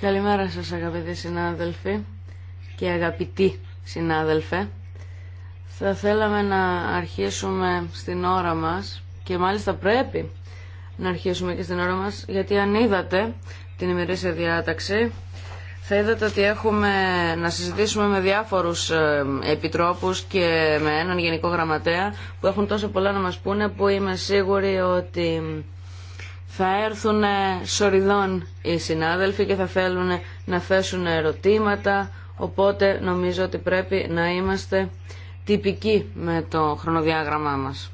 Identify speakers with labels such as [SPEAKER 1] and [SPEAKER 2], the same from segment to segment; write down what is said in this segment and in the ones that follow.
[SPEAKER 1] Καλημέρα σας αγαπητοί συνάδελφοι και αγαπητοί συνάδελφε. Θα θέλαμε να αρχίσουμε στην ώρα μας και μάλιστα πρέπει να αρχίσουμε και στην ώρα μας γιατί αν είδατε την ημερήσια διάταξη θα είδατε ότι έχουμε να συζητήσουμε με διάφορους ε, επιτρόπους και με έναν γενικό γραμματέα που έχουν τόσο πολλά να μας πούνε που είμαι σίγουρη ότι θα έρθουν σοριδών οι συνάδελφοι και θα θέλουν να θέσουν ερωτήματα οπότε νομίζω ότι πρέπει να είμαστε τυπικοί με το χρονοδιάγραμμά μας.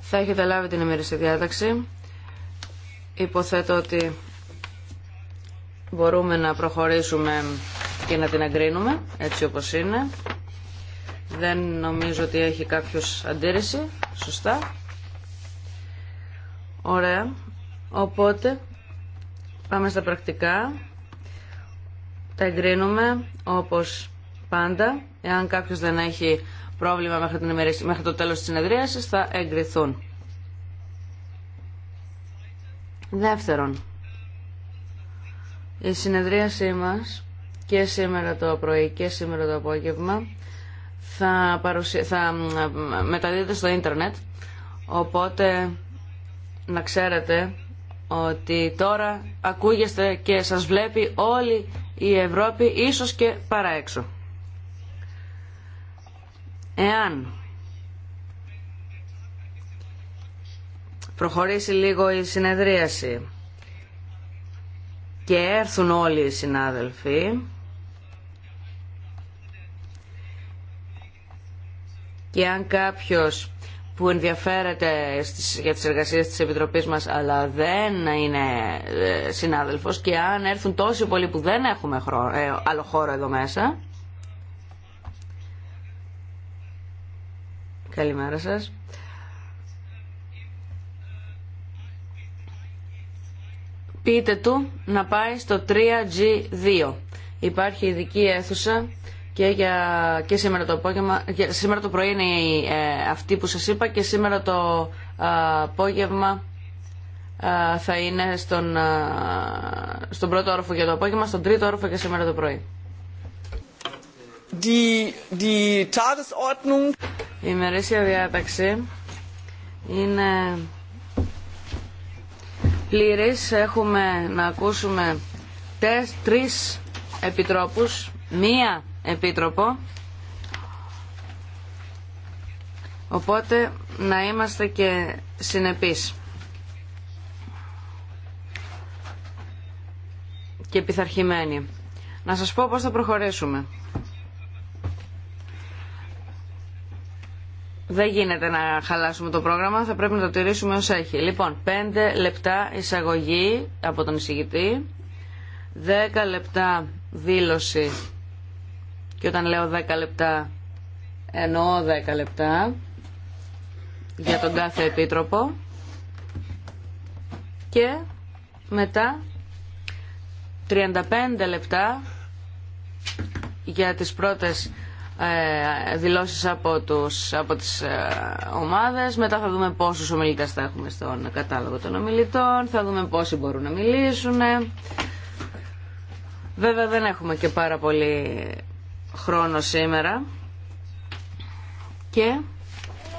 [SPEAKER 1] Θα έχετε λάβει την ημερήσια διάταξη. Υποθέτω ότι μπορούμε να προχωρήσουμε και να την εγκρίνουμε έτσι όπως είναι. Δεν νομίζω ότι έχει κάποιος αντίρρηση. Σωστά. Ωραία. Οπότε πάμε στα πρακτικά. Τα εγκρίνουμε όπως πάντα. Εάν κάποιος δεν έχει πρόβλημα μέχρι, την μέχρι το τέλος της συνεδρίασης θα εγκριθούν. Δεύτερον, η συνεδρίασή μας και σήμερα το πρωί και σήμερα το απόγευμα θα, παρουσια... θα μεταδίδεται στο ίντερνετ οπότε να ξέρετε ότι τώρα ακούγεστε και σας βλέπει όλη η Ευρώπη ίσως και παρά έξω. Εάν προχωρήσει λίγο η συνεδρίαση και έρθουν όλοι οι συνάδελφοι και αν κάποιος που ενδιαφέρεται στις, για τις εργασίες της Επιτροπής μας αλλά δεν είναι ε, συνάδελφος και αν έρθουν τόσοι πολλοί που δεν έχουμε ε, άλλο χώρο εδώ μέσα Καλημέρα σας πείτε του να πάει στο 3G2. Υπάρχει ειδική αίθουσα και, για, και σήμερα, το απόγευμα, σήμερα το πρωί είναι ε, αυτή που σας είπα και σήμερα το ε, απόγευμα ε, θα είναι στον, ε, στον πρώτο όροφο για το απόγευμα, στον τρίτο όροφο και σήμερα το πρωί. Tagesordnung. Η ημερήσια διάταξη είναι πλήρης. Έχουμε να ακούσουμε τες, τρεις επιτρόπους, μία επίτροπο. Οπότε να είμαστε και συνεπείς. Και επιθαρχημένοι. Να σας πω πώς θα προχωρήσουμε. Δεν γίνεται να χαλάσουμε το πρόγραμμα, θα πρέπει να το τηρήσουμε όσο έχει. Λοιπόν, 5 λεπτά εισαγωγή από τον εισηγητή, 10 λεπτά δήλωση και όταν λέω 10 λεπτά εννοώ 10 λεπτά για τον κάθε επίτροπο και μετά 35 λεπτά για τις πρώτες ε, δηλώσεις από, τους, από τις ε, ομάδες. Μετά θα δούμε πόσους ομιλητές θα έχουμε στον κατάλογο των ομιλητών. Θα δούμε πόσοι μπορούν να μιλήσουν. Βέβαια δεν έχουμε και πάρα πολύ χρόνο σήμερα. Και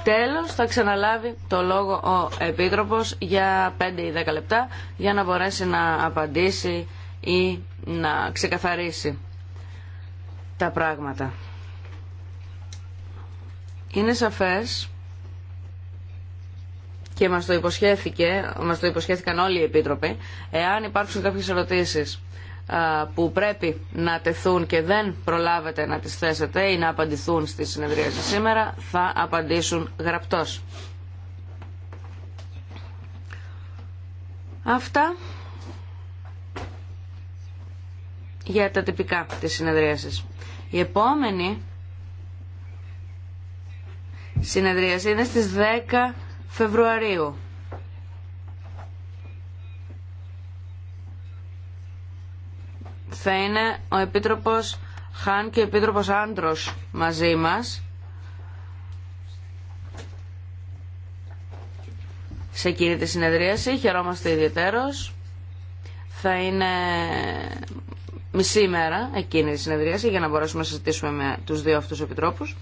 [SPEAKER 1] τέλος θα ξαναλάβει το λόγο ο Επίτροπος για 5 ή 10 λεπτά για να μπορέσει να απαντήσει ή να ξεκαθαρίσει τα πράγματα. Είναι σαφές και μας το, υποσχέθηκε, μας το υποσχέθηκαν όλοι οι επίτροποι, εάν υπάρξουν κάποιες ερωτήσεις που πρέπει να τεθούν και δεν προλάβετε να τις θέσετε ή να απαντηθούν στη σας σήμερα, θα απαντήσουν γραπτός. Αυτά για τα τυπικά της συνεδρίασης. Η επόμενη συνεδρίαση είναι στις 10 Φεβρουαρίου. Θα είναι ο Επίτροπος Χάν και ο Επίτροπος Άντρος μαζί μας. Σε εκείνη τη συνεδρίαση χαιρόμαστε ιδιαίτερος. Θα είναι μισή μέρα εκείνη τη συνεδρίαση για να μπορέσουμε να συζητήσουμε με τους δύο αυτούς επιτρόπους.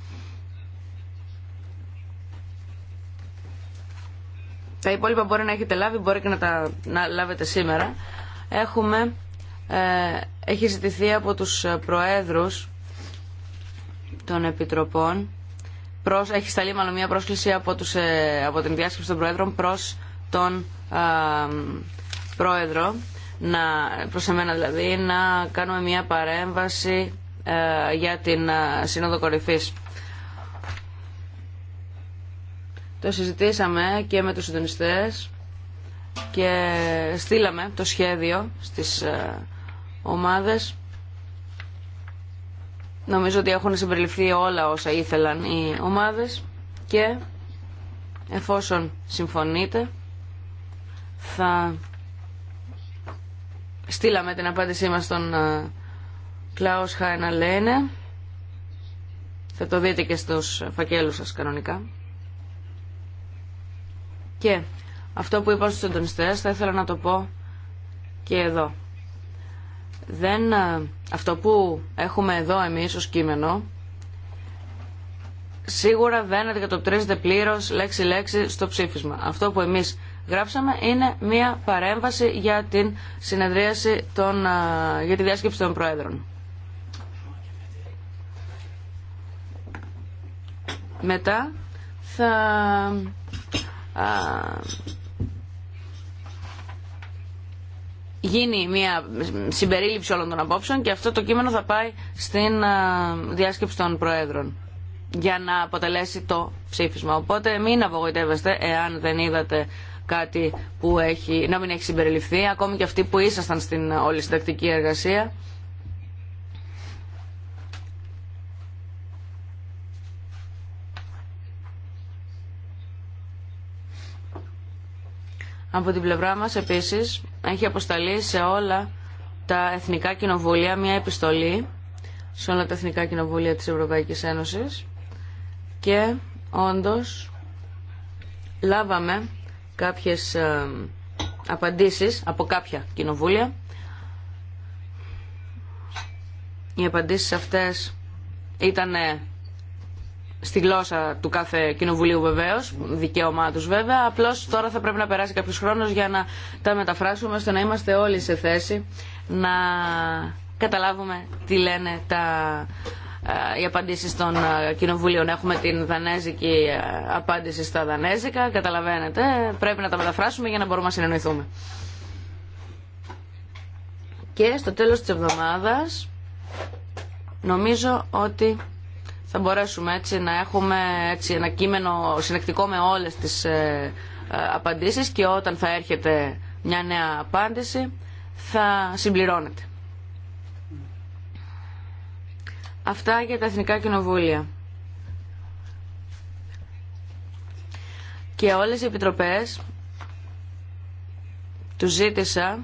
[SPEAKER 1] τα υπόλοιπα μπορεί να έχετε λάβει, μπορεί και να τα λάβετε σήμερα. Έχουμε, ε, έχει ζητηθεί από τους προέδρους των επιτροπών, έχει σταλεί μάλλον μια πρόσκληση από, τους, ε, από την διάσκεψη των προέδρων προς τον ε, πρόεδρο, να, προς εμένα δηλαδή, να κάνουμε μια παρέμβαση για την Σύνοδο Κορυφής Το συζητήσαμε και με τους συντονιστές και στείλαμε το σχέδιο στις ε, ομάδες. Νομίζω ότι έχουν συμπεριληφθεί όλα όσα ήθελαν οι ομάδες και εφόσον συμφωνείτε θα στείλαμε την απάντησή μας στον ε, Κλάους Χάινα Θα το δείτε και στους φακέλους σας κανονικά. Και αυτό που είπα στους συντονιστές θα ήθελα να το πω και εδώ. Δεν, ε, αυτό που έχουμε εδώ εμείς ως κείμενο σίγουρα δεν αντικατοπτρίζεται πλήρως λέξη-λέξη στο ψήφισμα. Αυτό που εμείς γράψαμε είναι μία παρέμβαση για την συνεδρίαση των, ε, για τη διάσκεψη των Προέδρων. Μετά θα γίνει μια συμπερίληψη όλων των απόψεων και αυτό το κείμενο θα πάει στην διάσκεψη των Προέδρων για να αποτελέσει το ψήφισμα. Οπότε μην απογοητεύεστε εάν δεν είδατε κάτι που έχει, να μην έχει συμπεριληφθεί, ακόμη και αυτοί που ήσασταν στην όλη συντακτική εργασία. Από την πλευρά μας επίσης έχει αποσταλεί σε όλα τα εθνικά κοινοβούλια μια επιστολή σε όλα τα εθνικά κοινοβούλια της Ευρωπαϊκής Ένωσης και όντως λάβαμε κάποιες ε, απαντήσεις από κάποια κοινοβούλια. Οι απαντήσεις αυτές ήταν στη γλώσσα του κάθε κοινοβουλίου βεβαίω, δικαίωμά του βέβαια. Απλώ τώρα θα πρέπει να περάσει κάποιο χρόνο για να τα μεταφράσουμε ώστε να είμαστε όλοι σε θέση να καταλάβουμε τι λένε τα, οι απαντήσει των κοινοβουλίων. Έχουμε την δανέζικη απάντηση στα δανέζικα, καταλαβαίνετε. Πρέπει να τα μεταφράσουμε για να μπορούμε να συνεννοηθούμε. Και στο τέλος της εβδομάδας νομίζω ότι θα μπορέσουμε έτσι να έχουμε έτσι ένα κείμενο συνεκτικό με όλες τις ε, ε, απαντήσεις και όταν θα έρχεται μια νέα απάντηση θα συμπληρώνεται. Αυτά για τα Εθνικά Κοινοβούλια. Και όλες οι επιτροπές του ζήτησα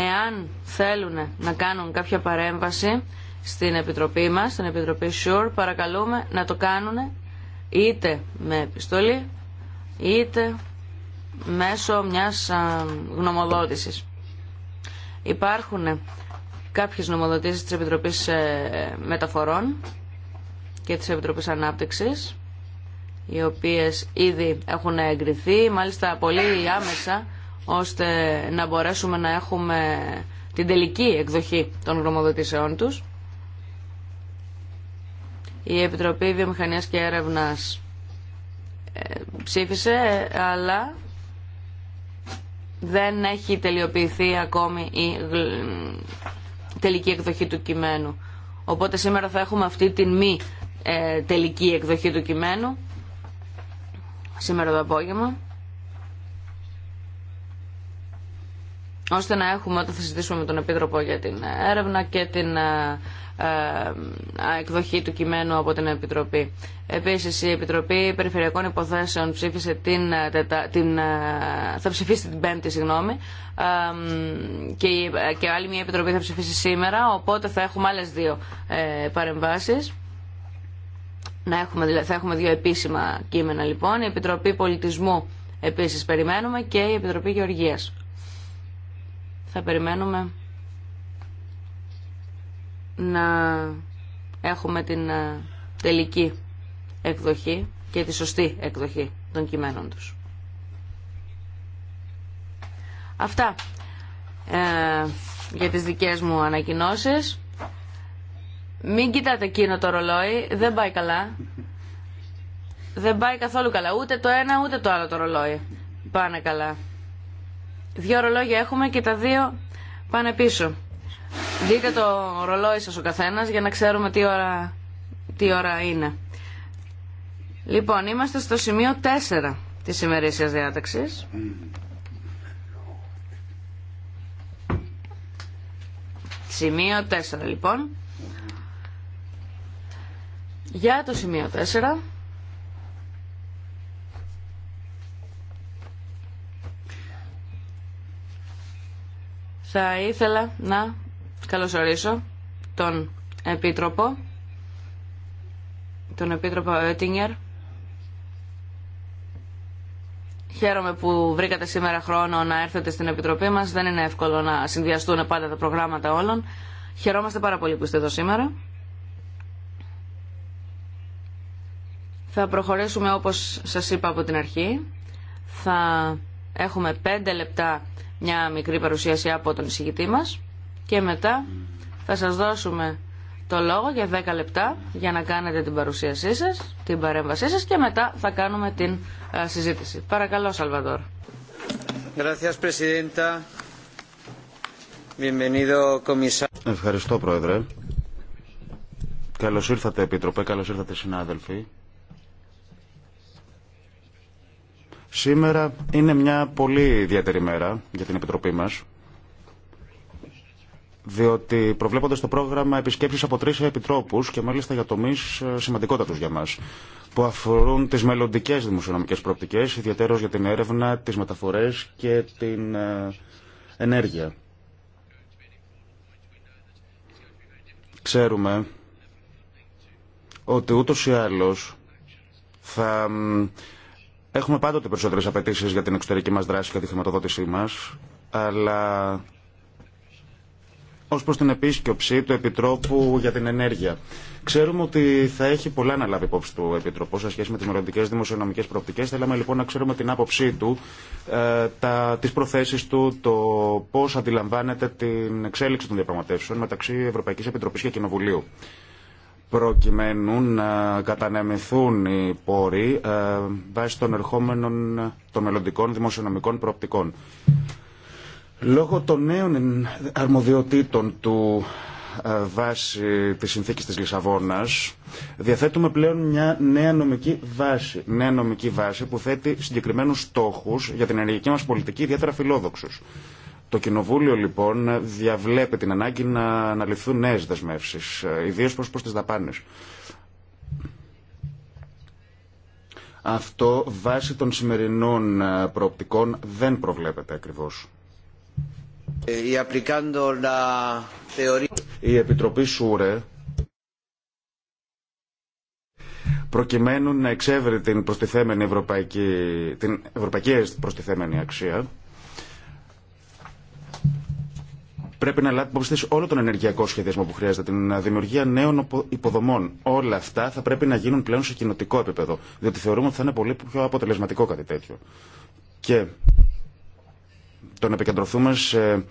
[SPEAKER 1] εάν θέλουν να κάνουν κάποια παρέμβαση στην Επιτροπή μας, στην Επιτροπή SURE, παρακαλούμε να το κάνουν είτε με επιστολή, είτε μέσω μιας γνωμοδότησης. Υπάρχουν κάποιες γνωμοδοτήσεις της Επιτροπής ε, Μεταφορών και της Επιτροπής Ανάπτυξης, οι οποίες ήδη έχουν εγκριθεί, μάλιστα πολύ άμεσα ώστε να μπορέσουμε να έχουμε την τελική εκδοχή των γνωμοδοτήσεών τους. Η Επιτροπή Βιομηχανίας και Έρευνας ε, ψήφισε, αλλά δεν έχει τελειοποιηθεί ακόμη η τελική εκδοχή του κειμένου. Οπότε σήμερα θα έχουμε αυτή την μη ε, τελική εκδοχή του κειμένου, σήμερα το απόγευμα. ώστε να έχουμε όταν θα συζητήσουμε με τον Επίτροπο για την έρευνα και την ε, ε, εκδοχή του κειμένου από την Επιτροπή. Επίσης, η Επιτροπή Περιφερειακών Υποθέσεων ψήφισε την, ε, την, θα ψηφίσει την Πέμπτη, συγγνώμη, και, και άλλη μια Επιτροπή θα ψηφίσει σήμερα, οπότε θα έχουμε άλλες δύο παρεμβάσεις. Να έχουμε, θα έχουμε δύο επίσημα κείμενα λοιπόν. Η Επιτροπή Πολιτισμού επίσης περιμένουμε και η Επιτροπή Γεωργίας θα περιμένουμε να έχουμε την ε, τελική εκδοχή και τη σωστή εκδοχή των κειμένων τους. Αυτά ε, για τις δικές μου ανακοινώσεις. Μην κοιτάτε εκείνο το ρολόι, δεν πάει καλά. Δεν πάει καθόλου καλά, ούτε το ένα ούτε το άλλο το ρολόι. Πάνε καλά. Δύο ρολόγια έχουμε και τα δύο πάνε πίσω. Δείτε το ρολόι σας ο καθένας για να ξέρουμε τι ώρα, τι ώρα είναι. Λοιπόν, είμαστε στο σημείο 4 της ημερήσιας διάταξης. Σημείο 4 λοιπόν. Για το σημείο 4 Θα ήθελα να καλωσορίσω τον Επίτροπο, τον Επίτροπο Έτινγκερ. Χαίρομαι που βρήκατε σήμερα χρόνο να έρθετε στην Επιτροπή μας. Δεν είναι εύκολο να συνδυαστούν πάντα τα προγράμματα όλων. Χαιρόμαστε πάρα πολύ που είστε εδώ σήμερα. Θα προχωρήσουμε όπως σας είπα από την αρχή. Θα Έχουμε πέντε λεπτά μια μικρή παρουσίαση από τον εισηγητή μας και μετά θα σας δώσουμε το λόγο για 10 λεπτά για να κάνετε την παρουσίασή σας, την παρέμβασή σας και μετά θα κάνουμε την ε, συζήτηση. Παρακαλώ, Σαλβαδόρ.
[SPEAKER 2] Ευχαριστώ, Πρόεδρε. Καλώς ήρθατε, Επίτροπε. Καλώς ήρθατε, συνάδελφοι. Σήμερα είναι μια πολύ ιδιαίτερη μέρα για την Επιτροπή μας, διότι προβλέπονται στο πρόγραμμα επισκέψεις από τρεις επιτρόπους και μάλιστα για τομείς ε, σημαντικότατους για μας, που αφορούν τις μελλοντικέ δημοσιονομικές προοπτικές, ιδιαίτερως για την έρευνα, τις μεταφορές και την ε, ενέργεια. Ξέρουμε ότι ούτως ή άλλως θα Έχουμε πάντοτε περισσότερε απαιτήσει για την εξωτερική μα δράση και τη χρηματοδότησή μα, αλλά ω προ την επίσκεψη του Επιτρόπου για την Ενέργεια. Ξέρουμε ότι θα έχει πολλά να λάβει υπόψη του Επιτροπό σε σχέση με τι μελλοντικέ δημοσιονομικέ προοπτικές. Θέλαμε λοιπόν να ξέρουμε την άποψή του, ε, τα, τις του, το πώ αντιλαμβάνεται την εξέλιξη των διαπραγματεύσεων μεταξύ Ευρωπαϊκή Επιτροπή και Κοινοβουλίου προκειμένου να κατανεμηθούν οι πόροι ε, βάσει των ερχόμενων των μελλοντικών δημοσιονομικών προοπτικών. Λόγω των νέων αρμοδιοτήτων του ε, βάση της συνθήκης της Λισαβόνας διαθέτουμε πλέον μια νέα νομική βάση. Νέα νομική βάση που θέτει συγκεκριμένους στόχους για την ενεργειακή μας πολιτική ιδιαίτερα φιλόδοξους. Το Κοινοβούλιο λοιπόν διαβλέπει την ανάγκη να αναλυθούν νέε δεσμεύσει, ε, ιδίω προ τι δαπάνε. Αυτό βάσει των σημερινών ε, προοπτικών δεν προβλέπεται ακριβώς. Ε, η Επιτροπή Σούρε προκειμένου να εξεύρει την, προστιθέμενη ευρωπαϊκή, την ευρωπαϊκή προστιθέμενη αξία Πρέπει να λάβει υπόψη όλο τον ενεργειακό σχεδιασμό που χρειάζεται, την δημιουργία νέων υποδομών. Όλα αυτά θα πρέπει να γίνουν πλέον σε κοινοτικό επίπεδο, διότι θεωρούμε ότι θα είναι πολύ πιο αποτελεσματικό κάτι τέτοιο. Και το να επικεντρωθούμε σε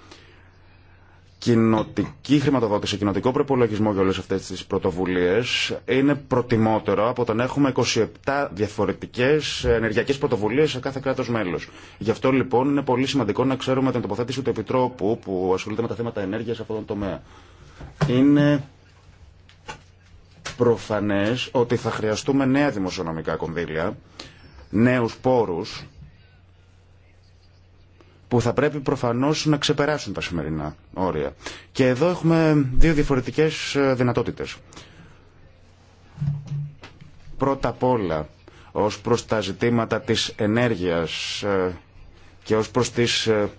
[SPEAKER 2] κοινοτική χρηματοδότηση, κοινοτικό προπολογισμό για όλε αυτέ τι πρωτοβουλίε είναι προτιμότερο από το να έχουμε 27 διαφορετικέ ενεργειακέ πρωτοβουλίε σε κάθε κράτο μέλο. Γι' αυτό λοιπόν είναι πολύ σημαντικό να ξέρουμε την τοποθέτηση του Επιτρόπου που ασχολείται με τα θέματα ενέργεια σε αυτόν τον τομέα. Είναι προφανέ ότι θα χρειαστούμε νέα δημοσιονομικά κονδύλια, νέου πόρου που θα πρέπει προφανώς να ξεπεράσουν τα σημερινά όρια. Και εδώ έχουμε δύο διαφορετικές ε, δυνατότητες. Πρώτα απ' όλα, ως προς τα ζητήματα της ενέργειας ε, και ως προς τις ε,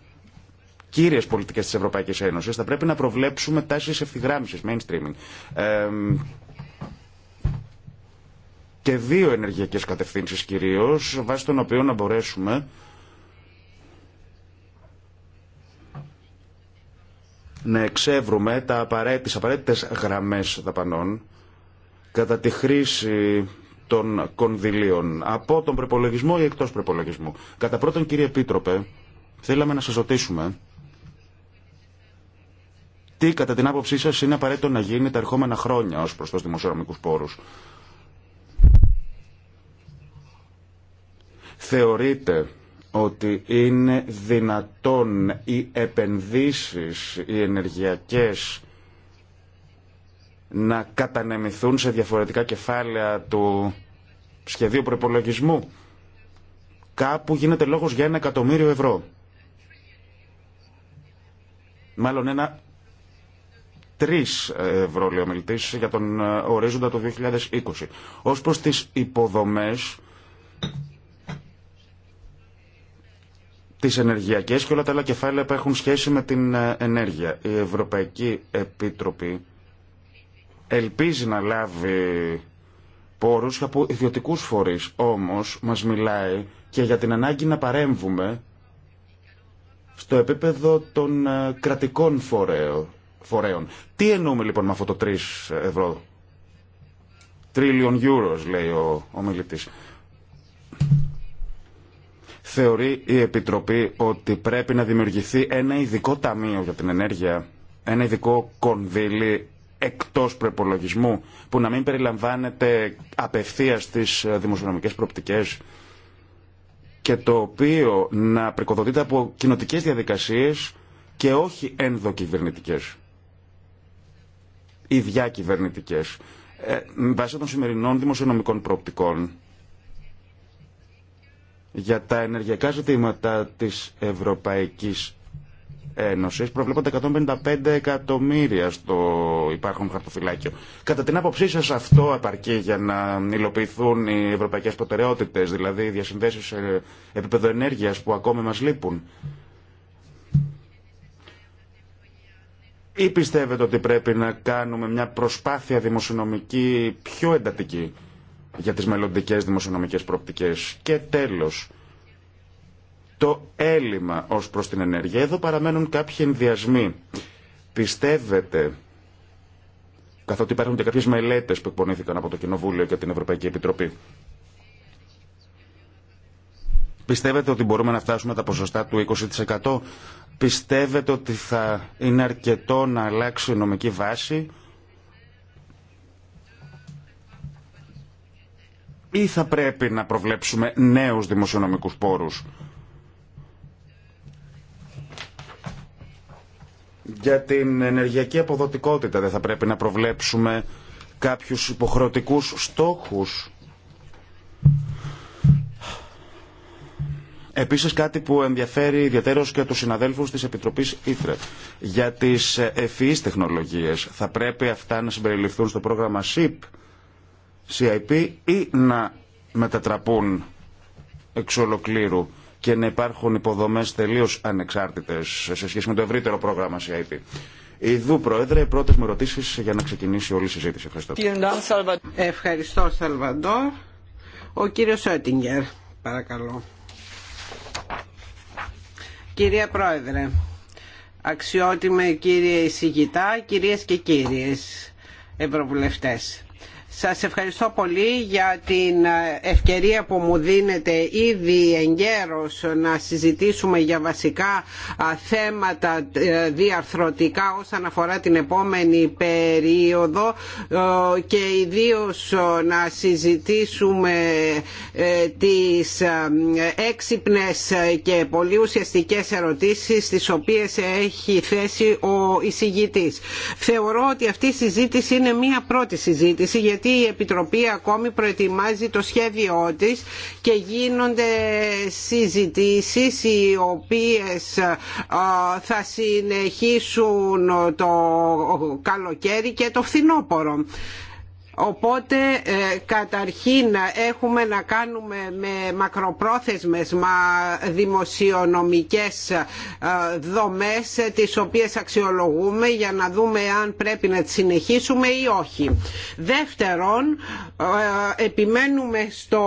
[SPEAKER 2] κύριες πολιτικές της Ευρωπαϊκής Ένωσης, θα πρέπει να προβλέψουμε τάσεις ευθυγράμμισης, mainstreaming. και δύο ενεργειακές κατευθύνσεις κυρίως, βάσει των οποίων να μπορέσουμε να εξεύρουμε τα απαραίτητες, απαραίτητες γραμμές δαπανών κατά τη χρήση των κονδυλίων από τον προπολογισμό ή εκτός προπολογισμού. Κατά πρώτον κύριε Επίτροπε, θέλαμε να σας ρωτήσουμε τι κατά την άποψή σας είναι απαραίτητο να γίνει τα ερχόμενα χρόνια ως προς τους δημοσιονομικούς πόρους. Θεωρείτε ότι είναι δυνατόν οι επενδύσεις, οι ενεργειακές να κατανεμηθούν σε διαφορετικά κεφάλαια του σχεδίου προπολογισμού. Κάπου γίνεται λόγος για ένα εκατομμύριο ευρώ. Μάλλον ένα 3 ε, ευρώ, λέει ο για τον ε, ορίζοντα το 2020. Ως προς τις υποδομές, τις ενεργειακές και όλα τα άλλα κεφάλαια που έχουν σχέση με την ε, ενέργεια. Η Ευρωπαϊκή Επίτροπη ελπίζει να λάβει πόρους από ιδιωτικού φορεί Όμως μας μιλάει και για την ανάγκη να παρέμβουμε στο επίπεδο των ε, κρατικών φορέων. Τι εννοούμε λοιπόν με αυτό το 3 ευρώ. Τρίλιον euros λέει ο, ο μιλητής. Θεωρεί η Επιτροπή ότι πρέπει να δημιουργηθεί ένα ειδικό ταμείο για την ενέργεια, ένα ειδικό κονδύλι εκτός προπολογισμού που να μην περιλαμβάνεται απευθείας στις δημοσιονομικές προοπτικές και το οποίο να πρικοδοτείται από κοινοτικέ διαδικασίες και όχι ενδοκυβερνητικές ή διακυβερνητικές. Ε, βάσει των σημερινών δημοσιονομικών προοπτικών για τα ενεργειακά ζητήματα της Ευρωπαϊκής Ένωσης προβλέπονται 155 εκατομμύρια στο υπάρχον χαρτοφυλάκιο. Κατά την άποψή σας αυτό απαρκεί για να υλοποιηθούν οι ευρωπαϊκές προτεραιότητες, δηλαδή οι διασυνδέσεις σε επίπεδο ενέργειας που ακόμη μας λείπουν. Ή πιστεύετε ότι πρέπει να κάνουμε μια προσπάθεια δημοσιονομική πιο εντατική για τις μελλοντικές δημοσιονομικές προοπτικές. Και τέλος, το έλλειμμα ως προς την ενέργεια. Εδώ παραμένουν κάποιοι ενδιασμοί. Πιστεύετε, καθότι υπάρχουν και κάποιες μελέτες που εκπονήθηκαν από το Κοινοβούλιο και την Ευρωπαϊκή Επιτροπή, Πιστεύετε ότι μπορούμε να φτάσουμε τα ποσοστά του 20%? Πιστεύετε ότι θα είναι αρκετό να αλλάξει η νομική βάση ή θα πρέπει να προβλέψουμε νέους δημοσιονομικούς πόρους. Για την ενεργειακή αποδοτικότητα δεν θα πρέπει να προβλέψουμε κάποιους υποχρεωτικούς στόχους. Επίσης κάτι που ενδιαφέρει ιδιαίτερως και τους συναδέλφους της Επιτροπής Ήτρε. Για τις ευφυείς e τεχνολογίες θα πρέπει αυτά να συμπεριληφθούν στο πρόγραμμα SIP CIP ή να μετατραπούν εξ ολοκλήρου και να υπάρχουν υποδομές τελείως ανεξάρτητες σε σχέση με το ευρύτερο πρόγραμμα CIP. Ιδού, Πρόεδρε, πρώτες μου ερωτήσει για να ξεκινήσει όλη η συζήτηση.
[SPEAKER 3] Ευχαριστώ. Ευχαριστώ, Σαλβαντόρ. Ο κύριος Σότιγκερ, παρακαλώ. Κυρία Πρόεδρε, αξιότιμε κύριε εισηγητά, κυρίες και κύριες ευρωβουλευτές. Σας ευχαριστώ πολύ για την ευκαιρία που μου δίνετε ήδη εγκαίρως να συζητήσουμε για βασικά θέματα ε, διαρθρωτικά όσον αφορά την επόμενη περίοδο ε, και ιδίως ε, να συζητήσουμε τις έξυπνες και πολύ ουσιαστικές ερωτήσεις τις οποίες έχει θέσει ο εισηγητής. Θεωρώ ότι αυτή η συζήτηση είναι μία πρώτη συζήτηση γιατί η Επιτροπή ακόμη προετοιμάζει το σχέδιό της και γίνονται συζητήσεις οι οποίες θα συνεχίσουν το καλοκαίρι και το φθινόπωρο. Οπότε ε, καταρχήν έχουμε να κάνουμε με μακροπρόθεσμες μα δημοσιονομικές ε, δομές ε, τις οποίες αξιολογούμε για να δούμε αν πρέπει να τις συνεχίσουμε ή όχι. Δεύτερον, επιμένουμε στο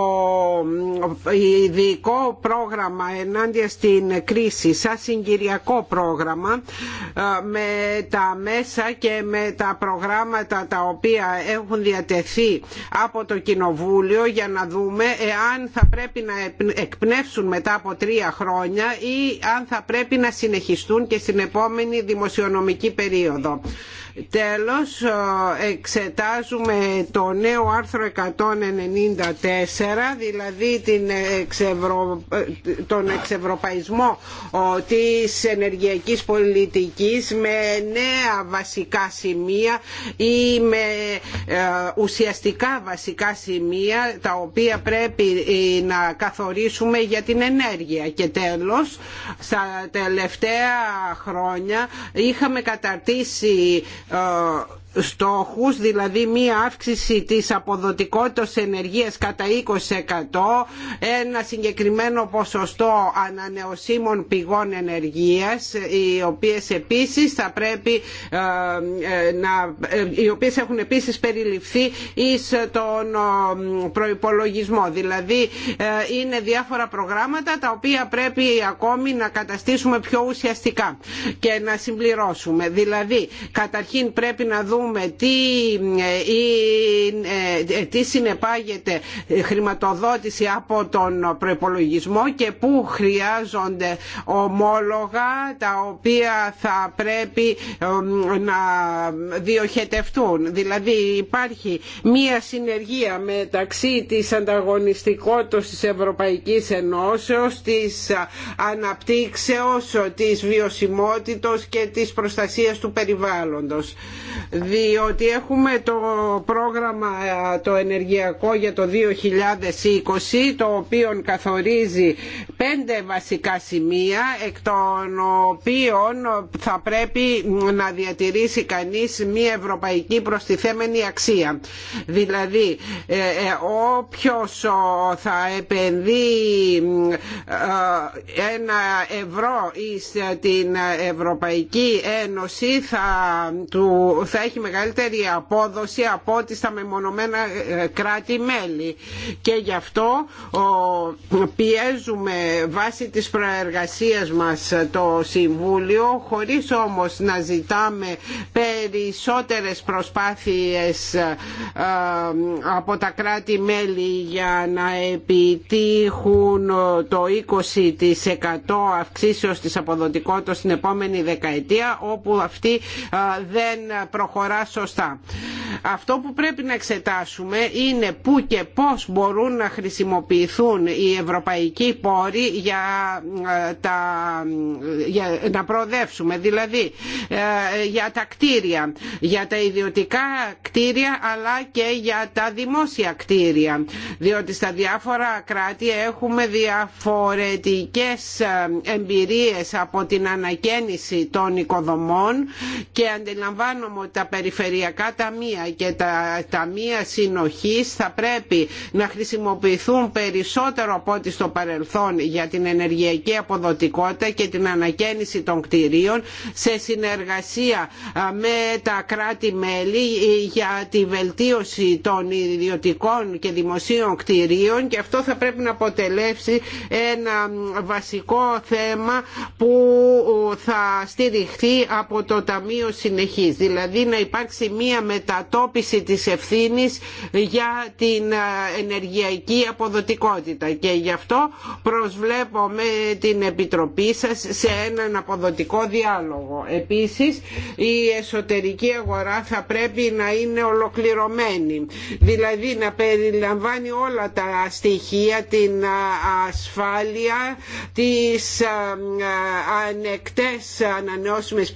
[SPEAKER 3] ειδικό πρόγραμμα ενάντια στην κρίση σαν συγκυριακό πρόγραμμα με τα μέσα και με τα προγράμματα τα οποία έχουν διατηρηθεί τεθεί από το Κοινοβούλιο για να δούμε εάν θα πρέπει να εκπνεύσουν μετά από τρία χρόνια ή αν θα πρέπει να συνεχιστούν και στην επόμενη δημοσιονομική περίοδο. Τέλος, εξετάζουμε το νέο άρθρο 194, δηλαδή την τον εξευρωπαϊσμό της ενεργειακής πολιτικής με νέα βασικά σημεία ή με ε, ουσιαστικά βασικά σημεία τα οποία πρέπει ε, να καθορίσουμε για την ενέργεια. Και τέλος, στα τελευταία χρόνια είχαμε καταρτήσει α στόχους, δηλαδή μία αύξηση της αποδοτικότητας ενεργείας κατά 20%, ένα συγκεκριμένο ποσοστό ανανεωσίμων πηγών ενεργείας, οι οποίες επίσης θα πρέπει ε, ε, να, ε, οι οποίες έχουν επίσης περιληφθεί εις τον προϋπολογισμό. Δηλαδή είναι διάφορα προγράμματα τα οποία πρέπει ακόμη να καταστήσουμε πιο ουσιαστικά και να συμπληρώσουμε. Δηλαδή καταρχήν πρέπει να δούμε δούμε τι, ε, ε, ε, τι συνεπάγεται χρηματοδότηση από τον προπολογισμό και πού χρειάζονται ομόλογα τα οποία θα πρέπει να διοχετευτούν. Δηλαδή υπάρχει μία συνεργία μεταξύ της ανταγωνιστικότητας της Ευρωπαϊκής Ενώσεως, της αναπτύξεως, της βιωσιμότητος και της προστασίας του περιβάλλοντος διότι έχουμε το πρόγραμμα ε, το ενεργειακό για το 2020 το οποίο καθορίζει πέντε βασικά σημεία εκ των οποίων θα πρέπει να διατηρήσει κανείς μια ευρωπαϊκή προστιθέμενη αξία. Δηλαδή ε, ε, όποιος θα επενδύει ένα ευρώ την Ευρωπαϊκή Ένωση θα του θα έχει μεγαλύτερη απόδοση από ό,τι στα μεμονωμένα ε, κράτη-μέλη. Και γι' αυτό πιέζουμε βάσει της προεργασίας μας το Συμβούλιο χωρίς όμως να ζητάμε περισσότερες προσπάθειες ε, από τα κράτη-μέλη για να επιτύχουν ε, το 20% αυξήσεως της αποδοτικότητας στην επόμενη δεκαετία όπου αυτή δεν προχωρά σωστά. Αυτό που πρέπει να εξετάσουμε είναι πού και πώς μπορούν να χρησιμοποιηθούν οι ευρωπαϊκοί πόροι για, ε, τα, να προοδεύσουμε, δηλαδή ε, για τα κτίρια, για τα ιδιωτικά κτίρια αλλά και για τα δημόσια κτίρια, διότι στα διάφορα κράτη έχουμε διαφορετικές ε, εμπειρίες από την ανακαίνιση των οικοδομών και αντιλαμβάνομαι τα περιφερειακά ταμεία και τα ταμεία συνοχής θα πρέπει να χρησιμοποιηθούν περισσότερο από ό,τι στο παρελθόν για την ενεργειακή αποδοτικότητα και την ανακαίνιση των κτηρίων σε συνεργασία με τα κράτη-μέλη για τη βελτίωση των ιδιωτικών και δημοσίων κτηρίων και αυτό θα πρέπει να αποτελέσει ένα βασικό θέμα που θα στηριχθεί από το Ταμείο Συνεχής. Δηλαδή δηλαδή να υπάρξει μία μετατόπιση της ευθύνης για την ε, ενεργειακή αποδοτικότητα και γι' αυτό προσβλέπω με την Επιτροπή σας σε έναν αποδοτικό διάλογο. Επίσης η εσωτερική αγορά θα πρέπει να είναι ολοκληρωμένη, δηλαδή να περιλαμβάνει όλα τα στοιχεία, την ε, ασφάλεια, τις ε, ανεκτές ανανεώσιμες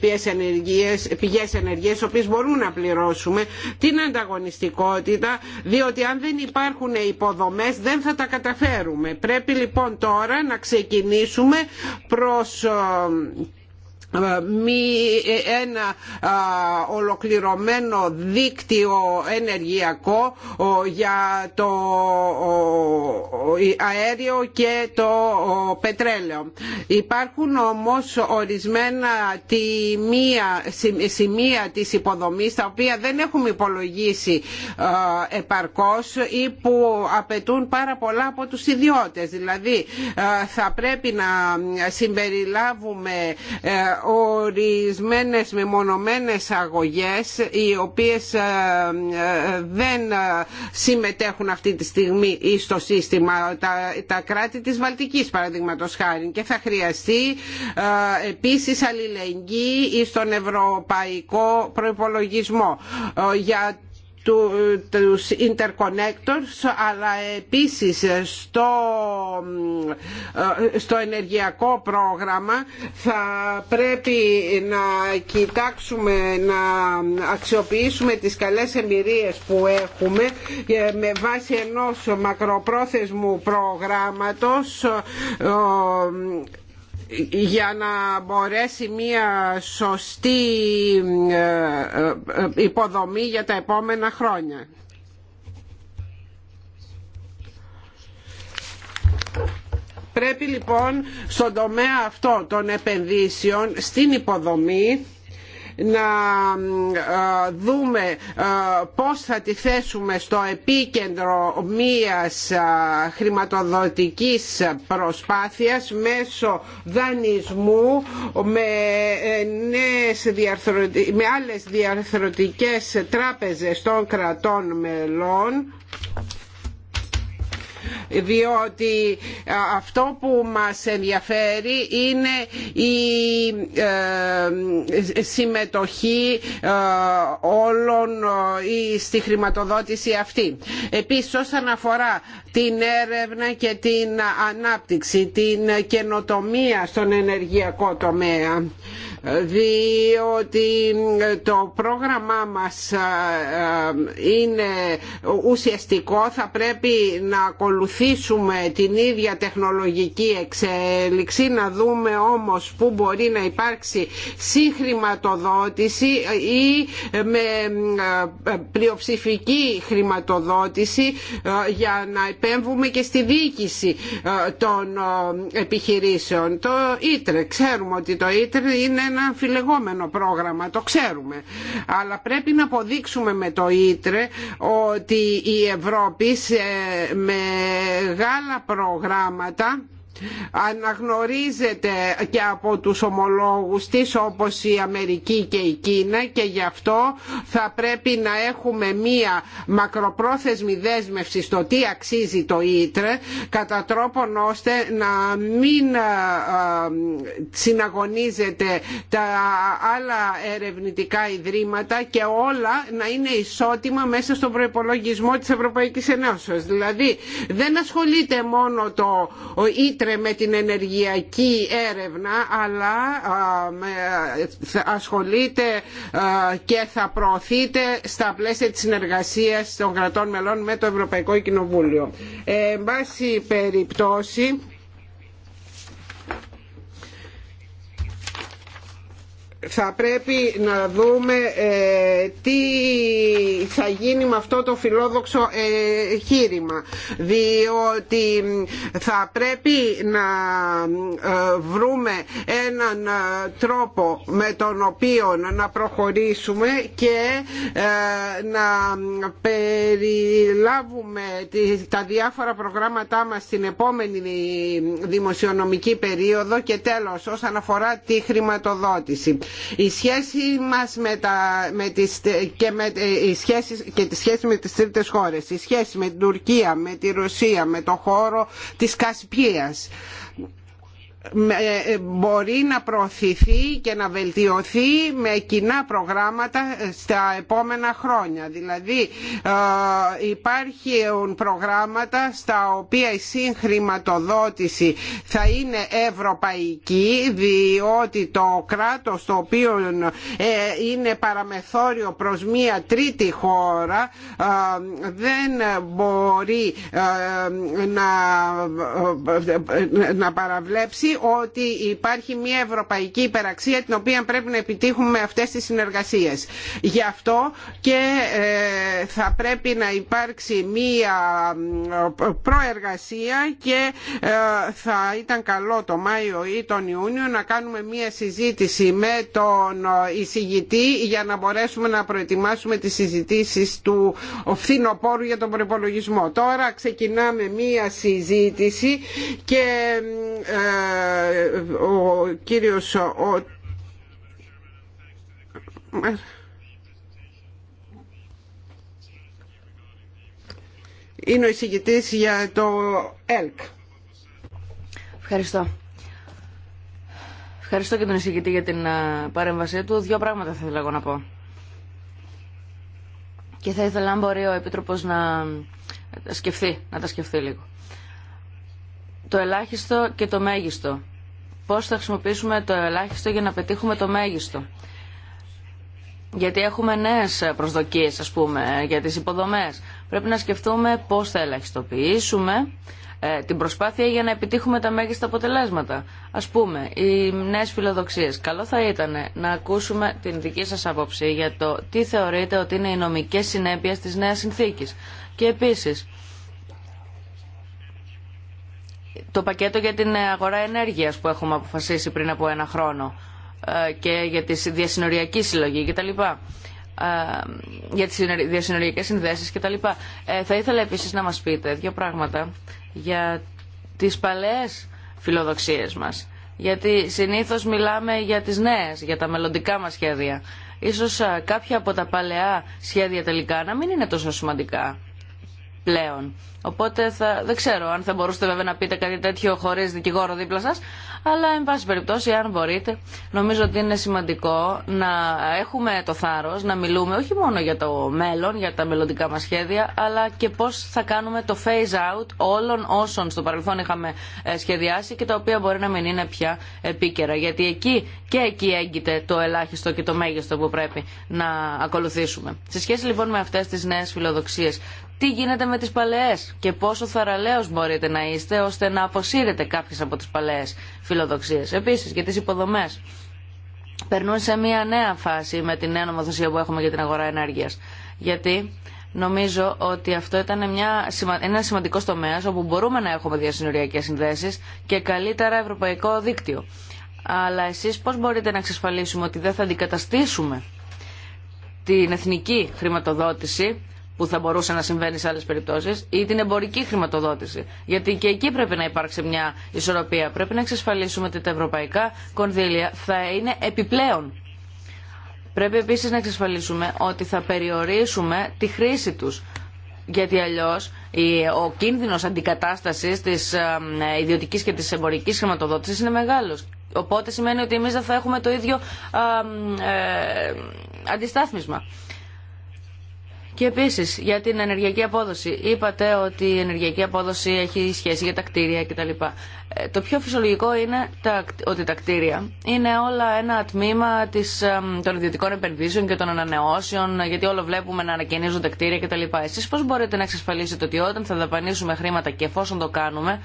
[SPEAKER 3] πηγές ενεργείας, οποίε μπορούμε να πληρώσουμε, την ανταγωνιστικότητα, διότι αν δεν υπάρχουν υποδομές δεν θα τα καταφέρουμε. Πρέπει λοιπόν τώρα να ξεκινήσουμε προς ε, μη ε, ένα ολοκληρωμένο δίκτυο ενεργειακό για το αέριο και το πετρέλαιο. Υπάρχουν όμως ορισμένα τιμία, σημεία της υποδομής τα οποία δεν έχουμε υπολογίσει επαρκώς ή που απαιτούν πάρα πολλά από τους ιδιώτες. Δηλαδή θα πρέπει να συμπεριλάβουμε ε, ορισμένες μεμονωμένες αγωγές οι οποίες ε, ε, δεν ε, συμμετέχουν αυτή τη στιγμή στο σύστημα τα κράτη της Βαλτικής παραδείγματος χάρη και θα χρειαστεί επίσης αλληλεγγύη στον ευρωπαϊκό προϋπολογισμό για του, τους interconnectors αλλά επίσης στο, ε, στο ενεργειακό πρόγραμμα θα πρέπει να κοιτάξουμε να αξιοποιήσουμε τις καλές εμπειρίες που έχουμε ε, με βάση ενός μακροπρόθεσμου προγράμματος ε, για να μπορέσει μια σωστή ε, ε, υποδομή για τα επόμενα χρόνια. Πρέπει λοιπόν στον τομέα αυτό των επενδύσεων στην υποδομή να δούμε πώς θα τη θέσουμε στο επίκεντρο μίας χρηματοδοτικής προσπάθειας μέσω δανεισμού με, ε, νέες με άλλες διαρθρωτικές τράπεζες των κρατών μελών διότι ε, αυτό που μας ενδιαφέρει είναι η ε, συμμετοχή ε, όλων στη χρηματοδότηση αυτή. Επίσης όσον αφορά την έρευνα και την ανάπτυξη, την καινοτομία στον ενεργειακό τομέα διότι το πρόγραμμά μας ε, ε, είναι ουσιαστικό θα πρέπει να ακολουθήσουμε την ίδια τεχνολογική εξέλιξη να δούμε όμως που μπορεί να υπάρξει συγχρηματοδότηση ή με ε, πλειοψηφική χρηματοδότηση για να επέμβουμε και στη διοίκηση ε, των ε, επιχειρήσεων. Το ΙΤΡΕ, ξέρουμε ότι το ΙΤΡΕ είναι ένα αμφιλεγόμενο πρόγραμμα, το ξέρουμε. Αλλά πρέπει να αποδείξουμε με το ΙΤΡΕ ότι η Ευρώπη σε μεγάλα προγράμματα αναγνωρίζεται και από τους ομολόγους της όπως η Αμερική και η Κίνα και γι' αυτό θα πρέπει να έχουμε μία μακροπρόθεσμη δέσμευση στο τι αξίζει το Ίτρε κατά τρόπον ώστε να μην ε, συναγωνίζεται τα άλλα ερευνητικά ιδρύματα και όλα να είναι ισότιμα μέσα στον προϋπολογισμό της Ευρωπαϊκής Ενώσεως. Δηλαδή δεν ασχολείται μόνο το Ίτρε με την ενεργειακή έρευνα αλλά ασχολείται και θα προωθείται στα πλαίσια της συνεργασίας των κρατών μελών με το Ευρωπαϊκό Κοινοβούλιο. Ε, εν πάση περιπτώσει θα πρέπει να δούμε ε, τι θα γίνει με αυτό το φιλόδοξο εγχείρημα διότι θα πρέπει να ε, βρούμε έναν ε, τρόπο με τον οποίο να προχωρήσουμε και να περιλάβουμε τα διάφορα προγράμματά μας στην επόμενη δημοσιονομική περίοδο και τέλος όσον αφορά τη χρηματοδότηση. Η σχέση μας με, και, με, ε, και τη σχέση με τις τρίτες χώρες, η σχέση με την Τουρκία, με τη Ρωσία, με το χώρο της Κασπίας ε, μπορεί να προωθηθεί και να βελτιωθεί με κοινά προγράμματα ε, στα επόμενα χρόνια. Δηλαδή ε, υπάρχουν προγράμματα στα οποία η συγχρηματοδότηση θα είναι ευρωπαϊκή διότι το κράτος το οποίο είναι παραμεθόριο προς μία τρίτη χώρα δεν μπορεί να παραβλέψει ότι υπάρχει μια ευρωπαϊκή υπεραξία την οποία πρέπει να επιτύχουμε με αυτές τις συνεργασίες. Γι' αυτό και ε, θα πρέπει να υπάρξει μια προεργασία και ε, θα ήταν καλό το Μάιο ή τον Ιούνιο να κάνουμε μια συζήτηση με τον εισηγητή για να μπορέσουμε να προετοιμάσουμε τις συζητήσεις του φθινοπόρου για τον προπολογισμό. Τώρα ξεκινάμε μια συζήτηση και ε, ο κύριος ο... είναι ο εισηγητής για το ΕΛΚ. Ευχαριστώ.
[SPEAKER 1] Ευχαριστώ και τον εισηγητή για την παρέμβασή του. Δύο πράγματα θα ήθελα να πω. Και θα ήθελα αν μπορεί ο Επίτροπος να σκεφτεί, να τα σκεφτεί λίγο το ελάχιστο και το μέγιστο. Πώς θα χρησιμοποιήσουμε το ελάχιστο για να πετύχουμε το μέγιστο. Γιατί έχουμε νέες προσδοκίες, ας πούμε, για τις υποδομές. Πρέπει να σκεφτούμε πώς θα ελαχιστοποιήσουμε ε, την προσπάθεια για να επιτύχουμε τα μέγιστα αποτελέσματα. Ας πούμε, οι νέες φιλοδοξίες. Καλό θα ήταν να ακούσουμε την δική σας άποψη για το τι θεωρείτε ότι είναι οι νομικές συνέπειες της νέας συνθήκης. Και επίσης, το πακέτο για την αγορά ενέργειας που έχουμε αποφασίσει πριν από ένα χρόνο ε, και για τη διασυνοριακή συλλογή κτλ. Για τις διασυνοριακές συνδέσεις λοιπά. Θα ήθελα επίσης να μας πείτε δύο πράγματα για τις παλαιές φιλοδοξίες μας. Γιατί συνήθως μιλάμε για τις νέες, για τα μελλοντικά μας σχέδια. Ίσως ε, κάποια από τα παλαιά σχέδια τελικά να μην είναι τόσο σημαντικά πλέον. Οπότε θα, δεν ξέρω αν θα μπορούσατε βέβαια να πείτε κάτι τέτοιο χωρί δικηγόρο δίπλα σα, αλλά εν πάση περιπτώσει, αν μπορείτε, νομίζω ότι είναι σημαντικό να έχουμε το θάρρο να μιλούμε όχι μόνο για το μέλλον, για τα μελλοντικά μα σχέδια, αλλά και πώ θα κάνουμε το phase out όλων όσων στο παρελθόν είχαμε ε, σχεδιάσει και τα οποία μπορεί να μην είναι πια επίκαιρα. Γιατί εκεί και εκεί έγκυται το ελάχιστο και το μέγιστο που πρέπει να ακολουθήσουμε. Σε σχέση λοιπόν με αυτέ τι νέε φιλοδοξίε, τι γίνεται με τις παλαιές και πόσο θαραλέος μπορείτε να είστε ώστε να αποσύρετε κάποιες από τις παλαιές φιλοδοξίες. Επίσης για τις υποδομές. Περνούν σε μια νέα φάση με την νέα νομοθεσία που έχουμε για την αγορά ενέργειας. Γιατί νομίζω ότι αυτό ήταν μια, ένα σημαντικό τομέα όπου μπορούμε να έχουμε διασυνοριακές συνδέσεις και καλύτερα ευρωπαϊκό δίκτυο. Αλλά εσείς πώς μπορείτε να εξασφαλίσουμε ότι δεν θα αντικαταστήσουμε την εθνική χρηματοδότηση που θα μπορούσε να συμβαίνει σε άλλε περιπτώσει, ή την εμπορική χρηματοδότηση. Γιατί και εκεί πρέπει να υπάρξει μια ισορροπία. Πρέπει να εξασφαλίσουμε ότι τα ευρωπαϊκά κονδύλια θα είναι επιπλέον. Πρέπει επίση να εξασφαλίσουμε ότι θα περιορίσουμε τη χρήση του. Γιατί αλλιώ ο κίνδυνο αντικατάσταση τη ιδιωτική και τη εμπορική χρηματοδότηση είναι μεγάλο. Οπότε σημαίνει ότι εμεί δεν θα έχουμε το ίδιο ε, αντιστάθμισμα. Και επίση για την ενεργειακή απόδοση. Είπατε ότι η ενεργειακή απόδοση έχει σχέση για τα κτίρια κτλ. Ε, το πιο φυσιολογικό είναι ότι τα κτίρια είναι όλα ένα τμήμα της, των ιδιωτικών επενδύσεων και των ανανεώσεων, γιατί όλο βλέπουμε να ανακαινίζονται κτίρια κτλ. Εσεί πώ μπορείτε να εξασφαλίσετε ότι όταν θα δαπανίσουμε χρήματα και εφόσον το κάνουμε,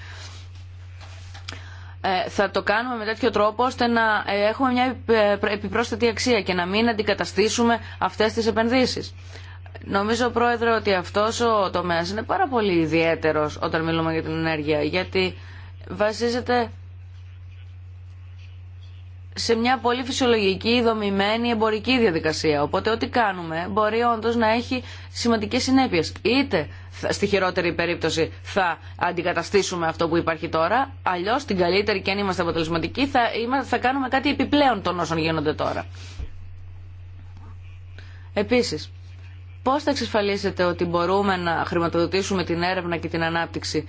[SPEAKER 1] ε, θα το κάνουμε με τέτοιο τρόπο ώστε να ε, έχουμε μια επιπρόσθετη αξία και να μην αντικαταστήσουμε αυτές τις επενδύσεις. Νομίζω, Πρόεδρε, ότι αυτός ο τομέας είναι πάρα πολύ ιδιαίτερος όταν μιλούμε για την ενέργεια, γιατί βασίζεται σε μια πολύ φυσιολογική, δομημένη εμπορική διαδικασία. Οπότε ό,τι κάνουμε μπορεί όντω να έχει σημαντικέ συνέπειε. Είτε στη χειρότερη περίπτωση θα αντικαταστήσουμε αυτό που υπάρχει τώρα, αλλιώ στην καλύτερη και αν είμαστε αποτελεσματικοί θα, θα κάνουμε κάτι επιπλέον των όσων γίνονται τώρα. Επίση, Πώς θα εξασφαλίσετε ότι μπορούμε να χρηματοδοτήσουμε την έρευνα και την ανάπτυξη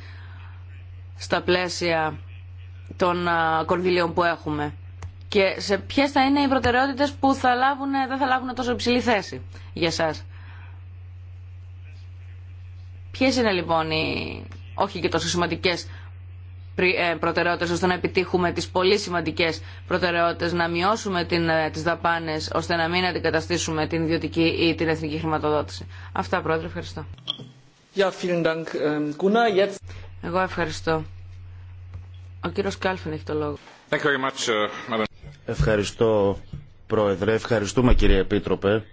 [SPEAKER 1] στα πλαίσια των κονδυλίων που έχουμε και σε ποιες θα είναι οι προτεραιότητες που θα λάβουν, ε, δεν θα λάβουν τόσο υψηλή θέση για σας. Ποιες είναι λοιπόν οι όχι και τόσο σημαντικές ε, προτεραιότητες ώστε να επιτύχουμε τις πολύ σημαντικές προτεραιότητες, να μειώσουμε την, ε, τις δαπάνες ώστε να μην αντικαταστήσουμε την ιδιωτική ή την εθνική χρηματοδότηση. Αυτά πρόεδρε, ευχαριστώ. Ja, Dank, ähm, Jetzt... Εγώ ευχαριστώ. Ο κύριος Κάλφιν έχει το λόγο.
[SPEAKER 2] Thank you very much, uh, Madam. Ευχαριστώ πρόεδρε, ευχαριστούμε κύριε Επίτροπε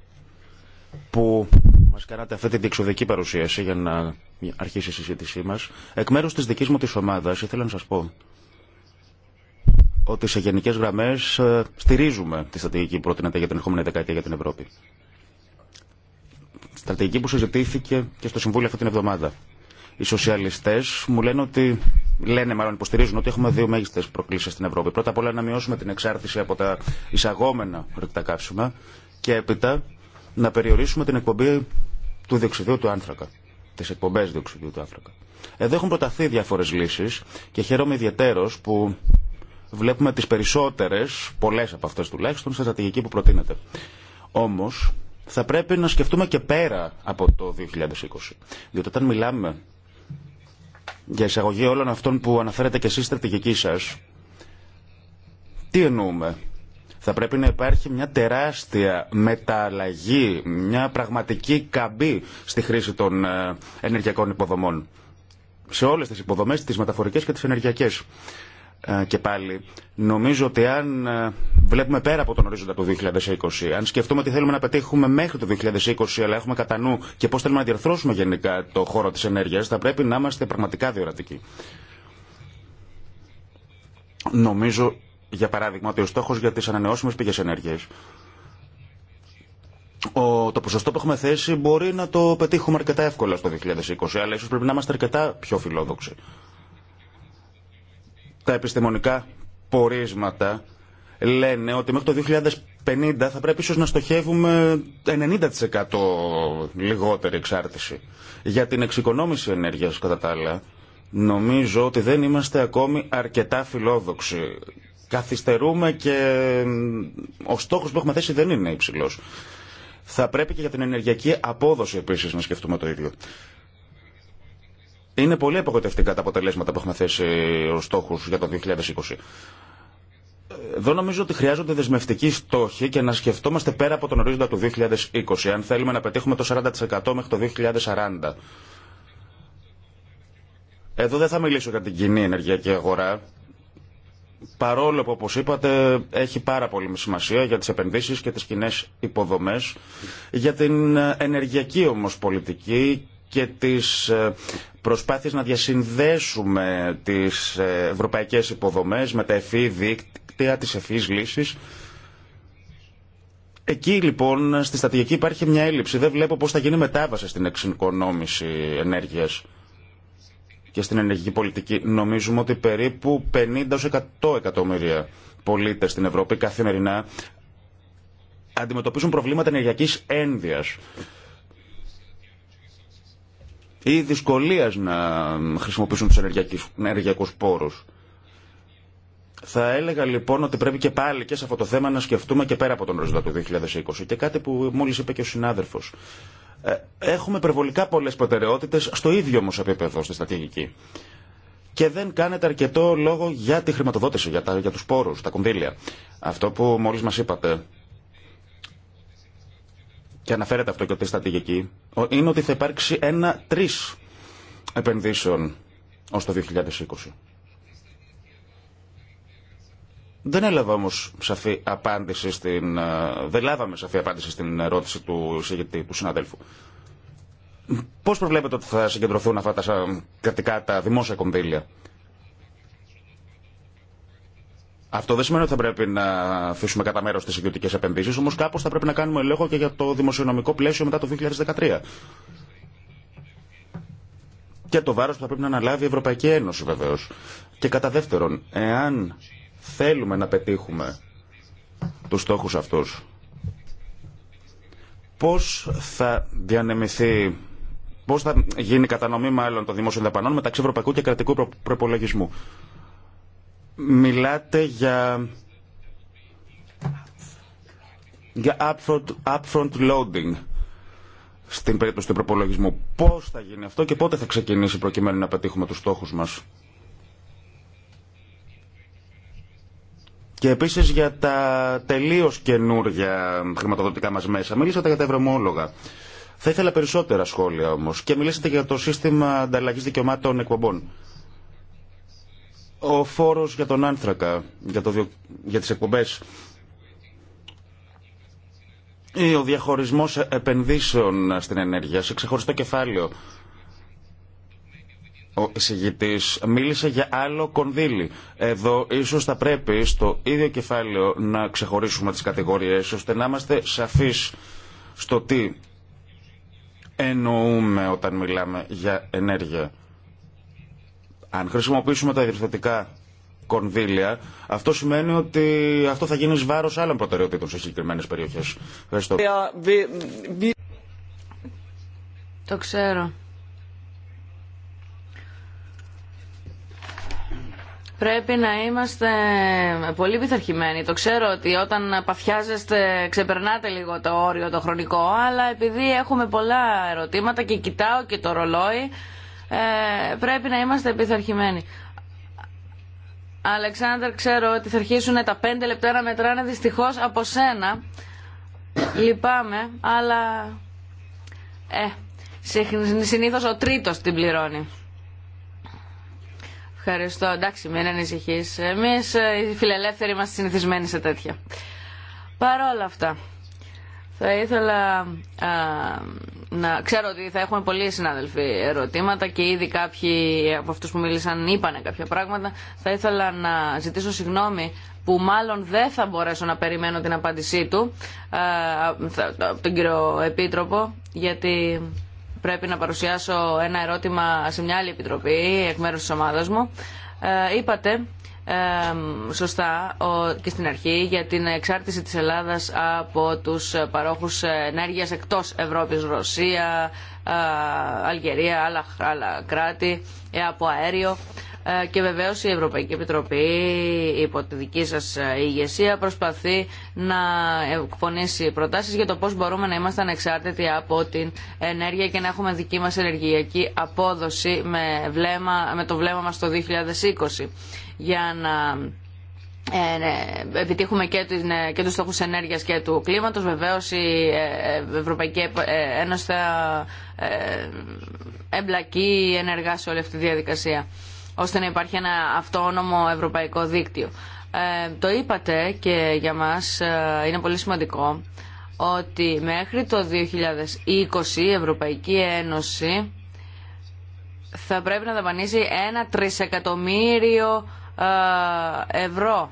[SPEAKER 2] που Μα κάνατε αυτή την διεξοδική παρουσίαση για να αρχίσει η συζήτησή μα. Εκ μέρου τη δική μου τη ομάδα ήθελα να σα πω ότι σε γενικέ γραμμέ ε, στηρίζουμε τη στρατηγική που πρότεινατε για την ερχόμενη δεκαετία για την Ευρώπη. Στρατηγική που συζητήθηκε και στο Συμβούλιο αυτή την εβδομάδα. Οι σοσιαλιστέ μου λένε ότι. Λένε, μάλλον υποστηρίζουν ότι έχουμε δύο μέγιστε προκλήσει στην Ευρώπη. Πρώτα απ' όλα να μειώσουμε την εξάρτηση από τα εισαγόμενα ρεκτά καύσιμα και έπειτα να περιορίσουμε την εκπομπή του διοξιδίου του άνθρακα, τις εκπομπές διοξιδίου του άνθρακα. Εδώ έχουν προταθεί διάφορες λύσει και χαίρομαι ιδιαίτερω που βλέπουμε τις περισσότερες, πολλέ από αυτέ τουλάχιστον, στα στρατηγική που προτείνεται. Όμως, θα πρέπει να σκεφτούμε και πέρα από το 2020. Διότι όταν μιλάμε για εισαγωγή όλων αυτών που αναφέρετε και εσείς στρατηγική σα, τι εννοούμε. Θα πρέπει να υπάρχει μια τεράστια μεταλλαγή, μια πραγματική καμπή στη χρήση των ε, ενεργειακών υποδομών. Σε όλες τις υποδομές, τις μεταφορικές και τις ενεργειακές. Ε, και πάλι, νομίζω ότι αν ε, βλέπουμε πέρα από τον ορίζοντα του 2020, αν σκεφτούμε τι θέλουμε να πετύχουμε μέχρι το 2020, αλλά έχουμε κατά νου και πώς θέλουμε να διαρθρώσουμε γενικά το χώρο της ενέργειας, θα πρέπει να είμαστε πραγματικά διορατικοί. Νομίζω για παράδειγμα, ότι ο στόχο για τι ανανεώσιμε πηγέ ενέργεια. το ποσοστό που έχουμε θέσει μπορεί να το πετύχουμε αρκετά εύκολα στο 2020, αλλά ίσως πρέπει να είμαστε αρκετά πιο φιλόδοξοι. Τα επιστημονικά πορίσματα λένε ότι μέχρι το 2050 θα πρέπει ίσως να στοχεύουμε 90% λιγότερη εξάρτηση. Για την εξοικονόμηση ενέργειας κατά τα άλλα, νομίζω ότι δεν είμαστε ακόμη αρκετά φιλόδοξοι καθυστερούμε και ο στόχο που έχουμε θέσει δεν είναι υψηλό. Θα πρέπει και για την ενεργειακή απόδοση επίση να σκεφτούμε το ίδιο. Είναι πολύ απογοητευτικά τα αποτελέσματα που έχουμε θέσει ω στόχους για το 2020. Εδώ νομίζω ότι χρειάζονται δεσμευτικοί στόχοι και να σκεφτόμαστε πέρα από τον ορίζοντα του 2020, αν θέλουμε να πετύχουμε το 40% μέχρι το 2040. Εδώ δεν θα μιλήσω για την κοινή ενεργειακή αγορά, παρόλο που όπως είπατε έχει πάρα πολύ σημασία για τις επενδύσεις και τις κοινέ υποδομές, για την ενεργειακή όμως πολιτική και τις ε, προσπάθειες να διασυνδέσουμε τις ε, ευρωπαϊκές υποδομές με τα ευφύ δίκτυα, τις ευφύς λύσεις. Εκεί λοιπόν στη στρατηγική υπάρχει μια έλλειψη. Δεν βλέπω πώς θα γίνει μετάβαση στην εξοικονόμηση ενέργειας και στην ενεργική πολιτική. Νομίζουμε ότι περίπου 50-100 εκατομμύρια πολίτε στην Ευρώπη καθημερινά αντιμετωπίζουν προβλήματα ενεργειακής ένδυα ή δυσκολίας να χρησιμοποιήσουν του ενεργειακού πόρου. Θα έλεγα λοιπόν ότι πρέπει και πάλι και σε αυτό το θέμα να σκεφτούμε και πέρα από τον οριζόντα του 2020. Και κάτι που μόλις είπε και ο συνάδελφος. Ε, έχουμε υπερβολικά πολλές προτεραιότητες στο ίδιο όμως επίπεδο στη στρατηγική. Και δεν κάνετε αρκετό λόγο για τη χρηματοδότηση, για, τα, για τους πόρους, τα κονδύλια. Αυτό που μόλις μας είπατε και αναφέρεται αυτό και ότι στρατηγική, είναι ότι θα υπάρξει ένα τρεις επενδύσεων ως το 2020. Δεν έλαβα όμω σαφή απάντηση στην. Ε, δεν λάβαμε σαφή απάντηση στην ερώτηση του του συναδέλφου. Πώ προβλέπετε ότι θα συγκεντρωθούν αυτά τα κρατικά, τα δημόσια κονδύλια. Αυτό δεν σημαίνει ότι θα πρέπει να αφήσουμε κατά μέρο τι ιδιωτικέ επενδύσει, όμω κάπω θα πρέπει να κάνουμε ελέγχο και για το δημοσιονομικό πλαίσιο μετά το 2013. Και το βάρο που θα πρέπει να αναλάβει η Ευρωπαϊκή Ένωση βεβαίω. Και κατά δεύτερον, εάν Θέλουμε να πετύχουμε τους στόχους αυτούς. Πώς θα διανεμηθεί, πώς θα γίνει η κατανομή μάλλον των δημόσιων δαπανών μεταξύ ευρωπαϊκού και κρατικού προπολογισμού. Μιλάτε για για upfront, upfront loading στην περίπτωση του προπολογισμού. Πώς θα γίνει αυτό και πότε θα ξεκινήσει προκειμένου να πετύχουμε τους στόχους μας. Και επίσης για τα τελείως καινούργια χρηματοδοτικά μας μέσα. Μιλήσατε για τα ευρωμόλογα. Θα ήθελα περισσότερα σχόλια όμως και μιλήσατε για το σύστημα ανταλλαγής δικαιωμάτων εκπομπών. Ο φόρος για τον άνθρακα, για, το, για τις εκπομπές ή ο διαχωρισμός επενδύσεων στην ενέργεια σε ξεχωριστό κεφάλαιο ο εισηγητή μίλησε για άλλο κονδύλι. Εδώ ίσως θα πρέπει στο ίδιο κεφάλαιο να ξεχωρίσουμε τις κατηγορίες ώστε να είμαστε σαφεί στο τι εννοούμε όταν μιλάμε για ενέργεια. Αν χρησιμοποιήσουμε τα ιδρυθετικά κονδύλια, αυτό σημαίνει ότι αυτό θα γίνει βάρος άλλων προτεραιοτήτων σε συγκεκριμένε περιοχέ.
[SPEAKER 1] Το ξέρω. πρέπει να είμαστε πολύ πειθαρχημένοι. Το ξέρω ότι όταν παθιάζεστε ξεπερνάτε λίγο το όριο το χρονικό, αλλά επειδή έχουμε πολλά ερωτήματα και κοιτάω και το ρολόι, ε, πρέπει να είμαστε πειθαρχημένοι. Αλεξάνδρ, ξέρω ότι θα αρχίσουν τα πέντε λεπτά να μετράνε δυστυχώς από σένα. Λυπάμαι, αλλά... Ε, συνήθως ο τρίτος την πληρώνει. Ευχαριστώ. Εντάξει, μην ανησυχεί. Εμεί ε, οι φιλελεύθεροι είμαστε συνηθισμένοι σε τέτοια. Παρ' όλα αυτά, θα ήθελα α, να ξέρω ότι θα έχουμε πολλοί συνάδελφοι ερωτήματα και ήδη κάποιοι από αυτού που μίλησαν είπανε κάποια πράγματα. Θα ήθελα να ζητήσω συγγνώμη που μάλλον δεν θα μπορέσω να περιμένω την απάντησή του από τον κύριο Επίτροπο γιατί πρέπει να παρουσιάσω ένα ερώτημα σε μια άλλη επιτροπή εκ μέρους τη ομάδα μου. Ε, είπατε ε, σωστά ο, και στην αρχή για την εξάρτηση της Ελλάδας από τους παρόχους ενέργειας εκτός Ευρώπης, Ρωσία, ε, Αλγερία, άλλα, άλλα κράτη, από αέριο. Ε, και βεβαίως η Ευρωπαϊκή Επιτροπή υπό τη δική σας ε, ηγεσία προσπαθεί να εκπονήσει προτάσεις για το πώς μπορούμε να είμαστε ανεξάρτητοι από την ενέργεια και να έχουμε δική μας ενεργειακή απόδοση με, βλέμμα, με το βλέμμα μας το 2020 για να ε, ναι, επιτύχουμε και, την, και τους στόχους ενέργειας και του κλίματος. Βεβαίως η Ευρωπαϊκή Ένωση θα εμπλακεί ενεργά σε όλη αυτή τη διαδικασία ώστε να υπάρχει ένα αυτόνομο ευρωπαϊκό δίκτυο. Ε, το είπατε και για μας ε, είναι πολύ σημαντικό ότι μέχρι το 2020 η Ευρωπαϊκή Ένωση θα πρέπει να δαπανίζει ένα τρισεκατομμύριο ε, ευρώ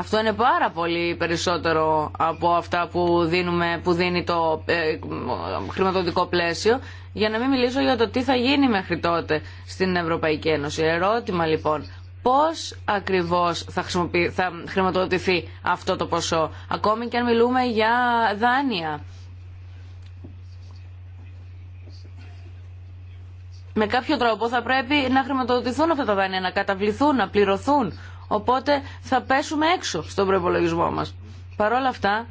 [SPEAKER 1] αυτό είναι πάρα πολύ περισσότερο από αυτά που, δίνουμε, που δίνει το ε, χρηματοδοτικό πλαίσιο, για να μην μιλήσω για το τι θα γίνει μέχρι τότε στην Ευρωπαϊκή Ένωση. Ερώτημα λοιπόν, πώς ακριβώς θα, θα χρηματοδοτηθεί αυτό το ποσό, ακόμη και αν μιλούμε για δάνεια. Με κάποιο τρόπο θα πρέπει να χρηματοδοτηθούν αυτά τα δάνεια, να καταβληθούν, να πληρωθούν. Οπότε θα πέσουμε έξω στον προπολογισμό μας. Παρ' όλα αυτά,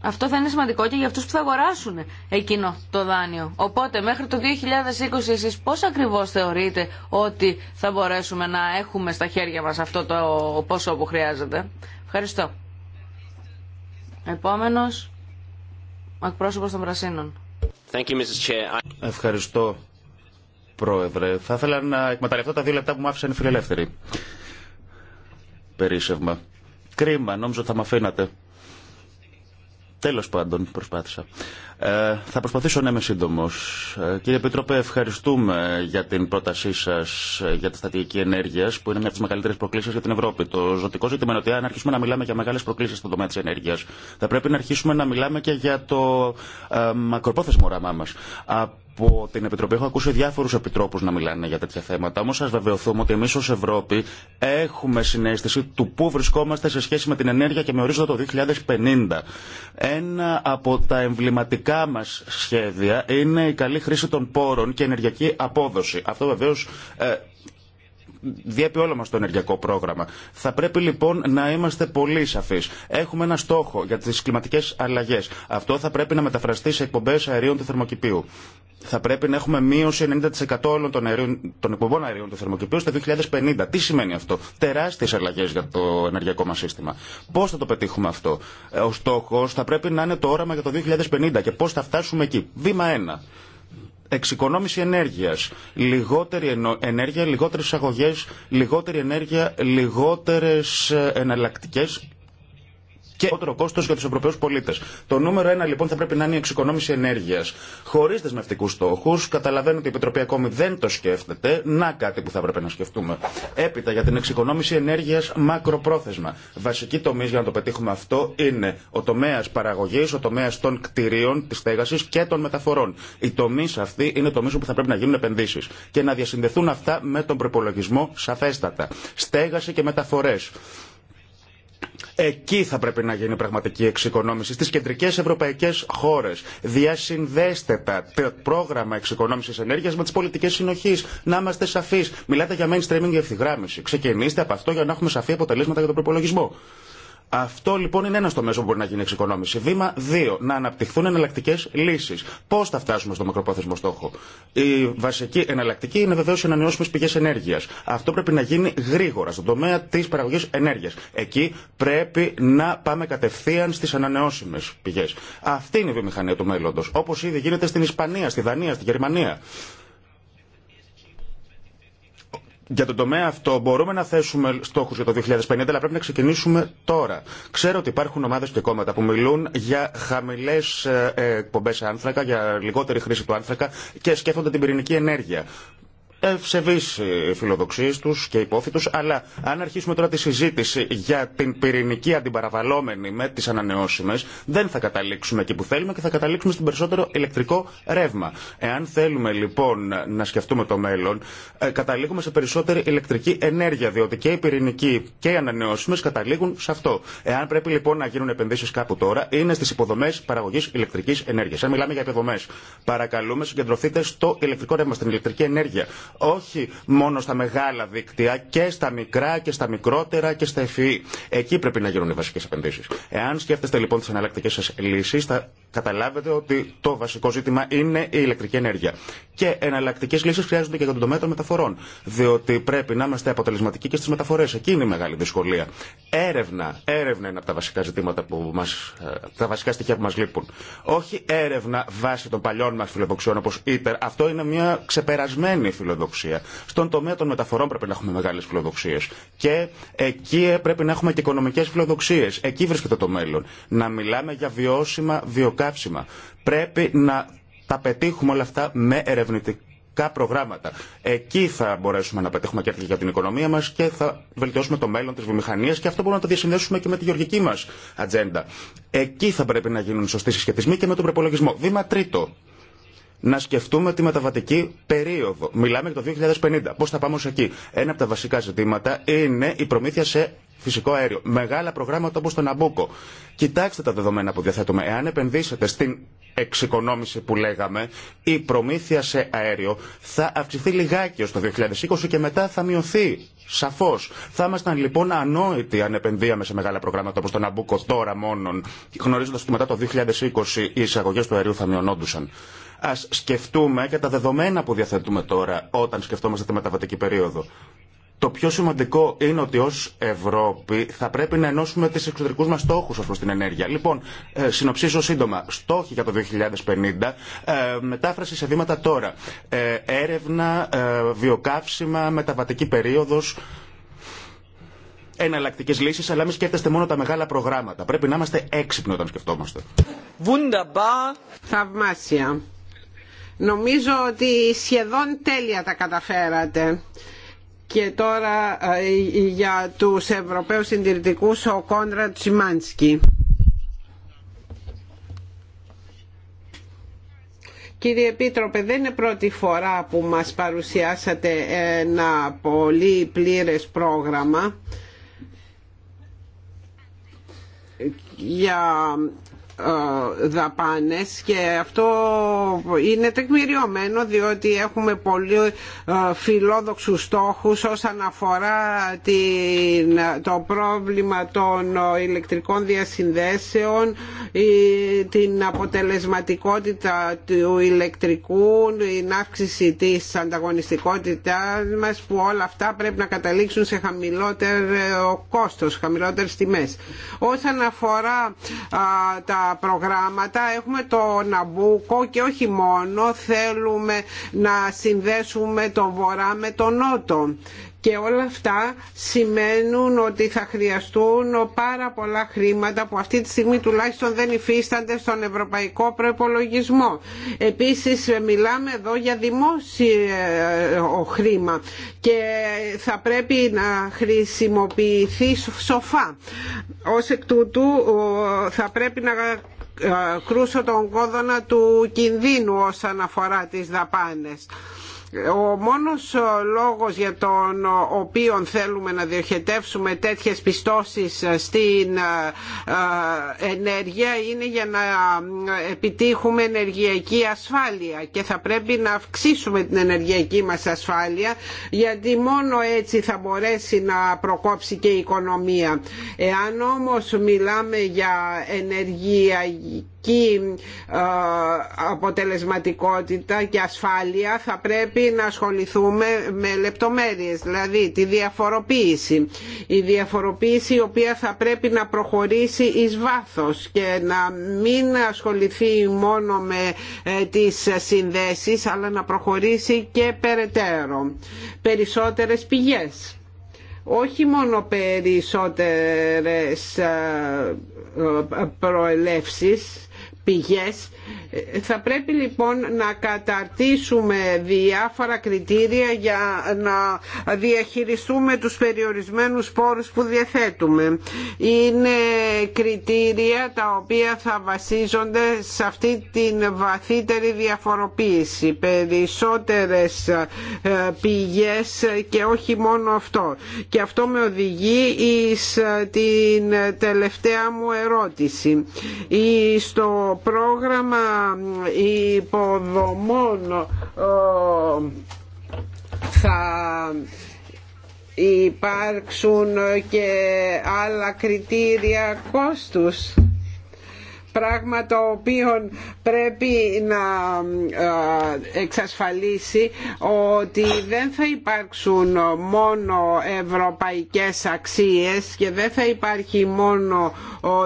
[SPEAKER 1] αυτό θα είναι σημαντικό και για αυτούς που θα αγοράσουν εκείνο το δάνειο. Οπότε μέχρι το 2020 εσείς πώς ακριβώς θεωρείτε ότι θα μπορέσουμε να έχουμε στα χέρια μας αυτό το πόσο που χρειάζεται. Ευχαριστώ. Επόμενος, εκπρόσωπος των Πρασίνων.
[SPEAKER 2] Thank you, Mrs. Chair. Ευχαριστώ Πρόεδρε. Θα ήθελα να εκμεταλλευτώ τα δύο λεπτά που μου άφησαν οι φιλελεύθεροι. Περίσευμα. Κρίμα, νόμιζα ότι θα με αφήνατε. Τέλος πάντων, προσπάθησα. Ε, θα προσπαθήσω να είμαι σύντομο. Ε, κύριε Πίτροπε, ευχαριστούμε για την πρότασή σα για τη στατική ενέργεια, που είναι μια από τι μεγαλύτερε προκλήσει για την Ευρώπη. Το ζωτικό ζήτημα είναι ότι αν αρχίσουμε να μιλάμε για μεγάλε προκλήσει στον τομέα τη ενέργεια, θα πρέπει να αρχίσουμε να μιλάμε και για το ε, μακροπρόθεσμο όραμά μα από την Επιτροπή έχω ακούσει διάφορου επιτρόπου να μιλάνε για τέτοια θέματα, Όμω σα βεβαιωθούμε ότι εμεί ω Ευρώπη έχουμε συνέστηση του πού βρισκόμαστε σε σχέση με την ενέργεια και με ορίζοντα το 2050. Ένα από τα εμβληματικά μα σχέδια είναι η καλή χρήση των πόρων και ενεργειακή απόδοση. Αυτό ε, διέπει όλο μα το ενεργειακό πρόγραμμα. Θα πρέπει λοιπόν να είμαστε πολύ σαφεί. Έχουμε ένα στόχο για τι κλιματικέ αλλαγέ. Αυτό θα πρέπει να μεταφραστεί σε εκπομπέ αερίων του θερμοκηπίου. Θα πρέπει να έχουμε μείωση 90% όλων των, αερίων, εκπομπών αερίων του θερμοκηπίου στο 2050. Τι σημαίνει αυτό. Τεράστιε αλλαγέ για το ενεργειακό μα σύστημα. Πώ θα το πετύχουμε αυτό. Ο στόχο θα πρέπει να είναι το όραμα για το 2050 και πώ θα φτάσουμε εκεί. Βήμα 1 εξοικονόμηση ενέργειας, λιγότερη ενέργεια, λιγότερες εισαγωγέ, λιγότερη ενέργεια, λιγότερες ε, εναλλακτικέ και λιγότερο κόστο για του Ευρωπαίου πολίτε. Το νούμερο ένα λοιπόν θα πρέπει να είναι η εξοικονόμηση ενέργεια. Χωρί δεσμευτικού στόχου, καταλαβαίνω ότι η Επιτροπή ακόμη δεν το σκέφτεται. Να κάτι που θα έπρεπε να σκεφτούμε. Έπειτα για την εξοικονόμηση ενέργεια μακροπρόθεσμα. Βασική τομή για να το πετύχουμε αυτό είναι ο τομέα παραγωγή, ο τομέα των κτηρίων, τη στέγαση και των μεταφορών. Οι τομεί αυτοί είναι τομεί όπου θα πρέπει να γίνουν επενδύσει και να διασυνδεθούν αυτά με τον προπολογισμό σαφέστατα. Στέγαση και μεταφορέ. Εκεί θα πρέπει να γίνει πραγματική εξοικονόμηση, στις κεντρικές ευρωπαϊκές χώρες. Διασυνδέστε τα πρόγραμμα εξοικονόμησης ενέργειας με τις πολιτικές συνοχής. Να είμαστε σαφεί. Μιλάτε για mainstreaming και ευθυγράμμιση. Ξεκινήστε από αυτό για να έχουμε σαφή αποτελέσματα για τον προπολογισμό. Αυτό λοιπόν είναι ένα μέσο που μπορεί να γίνει εξοικονόμηση. Βήμα 2. Να αναπτυχθούν εναλλακτικέ λύσει. Πώ θα φτάσουμε στο μακροπρόθεσμο στόχο. Η βασική εναλλακτική είναι βεβαίω οι ανανεώσιμε πηγέ ενέργεια. Αυτό πρέπει να γίνει γρήγορα στον τομέα τη παραγωγή ενέργεια. Εκεί πρέπει να πάμε κατευθείαν στι ανανεώσιμε πηγέ. Αυτή είναι η βιομηχανία του μέλλοντο. Όπω ήδη γίνεται στην Ισπανία, στη Δανία, στη Γερμανία για τον τομέα αυτό μπορούμε να θέσουμε στόχους για το 2050, αλλά πρέπει να ξεκινήσουμε τώρα. Ξέρω ότι υπάρχουν ομάδες και κόμματα που μιλούν για χαμηλές ε, εκπομπές άνθρακα, για λιγότερη χρήση του άνθρακα και σκέφτονται την πυρηνική ενέργεια ευσεβεί οι ε, φιλοδοξίες τους και υπόφητου, αλλά αν αρχίσουμε τώρα τη συζήτηση για την πυρηνική αντιπαραβαλόμενη με τι ανανεώσιμε, δεν θα καταλήξουμε εκεί που θέλουμε και θα καταλήξουμε στην περισσότερο ηλεκτρικό ρεύμα. Εάν θέλουμε λοιπόν να σκεφτούμε το μέλλον, ε, καταλήγουμε σε περισσότερη ηλεκτρική ενέργεια, διότι και οι πυρηνικοί και οι ανανεώσιμε καταλήγουν σε αυτό. Εάν πρέπει λοιπόν να γίνουν επενδύσει κάπου τώρα, είναι στι υποδομέ παραγωγή ηλεκτρική ενέργεια. Αν μιλάμε για υποδομέ, παρακαλούμε συγκεντρωθείτε στο ηλεκτρικό ρεύμα, στην ηλεκτρική ενέργεια όχι μόνο στα μεγάλα δίκτυα και στα μικρά και στα μικρότερα και στα ΕΦΗ. Εκεί πρέπει να γίνουν οι βασικέ επενδύσει. Εάν σκέφτεστε λοιπόν τι εναλλακτικέ σα λύσει, θα καταλάβετε ότι το βασικό ζήτημα είναι η ηλεκτρική ενέργεια. Και εναλλακτικέ λύσει χρειάζονται και για τον τομέα των μεταφορών. Διότι πρέπει να είμαστε αποτελεσματικοί και στι μεταφορέ. Εκεί είναι η μεγάλη δυσκολία. Έρευνα. Έρευνα είναι από τα βασικά ζητήματα που ε, τα βασικά στοιχεία που μα λείπουν. Όχι έρευνα βάσει των παλιών μα φιλοδοξιών όπω ΙΤΕΡ. Αυτό είναι μια ξεπερασμένη φιλοδοξία φιλοδοξία. Στον τομέα των μεταφορών πρέπει να έχουμε μεγάλε φιλοδοξίε. Και εκεί ε, πρέπει να έχουμε και οικονομικέ φιλοδοξίε. Εκεί βρίσκεται το μέλλον. Να μιλάμε για βιώσιμα βιοκάψιμα. Πρέπει να τα πετύχουμε όλα αυτά με ερευνητικά προγράμματα. Εκεί θα μπορέσουμε να πετύχουμε κέρδη για την οικονομία μα και θα βελτιώσουμε το μέλλον τη βιομηχανία και αυτό μπορούμε να το διασυνδέσουμε και με τη γεωργική μα ατζέντα. Εκεί θα πρέπει να γίνουν σωστοί συσχετισμοί και με τον προπολογισμό. Βήμα τρίτο να σκεφτούμε τη μεταβατική περίοδο. Μιλάμε για το 2050. Πώ θα πάμε ως εκεί. Ένα από τα βασικά ζητήματα είναι η προμήθεια σε φυσικό αέριο. Μεγάλα προγράμματα όπω το Ναμπούκο. Κοιτάξτε τα δεδομένα που διαθέτουμε. Εάν επενδύσετε στην εξοικονόμηση που λέγαμε, η προμήθεια σε αέριο θα αυξηθεί λιγάκι ως το 2020 και μετά θα μειωθεί. Σαφώ. Θα ήμασταν λοιπόν ανόητοι αν επενδύαμε σε μεγάλα προγράμματα όπω το Ναμπούκο τώρα μόνον, γνωρίζοντα ότι μετά το 2020 οι εισαγωγέ του αερίου θα μειωνόντουσαν. Α σκεφτούμε και τα δεδομένα που διαθέτουμε τώρα όταν σκεφτόμαστε τη μεταβατική περίοδο. Το πιο σημαντικό είναι ότι ω Ευρώπη θα πρέπει να ενώσουμε τι εξωτερικού μα στόχου ω προ την ενέργεια. Λοιπόν, ε, συνοψίζω σύντομα. Στόχοι για το 2050, ε, μετάφραση σε βήματα τώρα. Ε, έρευνα, βιοκαύσιμα, μεταβατική περίοδο εναλλακτικέ λύσει, αλλά μην σκέφτεστε μόνο τα μεγάλα προγράμματα. Πρέπει να είμαστε έξυπνοι όταν σκεφτόμαστε. Wunderbar. Θαυμάσια.
[SPEAKER 3] Νομίζω ότι σχεδόν τέλεια τα καταφέρατε. Και τώρα ε, για τους Ευρωπαίους Συντηρητικούς ο Κόντρα Τσιμάνσκι. Κύριε Επίτροπε, δεν είναι πρώτη φορά που μας παρουσιάσατε ένα πολύ πλήρες πρόγραμμα για ε, δαπάνες και αυτό είναι τεκμηριωμένο διότι έχουμε πολύ ε, φιλόδοξους στόχους όσον αφορά την, το πρόβλημα των ηλεκτρικών διασυνδέσεων την αποτελεσματικότητα του ηλεκτρικού την αύξηση της ανταγωνιστικότητάς μας που όλα αυτά πρέπει να καταλήξουν σε χαμηλότερο κόστος, χαμηλότερες τιμές. Όσον αφορά τα προγράμματα. Έχουμε το Ναμπούκο και όχι μόνο θέλουμε να συνδέσουμε τον Βορρά με τον Νότο και όλα αυτά σημαίνουν ότι θα χρειαστούν πάρα πολλά χρήματα που αυτή τη στιγμή τουλάχιστον δεν υφίστανται στον ευρωπαϊκό προπολογισμό. Επίσης μιλάμε εδώ για δημόσιο ε, χρήμα και θα πρέπει να χρησιμοποιηθεί σοφά. Ως εκ τούτου θα πρέπει να ε, κρούσω τον κόδωνα του κινδύνου όσον αφορά τις δαπάνες. Ο μόνος λόγος για τον οποίο θέλουμε να διοχετεύσουμε τέτοιες πιστώσεις ε, στην ε, ε, ενέργεια είναι για να επιτύχουμε ενεργειακή ασφάλεια και θα πρέπει να αυξήσουμε την ενεργειακή μας ασφάλεια γιατί μόνο έτσι θα μπορέσει να προκόψει και η οικονομία. Εάν όμως μιλάμε για ενεργειακή και ε, αποτελεσματικότητα και ασφάλεια θα πρέπει να ασχοληθούμε με λεπτομέρειες, δηλαδή τη διαφοροποίηση. Η διαφοροποίηση η οποία θα πρέπει να προχωρήσει εις βάθος και να μην ασχοληθεί μόνο με ε, τις συνδέσεις αλλά να προχωρήσει και περαιτέρω. Περισσότερες πηγές. Όχι μόνο περισσότερες ε, προελεύσεις πηγές. Θα πρέπει λοιπόν να καταρτήσουμε διάφορα κριτήρια για να διαχειριστούμε τους περιορισμένους πόρους που διαθέτουμε. Είναι κριτήρια τα οποία θα βασίζονται σε αυτή την βαθύτερη διαφοροποίηση, περισσότερες ε, πηγές και όχι μόνο αυτό. Και αυτό με οδηγεί εις ε, την τελευταία μου ερώτηση. Ή στο πρόγραμμα υποδομών ε, θα υπάρξουν και άλλα κριτήρια κόστους πράγμα το οποίο πρέπει να ε, εξασφαλίσει ότι δεν θα υπάρξουν μόνο ευρωπαϊκές αξίες και δεν θα υπάρχει μόνο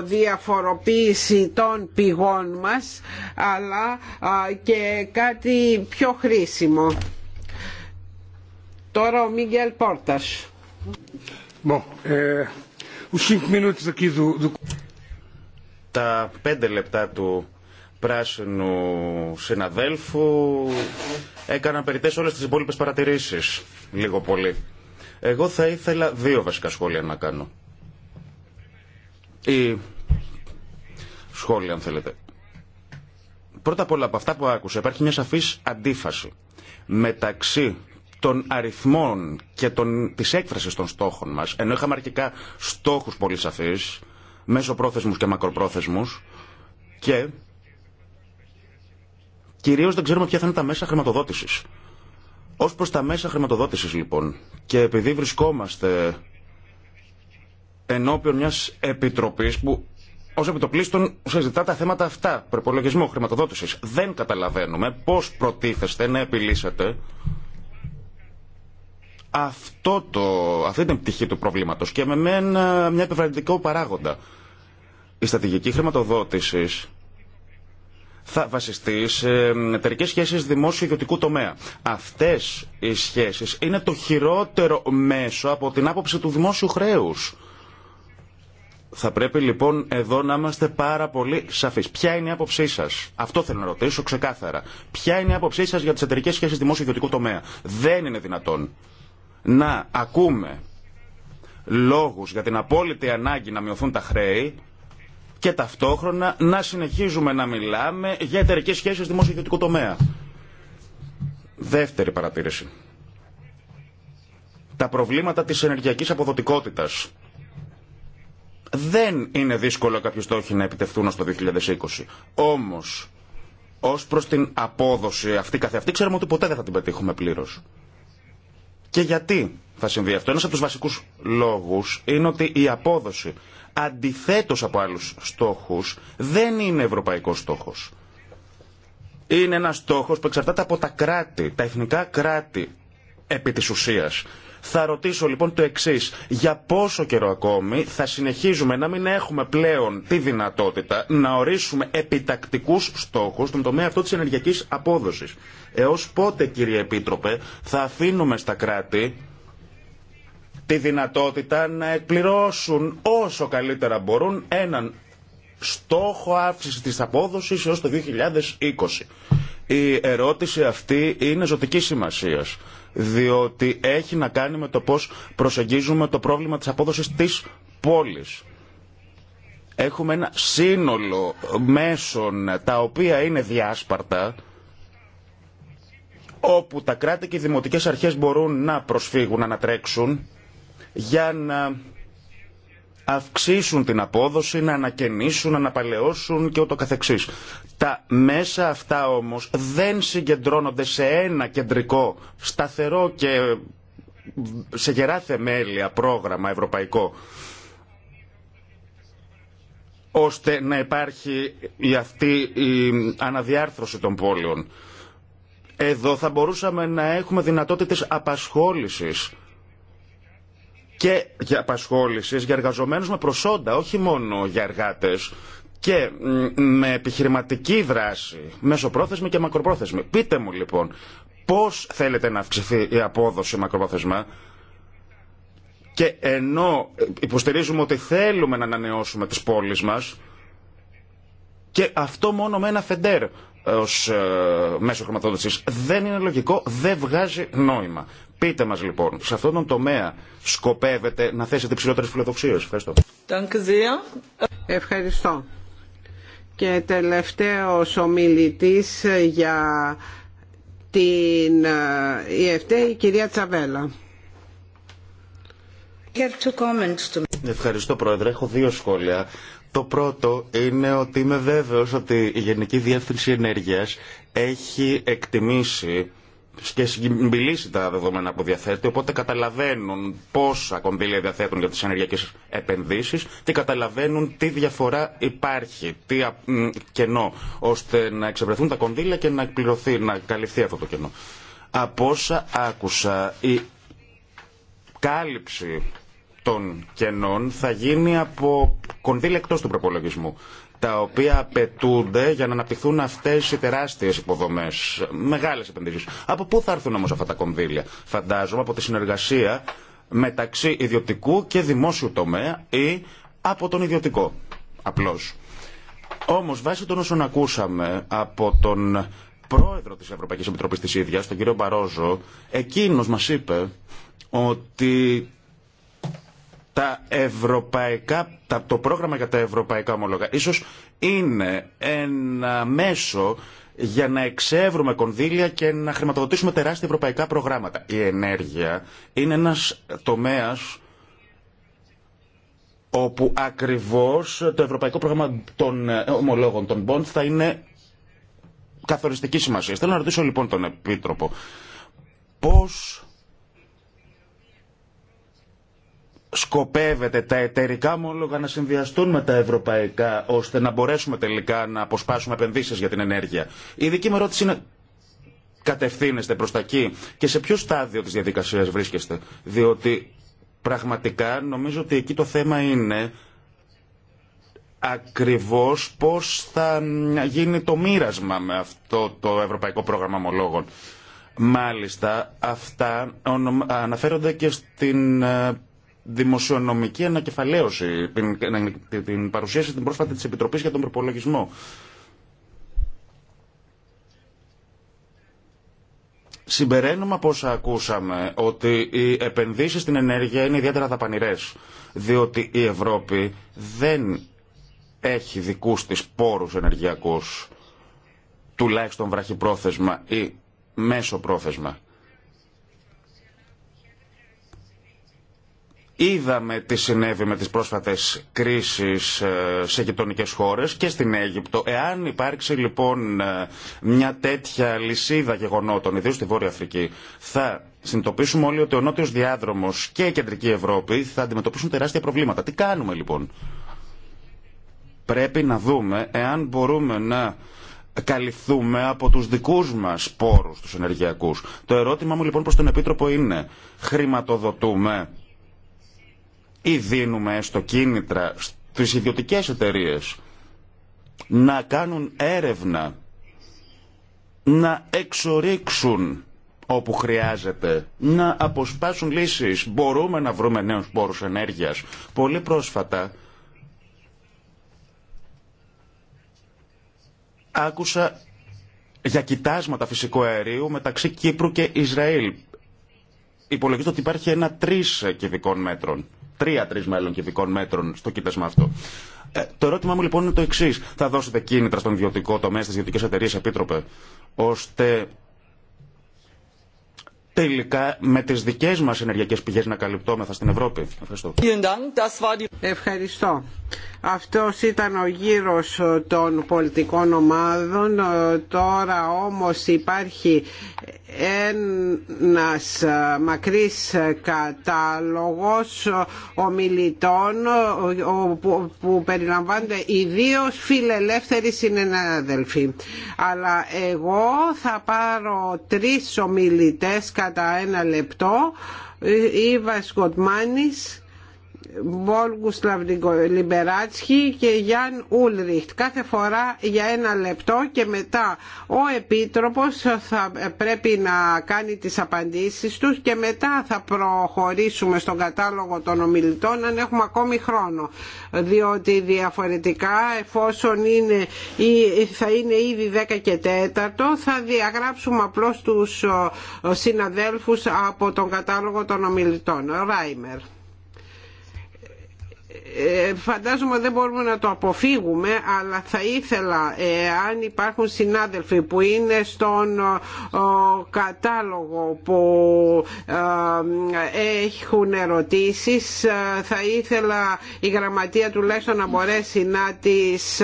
[SPEAKER 3] διαφοροποίηση των πηγών μας αλλά και κάτι πιο χρήσιμο. Τώρα ο Μίγκελ Πόρτας. Ε,
[SPEAKER 2] τα πέντε λεπτά του πράσινου συναδέλφου έκαναν περιττές όλες τις υπόλοιπες παρατηρήσεις, λίγο πολύ. Εγώ θα ήθελα δύο βασικά σχόλια να κάνω. Ή σχόλια, αν θέλετε. Πρώτα απ' όλα από αυτά που άκουσα υπάρχει μια σαφής αντίφαση μεταξύ των αριθμών και των, της έκφρασης των στόχων μας, ενώ είχαμε αρχικά στόχους πολύ σαφείς, μέσοπρόθεσμους και μακροπρόθεσμους και κυρίως δεν ξέρουμε ποια θα είναι τα μέσα χρηματοδότησης. Ως προς τα μέσα χρηματοδότησης λοιπόν και επειδή βρισκόμαστε ενώπιον μιας επιτροπής που Ω επιτοπλίστων συζητά τα θέματα αυτά, προπολογισμό, χρηματοδότησης, Δεν καταλαβαίνουμε πώς προτίθεστε να επιλύσετε αυτό το, αυτή την πτυχή του προβλήματος και με, μένα ε, μια επιβαρυντικό παράγοντα. Η στρατηγική χρηματοδότηση θα βασιστεί σε ε, εταιρικέ σχέσει δημόσιο-ιδιωτικού τομέα. Αυτέ οι σχέσει είναι το χειρότερο μέσο από την άποψη του δημόσιου χρέου. Θα πρέπει λοιπόν εδώ να είμαστε πάρα πολύ σαφεί. Ποια είναι η άποψή σα, αυτό θέλω να ρωτήσω ξεκάθαρα. Ποια είναι η άποψή σα για τι εταιρικέ σχέσει δημόσιο-ιδιωτικού τομέα. Δεν είναι δυνατόν να ακούμε λόγους για την απόλυτη ανάγκη να μειωθούν τα χρέη και ταυτόχρονα να συνεχίζουμε να μιλάμε για εταιρικέ σχέσεις δημόσιο-ιδιωτικού τομέα. Δεύτερη παρατήρηση. Τα προβλήματα της ενεργειακής αποδοτικότητας. Δεν είναι δύσκολο κάποιοι στόχοι να επιτευθούν ως το 2020. Όμως, ως προς την απόδοση αυτή καθεαυτή, ξέρουμε ότι ποτέ δεν θα την πετύχουμε πλήρως. Και γιατί θα συμβεί αυτό. Ένας από τους βασικούς λόγους είναι ότι η απόδοση αντιθέτως από άλλους στόχους δεν είναι ευρωπαϊκός στόχος. Είναι ένας στόχος που εξαρτάται από τα κράτη, τα εθνικά κράτη επί της ουσίας. Θα ρωτήσω λοιπόν το εξή. Για πόσο καιρό ακόμη θα συνεχίζουμε να μην έχουμε πλέον τη δυνατότητα να ορίσουμε επιτακτικού στόχου στον τομέα αυτό τη ενεργειακή απόδοση. Έω πότε, κύριε Επίτροπε, θα αφήνουμε στα κράτη τη δυνατότητα να εκπληρώσουν όσο καλύτερα μπορούν έναν στόχο αύξηση της απόδοσης έως το 2020. Η ερώτηση αυτή είναι ζωτική σημασίας διότι έχει να κάνει με το πώς προσεγγίζουμε το πρόβλημα της απόδοσης της πόλης. Έχουμε ένα σύνολο μέσων τα οποία είναι διάσπαρτα, όπου τα κράτη και οι δημοτικές αρχές μπορούν να προσφύγουν, να ανατρέξουν, για να αυξήσουν την απόδοση, να ανακαινήσουν, να αναπαλαιώσουν και ούτω καθεξής. Τα μέσα αυτά όμως δεν συγκεντρώνονται σε ένα κεντρικό, σταθερό και σε γερά θεμέλια πρόγραμμα ευρωπαϊκό ώστε να υπάρχει η αυτή η αναδιάρθρωση των πόλεων. Εδώ θα μπορούσαμε να έχουμε δυνατότητες απασχόλησης και για απασχόληση για εργαζομένους με προσόντα, όχι μόνο για εργάτες και με επιχειρηματική δράση, μεσοπρόθεσμη και μακροπρόθεσμη. Πείτε μου λοιπόν, πώς θέλετε να αυξηθεί η απόδοση μακροπρόθεσμα και ενώ υποστηρίζουμε ότι θέλουμε να ανανεώσουμε τις πόλεις μας και αυτό μόνο με ένα φεντέρ ε, ως ε, μέσο χρηματοδότησης δεν είναι λογικό, δεν βγάζει νόημα. Πείτε μας λοιπόν, σε αυτόν τον τομέα σκοπεύετε να θέσετε υψηλότερες φιλοδοξίες. Ευχαριστώ.
[SPEAKER 3] Ευχαριστώ. Και τελευταίος ομιλητής για την ΕΦΤΕ, η κυρία Τσαβέλα.
[SPEAKER 2] Ευχαριστώ Πρόεδρε. Έχω δύο σχόλια. Το πρώτο είναι ότι είμαι βέβαιος ότι η Γενική Διεύθυνση Ενέργειας έχει εκτιμήσει και συμπηλήσει τα δεδομένα που διαθέτει, οπότε καταλαβαίνουν πόσα κονδύλια διαθέτουν για τις ενεργειακές επενδύσεις και καταλαβαίνουν τι διαφορά υπάρχει, τι κενό, ώστε να εξευρεθούν τα κονδύλια και να, εκπληρωθεί να καλυφθεί αυτό το κενό. Από όσα άκουσα, η κάλυψη των κενών θα γίνει από κονδύλια εκτός του προπολογισμού τα οποία απαιτούνται για να αναπτυχθούν αυτέ οι τεράστιε υποδομέ, μεγάλε επενδύσει. Από πού θα έρθουν όμω αυτά τα κονδύλια, φαντάζομαι από τη συνεργασία μεταξύ ιδιωτικού και δημόσιου τομέα ή από τον ιδιωτικό απλώ. Όμω, βάσει των όσων ακούσαμε από τον πρόεδρο τη Ευρωπαϊκή Επιτροπή τη ίδια, τον κύριο Μπαρόζο, εκείνο μα είπε ότι τα ευρωπαϊκά, το πρόγραμμα για τα ευρωπαϊκά ομολογά ίσως είναι ένα μέσο για να εξεύρουμε κονδύλια και να χρηματοδοτήσουμε τεράστια ευρωπαϊκά προγράμματα. Η ενέργεια είναι ένας τομέας όπου ακριβώς το ευρωπαϊκό πρόγραμμα των ε, ομολόγων, των bonds, θα είναι καθοριστική σημασία. Θέλω να ρωτήσω λοιπόν τον Επίτροπο, πώς σκοπεύετε τα εταιρικά μόλογα να συνδυαστούν με τα ευρωπαϊκά ώστε να μπορέσουμε τελικά να αποσπάσουμε επενδύσεις για την ενέργεια. Η δική μου ερώτηση είναι κατευθύνεστε προς τα εκεί και σε ποιο στάδιο της διαδικασίας βρίσκεστε. Διότι πραγματικά νομίζω ότι εκεί το θέμα είναι ακριβώς πώς θα γίνει το μοίρασμα με αυτό το Ευρωπαϊκό Πρόγραμμα μόλογων. Μάλιστα, αυτά αναφέρονται και στην ε, δημοσιονομική ανακεφαλαίωση, την, την παρουσίαση την πρόσφατη της Επιτροπής για τον Προπολογισμό. Συμπεραίνουμε από όσα ακούσαμε ότι οι επενδύσεις στην ενέργεια είναι ιδιαίτερα δαπανηρές, διότι η Ευρώπη δεν έχει δικούς της πόρους ενεργειακούς, τουλάχιστον βραχυπρόθεσμα ή μέσο πρόθεσμα. Είδαμε τι συνέβη με τις πρόσφατες κρίσεις ε, σε γειτονικές χώρες και στην Αίγυπτο. Εάν υπάρξει λοιπόν ε, μια τέτοια λυσίδα γεγονότων, ιδίως στη Βόρεια Αφρική, θα συνειδητοποιήσουμε όλοι ότι ο Νότιος Διάδρομος και η Κεντρική Ευρώπη θα αντιμετωπίσουν τεράστια προβλήματα. Τι κάνουμε λοιπόν. Πρέπει να δούμε εάν μπορούμε να καλυφθούμε από τους δικούς μας πόρους, τους ενεργειακούς. Το ερώτημα μου λοιπόν προς τον Επίτροπο είναι, χρηματοδοτούμε ή δίνουμε στο κίνητρα στις ιδιωτικές εταιρείε να κάνουν έρευνα, να εξορίξουν όπου χρειάζεται, να αποσπάσουν λύσεις. Μπορούμε να βρούμε νέους πόρους ενέργειας. Πολύ πρόσφατα άκουσα για κοιτάσματα φυσικού αερίου μεταξύ Κύπρου και Ισραήλ. Υπολογίζεται ότι υπάρχει ένα τρεις κυβικών μέτρων τρία-τρει μέλλον κυβικών μέτρων στο κοίτασμα αυτό. Ε, το ερώτημά μου λοιπόν είναι το εξή. Θα δώσετε κίνητρα στον ιδιωτικό τομέα, στι ιδιωτικέ εταιρείε, επίτροπε, ώστε τελικά με τις δικές μας ενεργειακέ πηγές να καλυπτώμεθα στην Ευρώπη. Ευχαριστώ.
[SPEAKER 3] Ευχαριστώ. Αυτός ήταν ο γύρος των πολιτικών ομάδων. Ε, τώρα όμω υπάρχει ένας ε, μακρύς ε, κατάλογος ομιλητών που περιλαμβάνονται ιδίω φιλελεύθεροι συνενάδελφοι. Αλλά εγώ θα πάρω τρεις ομιλητές κατά ένα λεπτό, ε, Ήβας Βόλγουσλαβ Σλαβδικο-Λιμπεράτσχη και Γιάν Ούλριχτ. Κάθε φορά για ένα λεπτό και μετά ο Επίτροπος θα ε, πρέπει να κάνει τις απαντήσεις τους και μετά θα προχωρήσουμε στον κατάλογο των ομιλητών αν έχουμε ακόμη χρόνο. Διότι διαφορετικά εφόσον είναι, θα είναι ήδη 10 και 4 θα διαγράψουμε απλώς τους ε, συναδέλφους από τον κατάλογο των ομιλητών. Ράιμερ. Ε, φαντάζομαι δεν μπορούμε να το αποφύγουμε αλλά θα ήθελα ε, αν υπάρχουν συνάδελφοι που είναι στον κατάλογο που ε, έχουν ερωτήσεις θα ήθελα η γραμματεία τουλάχιστον να μπορέσει να τις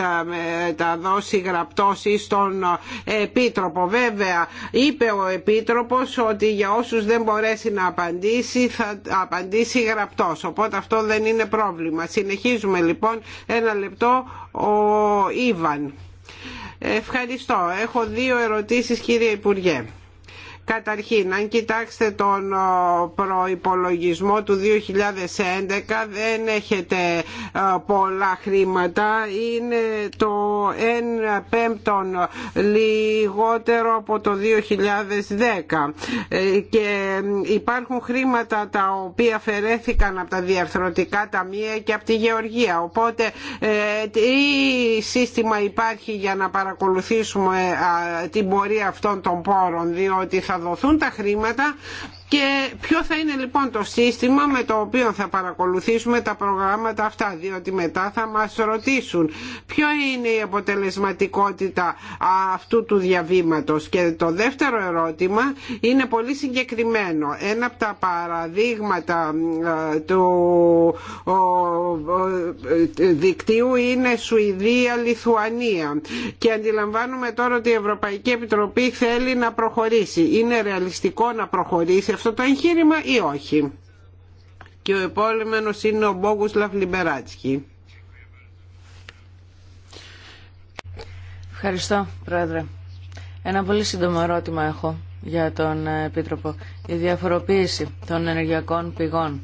[SPEAKER 3] τα δώσει γραπτός ή στον Επίτροπο. Βέβαια είπε ο Επίτροπος ότι για όσους δεν μπορέσει να απαντήσει θα απαντήσει γραπτός οπότε αυτό δεν είναι πρόβλημα. Συνεχίζουμε λοιπόν ένα λεπτό ο Ήβαν. Ευχαριστώ. Έχω δύο ερωτήσεις κύριε Υπουργέ. Καταρχήν, αν κοιτάξετε τον προϋπολογισμό του 2011 δεν έχετε πολλά χρήματα. Είναι το 1 πέμπτον λιγότερο από το 2010 ε, και υπάρχουν χρήματα τα οποία αφαιρέθηκαν από τα διαρθρωτικά ταμεία και από τη γεωργία. Οπότε ε, τι σύστημα υπάρχει για να παρακολουθήσουμε την πορεία αυτών των πόρων διότι θα δοθούν τα χρήματα και ποιο θα είναι λοιπόν το σύστημα με το οποίο θα παρακολουθήσουμε τα προγράμματα αυτά, διότι μετά θα μας ρωτήσουν ποιο είναι η αποτελεσματικότητα αυτού του διαβήματος. Και το δεύτερο ερώτημα είναι πολύ συγκεκριμένο. Ένα από τα παραδείγματα ε, του δικτύου είναι Σουηδία-Λιθουανία και αντιλαμβάνουμε τώρα ότι η Ευρωπαϊκή Επιτροπή θέλει να προχωρήσει. Είναι ρεαλιστικό να προχωρήσει αυτό το εγχείρημα ή όχι. Και ο επόμενος είναι ο Μπόγκουσλαφ Λιμπεράτσκι.
[SPEAKER 1] Ευχαριστώ, Πρόεδρε. Ένα πολύ σύντομο ερώτημα έχω για τον ε, Επίτροπο. Η διαφοροποίηση των ενεργειακών πηγών.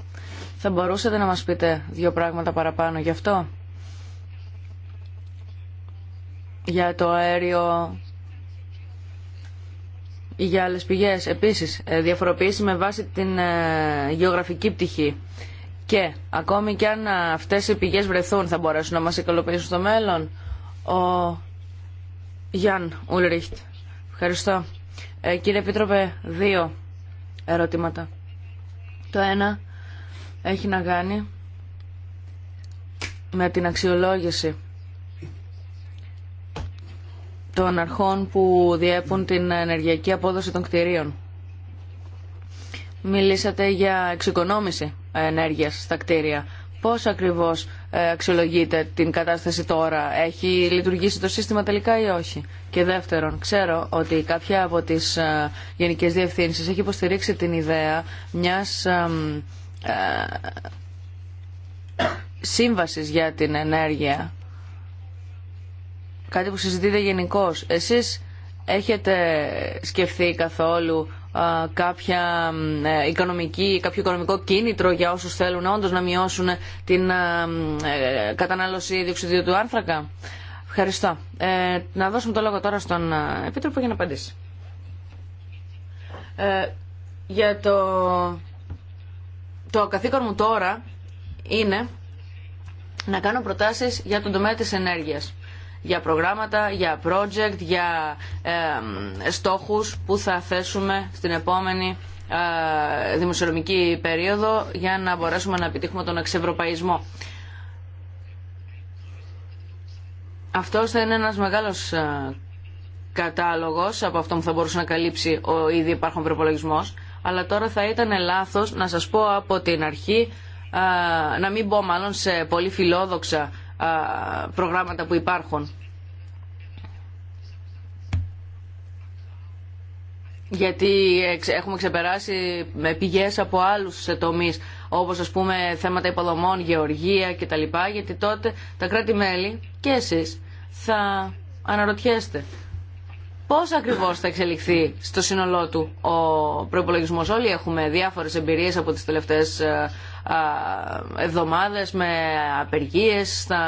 [SPEAKER 1] Θα μπορούσατε να μας πείτε δύο πράγματα παραπάνω γι' αυτό. Για το αέριο για άλλες πηγές επίσης ε, διαφοροποίηση με βάση την ε, γεωγραφική πτυχή και ακόμη και αν ε, αυτές οι πηγές βρεθούν θα μπορέσουν να μας ικανοποιήσουν στο μέλλον ο Γιάν Ουλριχτ ευχαριστώ ε, κύριε Επίτροπε δύο ερωτήματα το ένα έχει να κάνει με την αξιολόγηση των αρχών που διέπουν την ενεργειακή απόδοση των κτηρίων. Μιλήσατε για εξοικονόμηση ενέργειας στα κτίρια. Πώς ακριβώς ε, αξιολογείτε την κατάσταση τώρα. Έχει λειτουργήσει το σύστημα τελικά ή όχι. Και δεύτερον, ξέρω ότι κάποια από τις ε, γενικές διευθύνσεις έχει υποστηρίξει την ιδέα μιας ε, σύμβασης για την ενέργεια κάτι που συζητείτε γενικώ. Εσεί έχετε σκεφτεί καθόλου κάποια ε, οικονομική, κάποιο οικονομικό κίνητρο για όσου θέλουν όντω να μειώσουν την ε, κατανάλωση διοξιδίου του άνθρακα. Ευχαριστώ. Ε, να δώσουμε το λόγο τώρα στον Επίτροπο για να απαντήσει. για το, το καθήκον μου τώρα είναι να κάνω προτάσεις για τον τομέα της ενέργειας για προγράμματα, για project, για ε, στόχους που θα θέσουμε στην επόμενη δημοσιονομική περίοδο για να μπορέσουμε να επιτύχουμε τον εξευρωπαϊσμό. Αυτό θα είναι ένας μεγάλος κατάλογος από αυτό που θα μπορούσε να καλύψει ο ήδη υπάρχον προπολογισμό, αλλά τώρα θα ήταν λάθος να σας πω από την αρχή, να μην πω μάλλον σε πολύ φιλόδοξα προγράμματα που υπάρχουν. γιατί έχουμε ξεπεράσει με πηγές από άλλους τομείς όπως ας πούμε θέματα υποδομών, γεωργία κτλ. γιατί τότε τα κράτη-μέλη και εσείς θα αναρωτιέστε Πώ ακριβώ θα εξελιχθεί στο σύνολό του ο προπολογισμό. Όλοι έχουμε διάφορες εμπειρίες από τις τελευταίες ε, ε, εβδομάδες με απεργίες στα,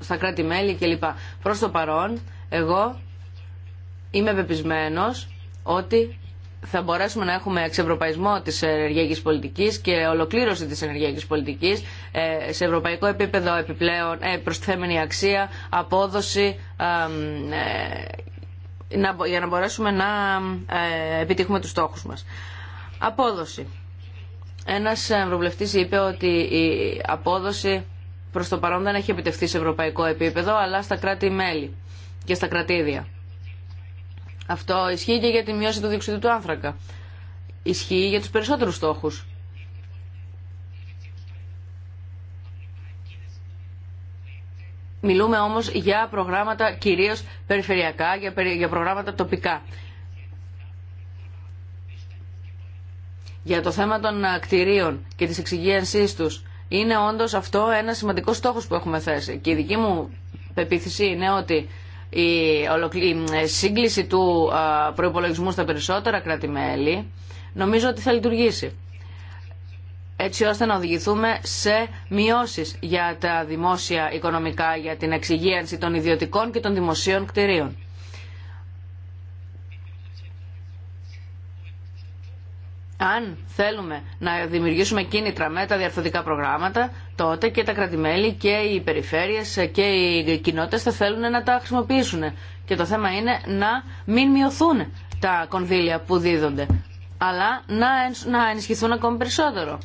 [SPEAKER 1] στα κράτη-μέλη κλπ. Πρό το παρόν, εγώ είμαι πεπισμένο ότι θα μπορέσουμε να έχουμε εξευρωπαϊσμό της ενεργειακής πολιτικής και ολοκλήρωση της ενεργειακής πολιτικής ε, σε ευρωπαϊκό επίπεδο επιπλέον προστιθέμενη αξία, απόδοση για να μπορέσουμε να ε, επιτύχουμε τους στόχους μας. Απόδοση. Ένας ευρωβουλευτής είπε ότι η απόδοση προς το παρόν δεν έχει επιτευχθεί σε ευρωπαϊκό επίπεδο, αλλά στα κράτη-μέλη και στα κρατήδια. Αυτό ισχύει και για τη μείωση του διοξιδίου του άνθρακα. Ισχύει για τους περισσότερους στόχους. Μιλούμε όμως για προγράμματα κυρίως περιφερειακά, για προγράμματα τοπικά. Για το θέμα των ε, κτηρίων και της εξυγίανσής τους, είναι όντως αυτό ένα σημαντικό στόχος που έχουμε θέσει. Και η δική μου πεποίθηση είναι ότι η ε, σύγκληση του ε, προϋπολογισμού στα περισσότερα κράτη-μέλη νομίζω ότι θα λειτουργήσει έτσι ώστε να οδηγηθούμε σε μειώσεις για τα δημόσια οικονομικά, για την εξυγίανση των ιδιωτικών και των δημοσίων κτηρίων. Αν θέλουμε να δημιουργήσουμε κίνητρα με τα διαρθωτικά προγράμματα, τότε και τα κρατημέλη και οι περιφέρειες και οι κοινότητες θα θέλουν να τα χρησιμοποιήσουν. Και το θέμα είναι να μην μειωθούν τα κονδύλια που δίδονται, αλλά να ενισχυθούν ακόμη περισσότερο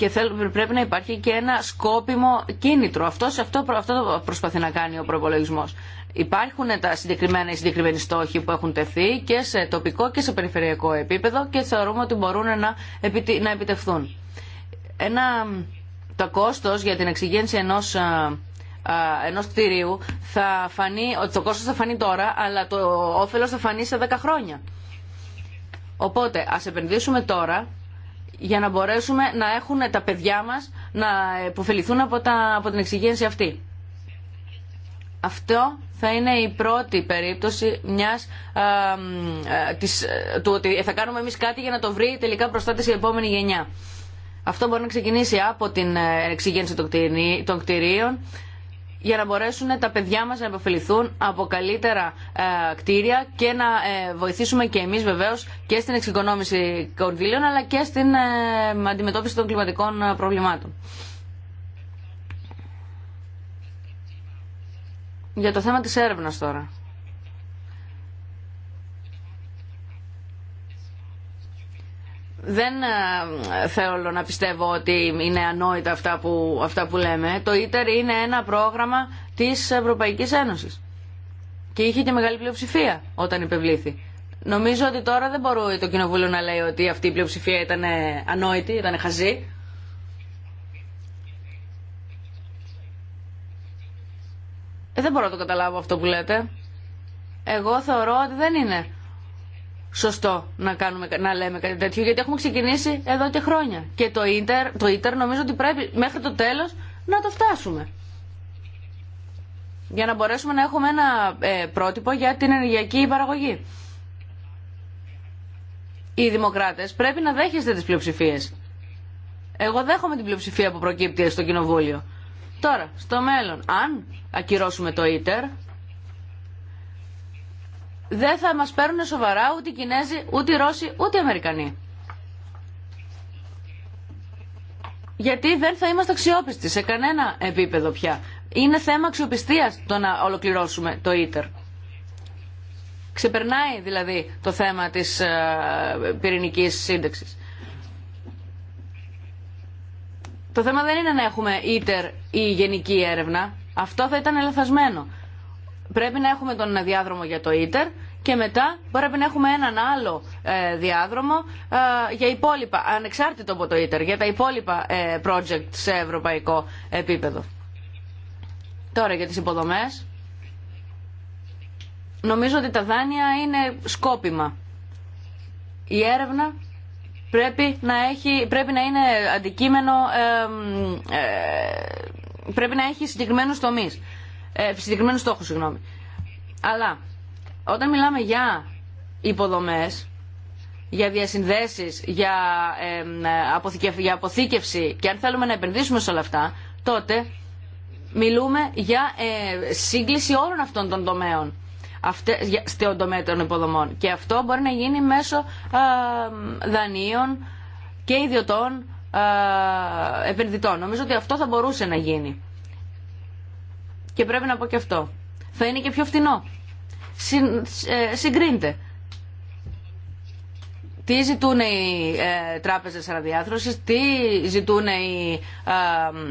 [SPEAKER 1] και πρέπει να υπάρχει και ένα σκόπιμο κίνητρο. αυτό, αυτό προσπαθεί να κάνει ο προπολογισμό. Υπάρχουν τα συγκεκριμένα, οι συγκεκριμένοι στόχοι που έχουν τεθεί και σε τοπικό και σε περιφερειακό επίπεδο και θεωρούμε ότι μπορούν να, να επιτευχθούν. Ένα, το κόστος για την εξηγήνση ενός ενός κτηρίου θα φανεί, το κόστος θα φανεί τώρα αλλά το όφελος θα φανεί σε 10 χρόνια. Οπότε ας επενδύσουμε τώρα για να μπορέσουμε να έχουν τα παιδιά μας να υποφεληθούν από, από την εξυγίανση αυτή. Αυτό θα είναι η πρώτη περίπτωση μιας, ε, ε, της, ε, του ότι θα κάνουμε εμείς κάτι για να το βρει τελικά προστάτες η επόμενη γενιά. Αυτό μπορεί να ξεκινήσει από την εξυγένση των κτηρίων, για να μπορέσουν τα παιδιά μας να επωφεληθούν από καλύτερα ε, κτίρια και να ε, βοηθήσουμε και εμείς βεβαίως και στην εξοικονόμηση κονδύλιων αλλά και στην ε, αντιμετώπιση των κλιματικών προβλημάτων. Για το θέμα της έρευνας τώρα. δεν ε, θέλω να πιστεύω ότι είναι ανόητα αυτά που, αυτά που λέμε. Το ITER είναι ένα πρόγραμμα της Ευρωπαϊκής Ένωσης. Και είχε και μεγάλη πλειοψηφία όταν υπευλήθη. Νομίζω ότι τώρα δεν μπορεί το Κοινοβούλιο να λέει ότι αυτή η πλειοψηφία ήταν ανόητη, ήταν χαζή. Ε, δεν μπορώ να το καταλάβω αυτό που λέτε. Εγώ θεωρώ ότι δεν είναι σωστό να, κάνουμε, να λέμε κάτι τέτοιο, γιατί έχουμε ξεκινήσει εδώ και χρόνια. Και το Ιντερ, το Ιντερ νομίζω ότι πρέπει μέχρι το τέλος να το φτάσουμε. Για να μπορέσουμε να έχουμε ένα ε, πρότυπο για την ενεργειακή παραγωγή. Οι δημοκράτες πρέπει να δέχεστε τις πλειοψηφίες. Εγώ δέχομαι την πλειοψηφία που προκύπτει στο κοινοβούλιο. Τώρα, στο μέλλον, αν ακυρώσουμε το ΙΤΕΡ, δεν θα μας παίρνουν σοβαρά ούτε οι Κινέζοι, ούτε οι Ρώσοι, ούτε οι Αμερικανοί. Γιατί δεν θα είμαστε αξιόπιστοι σε κανένα επίπεδο πια. Είναι θέμα αξιοπιστίας το να ολοκληρώσουμε το ίτερ. Ξεπερνάει δηλαδή το θέμα της ε, πυρηνικής σύνταξης. Το θέμα δεν είναι να έχουμε ίτερ ή γενική έρευνα. Αυτό θα ήταν ελαφασμένο πρέπει να έχουμε τον διάδρομο για το ίτερ και μετά πρέπει να έχουμε έναν άλλο ε, διάδρομο ε, για υπόλοιπα, ανεξάρτητο από το ίτερ, για τα υπόλοιπα ε, project σε ευρωπαϊκό επίπεδο. Τώρα για τις υποδομές. Νομίζω ότι τα δάνεια είναι σκόπιμα. Η έρευνα πρέπει να, έχει, πρέπει να είναι αντικείμενο, πρέπει να έχει συγκεκριμένους τομείς ε, συγκεκριμένου στόχου, συγγνώμη. Αλλά όταν μιλάμε για υποδομές, για διασυνδέσεις, για, αποθήκευση, για αποθήκευση και αν θέλουμε να επενδύσουμε σε όλα αυτά, τότε μιλούμε για ε, σύγκληση όλων αυτών των τομέων στον τομέα των υποδομών. Και αυτό μπορεί να γίνει μέσω δανείων και ιδιωτών επενδυτών. Νομίζω ότι αυτό θα μπορούσε να γίνει. Και πρέπει να πω και αυτό. Θα είναι και πιο φθηνό. Συν, ε, Τι ζητούν οι ε, τράπεζες τι ζητούν οι,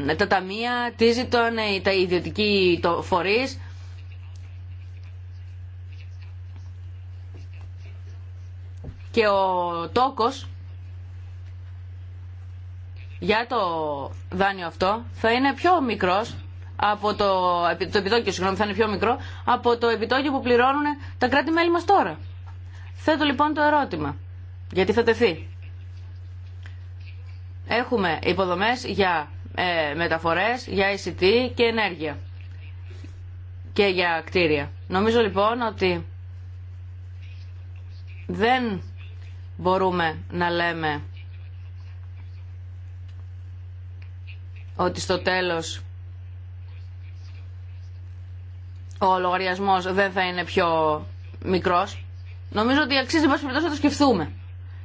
[SPEAKER 1] ε, τα ταμεία, τι ζητούν οι, τα ιδιωτικοί το, φορείς. Και ο τόκος για το δάνειο αυτό θα είναι πιο μικρός από το, το επιτόκιο, συγγνώμη, θα είναι πιο μικρό, από το επιτόκιο που πληρώνουν τα κράτη-μέλη μας τώρα. Θέτω λοιπόν το ερώτημα, γιατί θα τεθεί. Έχουμε υποδομές για ε, μεταφορές, για ICT e και ενέργεια και για κτίρια. Νομίζω λοιπόν ότι δεν μπορούμε να λέμε ότι στο τέλος ο λογαριασμό δεν θα είναι πιο μικρό. Νομίζω ότι αξίζει πάση περιπτώσει να το σκεφτούμε.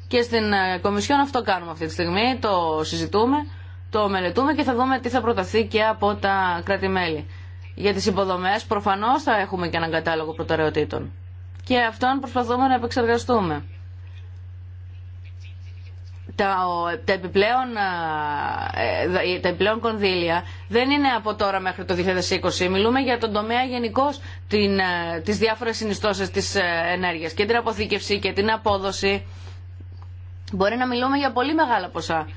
[SPEAKER 1] Και στην ε, Κομισιόν αυτό κάνουμε αυτή τη στιγμή, το συζητούμε, το μελετούμε και θα δούμε τι θα προταθεί και από τα κράτη-μέλη. Για τι υποδομές προφανώς θα έχουμε και έναν κατάλογο προτεραιοτήτων. Και αυτόν προσπαθούμε να επεξεργαστούμε τα, τα, επιπλέον, ε, ε, τα επιπλέον κονδύλια δεν είναι από τώρα μέχρι το 2020. Μιλούμε για τον τομέα γενικώ ε, τι διάφορε συνιστώσει τη ενέργεια και την αποθήκευση και την απόδοση. Μπορεί να μιλούμε για πολύ μεγάλα ποσά.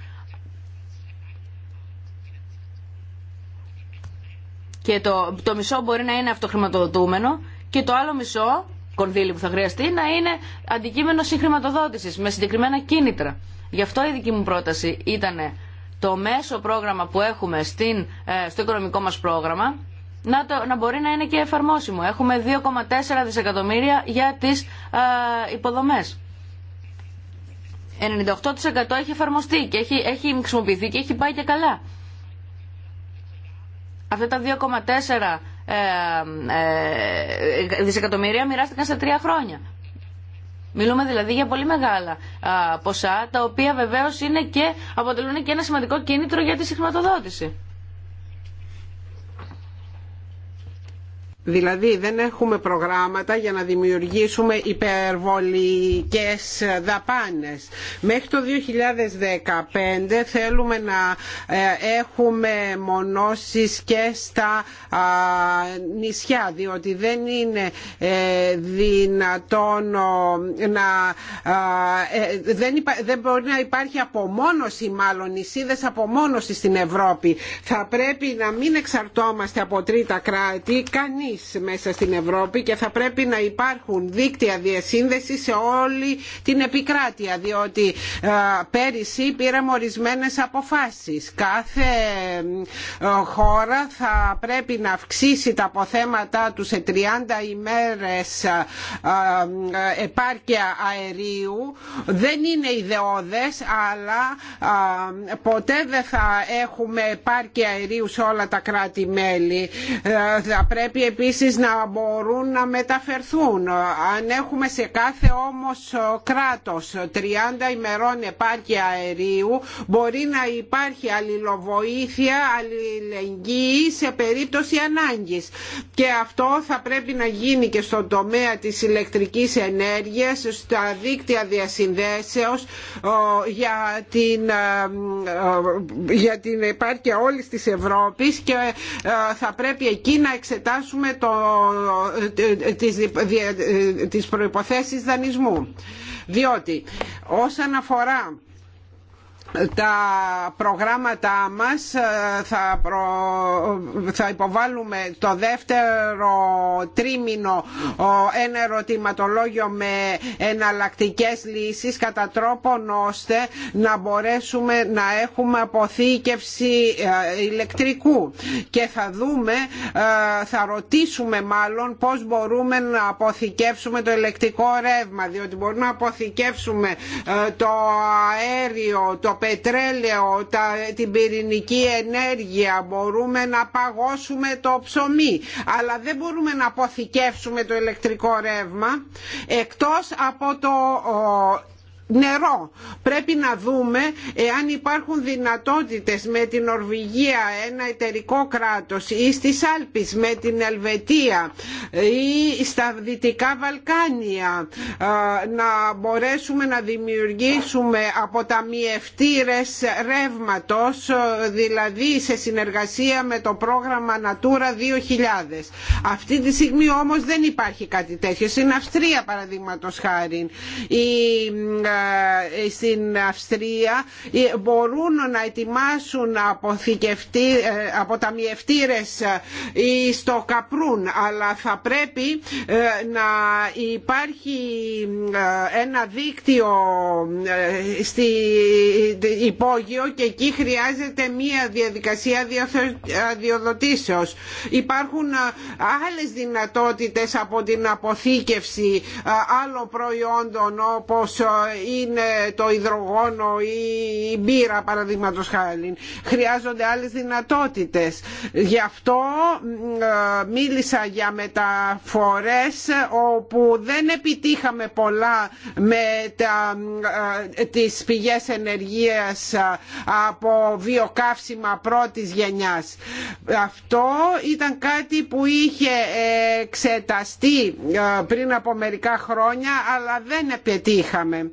[SPEAKER 1] Και το, το μισό μπορεί να είναι αυτοχρηματοδοτούμενο και το άλλο μισό κονδύλι που θα χρειαστεί να είναι αντικείμενο συγχρηματοδότησης με συγκεκριμένα κίνητρα. Γι' αυτό η δική μου πρόταση ήταν το μέσο πρόγραμμα που έχουμε στην, ε, στο οικονομικό μας πρόγραμμα να, μπορεί να είναι και εφαρμόσιμο. Έχουμε 2,4 δισεκατομμύρια για τις ε, υποδομές. 98% έχει εφαρμοστεί και έχει, έχει χρησιμοποιηθεί και έχει πάει και καλά. Αυτά τα 2,4 ε, ε, ε, δισεκατομμύρια μοιράστηκαν σε τρία χρόνια. Μιλούμε δηλαδή για πολύ μεγάλα ποσά, τα οποία βεβαίως είναι και, αποτελούν και ένα σημαντικό κίνητρο για τη συγχρηματοδότηση.
[SPEAKER 3] Δηλαδή δεν έχουμε προγράμματα για να δημιουργήσουμε υπερβολικές δαπάνες. Μέχρι το 2015 θέλουμε να ε, έχουμε μονώσεις και στα νησιά διότι δεν είναι ε, δυνατόν να ε, δεν, μπορεί να υπάρχει απομόνωση μάλλον νησίδες απομόνωση στην Ευρώπη. Θα πρέπει να μην εξαρτώμαστε από τρίτα κράτη κανείς μέσα στην Ευρώπη και θα πρέπει να υπάρχουν δίκτυα διασύνδεση σε όλη την επικράτεια διότι πέρυσι πήραμε ορισμένες αποφάσεις. Κάθε χώρα θα πρέπει να αυξήσει τα αποθέματα του σε 30 ημέρες επάρκεια αερίου. Δεν είναι ιδεώδες αλλά ποτέ δεν θα έχουμε επάρκεια αερίου σε όλα τα κράτη-μέλη. Ε, θα πρέπει επίσης επιχειρήσεις να μπορούν να μεταφερθούν. Αν έχουμε σε κάθε όμως κράτος 30 ημερών επάρκεια αερίου μπορεί να υπάρχει αλληλοβοήθεια, αλληλεγγύη σε περίπτωση ανάγκης. Και αυτό θα πρέπει να γίνει και στον τομέα της ηλεκτρικής ενέργειας, στα δίκτυα διασυνδέσεως για την, ε, για την επάρκεια όλης της Ευρώπης και ε, θα πρέπει εκεί να εξετάσουμε το, ε, ε, τις, ε, τις προϋποθέσεις δανεισμού. Διότι όσον αφορά τα προγράμματα μας ε, θα, υποβάλουμε το δεύτερο τρίμηνο ένα ερωτηματολόγιο με εναλλακτικές λύσεις κατά τρόπον ώστε να μπορέσουμε να έχουμε αποθήκευση ε, ηλεκτρικού και θα δούμε, ε, θα ρωτήσουμε μάλλον πώς μπορούμε να αποθηκεύσουμε το ηλεκτρικό ρεύμα διότι μπορούμε να αποθηκεύσουμε το αέριο, το πετρέλαιο, τα, την πυρηνική ενέργεια, μπορούμε να παγώσουμε το ψωμί, αλλά δεν μπορούμε να αποθηκεύσουμε το ηλεκτρικό ρεύμα εκτός από το νερό. Πρέπει να δούμε εάν υπάρχουν δυνατότητες με την Ορβηγία, ένα εταιρικό κράτος ή στις Άλπεις με την Ελβετία ή στα Δυτικά Βαλκάνια να μπορέσουμε να δημιουργήσουμε αποταμιευτήρες ρεύματος δηλαδή σε συνεργασία με το πρόγραμμα Natura 2000. Αυτή τη στιγμή όμως δεν υπάρχει κάτι τέτοιο. Στην Αυστρία παραδείγματος χάρη η στην Αυστρία ε, μπορούν να ετοιμάσουν ε, αποταμιευτήρες ε, στο Καπρούν αλλά θα πρέπει να υπάρχει ένα δίκτυο στη υπόγειο και εκεί χρειάζεται μία διαδικασία αδειοδοτήσεως. Υπάρχουν άλλες δυνατότητες από την αποθήκευση άλλων προϊόντων όπως είναι το υδρογόνο ή η μπύρα παραδείγματο χάρη. Χρειάζονται άλλε δυνατότητε. Γι' αυτό ε, μίλησα για μεταφορέ όπου δεν επιτύχαμε πολλά με τα, ε, τις πηγές ενεργείας ε, από βιοκαύσιμα πρώτης γενιάς. Αυτό ήταν κάτι που είχε εξεταστεί πριν από μερικά χρόνια αλλά δεν επιτύχαμε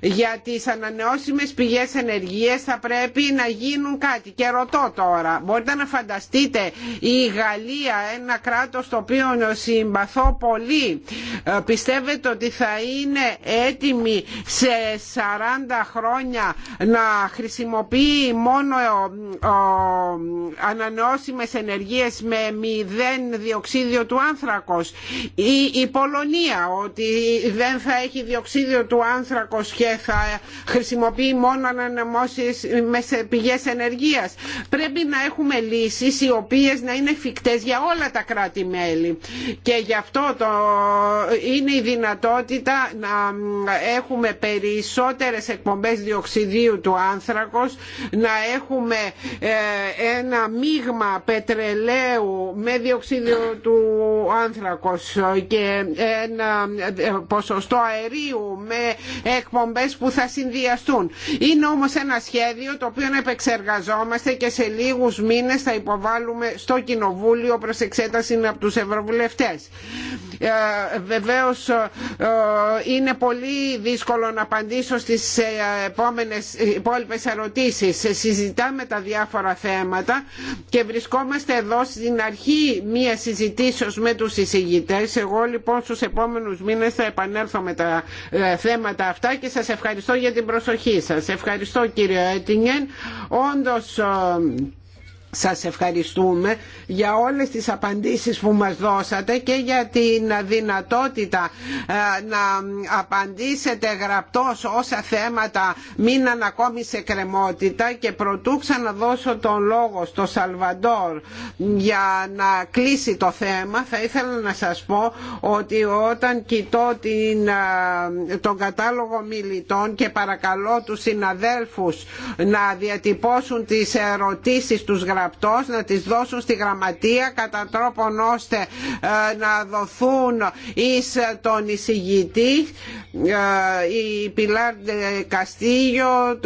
[SPEAKER 3] για τις ανανεώσιμες πηγές ενεργείας θα πρέπει να γίνουν κάτι. Και ρωτώ τώρα, μπορείτε να φανταστείτε η Γαλλία, ένα κράτος το οποίο συμπαθώ πολύ, ε, πιστεύετε ότι θα είναι έτοιμη σε 40 χρόνια να χρησιμοποιεί μόνο ε, ανανεώσιμες ενεργείες με μηδέν διοξίδιο του άνθρακος ή η Πολωνία ότι δεν θα έχει διοξίδιο του άνθρακος και θα χρησιμοποιεί μόνο ανανεμώσεις με πηγές ενεργείας. Πρέπει να έχουμε λύσεις οι οποίες να είναι εφικτές για όλα τα κράτη-μέλη και γι' αυτό το είναι η δυνατότητα να έχουμε περισσότερες εκπομπές διοξιδίου του άνθρακος, να έχουμε ε, ένα μείγμα πετρελαίου με διοξίδιο του άνθρακος και ένα ε, ποσοστό αερίου με εκπομπές που θα συνδυαστούν. Είναι όμως ένα σχέδιο το οποίο επεξεργαζόμαστε και σε λίγους μήνες θα υποβάλουμε στο Κοινοβούλιο προς εξέταση από τους Ευρωβουλευτές. Ε, βεβαίως ε, είναι πολύ δύσκολο να απαντήσω στις ε, επόμενες υπόλοιπες ερωτήσεις. Συζητάμε τα διάφορα θέματα και βρισκόμαστε εδώ στην αρχή μία συζητήσεως με τους συζητητέ. Εγώ λοιπόν στους επόμενους μήνες θα επανέλθω με τα θέματα αυτά και σας ευχαριστώ για την προσοχή σας. Ευχαριστώ κύριε Έτιγεν. Όντως σας ευχαριστούμε για όλες τις απαντήσεις που μας δώσατε και για την δυνατότητα ε, να απαντήσετε γραπτός όσα θέματα μείναν ακόμη σε κρεμότητα και προτού ξαναδώσω τον λόγο στο Σαλβαντόρ για να κλείσει το θέμα θα ήθελα να σας πω ότι όταν κοιτώ την, ε, τον κατάλογο μιλητών και παρακαλώ τους συναδέλφους να διατυπώσουν τις ερωτήσεις τους γραπτός γραπτός να τις δώσουν στη γραμματεία κατά τρόπον ώστε ε, να δοθούν εις τον εισηγητή ε, η Πιλάρ Καστίγιο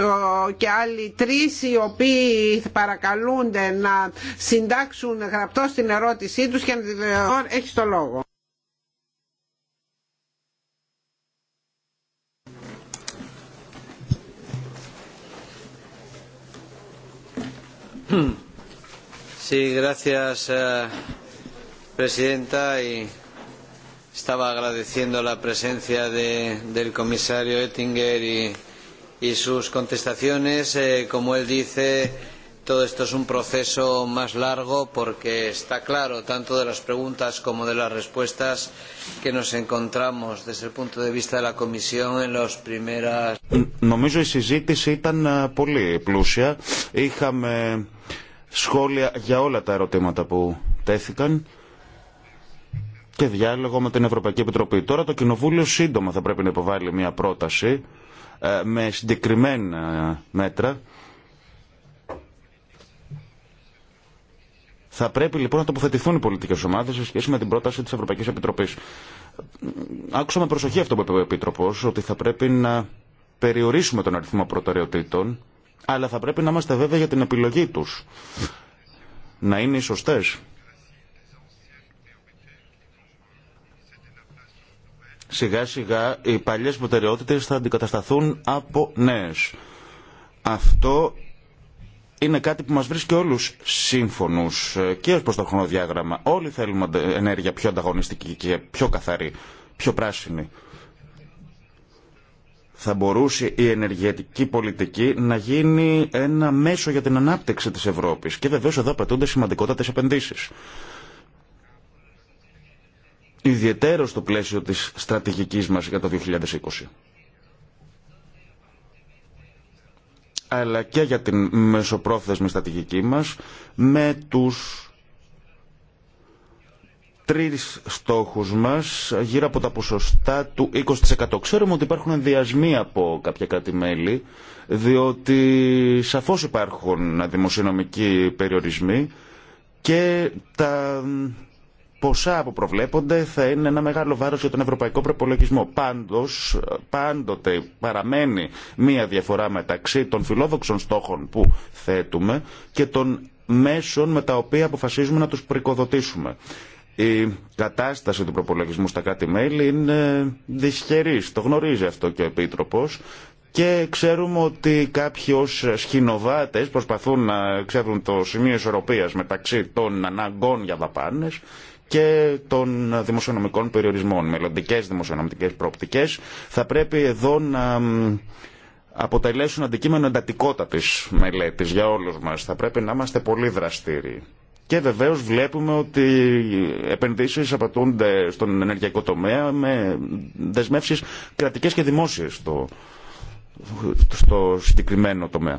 [SPEAKER 3] και άλλοι τρεις οι οποίοι παρακαλούνται να συντάξουν γραπτός στην ερώτησή τους και να τη έχει το λόγο. Hm. Sí, gracias, presidenta. estaba agradeciendo la presencia del comisario Oettinger y, sus contestaciones. como él dice, todo esto es un proceso más largo porque está claro, tanto de las preguntas como de las respuestas, que nos encontramos desde el punto de vista de la Comisión en las
[SPEAKER 1] primeras.
[SPEAKER 2] Νομίζω η συζήτηση ήταν πολύ πλούσια σχόλια για όλα τα ερωτήματα που τέθηκαν και διάλογο με την Ευρωπαϊκή Επιτροπή. Τώρα το Κοινοβούλιο σύντομα θα πρέπει να υποβάλει μια πρόταση ε, με συγκεκριμένα μέτρα. Θα πρέπει λοιπόν να τοποθετηθούν οι πολιτικέ ομάδε σε σχέση με την πρόταση τη Ευρωπαϊκή Επιτροπή. Άκουσα με προσοχή αυτό που είπε ο Επίτροπο, ότι θα πρέπει να περιορίσουμε τον αριθμό προτεραιοτήτων αλλά θα πρέπει να είμαστε βέβαια για την επιλογή τους. Να είναι οι σωστές. Σιγά σιγά οι παλιές προτεραιότητες θα αντικατασταθούν από νέες. Αυτό είναι κάτι που μας βρίσκει όλους σύμφωνους ε, και ως προς το χρονοδιάγραμμα. Όλοι θέλουμε ενέργεια πιο ανταγωνιστική και πιο καθαρή, πιο πράσινη θα μπορούσε η ενεργειακή πολιτική να γίνει ένα μέσο για την ανάπτυξη της Ευρώπης και βεβαίως εδώ απαιτούνται σημαντικότατες επενδύσεις. Ιδιαίτερο στο πλαίσιο της στρατηγικής μας για το 2020. αλλά και για την μεσοπρόθεσμη στρατηγική μας με τους τρεις στόχους μας γύρω από τα ποσοστά του 20%. Ξέρουμε ότι υπάρχουν ενδιασμοί από κάποια κράτη-μέλη, διότι σαφώς υπάρχουν δημοσιονομικοί περιορισμοί και τα ποσά που προβλέπονται θα είναι ένα μεγάλο βάρος για τον ευρωπαϊκό προπολογισμό. Πάντως, πάντοτε παραμένει μία διαφορά μεταξύ των φιλόδοξων στόχων που θέτουμε και των μέσων με τα οποία αποφασίζουμε να τους πρικοδοτήσουμε. Η κατάσταση του προπολογισμού στα κάτι μέλη είναι δυσχερής. Το γνωρίζει αυτό και ο Επίτροπος. Και ξέρουμε ότι κάποιοι ως σχηνοβάτες προσπαθούν να ξέρουν το σημείο ισορροπίας μεταξύ των αναγκών για δαπάνες και των δημοσιονομικών περιορισμών. Μελλοντικέ δημοσιονομικές προοπτικές θα πρέπει εδώ να αποτελέσουν αντικείμενο εντατικότατης μελέτης για όλους μας. Θα πρέπει να είμαστε πολύ δραστήριοι και βεβαίως βλέπουμε ότι επενδύσεις απαιτούνται στον ενεργειακό τομέα με δεσμεύσει κρατικές και δημόσιες στο, στο συγκεκριμένο τομέα.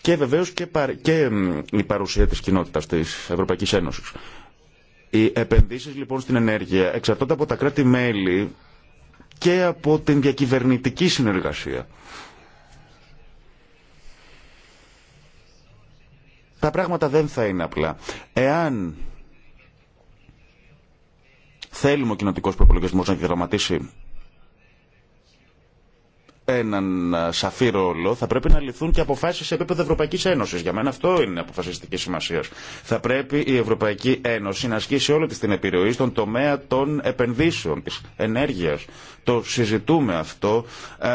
[SPEAKER 2] Και βεβαίως και, και η παρουσία της κοινότητας της Ευρωπαϊκή Ένωσης. Οι επενδύσεις λοιπόν στην ενέργεια εξαρτώνται από τα κράτη-μέλη και από την διακυβερνητική συνεργασία. τα πράγματα δεν θα είναι απλά. Εάν θέλουμε ο κοινοτικό προπολογισμό να διδραματίσει έναν σαφή ρόλο, θα πρέπει να λυθούν και αποφάσει σε επίπεδο Ευρωπαϊκή Ένωση. Για μένα αυτό είναι αποφασιστική σημασία. Θα πρέπει η Ευρωπαϊκή Ένωση να ασκήσει όλη τη την επιρροή στον τομέα των επενδύσεων, τη ενέργεια. Το συζητούμε αυτό ε,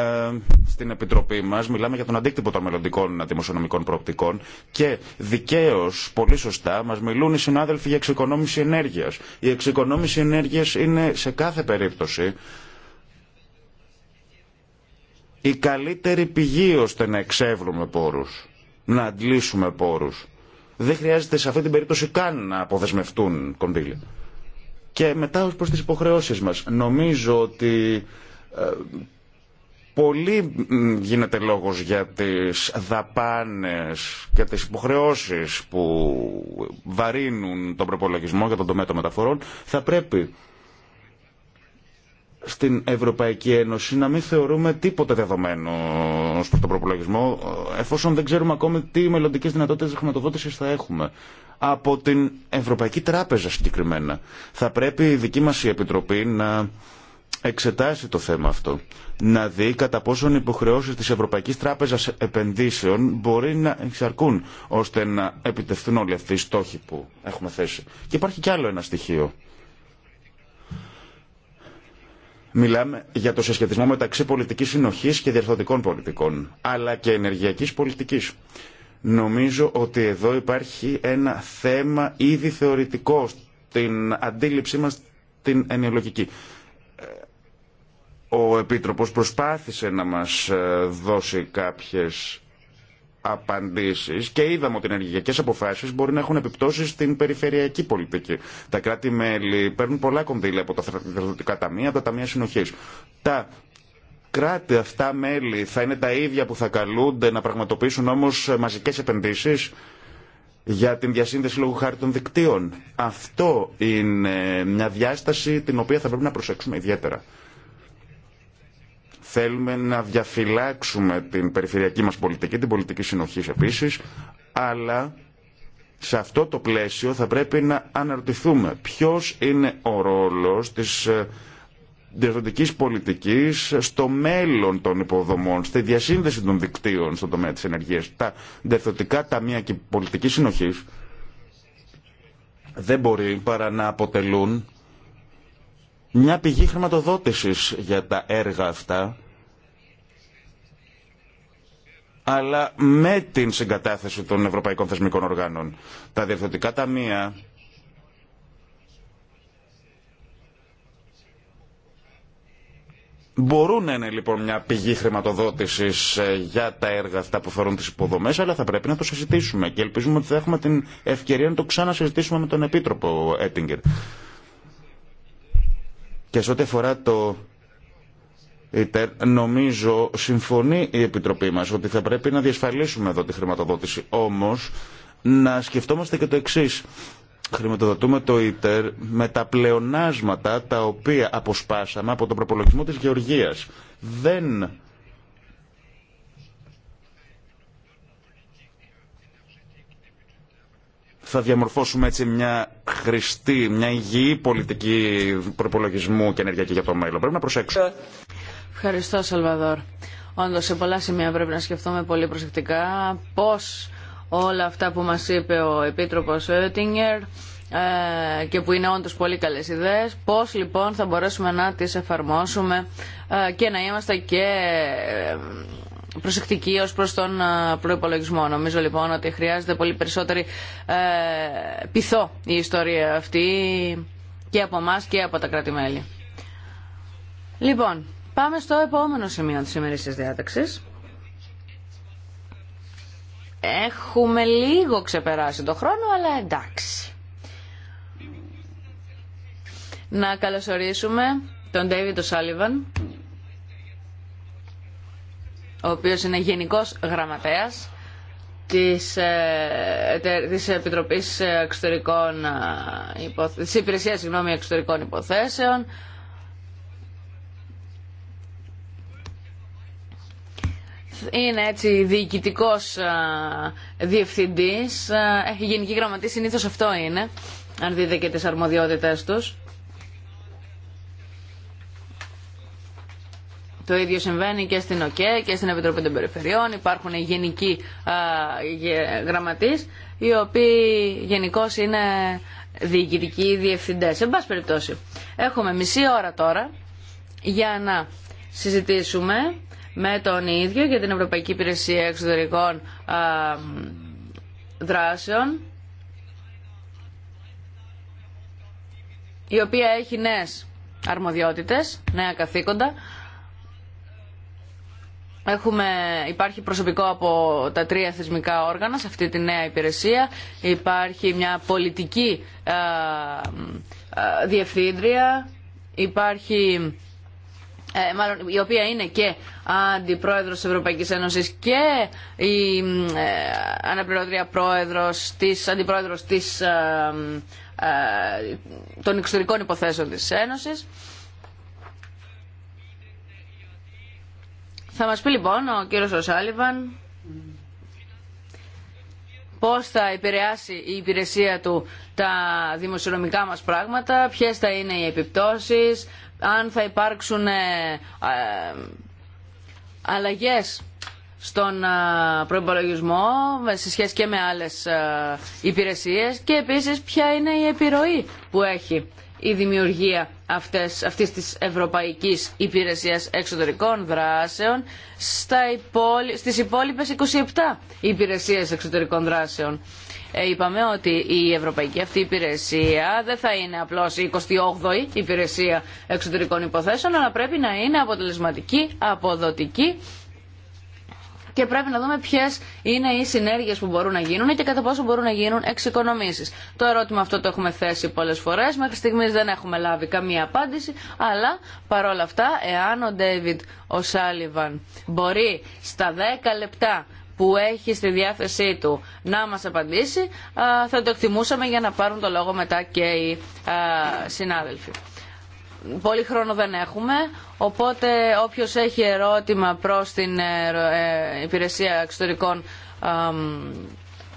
[SPEAKER 2] στην Επιτροπή μα. Μιλάμε για τον αντίκτυπο των μελλοντικών δημοσιονομικών προοπτικών και δικαίω, πολύ σωστά, μα μιλούν οι συνάδελφοι για εξοικονόμηση ενέργεια. Η εξοικονόμηση ενέργεια είναι σε κάθε περίπτωση η καλύτερη πηγή ώστε να εξεύρουμε πόρους, να αντλήσουμε πόρους. Δεν χρειάζεται σε αυτή την περίπτωση καν να αποδεσμευτούν κονδύλια. Και μετά ως προς τις υποχρεώσεις μας. Νομίζω ότι ε, πολύ γίνεται λόγος για τις δαπάνες και τις υποχρεώσεις που βαρύνουν τον προπολογισμό για τον τομέα των μεταφορών. Θα πρέπει στην Ευρωπαϊκή Ένωση να μην θεωρούμε τίποτε δεδομένο ως τον προπολογισμό εφόσον δεν ξέρουμε ακόμη τι μελλοντικέ δυνατότητε χρηματοδότηση θα έχουμε από την Ευρωπαϊκή Τράπεζα συγκεκριμένα. Θα πρέπει η δική μας η Επιτροπή να εξετάσει το θέμα αυτό. Να δει κατά πόσον οι υποχρεώσεις της Ευρωπαϊκής Τράπεζας Επενδύσεων μπορεί να εξαρκούν ώστε να επιτευθούν όλοι αυτοί οι στόχοι που έχουμε θέσει. Και υπάρχει κι άλλο ένα στοιχείο Μιλάμε για το συσχετισμό μεταξύ πολιτικής συνοχής και διαρθωτικών πολιτικών, αλλά και ενεργειακής πολιτικής. Νομίζω ότι εδώ υπάρχει ένα θέμα ήδη θεωρητικό στην αντίληψή μας την ενοιολογική. Ο Επίτροπος προσπάθησε να μας ε, δώσει κάποιες Απαντήσει και είδαμε ότι οι ενεργειακέ αποφάσεις μπορεί να έχουν επιπτώσεις στην περιφερειακή πολιτική. Τα κράτη-μέλη παίρνουν πολλά κονδύλια από τα θεραπευτικά ταμεία, από τα ταμεία συνοχής. Τα κράτη αυτά μέλη θα είναι τα ίδια που θα καλούνται να πραγματοποιήσουν όμως μαζικές επενδύσεις για την διασύνδεση λόγω χάρη των δικτύων. Αυτό είναι μια διάσταση την οποία θα πρέπει να προσέξουμε ιδιαίτερα. Θέλουμε να διαφυλάξουμε την περιφερειακή μας πολιτική, την πολιτική συνοχής επίσης, αλλά σε αυτό το πλαίσιο θα πρέπει να αναρωτηθούμε ποιος είναι ο ρόλος της ε, διαδοτικής πολιτικής στο μέλλον των υποδομών, στη διασύνδεση των δικτύων στον τομέα της ενεργείας. Τα διευθυντικά ταμεία και πολιτική συνοχής δεν μπορεί παρά να αποτελούν μια πηγή χρηματοδότησης για τα έργα αυτά, αλλά με την συγκατάθεση των Ευρωπαϊκών Θεσμικών Οργάνων. Τα διευθυντικά ταμεία Μπορούν να είναι λοιπόν μια πηγή χρηματοδότησης ε, για τα έργα αυτά που φέρουν τις υποδομές αλλά θα πρέπει να το συζητήσουμε και ελπίζουμε ότι θα έχουμε την ευκαιρία να το ξανασυζητήσουμε με τον Επίτροπο Έτιγκερ. Και σε ό,τι αφορά το ΙΤΕΡ, νομίζω συμφωνεί η Επιτροπή μας ότι θα πρέπει να διασφαλίσουμε εδώ τη χρηματοδότηση. Όμως, να σκεφτόμαστε και το εξή. Χρηματοδοτούμε το ΙΤΕΡ με τα πλεονάσματα τα οποία αποσπάσαμε από τον προπολογισμό της Γεωργίας. Δεν θα διαμορφώσουμε έτσι μια χρηστή, μια υγιή πολιτική προπολογισμού και ενεργειακή για το μέλλον. Πρέπει να προσέξουμε.
[SPEAKER 1] Ευχαριστώ, Σαλβαδόρ. Όντω, σε πολλά σημεία πρέπει να σκεφτούμε πολύ προσεκτικά πώ όλα αυτά που μα είπε ο Επίτροπο Ότιγκερ και που είναι όντω πολύ καλέ ιδέε, πώ λοιπόν θα μπορέσουμε να τι εφαρμόσουμε ε, και να είμαστε και ε, Προσεκτική ως προς τον προϋπολογισμό. Νομίζω λοιπόν ότι χρειάζεται πολύ περισσότερη ε, πειθό η ιστορία αυτή και από εμά και από τα κράτη-μέλη. Λοιπόν, πάμε στο επόμενο σημείο της ημερήσιας διάταξης. Έχουμε λίγο ξεπεράσει το χρόνο, αλλά εντάξει. Να καλωσορίσουμε τον David Sullivan ο οποίος είναι γενικός γραμματέας της, ε, της Επιτροπής Εξωτερικών ε, της Υπηρεσίας συγγνώμη, Εξωτερικών Υποθέσεων είναι έτσι διοικητικός ε, διευθυντής έχει γενική γραμματή συνήθως αυτό είναι αν δείτε και τις αρμοδιότητες τους Το ίδιο συμβαίνει και στην ΟΚΕ και στην Επιτροπή των Περιφερειών. Υπάρχουν γενικοί γραμματείς, οι οποίοι γενικώ είναι διοικητικοί διευθυντές. Εν πάση περιπτώσει, έχουμε μισή ώρα τώρα για να συζητήσουμε με τον ίδιο για την Ευρωπαϊκή Υπηρεσία Εξωτερικών Δράσεων, η οποία έχει νέες αρμοδιότητες, νέα καθήκοντα, Έχουμε, υπάρχει προσωπικό από τα τρία θεσμικά όργανα σε αυτή τη νέα υπηρεσία. Υπάρχει μια πολιτική α, ε, ε, διευθύντρια, υπάρχει, ε, η οποία είναι και αντιπρόεδρος της Ευρωπαϊκής Ένωσης και η αναπληρώτρια πρόεδρος της, αντιπρόεδρος της, των εξωτερικών υποθέσεων της Ένωσης. Θα μας πει λοιπόν ο κύριος Σάλιβαν πώς θα επηρεάσει η υπηρεσία του τα δημοσιονομικά μας πράγματα, ποιες θα είναι οι επιπτώσεις, αν θα υπάρξουν ε, ε, αλλαγές στον ε, προϋπολογισμό σε σχέση και με άλλες υπηρεσίες και επίσης ποια είναι η επιρροή που έχει η δημιουργία αυτές, αυτής της Ευρωπαϊκής Υπηρεσίας Εξωτερικών Δράσεων στα υπόλοι, στις υπόλοιπες 27 υπηρεσίες εξωτερικών δράσεων. Ε, είπαμε ότι η Ευρωπαϊκή αυτή υπηρεσία δεν θα είναι απλώς η 28η υπηρεσία εξωτερικών υποθέσεων, αλλά πρέπει να είναι αποτελεσματική, αποδοτική και πρέπει να δούμε ποιε είναι οι συνέργειε που μπορούν να γίνουν και κατά πόσο μπορούν να γίνουν εξοικονομήσει. Το ερώτημα αυτό το έχουμε θέσει πολλέ φορέ. Μέχρι στιγμή δεν έχουμε λάβει καμία απάντηση. Αλλά παρόλα αυτά, εάν ο Ντέιβιντ ο Σάλιβαν μπορεί στα 10 λεπτά που έχει στη διάθεσή του να μας απαντήσει, θα το εκτιμούσαμε για να πάρουν το λόγο μετά και οι συνάδελφοι πολύ χρόνο δεν έχουμε, οπότε όποιος έχει ερώτημα προς την ε, ε, Υπηρεσία Εξωτερικών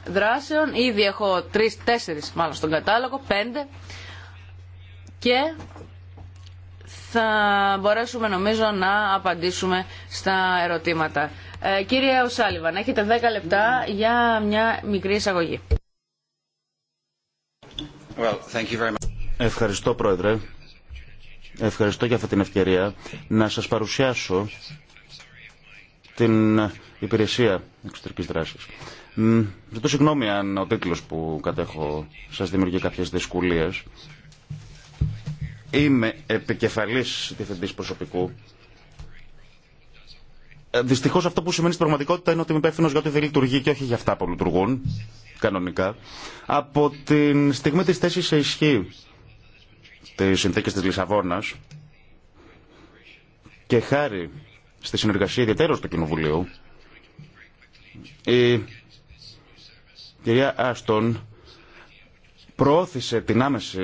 [SPEAKER 1] Δράσεων, ήδη έχω τρεις, τέσσερις μάλλον στον κατάλογο, πέντε και θα μπορέσουμε νομίζω να απαντήσουμε στα ερωτήματα. Ε, κύριε Οσάλιβαν, έχετε 10 λεπτά για μια μικρή εισαγωγή.
[SPEAKER 2] Well, thank you very Ευχαριστώ Πρόεδρε. Ευχαριστώ για αυτή την ευκαιρία να σας παρουσιάσω την υπηρεσία εξωτερικής δράσης. Ζητώ συγγνώμη αν ο τίτλος που κατέχω σας δημιουργεί κάποιες δυσκολίες. Είμαι επικεφαλής διευθυντής προσωπικού. Ε, Δυστυχώ αυτό που σημαίνει στην πραγματικότητα είναι ότι είμαι υπεύθυνο για ό,τι δεν λειτουργεί και όχι για αυτά που λειτουργούν κανονικά. Από την στιγμή τη θέση σε ισχύ τη συνθήκη τη Λισαβόνα, και χάρη στη συνεργασία ιδιαίτερως του Κοινοβουλίου η κυρία Άστον προώθησε την άμεση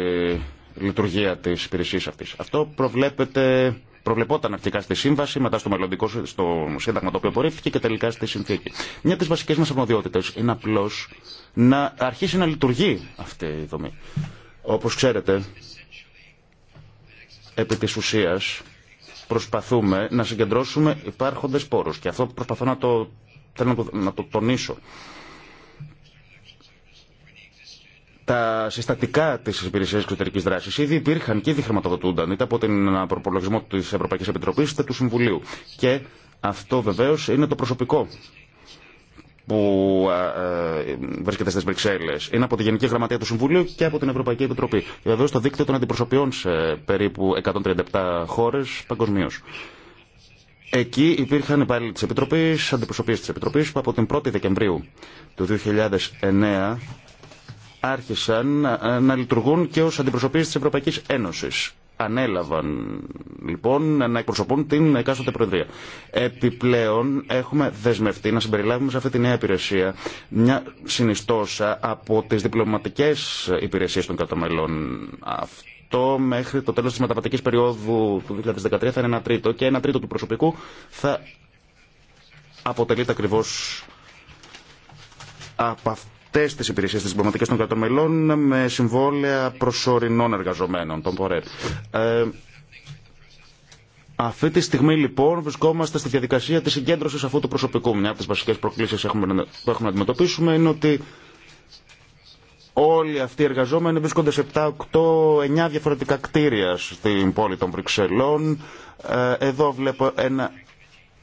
[SPEAKER 2] λειτουργία της υπηρεσία αυτής. Αυτό προβλέπεται προβλεπόταν αρχικά στη σύμβαση, μετά στο μελλοντικό στο σύνταγμα το οποίο απορρίφθηκε και τελικά στη συνθήκη. Μια από τι βασικέ μα αρμοδιότητε είναι απλώ να αρχίσει να λειτουργεί αυτή η δομή. Όπω ξέρετε, επί της ουσίας προσπαθούμε να συγκεντρώσουμε υπάρχοντες πόρους και αυτό προσπαθώ να το, θέλω να το, τονίσω. Τα συστατικά τη υπηρεσία εξωτερική δράση ήδη υπήρχαν και ήδη χρηματοδοτούνταν είτε από τον προπολογισμό τη Ευρωπαϊκή Επιτροπή είτε του Συμβουλίου. Και αυτό βεβαίω είναι το προσωπικό που ε, ε, βρίσκεται στι Βρυξέλλε. Είναι από τη Γενική Γραμματεία του Συμβουλίου και από την Ευρωπαϊκή Επιτροπή. Εδώ στο δίκτυο των αντιπροσωπιών σε περίπου 137 χώρε παγκοσμίω. Εκεί υπήρχαν πάλι τη Επιτροπή, αντιπροσωπείε τη Επιτροπή που από την 1η Δεκεμβρίου του 2009 άρχισαν να λειτουργούν και ω αντιπροσωπείε τη Ευρωπαϊκή Ένωση ανέλαβαν λοιπόν να εκπροσωπούν την εκάστοτε Προεδρία. Επιπλέον έχουμε δεσμευτεί να συμπεριλάβουμε σε αυτή τη νέα υπηρεσία μια συνιστόσα από τις διπλωματικές υπηρεσίες των κατομελών αυτό μέχρι το τέλος της μεταβατικής περίοδου του 2013 θα είναι ένα τρίτο και ένα τρίτο του προσωπικού θα αποτελείται ακριβώς από αυτό τι υπηρεσίε τη διπλωματική των κρατών με συμβόλαια προσωρινών εργαζομένων, των ΠΟΡΕΡ. Ε, αυτή τη στιγμή λοιπόν βρισκόμαστε στη διαδικασία τη συγκέντρωση αυτού του προσωπικού. Μια από τι βασικέ προκλήσει που έχουμε να αντιμετωπίσουμε είναι ότι όλοι αυτοί οι εργαζόμενοι βρίσκονται σε 7, 8, 9 διαφορετικά κτίρια στην πόλη των Βρυξελών. Ε, εδώ βλέπω ένα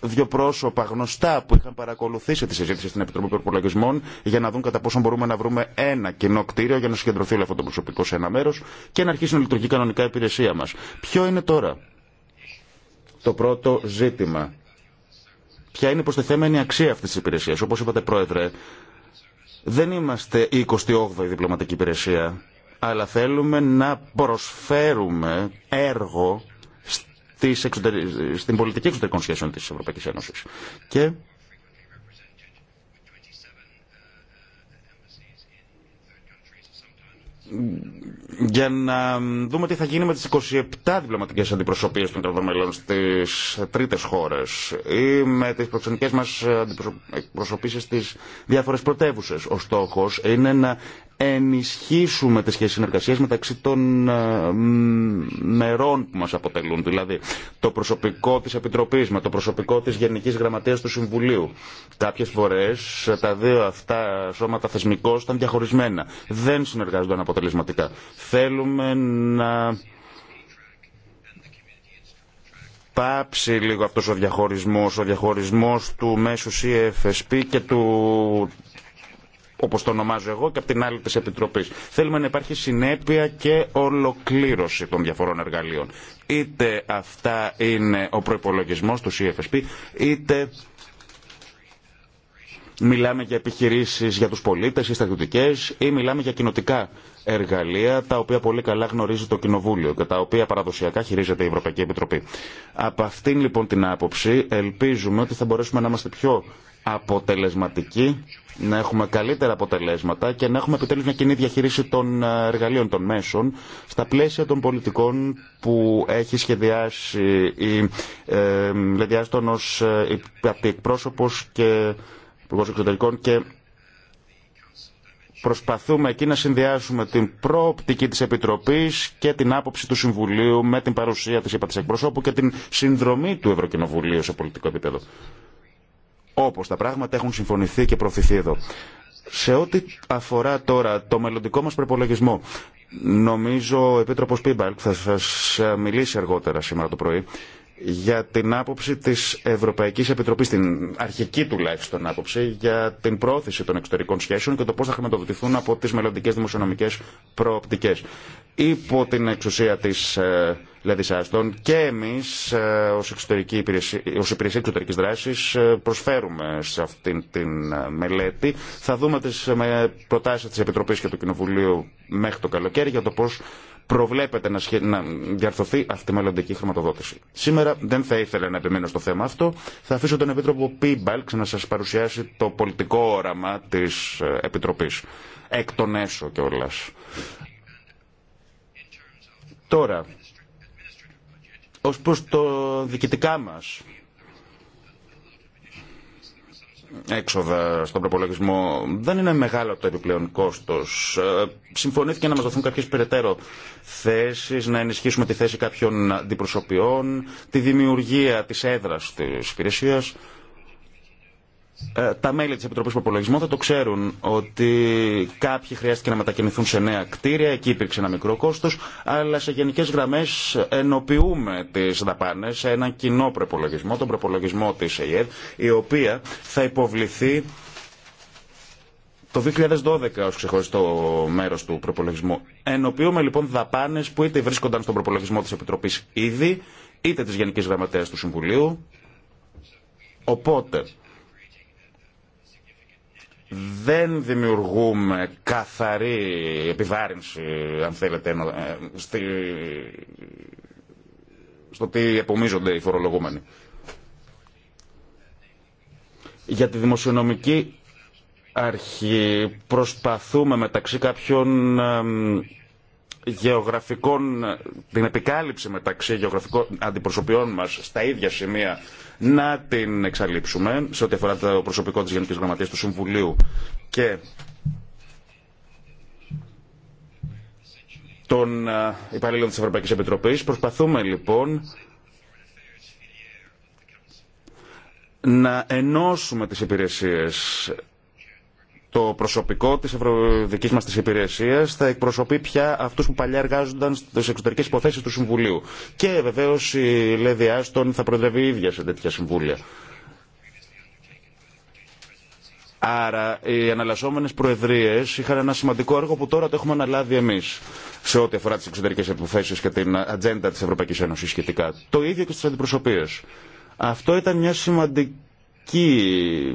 [SPEAKER 2] δύο πρόσωπα γνωστά που είχαν παρακολουθήσει τη συζήτηση στην Επιτροπή Προπολογισμών για να δουν κατά πόσο μπορούμε να βρούμε ένα κοινό κτίριο για να συγκεντρωθεί όλο αυτό το προσωπικό σε ένα μέρο και να αρχίσει να λειτουργεί κανονικά η υπηρεσία μα. Ποιο είναι τώρα το πρώτο ζήτημα. Ποια είναι η αξία αυτή τη υπηρεσία. Όπω είπατε, Πρόεδρε, δεν είμαστε η 28η διπλωματική υπηρεσία, αλλά θέλουμε να προσφέρουμε έργο της στην πολιτική εξωτερικών σχέσεων της Ευρωπαϊκής Ένωσης. Και για να δούμε τι θα γίνει με τις 27 διπλωματικές αντιπροσωπίες... των κρατών μελών στις τρίτες χώρες ή με τις προξενικές μας αντιπροσωπήσεις στις διάφορες πρωτεύουσες. Ο στόχος είναι να ενισχύσουμε τις σχέσεις συνεργασίας μεταξύ των ε, μερών που μας αποτελούν, δηλαδή το προσωπικό της Επιτροπής με το προσωπικό της Γενικής Γραμματείας του Συμβουλίου. Κάποιες φορές ε, τα δύο αυτά σώματα θεσμικώς ήταν διαχωρισμένα. Δεν συνεργάζονταν αποτελεσματικά. Θέλουμε να πάψει λίγο αυτός ο διαχωρισμός, ο διαχωρισμός του μέσου CFSP και του όπως το ονομάζω εγώ, και από την άλλη της Επιτροπής. Θέλουμε να υπάρχει συνέπεια και ολοκλήρωση των διαφορών εργαλείων. Είτε αυτά είναι ο προϋπολογισμός του CFSP, είτε μιλάμε για επιχειρήσεις για τους πολίτες ή στρατιωτικές ή μιλάμε για κοινοτικά εργαλεία τα οποία πολύ καλά γνωρίζει το Κοινοβούλιο και τα οποία παραδοσιακά χειρίζεται η Ευρωπαϊκή Επιτροπή. Από αυτήν λοιπόν την άποψη ελπίζουμε ότι θα μπορέσουμε να είμαστε πιο αποτελεσματική, να έχουμε καλύτερα αποτελέσματα και να έχουμε επιτέλους μια κοινή διαχείριση των ε, εργαλείων, των μέσων, στα πλαίσια των πολιτικών που έχει σχεδιάσει η ε, Λεδιάστον ως ε, εκπρόσωπος και Υπουργός Εξωτερικών και προσπαθούμε εκεί να συνδυάσουμε την προοπτική της Επιτροπής και την άποψη του Συμβουλίου με την παρουσία της ΕΠΑ της Εκπροσώπου και την συνδρομή του Ευρωκοινοβουλίου σε πολιτικό επίπεδο όπως τα πράγματα έχουν συμφωνηθεί και προωθηθεί εδώ. Σε ό,τι αφορά τώρα το μελλοντικό μας προπολογισμό, νομίζω ο επίτροπο Πίμπαλκ θα σα μιλήσει αργότερα σήμερα το πρωί, για την άποψη της Ευρωπαϊκής Επιτροπής, την αρχική τουλάχιστον άποψη, για την πρόθεση των εξωτερικών σχέσεων και το πώς θα χρηματοδοτηθούν από τις μελλοντικές δημοσιονομικές προοπτικές. Υπό την εξουσία της ε, Άστον και εμείς ε, ως, εξωτερική υπηρεσία, ως υπηρεσία εξωτερικής δράσης ε, προσφέρουμε σε αυτή την ε, μελέτη. Θα δούμε τις ε, προτάσεις της Επιτροπής και του Κοινοβουλίου μέχρι το καλοκαίρι για το πώς προβλέπεται να διαρθωθεί αυτή η μελλοντική χρηματοδότηση. Σήμερα δεν θα ήθελα να επιμείνω στο θέμα αυτό. Θα αφήσω τον Επίτροπο Πίμπαλξ να σας παρουσιάσει το πολιτικό όραμα της ε, Επιτροπής. Εκ των έσω κιόλα. Τώρα, ως προς το διοικητικά μας έξοδα στον προπολογισμό δεν είναι μεγάλο το επιπλέον κόστος. Ε, συμφωνήθηκε να μας δοθούν κάποιες περαιτέρω θέσεις, να ενισχύσουμε τη θέση κάποιων αντιπροσωπιών, τη δημιουργία της έδρας της υπηρεσίας. Ε, τα μέλη τη Επιτροπής Προπολογισμού θα το ξέρουν ότι κάποιοι χρειάστηκε να μετακινηθούν σε νέα κτίρια, εκεί υπήρξε ένα μικρό κόστο, αλλά σε γενικέ γραμμέ ενοποιούμε τι δαπάνε σε έναν κοινό προπολογισμό, τον προπολογισμό τη ΕΕΔ, η οποία θα υποβληθεί το 2012 ως ξεχωριστό μέρος του προπολογισμού. Ενοποιούμε λοιπόν δαπάνες που είτε βρίσκονταν στον προπολογισμό της Επιτροπής ήδη, είτε της Γενικής Γραμματέας του Συμβουλίου. Οπότε, δεν δημιουργούμε καθαρή επιβάρυνση, αν θέλετε, ε, στο τι επομίζονται οι φορολογούμενοι. Για τη δημοσιονομική αρχή προσπαθούμε μεταξύ κάποιων γεωγραφικών, την επικάλυψη μεταξύ γεωγραφικών αντιπροσωπιών μας στα ίδια σημεία να την εξαλείψουμε σε ό,τι αφορά το προσωπικό της Γενικής Γραμματείας του Συμβουλίου και των ε, υπαλλήλων της Ευρωπαϊκής Επιτροπής. Προσπαθούμε λοιπόν να ενώσουμε τις υπηρεσίες το προσωπικό τη δική μα τη υπηρεσία θα εκπροσωπεί πια αυτού που παλιά εργάζονταν στι εξωτερικέ υποθέσει του Συμβουλίου. Και βεβαίω η Λέδη Άστον θα προεδρεύει ίδια σε τέτοια συμβούλια. Άρα οι αναλασσόμενες προεδρίες είχαν ένα σημαντικό έργο που τώρα το έχουμε αναλάβει εμείς σε ό,τι αφορά τις εξωτερικές υποθέσει και την ατζέντα της Ευρωπαϊκής Ένωσης σχετικά. Το ίδιο και στις αντιπροσωπείες. Αυτό ήταν μια σημαντική σημαντική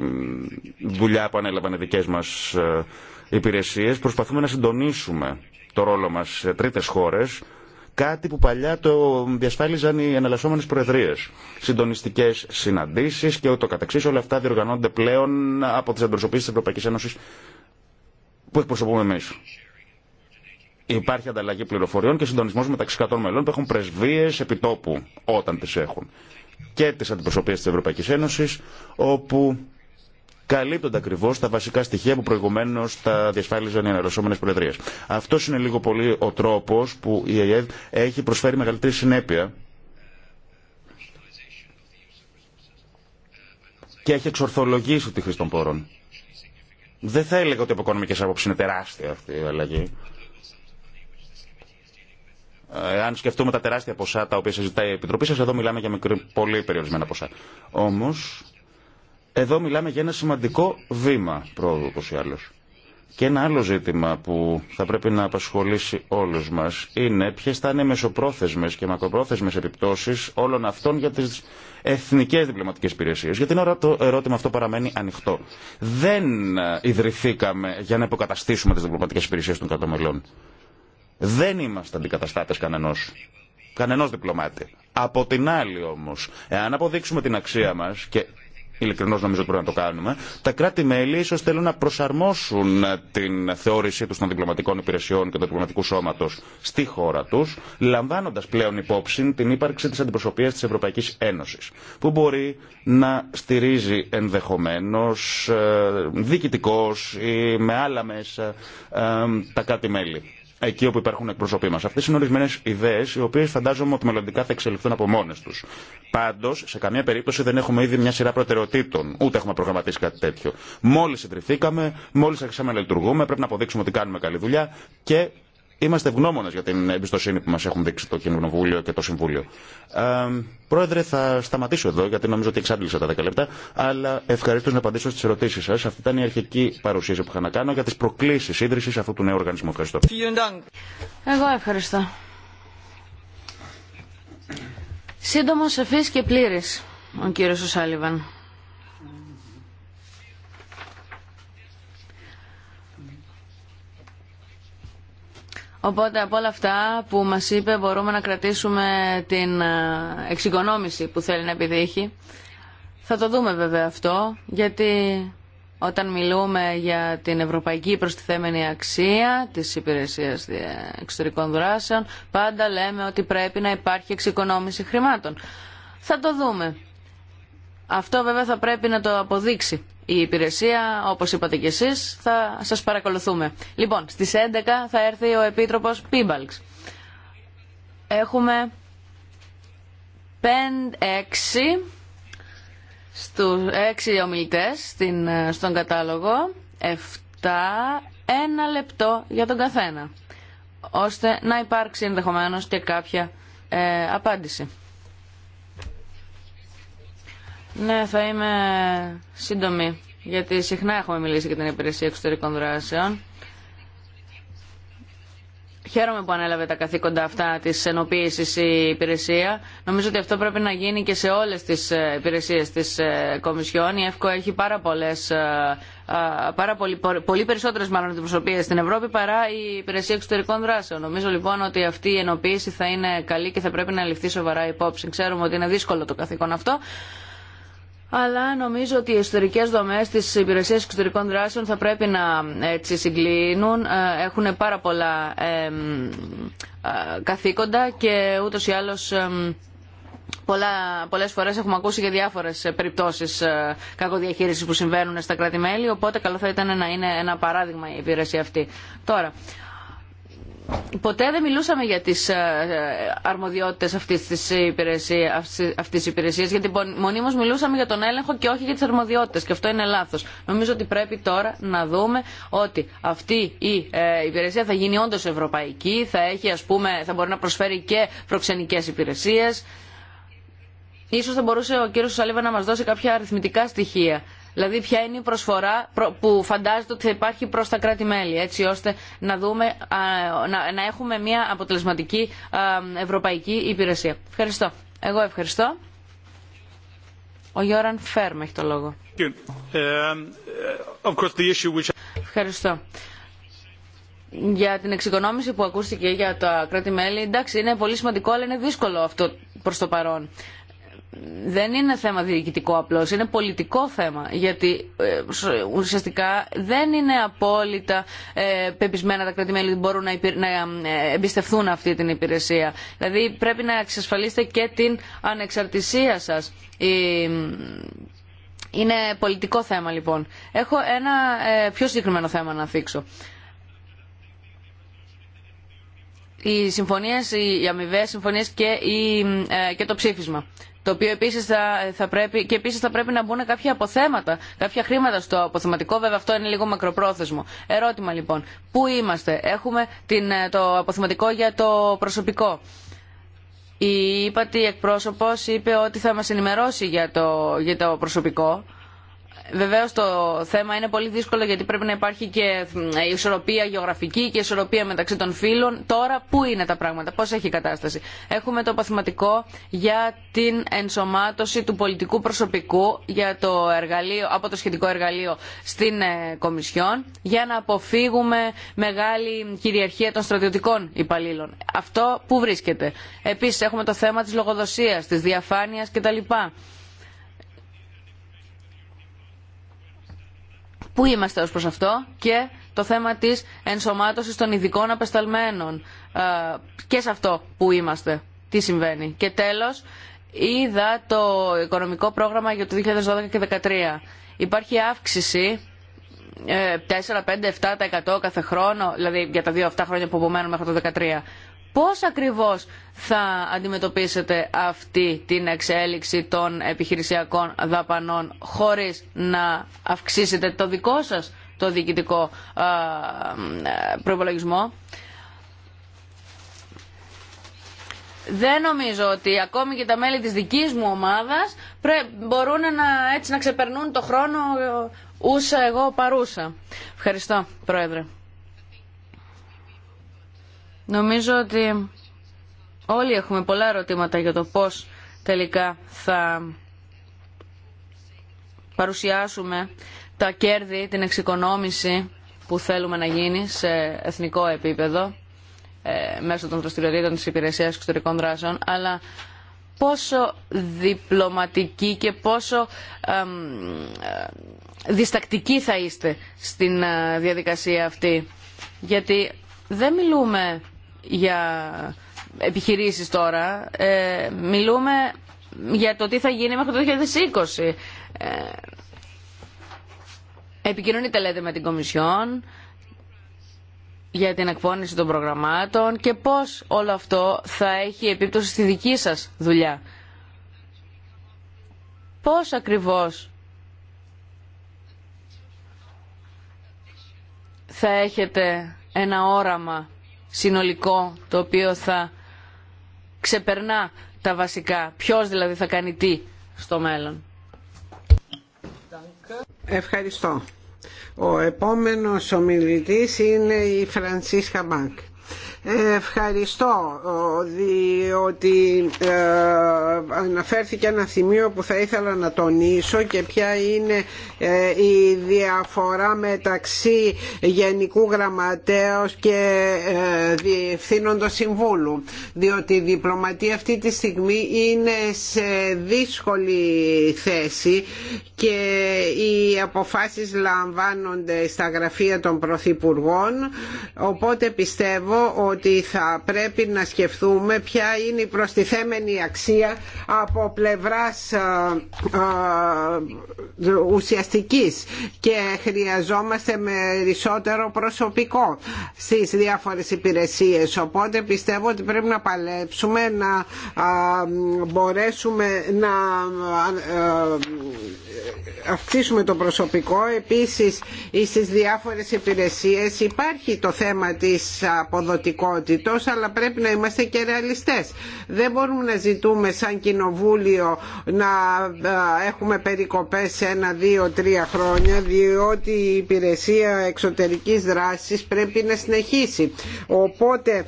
[SPEAKER 2] δουλειά που ανέλαβαν οι δικές μας ε, υπηρεσίες. Προσπαθούμε να συντονίσουμε το ρόλο μας σε τρίτες χώρες, κάτι που παλιά το διασφάλιζαν οι εναλλασσόμενες προεδρίες. Συντονιστικές συναντήσεις και ούτω καταξής, όλα αυτά διοργανώνται πλέον από τις αντροσωπήσεις της Ευρωπαϊκής Ένωσης που εκπροσωπούμε εμείς. Υπάρχει ανταλλαγή πληροφοριών και συντονισμό μεταξύ κρατών μελών που έχουν πρεσβείες επιτόπου όταν τι έχουν και τις αντιπροσωπείας της Ευρωπαϊκής Ένωσης, όπου καλύπτονται ακριβώ τα βασικά στοιχεία που προηγουμένω τα διασφάλιζαν οι αναλωσόμενε προεδρίε. Αυτό είναι λίγο πολύ ο τρόπο που η ΕΕΔ έχει προσφέρει μεγαλύτερη συνέπεια και έχει εξορθολογήσει τη χρήση των πόρων. Δεν θα έλεγα ότι από οικονομικέ άποψει είναι τεράστια αυτή η αλλαγή. Ε, αν σκεφτούμε τα τεράστια ποσά τα οποία συζητάει η Επιτροπή σας, εδώ μιλάμε για πολύ περιορισμένα ποσά. Όμως, εδώ μιλάμε για ένα σημαντικό βήμα πρόοδου, όπως ή άλλως. Και ένα άλλο ζήτημα που θα πρέπει να απασχολήσει όλους μας είναι ποιες θα είναι μεσοπρόθεσμες και μακροπρόθεσμες επιπτώσεις όλων αυτών για τις εθνικές διπλωματικές υπηρεσίες. Για την ώρα το ερώτημα αυτό παραμένει ανοιχτό. Δεν ε, ιδρυθήκαμε για να υποκαταστήσουμε τις διπλωματικές υπηρεσίες των δεν είμαστε αντικαταστάτες κανενός, κανενός διπλωμάτη. Από την άλλη όμως, εάν αποδείξουμε την αξία μας και ειλικρινώς νομίζω ότι πρέπει να το κάνουμε, τα κράτη-μέλη ίσως θέλουν να προσαρμόσουν την θεώρησή του των διπλωματικών υπηρεσιών και του διπλωματικού σώματος στη χώρα τους, λαμβάνοντας πλέον υπόψη την ύπαρξη της αντιπροσωπείας της Ευρωπαϊκής Ένωσης, που μπορεί να στηρίζει ενδεχομένως ε, διοικητικώς ή με άλλα μέσα ε, τα κράτη-μέλη εκεί όπου υπάρχουν εκπροσωποί μα. Αυτέ είναι ορισμένε ιδέε, οι οποίε φαντάζομαι ότι μελλοντικά θα εξελιχθούν από μόνε του. Πάντω, σε καμία περίπτωση δεν έχουμε ήδη μια σειρά προτεραιοτήτων, ούτε έχουμε προγραμματίσει κάτι τέτοιο. Μόλι ιδρυθήκαμε, μόλι αρχίσαμε να λειτουργούμε, πρέπει να αποδείξουμε ότι κάνουμε καλή δουλειά και Είμαστε ευγνώμονε για την εμπιστοσύνη που μα έχουν δείξει το Κοινοβούλιο και το Συμβούλιο. Ε, πρόεδρε, θα σταματήσω εδώ, γιατί νομίζω ότι εξάντλησα τα 10 λεπτά, αλλά ευχαρίστω να απαντήσω στι ερωτήσει σα. Αυτή ήταν η αρχική παρουσίαση που είχα να κάνω για τι προκλήσει ίδρυση αυτού του νέου οργανισμού. Ευχαριστώ.
[SPEAKER 1] Εγώ ευχαριστώ. Σύντομο, σαφή και πλήρη ο κύριο Σάλιβαν. Οπότε από όλα αυτά που μας είπε μπορούμε να κρατήσουμε την ε, εξοικονόμηση που θέλει να επιδείχει. Θα το δούμε βέβαια αυτό, γιατί όταν μιλούμε για την ευρωπαϊκή προστιθέμενη αξία της υπηρεσίας εξωτερικών δράσεων, πάντα λέμε ότι πρέπει να υπάρχει εξοικονόμηση χρημάτων. Θα το δούμε. Αυτό βέβαια θα πρέπει να το αποδείξει η υπηρεσία, όπως είπατε κι εσείς, θα σας παρακολουθούμε. Λοιπόν, στις 11 θα έρθει ο Επίτροπος Πίμπαλξ. Έχουμε 5-6 στους 6 ομιλητές στον κατάλογο, 7 1 λεπτό για τον καθένα, ώστε να υπάρξει ενδεχομένως και κάποια ε, απάντηση. Ναι, θα είμαι σύντομη, γιατί συχνά έχουμε μιλήσει για την υπηρεσία εξωτερικών δράσεων. Χαίρομαι που ανέλαβε τα καθήκοντα αυτά τη ενοποίηση η υπηρεσία. Νομίζω ότι αυτό πρέπει να γίνει και σε όλε τι ε, υπηρεσίε τη ε, Κομισιόν. Η ΕΦΚΟ έχει πάρα πολλέ. Ε, πολύ, πολύ περισσότερες μάλλον αντιπροσωπίες στην Ευρώπη παρά η υπηρεσία εξωτερικών δράσεων. Νομίζω λοιπόν ότι αυτή η ενοποίηση θα είναι καλή και θα πρέπει να ληφθεί σοβαρά υπόψη. Ξέρουμε ότι είναι δύσκολο το καθήκον αυτό, αλλά νομίζω ότι οι εσωτερικές δομές της υπηρεσίας εξωτερικών δράσεων θα πρέπει να έτσι συγκλίνουν, ε, έχουν πάρα πολλά ε, καθήκοντα και ούτως ή άλλως πολλά, πολλές φορές έχουμε ακούσει για διάφορες ε, περιπτώσεις κακοδιαχείρισης που συμβαίνουν στα κράτη-μέλη, οπότε καλό θα ήταν να είναι ένα παράδειγμα η υπηρεσία αυτή. Τώρα, Ποτέ δεν μιλούσαμε για τις ε, αρμοδιότητες αυτής της, υπηρεσία, υπηρεσίας, γιατί μονίμως μιλούσαμε για τον έλεγχο και όχι για τις αρμοδιότητες και αυτό είναι λάθος. Νομίζω ότι πρέπει τώρα να δούμε ότι αυτή η ε, υπηρεσία θα γίνει όντως ευρωπαϊκή, θα, έχει, ας πούμε, θα μπορεί να προσφέρει και προξενικές υπηρεσίες. Ίσως θα μπορούσε ο κύριος Σαλίβα να μας δώσει κάποια αριθμητικά στοιχεία Δηλαδή ποια είναι η προσφορά που φαντάζεται ότι θα υπάρχει προ τα κράτη-μέλη έτσι ώστε να, δούμε, να έχουμε μια αποτελεσματική ευρωπαϊκή υπηρεσία. Ευχαριστώ. Εγώ ευχαριστώ. Ο Γιώραν Φέρμ έχει το λόγο. Ε, ε, ευχαριστώ. Για την εξοικονόμηση που ακούστηκε για τα κράτη-μέλη, εντάξει, είναι πολύ σημαντικό, αλλά είναι δύσκολο αυτό προς το παρόν δεν είναι θέμα διοικητικό απλώ, είναι πολιτικό θέμα γιατί ε, ουσιαστικά δεν είναι απόλυτα ε, πεπισμένα τα κρατημέλη που μπορούν να, εμπιστευθούν να ε, αυτή την υπηρεσία. Δηλαδή πρέπει να εξασφαλίσετε και την ανεξαρτησία σας. Είναι πολιτικό θέμα λοιπόν. Έχω ένα ε, πιο συγκεκριμένο θέμα να θίξω. οι συμφωνίες, οι αμοιβέ συμφωνίες και, η, ε, και το ψήφισμα το οποίο επίσης θα, θα, πρέπει και επίσης θα πρέπει να μπουν κάποια αποθέματα, κάποια χρήματα στο αποθεματικό, βέβαια αυτό είναι λίγο μακροπρόθεσμο. Ερώτημα λοιπόν, πού είμαστε, έχουμε την, ε, το αποθεματικό για το προσωπικό. Η ύπατη εκπρόσωπος είπε ότι θα μας ενημερώσει για το, για το προσωπικό Βεβαίω, το θέμα είναι πολύ δύσκολο γιατί πρέπει να υπάρχει και ε, ισορροπία γεωγραφική και ισορροπία μεταξύ των φύλων. Τώρα πού είναι τα πράγματα, πώς έχει η κατάσταση. Έχουμε το παθηματικό για την ενσωμάτωση του πολιτικού προσωπικού για το εργαλείο, από το σχετικό εργαλείο στην ε, Κομισιόν για να αποφύγουμε μεγάλη κυριαρχία των στρατιωτικών υπαλλήλων. Αυτό πού βρίσκεται. Επίση, έχουμε το θέμα τη λογοδοσία, τη διαφάνεια κτλ. Πού είμαστε ως προς αυτό και το θέμα της ενσωμάτωσης των ειδικών απεσταλμένων. Ε, και σε αυτό που είμαστε, τι συμβαίνει. Και τέλος, είδα το οικονομικό πρόγραμμα για το 2012 και 2013. Υπάρχει αύξηση 4, 5, 7% κάθε χρόνο, δηλαδή για τα δύο αυτά χρόνια που απομένουν μέχρι το 2013. Πώς ακριβώς θα αντιμετωπίσετε αυτή την εξέλιξη των επιχειρησιακών δαπανών χωρίς να αυξήσετε το δικό σας το διοικητικό προπολογισμό. Δεν νομίζω ότι ακόμη και τα μέλη της δικής μου ομάδας μπορούν να, έτσι, να ξεπερνούν το χρόνο ε, ούσα εγώ παρούσα. Ευχαριστώ, Πρόεδρε. Νομίζω ότι όλοι έχουμε πολλά ερωτήματα για το πώς τελικά θα παρουσιάσουμε τα κέρδη, την εξοικονόμηση που θέλουμε να γίνει σε εθνικό επίπεδο ε, μέσω των δραστηριοτήτων της Υπηρεσίας Εξωτερικών Δράσεων, αλλά πόσο διπλωματική και πόσο ε, διστακτική θα είστε στην ε, διαδικασία αυτή. Γιατί δεν μιλούμε για επιχειρήσεις τώρα. Ε, μιλούμε για το τι θα γίνει μέχρι το 2020. Ε, επικοινωνείτε λέτε με την Κομισιόν για την εκπόνηση των προγραμμάτων και πώς όλο αυτό θα έχει επίπτωση στη δική σας δουλειά. Πώς ακριβώς θα έχετε ένα όραμα συνολικό το οποίο θα ξεπερνά τα βασικά. Ποιος δηλαδή θα κάνει τι στο μέλλον.
[SPEAKER 3] Ευχαριστώ. Ο επόμενος ομιλητής είναι η Φρανσίσκα Μπάνκ. Ευχαριστώ διότι ε, αναφέρθηκε ένα σημείο που θα ήθελα να τονίσω και ποια είναι ε, η διαφορά μεταξύ Γενικού Γραμματέως και ε, Διευθύνοντος Συμβούλου διότι η διπλωματία αυτή τη στιγμή είναι σε δύσκολη θέση και οι αποφάσεις λαμβάνονται στα γραφεία των Πρωθυπουργών οπότε πιστεύω ότι ότι θα πρέπει να σκεφτούμε ποια είναι η προστιθέμενη αξία από πλευράς ε, ε, ουσιαστικής και χρειαζόμαστε περισσότερο προσωπικό στις διάφορες υπηρεσίες οπότε πιστεύω ότι πρέπει να παλέψουμε να ε, μπορέσουμε να αυξήσουμε το προσωπικό επίσης στις διάφορες υπηρεσίες υπάρχει το θέμα της αποδοτικότητας αλλά πρέπει να είμαστε και ρεαλιστέ. Δεν μπορούμε να ζητούμε σαν κοινοβούλιο να έχουμε περικοπές σε ένα, δύο, τρία χρόνια διότι η υπηρεσία εξωτερικής δράσης πρέπει να συνεχίσει. Οπότε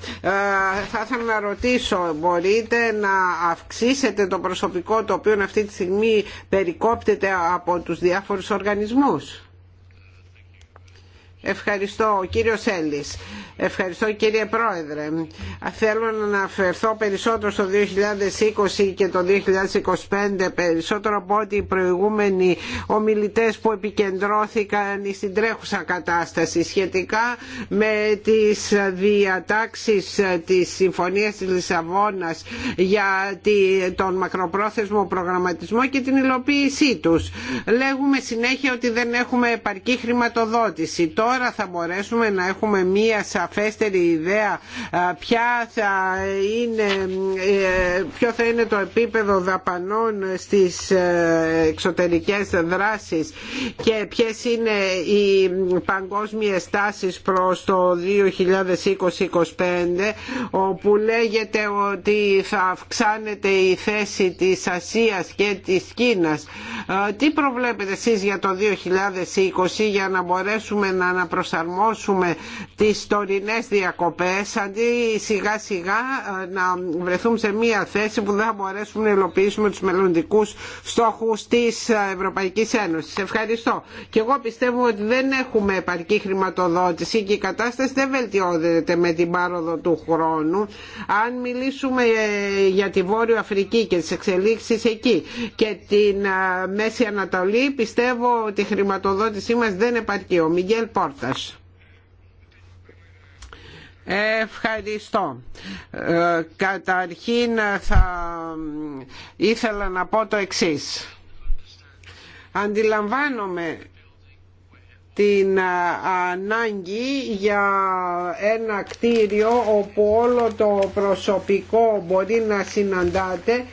[SPEAKER 3] θα ήθελα να ρωτήσω μπορείτε να αυξήσετε το προσωπικό το οποίο αυτή τη στιγμή περικόπτεται από τους διάφορους οργανισμούς. Ευχαριστώ, κύριος Έλλης. Ευχαριστώ κύριε Πρόεδρε. Θέλω να αναφερθώ περισσότερο στο 2020 και το 2025 περισσότερο από ότι οι προηγούμενοι ομιλητές που επικεντρώθηκαν στην τρέχουσα κατάσταση σχετικά με τις διατάξεις της Συμφωνίας της Λισαβόνας για τον μακροπρόθεσμο προγραμματισμό και την υλοποίησή τους. Λέγουμε συνέχεια ότι δεν έχουμε επαρκή χρηματοδότηση. Τώρα θα μπορέσουμε να έχουμε μία σαφή σαφέστερη ιδέα ποια είναι, ε, ποιο θα είναι το επίπεδο δαπανών στις ε, εξωτερικές δράσεις και ποιες είναι οι παγκόσμιες τάσεις προς το 2020-2025 όπου λέγεται ότι θα αυξάνεται η θέση της Ασίας και της Κίνας. Τι προβλέπετε εσείς για το 2020 για να μπορέσουμε να αναπροσαρμόσουμε τις τωρινές καλοκαιρινές διακοπές αντί σιγά σιγά ε, να βρεθούμε σε μια θέση που δεν θα μπορέσουμε να υλοποιήσουμε τους μελλοντικούς στόχους της ε, Ευρωπαϊκής Ένωσης. Ευχαριστώ. Και εγώ πιστεύω ότι δεν έχουμε επαρκή χρηματοδότηση και η κατάσταση δεν βελτιώνεται με την πάροδο του χρόνου. Αν μιλήσουμε ε, για τη Βόρειο Αφρική και τις εξελίξεις εκεί και την Μέση Ανατολή πιστεύω ότι η χρηματοδότησή μας δεν επαρκεί. Ο Μιγγέλ Πόρτας. Ευχαριστώ. Ε, καταρχήν θα ήθελα να πω το εξής. Αντιλαμβάνομαι την ανάγκη για ένα κτίριο όπου όλο το προσωπικό μπορεί να συναντάται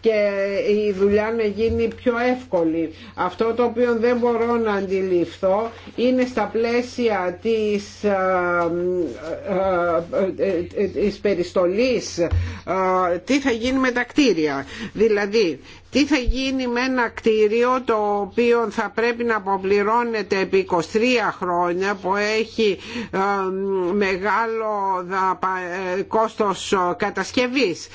[SPEAKER 3] και η δουλειά να γίνει πιο εύκολη. Αυτό το οποίο δεν μπορώ να αντιληφθώ είναι στα πλαίσια της, ε, ε, της περιστολής τι θα γίνει με τα κτίρια. Δηλαδή τι θα γίνει με ένα κτίριο το οποίο θα πρέπει να αποπληρώνεται επί τρία χρόνια που έχει ε, μεγάλο κόστος κατασκευής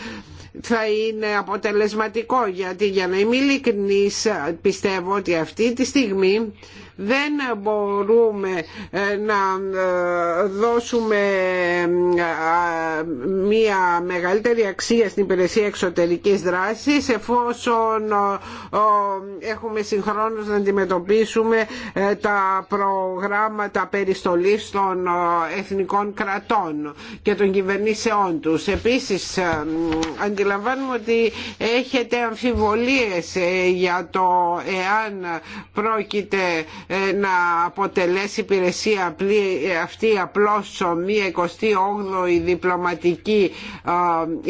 [SPEAKER 3] θα είναι αποτελεσματικό γιατί για να είμαι ειλικρινής πιστεύω ότι αυτή τη στιγμή δεν μπορούμε ε, να ε, δώσουμε ε, μια μεγαλύτερη αξία στην υπηρεσία εξωτερικής δράσης εφόσον έχουμε συγχρόνως να αντιμετωπίσουμε τα προγράμματα περιστολής των εθνικών κρατών και των κυβερνήσεών τους. Επίσης αντιλαμβάνουμε ότι έχετε αμφιβολίες για το εάν πρόκειται ε, να αποτελέσει υπηρεσία ε, αυτή απλώς μία 28η διπλωματική ε,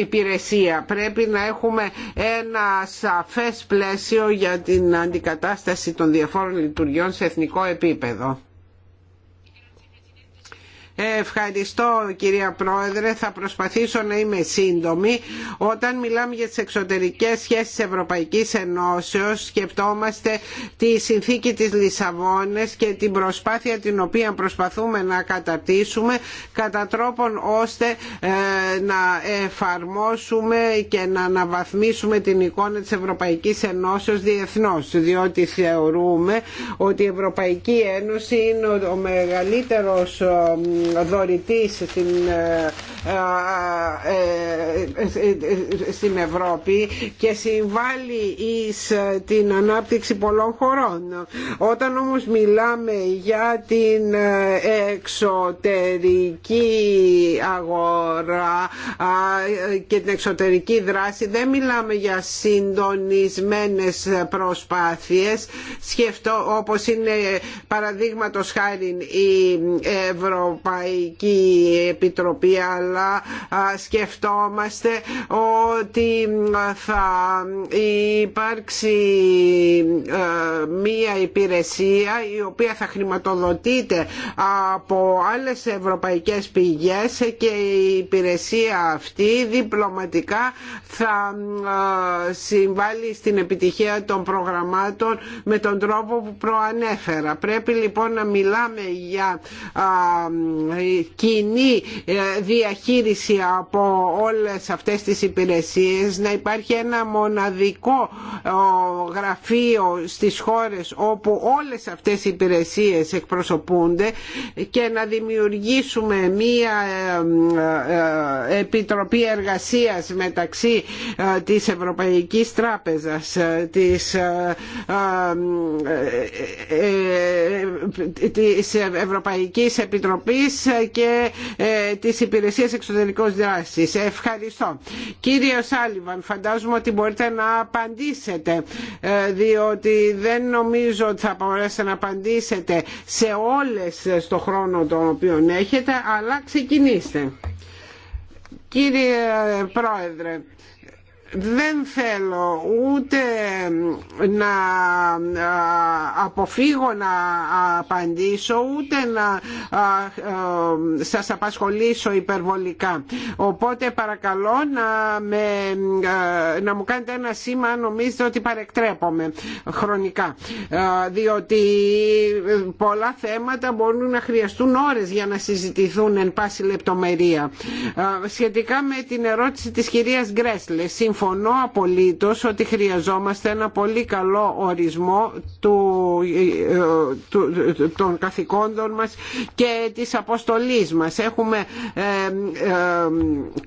[SPEAKER 3] υπηρεσία. Πρέπει να έχουμε ένα σαφές πλαίσιο για την αντικατάσταση των διαφόρων λειτουργιών σε εθνικό επίπεδο. Ευχαριστώ κυρία Πρόεδρε. Θα προσπαθήσω να είμαι σύντομη. Όταν μιλάμε για τις εξωτερικές σχέσεις Ευρωπαϊκής Ενώσεως σκεφτόμαστε τη συνθήκη της Λισαβόνες και την προσπάθεια την οποία προσπαθούμε να κατατήσουμε κατά τρόπον ώστε ε, να εφαρμόσουμε και να αναβαθμίσουμε την εικόνα της Ευρωπαϊκής Ενώσεως διεθνώς διότι θεωρούμε ότι η Ευρωπαϊκή Ένωση είναι ο μεγαλύτερος ε, δωρητή στην, ε, ε, ε, στην Ευρώπη και συμβάλλει εις την ανάπτυξη πολλών χωρών. Όταν όμως μιλάμε για την εξωτερική αγορά και την εξωτερική δράση δεν μιλάμε για συντονισμένες προσπάθειες σκεφτώ όπως είναι παραδείγματος χάρη η Ευρωπαϊκή Ευρωπαϊκή Επιτροπή αλλά σκεφτόμαστε ότι θα υπάρξει ε, μία υπηρεσία η οποία θα χρηματοδοτείται από άλλες ευρωπαϊκές πηγές και η υπηρεσία αυτή διπλωματικά θα συμβάλλει στην επιτυχία των προγραμμάτων με τον τρόπο που προανέφερα. Πρέπει λοιπόν να μιλάμε για κοινή ε, διαχείριση από όλες αυτές τις υπηρεσίες, να υπάρχει ένα μοναδικό γραφείο στις χώρες όπου όλες αυτές οι υπηρεσίες εκπροσωπούνται και να δημιουργήσουμε μία ε, ε, επιτροπή εργασίας μεταξύ της Ευρωπαϊκής Τράπεζας, της, της Ευρωπαϊκής Επιτροπής και ε, της Υπηρεσίας Εξωτερικών Δράσης. Ευχαριστώ. Κύριε Σάλιβαν, φαντάζομαι ότι μπορείτε να απαντήσετε, ε, διότι δεν νομίζω ότι θα μπορέσετε να απαντήσετε σε όλες ε, στο χρόνο τον οποίο έχετε, αλλά ξεκινήστε. Κύριε Πρόεδρε, δεν θέλω ούτε να αποφύγω να απαντήσω ούτε να σας απασχολήσω υπερβολικά οπότε παρακαλώ να, με, να μου κάνετε ένα σήμα αν νομίζετε ότι παρεκτρέπομαι χρονικά διότι πολλά θέματα μπορούν να χρειαστούν ώρες για να συζητηθούν εν πάση λεπτομερία σχετικά με την ερώτηση της κυρίας Γκρέσλε συμφωνώ απολύτως ότι χρειαζόμαστε ένα πολύ καλό ορισμό του, ε, του, ε, των καθηκόντων μας και της αποστολής μας. Έχουμε ε, ε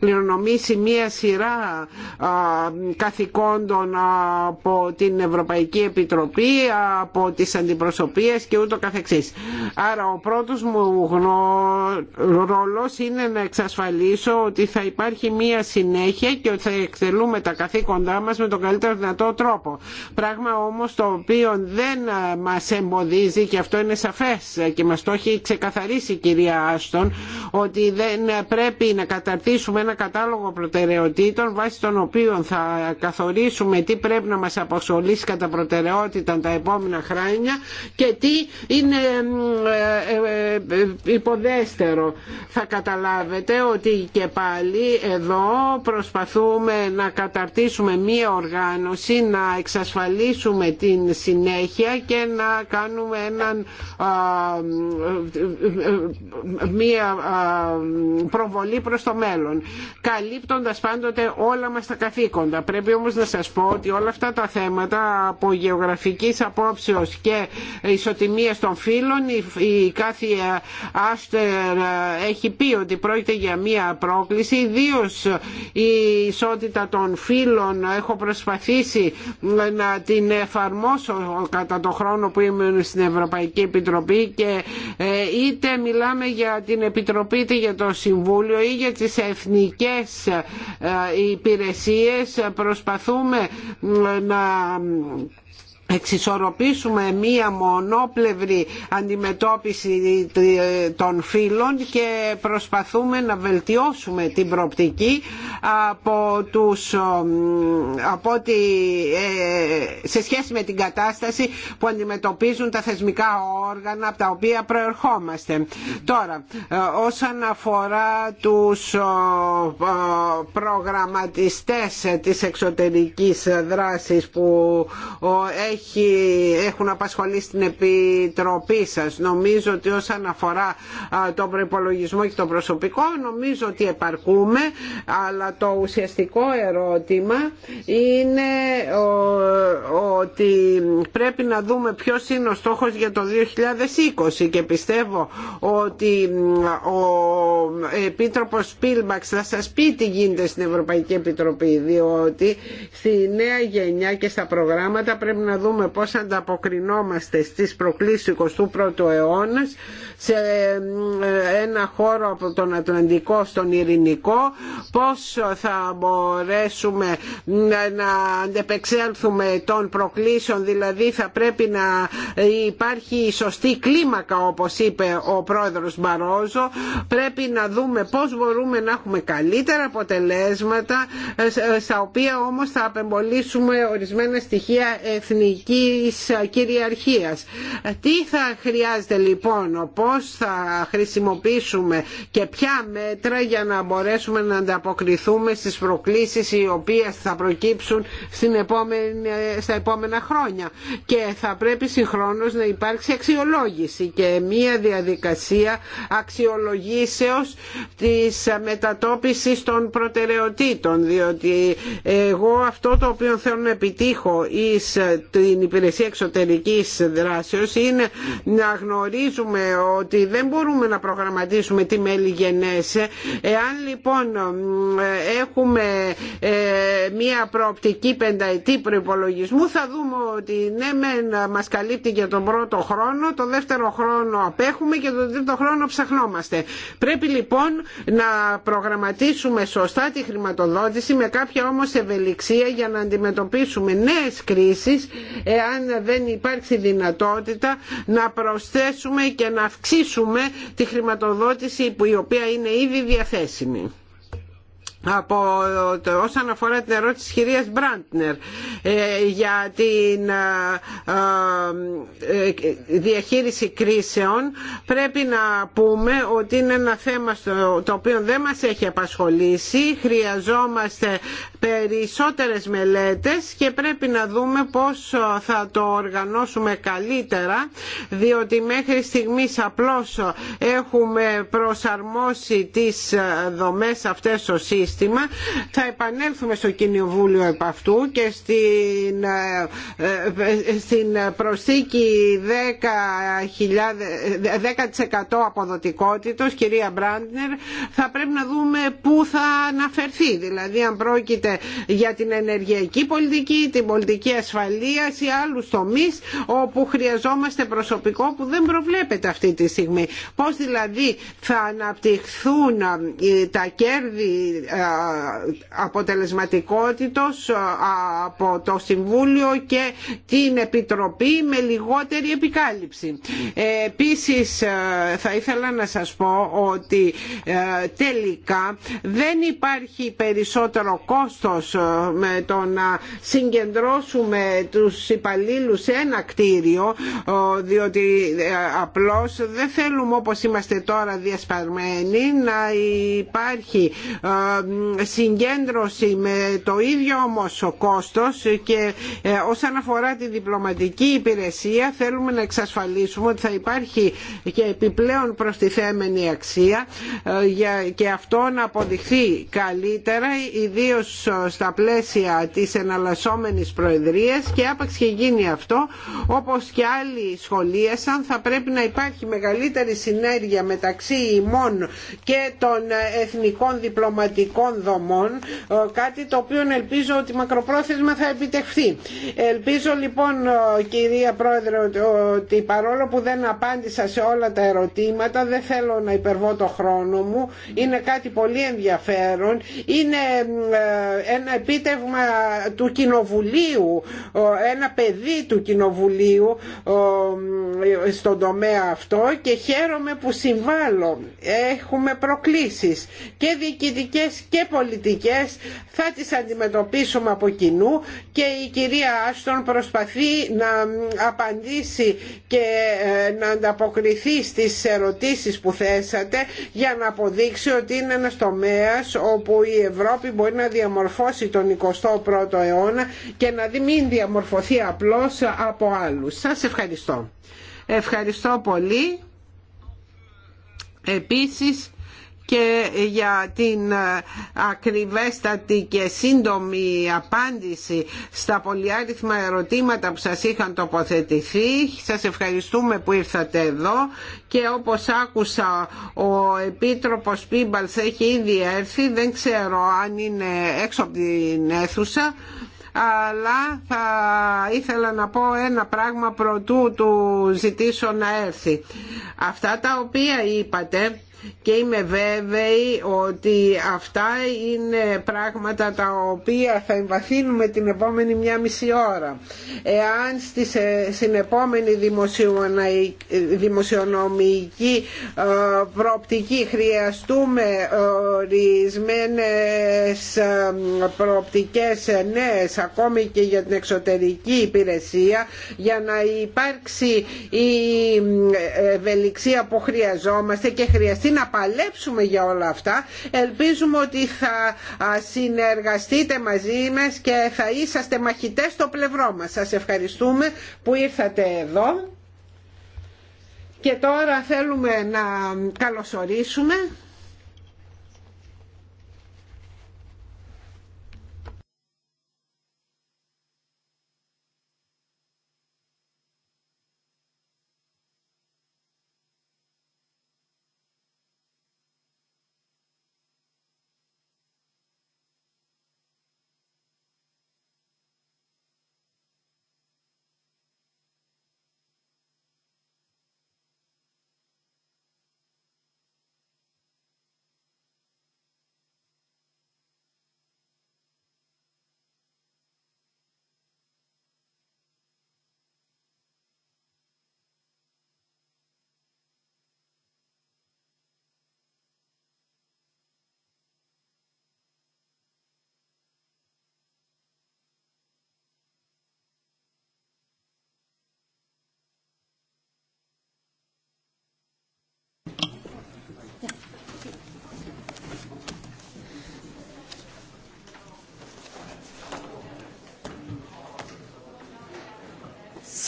[SPEAKER 3] κληρονομήσει μία σειρά ε, καθηκόντων από την Ευρωπαϊκή Επιτροπή, από τις αντιπροσωπείες και ούτω καθεξής. Άρα ο πρώτος μου ρόλος είναι να εξασφαλίσω ότι θα υπάρχει μία συνέχεια και ότι θα εκτελούμε τα καθήκοντά μας με τον καλύτερο δυνατό τρόπο. Πράγμα όμως το οποίο δεν ε, μας εμποδίζει και αυτό είναι σαφές ε, και μας το έχει ξεκαθαρίσει η κυρία Άστον ότι δεν ε, πρέπει να καταρτήσουμε ένα κατάλογο προτεραιοτήτων βάσει των οποίων θα καθορίσουμε τι πρέπει να μας αποσχολήσει κατά προτεραιότητα τα επόμενα χρόνια και τι είναι υποδέστερο. Θα καταλάβετε ότι και πάλι εδώ προσπαθούμε να καταρτήσουμε μία οργάνωση, να εξασφαλίσουμε την συνέχεια και να κάνουμε έναν, μία προβολή προς το μέλλον, καλύπτοντας πάντοτε όλα μας τα καθήκοντα. Πρέπει όμως να σας πω ότι όλα αυτά τα θέματα από γεωγραφικής απόψεως και ισοτιμίας των φύλων η κάθε Άστερ έχει πει ότι πρόκειται για μία πρόκληση ιδίω η ισότητα των φίλον έχω προσπαθήσει να την εφαρμόσω κατά το χρόνο που ήμουν στην Ευρωπαϊκή Επιτροπή και ε, είτε μιλάμε για την Επιτροπή είτε για το Συμβούλιο ή για τις εθνικές ε, υπηρεσίες προσπαθούμε να εξισορροπήσουμε μία μονόπλευρη αντιμετώπιση των φύλων και προσπαθούμε να βελτιώσουμε την προοπτική από, τους, από τη ε, σε σχέση με την κατάσταση που αντιμετωπίζουν τα θεσμικά όργανα από τα οποία προερχόμαστε. Τώρα, ε, όσον αφορά τους προγραμματιστές της εξωτερικής δράσης που έχει έχει, έχουν απασχολήσει την Επιτροπή σας. Νομίζω ότι όσον αφορά το προπολογισμό και το προσωπικό νομίζω ότι επαρκούμε αλλά το ουσιαστικό ερώτημα είναι ότι πρέπει να δούμε ποιος είναι ο στόχος για το 2020 και πιστεύω ότι ο Επίτροπος Σπίλμπαξ θα σας πει τι γίνεται στην Ευρωπαϊκή Επιτροπή διότι στη νέα γενιά και στα προγράμματα πρέπει να δούμε δούμε πώς ανταποκρινόμαστε στις προκλήσεις του 21ου αιώνα σε ένα χώρο από τον Ατλαντικό στον Ειρηνικό πώς θα μπορέσουμε να αντεπεξέλθουμε των προκλήσεων δηλαδή θα πρέπει να υπάρχει σωστή κλίμακα όπως είπε ο πρόεδρος Μπαρόζο πρέπει να δούμε πώς μπορούμε να έχουμε καλύτερα αποτελέσματα ε, στα οποία όμως θα απεμπολίσουμε ορισμένα στοιχεία εθνική κυριαρχίας. Τι θα χρειάζεται λοιπόν, πώς θα χρησιμοποιήσουμε και ποια μέτρα για να μπορέσουμε να ανταποκριθούμε στις προκλήσεις οι οποίες θα προκύψουν στην επόμενη, στα επόμενα χρόνια και θα πρέπει συγχρόνως να υπάρξει αξιολόγηση και μία διαδικασία αξιολογήσεως της μετατόπισης των προτεραιοτήτων διότι εγώ αυτό το οποίο θέλω να επιτύχω εις τη την υπηρεσία εξωτερικής δράσεως είναι να γνωρίζουμε ότι δεν μπορούμε να προγραμματίσουμε τι μέλη γενέσαι. Εάν λοιπόν έχουμε ε, μία προοπτική πενταετή προπολογισμού θα δούμε ότι ναι μεν μας καλύπτει για τον πρώτο χρόνο, το δεύτερο χρόνο απέχουμε και τον τρίτο χρόνο ψαχνόμαστε. Πρέπει λοιπόν να προγραμματίσουμε σωστά τη χρηματοδότηση με κάποια όμως ευελιξία για να αντιμετωπίσουμε νέες κρίσεις εάν δεν υπάρχει δυνατότητα να προσθέσουμε και να αυξήσουμε τη χρηματοδότηση η οποία είναι ήδη διαθέσιμη από το, όσον αφορά την ερώτηση της κυρίας Μπραντνερ ε, για την ε, ε, διαχείριση κρίσεων πρέπει να πούμε ότι είναι ένα θέμα το οποίο δεν μας έχει απασχολήσει χρειαζόμαστε περισσότερες μελέτες και πρέπει να δούμε πώς θα το οργανώσουμε καλύτερα διότι μέχρι στιγμής απλώς έχουμε προσαρμόσει τις δομές αυτές ο σύστημα σύστημα. Θα επανέλθουμε στο Κοινοβούλιο επ' αυτού και στην, ε, ε, στην προσθήκη 10%, 10 αποδοτικότητος, κυρία Μπράντνερ, θα πρέπει να δούμε πού θα αναφερθεί. Δηλαδή αν πρόκειται για την ενεργειακή πολιτική, την πολιτική ασφαλείας ή άλλους τομείς όπου χρειαζόμαστε προσωπικό που δεν προβλέπεται αυτή τη στιγμή. Πώς δηλαδή θα αναπτυχθούν ε, τα κέρδη αποτελεσματικότητος ε, από το Συμβούλιο και την Επιτροπή με λιγότερη επικάλυψη. Ε, επίσης ε, θα ήθελα να σας πω ότι τελικά δεν υπάρχει περισσότερο κόστος με το να συγκεντρώσουμε τους υπαλλήλους σε ένα κτίριο διότι απλώς δεν θέλουμε όπως είμαστε τώρα διασπαρμένοι να υπάρχει συγκέντρωση με το ίδιο όμως ο κόστος και ε, όσον αφορά τη διπλωματική υπηρεσία θέλουμε να εξασφαλίσουμε ότι θα υπάρχει και επιπλέον προστιθέμενη αξία ε, για και αυτό να αποδειχθεί καλύτερα ιδίως στα πλαίσια της εναλλασσόμενης προεδρίας και άπαξ και γίνει αυτό όπως και άλλοι σχολίασαν θα πρέπει να υπάρχει μεγαλύτερη συνέργεια μεταξύ ημών και των εθνικών διπλωματικών ε, κάτι το οποίο ελπίζω ότι μακροπρόθεσμα θα επιτευχθεί. Ελπίζω λοιπόν ε, κυρία Πρόεδρε ότι παρόλο που δεν απάντησα σε όλα τα ερωτήματα δεν θέλω να υπερβώ το χρόνο μου είναι κάτι πολύ ενδιαφέρον είναι ε, ένα επίτευγμα του Κοινοβουλίου ένα παιδί του Κοινοβουλίου στον τομέα αυτό και χαίρομαι που συμβάλλω έχουμε προκλήσεις και διοικητικές και πολιτικές θα τις αντιμετωπίσουμε από κοινού και η κυρία Άστον προσπαθεί να απαντήσει και ε, να ανταποκριθεί στις ερωτήσεις που θέσατε για να αποδείξει ότι είναι ένας τομέας όπου η Ευρώπη μπορεί να διαμορφώσει τον 21ο αιώνα και να μην διαμορφωθεί απλώς από άλλους. Σας ευχαριστώ. Ευχαριστώ πολύ. Επίσης και για την ε, ακριβέστατη και σύντομη απάντηση στα πολυάριθμα ερωτήματα που σας είχαν τοποθετηθεί. Σας ευχαριστούμε που ήρθατε εδώ και όπως άκουσα ο Επίτροπος Πίμπαλς έχει ήδη έρθει, δεν ξέρω αν είναι έξω από την αίθουσα αλλά θα ήθελα να πω ένα πράγμα προτού του ζητήσω να έρθει. Αυτά τα οποία είπατε και είμαι βέβαιη ότι αυτά είναι πράγματα τα οποία θα εμβαθύνουμε την επόμενη μια μισή ώρα. Εάν στις, ε, στην επόμενη δημοσιονομική ε, προοπτική χρειαστούμε ε, ορισμένες προοπτικές νέες ακόμη και για την εξωτερική υπηρεσία για να υπάρξει η ευελιξία που χρειαζόμαστε και χρειαστεί να παλέψουμε για όλα αυτά. Ελπίζουμε ότι θα συνεργαστείτε μαζί μας και θα είσαστε μαχητές στο πλευρό μας. Σας ευχαριστούμε που ήρθατε εδώ. Και τώρα θέλουμε να καλωσορίσουμε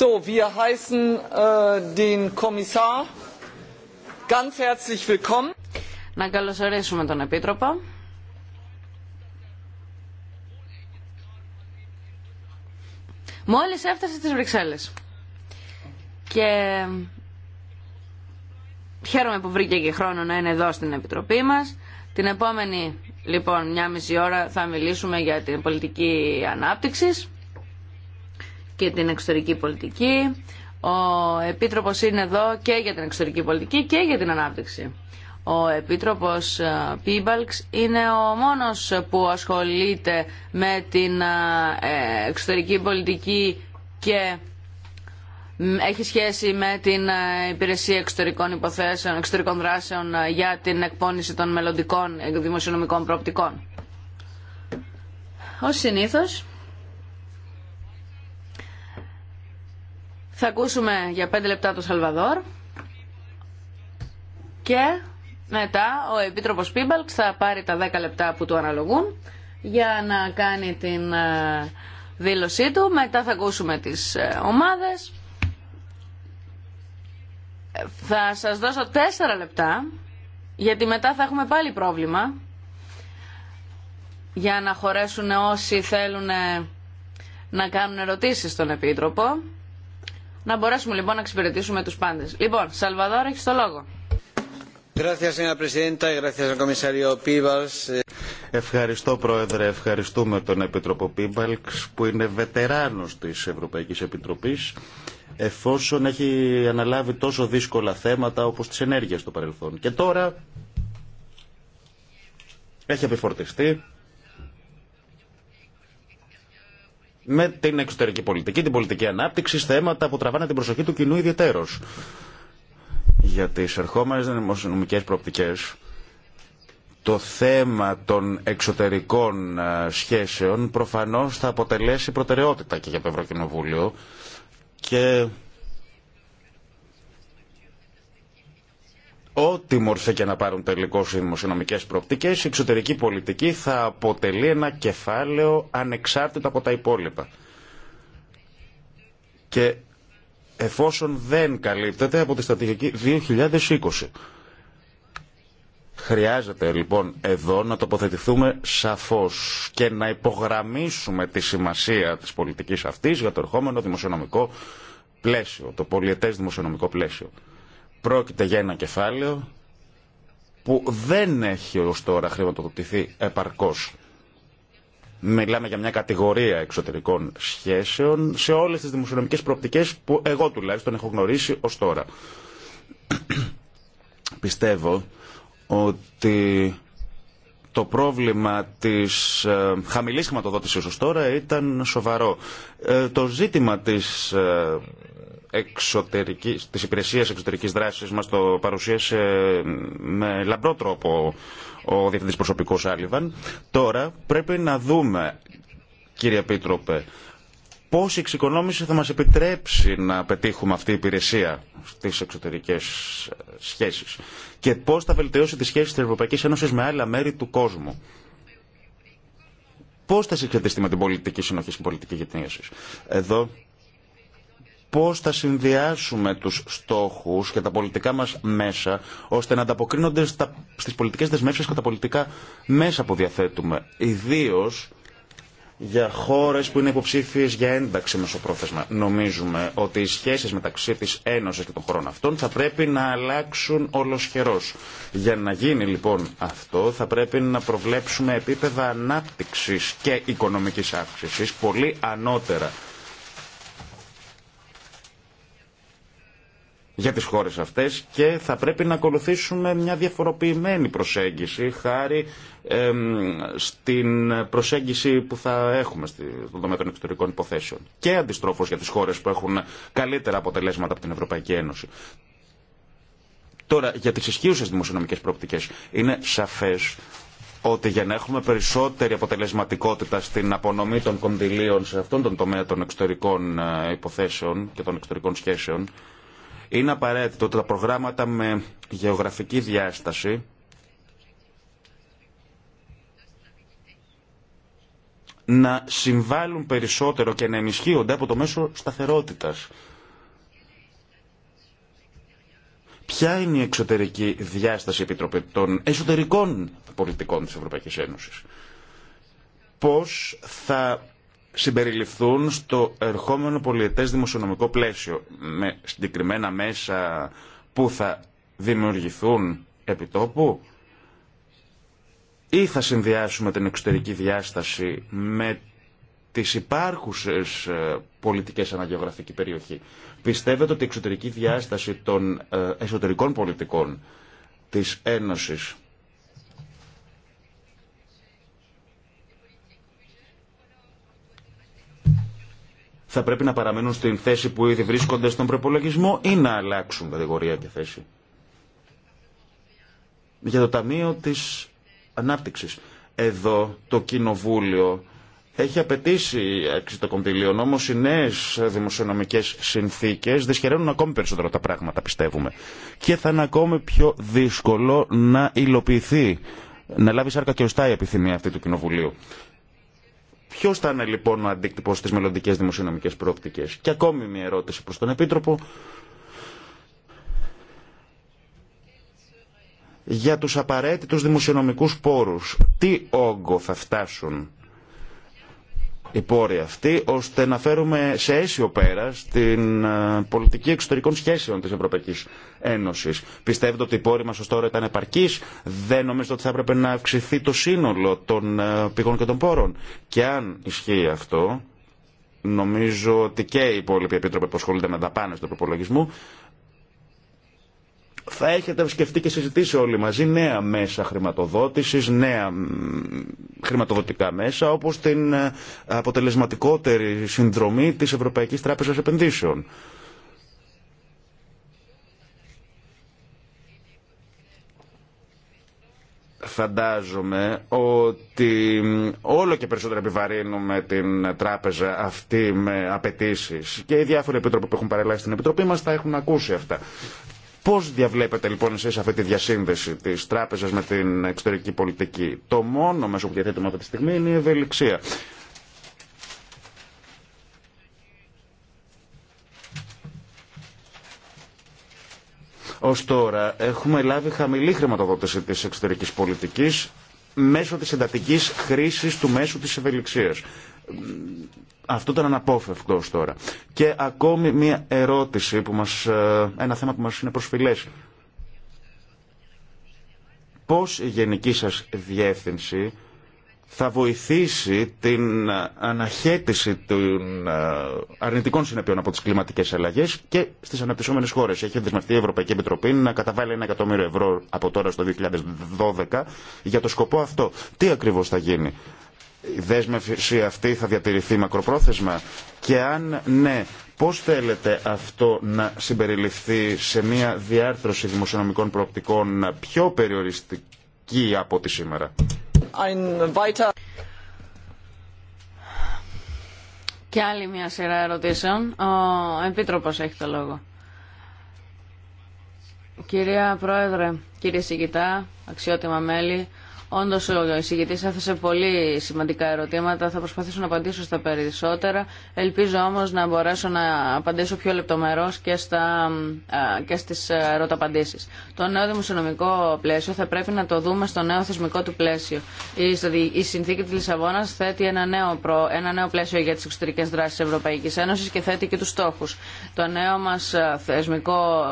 [SPEAKER 1] So, wir heißen äh, den Kommissar ganz herzlich willkommen. Να καλωσορίσουμε τον Επίτροπο. Μόλις έφτασε στις Βρυξέλλες. Και χαίρομαι που βρήκε και χρόνο να είναι εδώ στην Επιτροπή μας. Την επόμενη, λοιπόν, μια μισή ώρα θα μιλήσουμε για την πολιτική ανάπτυξης και την εξωτερική πολιτική. Ο Επίτροπος είναι εδώ και για την εξωτερική πολιτική και για την ανάπτυξη. Ο Επίτροπος ε, Πίμπαλξ είναι ο μόνος που ασχολείται με την ε, εξωτερική πολιτική και έχει σχέση με την ε, υπηρεσία εξωτερικών υποθέσεων, εξωτερικών δράσεων για την εκπόνηση των μελλοντικών δημοσιονομικών προοπτικών. Ως συνήθως, Θα ακούσουμε για πέντε λεπτά το Σαλβαδόρ και μετά ο Επίτροπος Πίμπαλξ θα πάρει τα δέκα λεπτά που του αναλογούν για να κάνει την ε, δήλωσή του. Μετά θα ακούσουμε τις ε, ομάδες. Θα σας δώσω τέσσερα λεπτά γιατί μετά θα έχουμε πάλι πρόβλημα για να χωρέσουν όσοι θέλουν να κάνουν ερωτήσεις στον Επίτροπο να μπορέσουμε λοιπόν να εξυπηρετήσουμε τους πάντες. Λοιπόν, Σαλβαδόρ, έχεις το λόγο.
[SPEAKER 2] Ευχαριστώ Πρόεδρε, ευχαριστούμε τον Επίτροπο Πίμπαλξ που είναι βετεράνος της Ευρωπαϊκής Επιτροπής εφόσον έχει αναλάβει τόσο δύσκολα θέματα όπως τις ενέργειες στο παρελθόν. Και τώρα έχει επιφορτιστεί με την εξωτερική πολιτική, την πολιτική ανάπτυξη, θέματα που τραβάνε την προσοχή του κοινού ιδιαίτερω. Για τι ερχόμενε δημοσιονομικέ προοπτικέ, το θέμα των εξωτερικών ε, σχέσεων προφανώς θα αποτελέσει προτεραιότητα και για το Ευρωκοινοβούλιο και Ό,τι μορφή και να πάρουν τελικώ οι δημοσιονομικέ προοπτικέ, η εξωτερική πολιτική θα αποτελεί ένα κεφάλαιο ανεξάρτητα από τα υπόλοιπα. Και εφόσον δεν καλύπτεται από τη στρατηγική 2020. Χρειάζεται λοιπόν εδώ να τοποθετηθούμε σαφώς και να υπογραμμίσουμε τη σημασία της πολιτικής αυτής για το ερχόμενο δημοσιονομικό πλαίσιο, το πολιετές δημοσιονομικό πλαίσιο. Πρόκειται για ένα κεφάλαιο που δεν έχει ως τώρα χρηματοδοτηθεί επαρκώς. Μιλάμε για μια κατηγορία εξωτερικών σχέσεων σε όλες τις δημοσιονομικές προοπτικές που εγώ τουλάχιστον έχω γνωρίσει ως τώρα. Πιστεύω ότι το πρόβλημα της ε, χαμηλής χρηματοδότησης ως τώρα ήταν σοβαρό. Ε, το ζήτημα της ε, εξωτερικής, της υπηρεσίας εξωτερικής δράσης μας το παρουσίασε με λαμπρό τρόπο ο Διευθυντής Προσωπικός Άλιβαν. Τώρα πρέπει να δούμε, κύριε Επίτροπε, πώς η εξοικονόμηση θα μας επιτρέψει να πετύχουμε αυτή η υπηρεσία στις εξωτερικές σχέσεις και πώς θα βελτιώσει τις σχέσεις της Ευρωπαϊκής Ένωσης με άλλα μέρη του κόσμου. Πώ θα συσχετιστεί με την πολιτική συνοχή και πολιτική Εδώ πώς θα συνδυάσουμε τους στόχους και τα πολιτικά μας μέσα, ώστε να ανταποκρίνονται στα, στις πολιτικές δεσμεύσεις και τα πολιτικά μέσα που διαθέτουμε. Ιδίως για χώρες που είναι υποψήφιες για ένταξη μεσοπρόθεσμα. Νομίζουμε ότι οι σχέσεις μεταξύ της Ένωσης και των χωρών αυτών θα πρέπει να αλλάξουν ολοσχερός. Για να γίνει λοιπόν αυτό θα πρέπει να προβλέψουμε επίπεδα ανάπτυξης και οικονομικής αύξησης πολύ ανώτερα για τις χώρες αυτές και θα πρέπει να ακολουθήσουμε μια διαφοροποιημένη προσέγγιση χάρη στην προσέγγιση που θα έχουμε στον τομέα των εξωτερικών υποθέσεων και αντιστρόφως για τις χώρες που έχουν καλύτερα αποτελέσματα από την Ευρωπαϊκή Ένωση. Τώρα, για τις ισχύουσες δημοσιονομικές προοπτικές, είναι σαφές ότι για να έχουμε περισσότερη αποτελεσματικότητα στην απονομή των κονδυλίων σε αυτόν τον τομέα των εξωτερικών ε, υποθέσεων και των εξωτερικών σχέσεων, είναι απαραίτητο τα προγράμματα με γεωγραφική διάσταση να συμβάλλουν περισσότερο και να ενισχύονται από το μέσο σταθερότητας. Ποια είναι η εξωτερική διάσταση, Επιτροπή, των εσωτερικών πολιτικών της Ευρωπαϊκής Ένωσης. Πώς θα συμπεριληφθούν στο ερχόμενο πολιετές δημοσιονομικό πλαίσιο με συγκεκριμένα μέσα που θα δημιουργηθούν επί τόπου ή θα συνδυάσουμε την εξωτερική διάσταση με τις υπάρχουσες ε, πολιτικές αναγεωγραφική περιοχή. Πιστεύετε ότι η εξωτερική διάσταση των ε, εσωτερικών πολιτικών της Ένωσης θα πρέπει να παραμένουν στην θέση που ήδη βρίσκονται στον προπολογισμό ή να αλλάξουν κατηγορία και θέση. Για το Ταμείο της Ανάπτυξης. Εδώ το Κοινοβούλιο έχει απαιτήσει αξί το όμω οι νέε δημοσιονομικέ συνθήκε δυσχεραίνουν ακόμη περισσότερο τα πράγματα, πιστεύουμε. Και θα είναι ακόμη πιο δύσκολο να υλοποιηθεί, να λάβει σάρκα και ωστά η επιθυμία αυτή του Κοινοβουλίου. Ποιο θα είναι λοιπόν ο αντίκτυπο στι μελλοντικέ δημοσιονομικέ προοπτικέ. Και ακόμη μια ερώτηση προ τον Επίτροπο. Για τους απαραίτητους δημοσιονομικούς πόρους, τι όγκο θα φτάσουν οι πόροι αυτοί, ώστε να φέρουμε σε αίσιο πέρα την ε, πολιτική εξωτερικών σχέσεων της Ευρωπαϊκής Ένωσης. Πιστεύετε ότι η πόροι μα ως τώρα ήταν επαρκή. δεν νομίζετε ότι θα έπρεπε να αυξηθεί το σύνολο των ε, πηγών και των πόρων. Και αν ισχύει αυτό, νομίζω ότι και οι υπόλοιποι επίτροποι που ασχολούνται με δαπάνε του προπολογισμού θα έχετε σκεφτεί και συζητήσει όλοι μαζί νέα μέσα χρηματοδότησης, νέα χρηματοδοτικά μέσα, όπως την ε, αποτελεσματικότερη συνδρομή της Ευρωπαϊκής Τράπεζας Επενδύσεων. φαντάζομαι ότι όλο και περισσότερο επιβαρύνουμε την τράπεζα αυτή με απαιτήσει και οι διάφοροι επίτροποι που έχουν παρελάσει στην Επιτροπή μας θα έχουν ακούσει αυτά. Πώς διαβλέπετε λοιπόν εσεί αυτή τη διασύνδεση της τράπεζας με την εξωτερική πολιτική. Το μόνο μέσο που διαθέτουμε αυτή τη στιγμή είναι η ευελιξία. Ω τώρα έχουμε λάβει χαμηλή χρηματοδότηση τη εξωτερική πολιτική μέσω της εντατικής χρήση του μέσου της ευελιξίας. Αυτό ήταν αναπόφευκτο τώρα. Και ακόμη μια ερώτηση, που μας, ε, ένα θέμα που μας είναι προσφυλές. Πώς η γενική σας διεύθυνση θα βοηθήσει την αναχέτηση των ε, αρνητικών συνεπειών από τις κλιματικές αλλαγές και στις αναπτυσσόμενες χώρες. Έχει δεσμευτεί η Ευρωπαϊκή Επιτροπή να καταβάλει ένα εκατομμύριο ευρώ από τώρα στο 2012 για το σκοπό αυτό. Τι ακριβώς θα γίνει η δέσμευση αυτή θα διατηρηθεί μακροπρόθεσμα και αν ναι, πώς θέλετε αυτό να συμπεριληφθεί σε μια διάρθρωση δημοσιονομικών προοπτικών πιο περιοριστική από τη σήμερα.
[SPEAKER 1] Και άλλη μια σειρά ερωτήσεων. Ο Επίτροπος έχει το λόγο. Κυρία Πρόεδρε, κύριε Σιγητά, αξιότιμα μέλη, Όντω, ο εισηγητή έθεσε πολύ σημαντικά ερωτήματα. Θα προσπαθήσω να απαντήσω στα περισσότερα. Ελπίζω όμω να μπορέσω να απαντήσω πιο λεπτομερώ και, και στι ερωταπαντήσει. Το νέο δημοσιονομικό πλαίσιο θα πρέπει να το δούμε στο νέο θεσμικό του πλαίσιο. Η, συνθήκη τη Λισαβόνα θέτει ένα νέο, ένα νέο πλαίσιο για τι εξωτερικέ δράσει τη Ευρωπαϊκή Ένωση και θέτει και του στόχου. Το νέο μα θεσμικό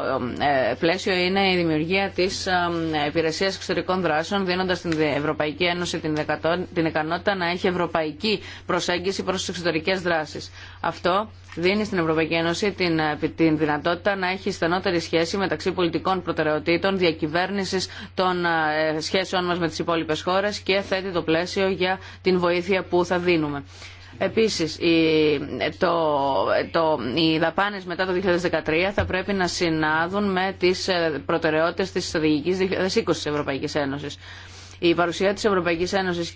[SPEAKER 1] ε, πλαίσιο είναι η δημιουργία τη υπηρεσία εξωτερικών δράσεων, δίνοντα την Ευρωπαϊκή Ένωση την ικανότητα να έχει ευρωπαϊκή προσέγγιση προς τις εξωτερικές δράσεις. Αυτό δίνει στην Ευρωπαϊκή Ένωση την, την δυνατότητα να έχει στενότερη σχέση μεταξύ πολιτικών προτεραιοτήτων, διακυβέρνησης των ε, σχέσεων μας με τις υπόλοιπες χώρες και θέτει το πλαίσιο για την βοήθεια που θα δίνουμε. Επίσης, οι, το, το, οι δαπάνες μετά το 2013 θα πρέπει να συνάδουν με τις ε, προτεραιότητες της στρατηγικής 2020 της Ευρωπαϊκής Ένωσης. Η παρουσία της Ευρωπαϊκής Ένωσης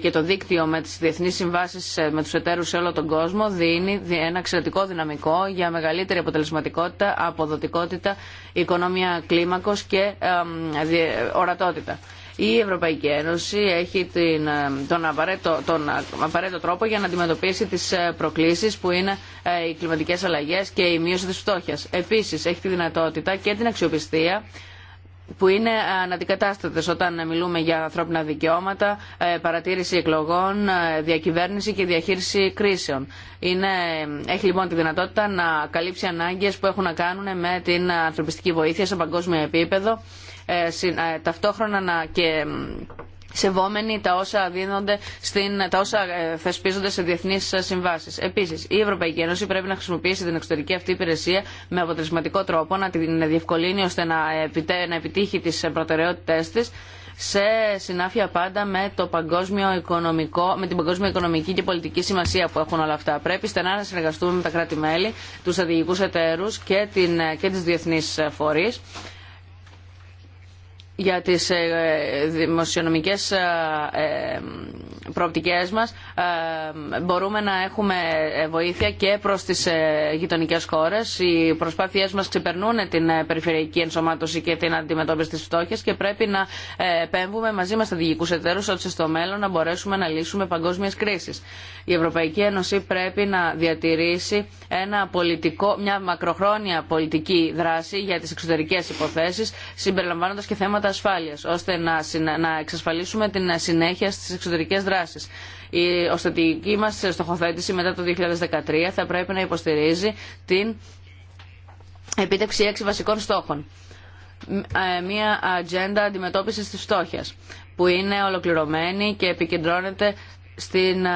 [SPEAKER 1] και, το δίκτυο με τις διεθνείς συμβάσεις ε, με τους εταίρους σε όλο τον κόσμο δίνει ένα εξαιρετικό δυναμικό για μεγαλύτερη αποτελεσματικότητα, αποδοτικότητα, οικονομία κλίμακος και ορατότητα. Η Ευρωπαϊκή Ένωση έχει την, ε, τον, απαραίτητο, τον απαραίτητο τρόπο για να αντιμετωπίσει τις ε, προκλήσεις που είναι οι κλιματικές αλλαγές και η μείωση της φτώχειας. Επίσης, έχει τη δυνατότητα και την αξιοπιστία που είναι αναντικατάστατες όταν μιλούμε για ανθρώπινα δικαιώματα, ε, παρατήρηση εκλογών, ε, διακυβέρνηση και διαχείριση κρίσεων. Είναι, ε, έχει λοιπόν τη δυνατότητα να καλύψει ανάγκες που έχουν να κάνουν με την ανθρωπιστική βοήθεια σε παγκόσμιο επίπεδο, ταυτόχρονα και σεβόμενοι τα όσα, δίνονται στην, τα όσα ε, θεσπίζονται σε διεθνεί ε, συμβάσει. Επίση, η Ευρωπαϊκή Ένωση πρέπει να χρησιμοποιήσει την εξωτερική αυτή υπηρεσία με αποτελεσματικό τρόπο, να την διευκολύνει ώστε να, να επιτύχει τι ε, προτεραιότητέ τη σε συνάφεια πάντα με, το παγκόσμιο οικονομικό, με την παγκόσμια οικονομική και πολιτική σημασία που έχουν όλα αυτά. Πρέπει στενά να συνεργαστούμε με τα κράτη-μέλη, του στρατηγικού εταίρου και, και τι διεθνεί φορεί για τις ε, δημοσιονομικές ε, ε, προοπτικές μας μπορούμε να έχουμε βοήθεια και προς τις γειτονικές χώρες. Οι προσπάθειές μας ξεπερνούν την περιφερειακή ενσωμάτωση και την αντιμετώπιση της φτώχειας και πρέπει να επέμβουμε μαζί με στρατηγικούς εταίρους ώστε στο μέλλον να μπορέσουμε να λύσουμε παγκόσμιες κρίσεις. Η Ευρωπαϊκή Ένωση πρέπει να διατηρήσει ένα πολιτικό, μια μακροχρόνια πολιτική δράση για τις εξωτερικές υποθέσεις συμπεριλαμβάνοντας και θέματα ασφάλεια, ώστε να, εξασφαλίσουμε την συνέχεια στις εξωτερικές δράσεις. Η οστατική μα στοχοθέτηση μετά το 2013 θα πρέπει να υποστηρίζει την επίτευξη έξι βασικών στόχων. Ε, μία ατζέντα αντιμετώπιση τη φτώχεια, που είναι ολοκληρωμένη και επικεντρώνεται στην ε,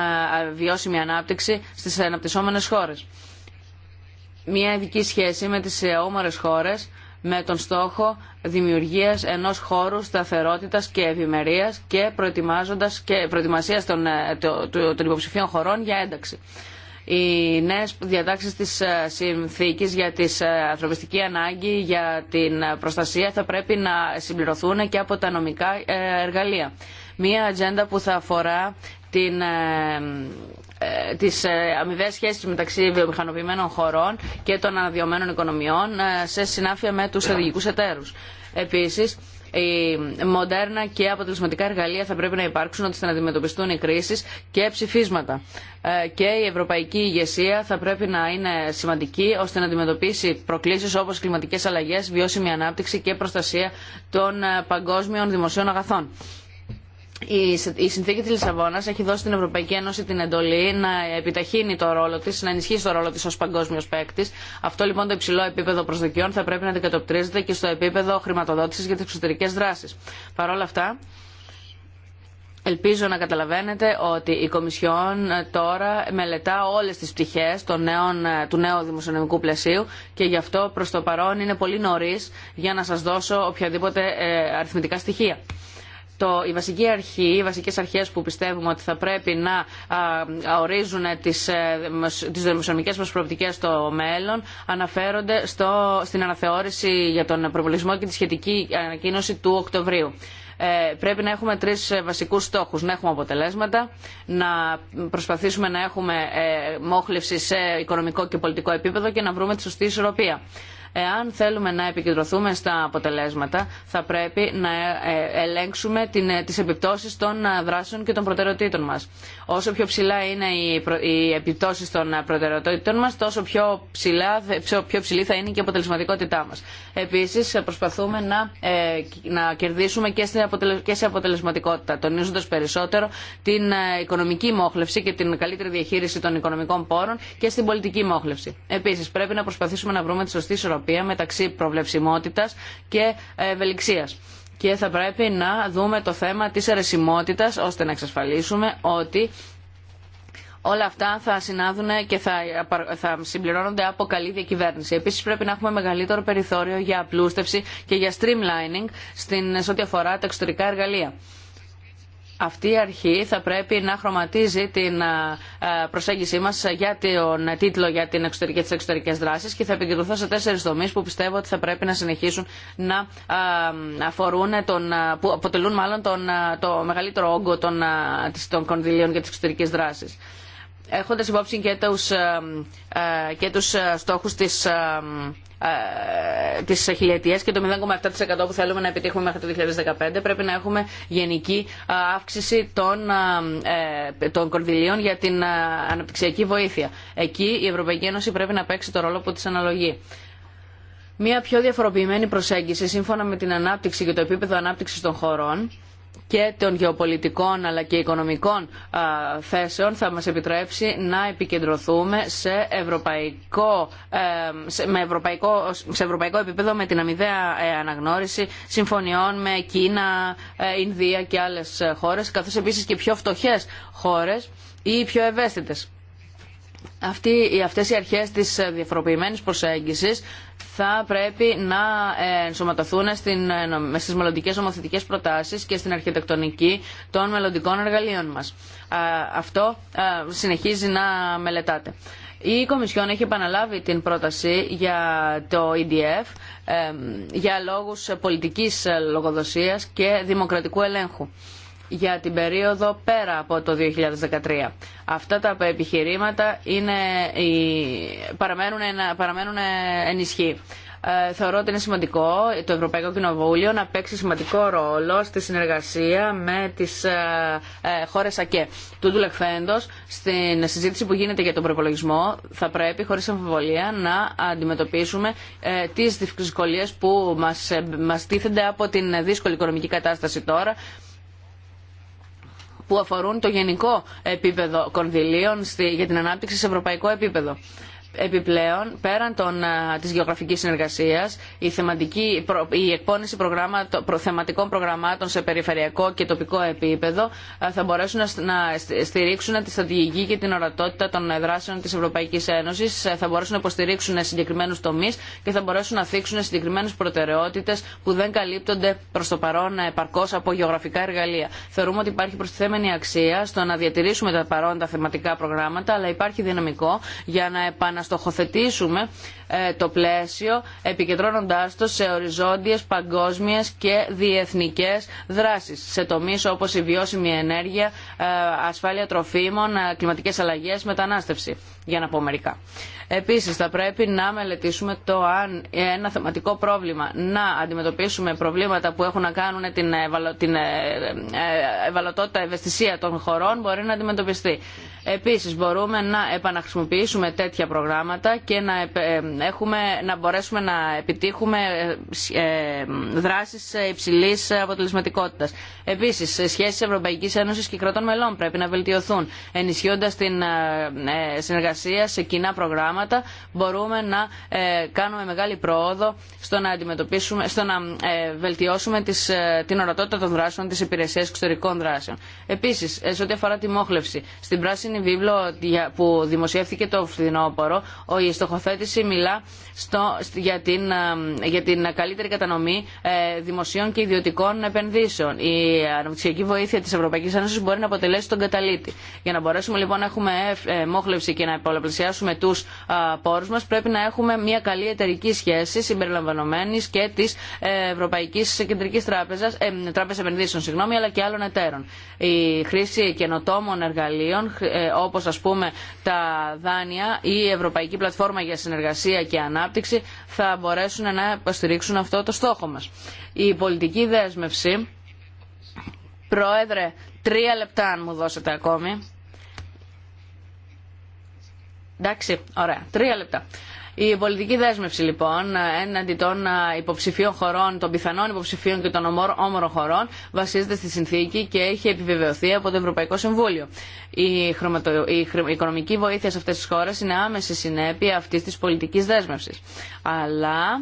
[SPEAKER 1] βιώσιμη ανάπτυξη στι αναπτυσσόμενες χώρε. Μία ειδική σχέση με τι ε, όμορε χώρε, με τον στόχο δημιουργίας ενός χώρου σταθερότητας και ευημερίας και, προετοιμάζοντας και προετοιμασίας των, ε, των υποψηφίων χωρών για ένταξη οι νέες διατάξεις της ε, συνθήκης για την ε, ανθρωπιστική ανάγκη για την προστασία θα πρέπει να συμπληρωθούν και από τα νομικά εργαλεία. Μία ατζέντα που θα αφορά την ε, Τι ε, αμοιβέ σχέσει μεταξύ βιομηχανοποιημένων χωρών και των αναδειωμένων οικονομιών ε, σε συνάφεια με του στρατηγικού εταίρους. Επίση, η μοντέρνα και αποτελεσματικά εργαλεία θα πρέπει να υπάρξουν ώστε να αντιμετωπιστούν οι κρίσει και ψηφίσματα. Και η ευρωπαϊκή ηγεσία θα πρέπει να είναι σημαντική ώστε να αντιμετωπίσει προκλήσει όπω κλιματικέ αλλαγέ, βιώσιμη ανάπτυξη και προστασία των παγκόσμιων δημοσίων αγαθών η συνθήκη τη Λισαβόνα έχει δώσει στην Ευρωπαϊκή Ένωση την εντολή να επιταχύνει το ρόλο τη, να ενισχύσει το ρόλο τη ω παγκόσμιο παίκτη. Αυτό λοιπόν το υψηλό επίπεδο προσδοκιών θα πρέπει να αντικατοπτρίζεται και στο επίπεδο χρηματοδότηση για τι εξωτερικέ δράσει. Παρ' όλα αυτά, Ελπίζω να καταλαβαίνετε ότι η Κομισιόν τώρα μελετά όλες τις πτυχές του νέου δημοσιονομικού πλαισίου και γι' αυτό προς το παρόν είναι πολύ νωρί για να σα δώσω οποιαδήποτε ε, αριθμητικά στοιχεία η βασική αρχή, οι βασικές αρχές που πιστεύουμε ότι θα πρέπει να ορίζουν τις, ε, τις δημοσιονομικές μας στο μέλλον αναφέρονται στο, στην αναθεώρηση για τον προβολισμό και τη σχετική ανακοίνωση του Οκτωβρίου. Ε, πρέπει να έχουμε τρεις βασικούς στόχους. Να έχουμε αποτελέσματα, να προσπαθήσουμε να έχουμε ε, μόχλευση σε οικονομικό και πολιτικό επίπεδο και να βρούμε τη σωστή ισορροπία. Εάν θέλουμε να επικεντρωθούμε στα αποτελέσματα, θα πρέπει να ε, ε, ελέγξουμε ε, τις επιπτώσεις των δράσεων και των προτεραιοτήτων μας. Όσο πιο ψηλά είναι οι επιπτώσεις των προτεραιοτήτων μας, τόσο πιο, ψηλά, πιο ψηλή θα είναι και η αποτελεσματικότητά μας. Επίσης, προσπαθούμε να, να κερδίσουμε και σε αποτελεσματικότητα, τονίζοντας περισσότερο την οικονομική μόχλευση και την καλύτερη διαχείριση των οικονομικών πόρων και στην πολιτική μόχλευση. Επίσης, πρέπει να προσπαθήσουμε να βρούμε τη σωστή ισορροπία ισορροπία μεταξύ προβλεψιμότητας και ευελιξίας. Και θα πρέπει να δούμε το θέμα της αιρεσιμότητας ώστε να εξασφαλίσουμε ότι όλα αυτά θα συνάδουν και θα, συμπληρώνονται από καλή διακυβέρνηση. Επίση, πρέπει να έχουμε μεγαλύτερο περιθώριο για απλούστευση και για streamlining στην, σε ό,τι αφορά τα εξωτερικά εργαλεία αυτή η αρχή θα πρέπει να χρωματίζει την ε, ε, προσέγγιση μας για τον τίτλο για, την εξωτερική, τις εξωτερικές δράσεις και θα επικεντρωθώ σε τέσσερις δομές που πιστεύω ότι θα πρέπει να συνεχίσουν να ε, αφορούν τον, που αποτελούν μάλλον τον, το μεγαλύτερο όγκο των, των κονδυλίων για τις εξωτερικές δράσεις έχοντας υπόψη και τους, και τους στόχους της ε, της χιλιετίας και το 0,7% που θέλουμε να επιτύχουμε μέχρι το 2015 πρέπει να έχουμε γενική ε, αύξηση των, ε, των κονδυλίων για την αναπτυξιακή βοήθεια. Εκεί η Ευρωπαϊκή Ένωση πρέπει να παίξει το ρόλο που της αναλογεί. Μία πιο διαφοροποιημένη προσέγγιση σύμφωνα με την ανάπτυξη και το επίπεδο ανάπτυξης των χωρών και των γεωπολιτικών αλλά και οικονομικών θέσεων θα μας επιτρέψει να επικεντρωθούμε σε ευρωπαϊκό, ε, ευρωπαϊκό, σε ευρωπαϊκό επίπεδο με την αμοιβαία ε, αναγνώριση συμφωνιών με Κίνα, ε, Ινδία και άλλες χώρες καθώς επίσης και πιο φτωχές χώρες ή πιο ευαίσθητες. Αυτοί, αυτές οι αρχές της διαφοροποιημένης προσέγγισης θα πρέπει να ε, ενσωματωθούν ε, στι μελλοντικέ νομοθετικέ προτάσει και στην αρχιτεκτονική των μελλοντικών εργαλείων μας. Αυτό συνεχίζει να μελετάτε. Η Κομισιόν έχει επαναλάβει την πρόταση για το EDF ε, για λόγους πολιτικής λογοδοσίας και δημοκρατικού ελέγχου για την περίοδο πέρα από το 2013. Αυτά τα επιχειρήματα είναι, παραμένουν, παραμένουν ενισχύ. Ε, θεωρώ ότι είναι σημαντικό το Ευρωπαϊκό Κοινοβούλιο να παίξει σημαντικό ρόλο στη συνεργασία με τι ε, ε, χώρες ΑΚΕ. του λεχθέντο, στην συζήτηση που γίνεται για τον προπολογισμό, θα πρέπει χωρίς αμφιβολία να αντιμετωπίσουμε τις δυσκολίε που μας τίθενται από την δύσκολη οικονομική κατάσταση τώρα, που αφορούν το γενικό επίπεδο κονδυλίων για την ανάπτυξη σε ευρωπαϊκό επίπεδο. Επιπλέον, πέραν των, της γεωγραφικής συνεργασίας, η, θεματική, η εκπόνηση θεματικών προγραμμάτων σε περιφερειακό και τοπικό επίπεδο θα μπορέσουν να στηρίξουν τη στρατηγική και την ορατότητα των δράσεων της Ευρωπαϊκής Ένωσης, θα μπορέσουν να υποστηρίξουν συγκεκριμένους τομείς και θα μπορέσουν να θίξουν συγκεκριμένες προτεραιότητες που δεν καλύπτονται προς το παρόν ε, επαρκώς από γεωγραφικά εργαλεία. Θεωρούμε ότι υπάρχει προστιθέμενη αξία στο να διατηρήσουμε τα παρόντα θεματικά προγράμματα, αλλά υπάρχει δυναμικό για να στοχοθετήσουμε ε, το πλαίσιο επικεντρώνοντάς το σε οριζόντιες, παγκόσμιες και διεθνικές δράσεις σε τομείς όπως η βιώσιμη ενέργεια, ε, ασφάλεια τροφίμων, ε, κλιματικές αλλαγές, μετανάστευση για να πω μερικά. Επίσης θα πρέπει να μελετήσουμε το αν ένα θεματικό πρόβλημα να αντιμετωπίσουμε προβλήματα που έχουν να κάνουν την, ευαλω... την ε, ε, ευαλωτότητα ευαισθησία των χωρών μπορεί να αντιμετωπιστεί. Επίσης μπορούμε να επαναχρησιμοποιήσουμε τέτοια προγράμματα και να, ε, έχουμε, να μπορέσουμε να επιτύχουμε δράσεις υψηλής αποτελεσματικότητας. Επίσης, οι σχέσεις Ευρωπαϊκής Ένωσης και κρατών μελών πρέπει να βελτιωθούν, ενισχύοντας την συνεργασία συνεργασία, σε κοινά προγράμματα μπορούμε να ε, κάνουμε μεγάλη πρόοδο στο να, αντιμετωπίσουμε, να ε, βελτιώσουμε ε, την ορατότητα των δράσεων τη υπηρεσία εξωτερικών δράσεων. Επίσης, σε ό,τι αφορά τη μόχλευση, στην πράσινη βίβλο που δημοσιεύθηκε το φθινόπωρο, η στοχοθέτηση μιλά για, την, για την καλύτερη κατανομή δημοσίων και ιδιωτικών επενδύσεων. Η αναπτυξιακή βοήθεια της Ευρωπαϊκής Ένωσης μπορεί να αποτελέσει τον καταλήτη. Για να μπορέσουμε λοιπόν να έχουμε μόχλευση και να πολλαπλασιάσουμε τους πόρους μας πρέπει να έχουμε μια καλή εταιρική σχέση συμπεριλαμβανομένης και της ε, Ευρωπαϊκής Κεντρική Τράπεζας, ε, Επενδύσεων συγγνώμη, αλλά και άλλων εταίρων. Η χρήση καινοτόμων εργαλείων ε, όπως α πούμε τα δάνεια ή η Ευρωπαϊκή Πλατφόρμα για Συνεργασία και Ανάπτυξη θα μπορέσουν να υποστηρίξουν αυτό το στόχο μα. Η πολιτική δέσμευση, Πρόεδρε, τρία λεπτά αν μου δώσετε ακόμη. Εντάξει, ωραία. Τρία λεπτά. Η πολιτική δέσμευση λοιπόν έναντι των υποψηφίων χωρών, των πιθανών υποψηφίων και των όμορων χωρών βασίζεται στη συνθήκη και έχει επιβεβαιωθεί από το Ευρωπαϊκό Συμβούλιο. Η, η οικονομική βοήθεια σε αυτές τις χώρες είναι άμεση συνέπεια αυτής της πολιτικής δέσμευσης. Αλλά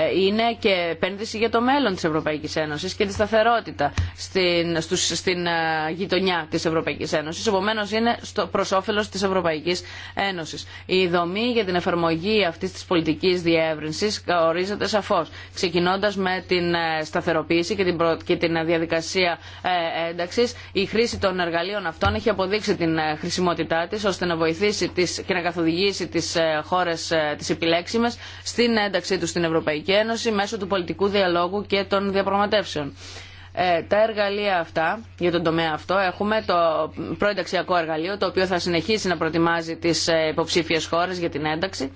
[SPEAKER 1] ε, είναι και επένδυση για το μέλλον της Ευρωπαϊκής Ένωσης και τη σταθερότητα στην, στους, στην ε, γειτονιά της Ευρωπαϊκής Ένωσης. Επομένω, είναι στο, προς όφελος της Ευρωπαϊκής Ένωσης. Η δομή για την εφαρμογή αυτής της πολιτικής διεύρυνσης ορίζεται σαφώς. Ξεκινώντας με την ε, σταθεροποίηση και την, και την διαδικασία ένταξης, η χρήση των εργαλείων αυτών έχει αποδείξει την χρησιμότητά της ώστε να βοηθήσει τις, και να καθοδηγήσει τις χώρες τις επιλέξιμες στην ένταξή τους στην Ευρωπαϊκή Ευρωπαϊκή Ένωση μέσω του πολιτικού διαλόγου και των διαπραγματεύσεων. Ε, τα εργαλεία αυτά, για τον τομέα αυτό, έχουμε το προενταξιακό εργαλείο, το οποίο θα συνεχίσει να προετοιμάζει τις ε, υποψήφιες χώρες για την ένταξη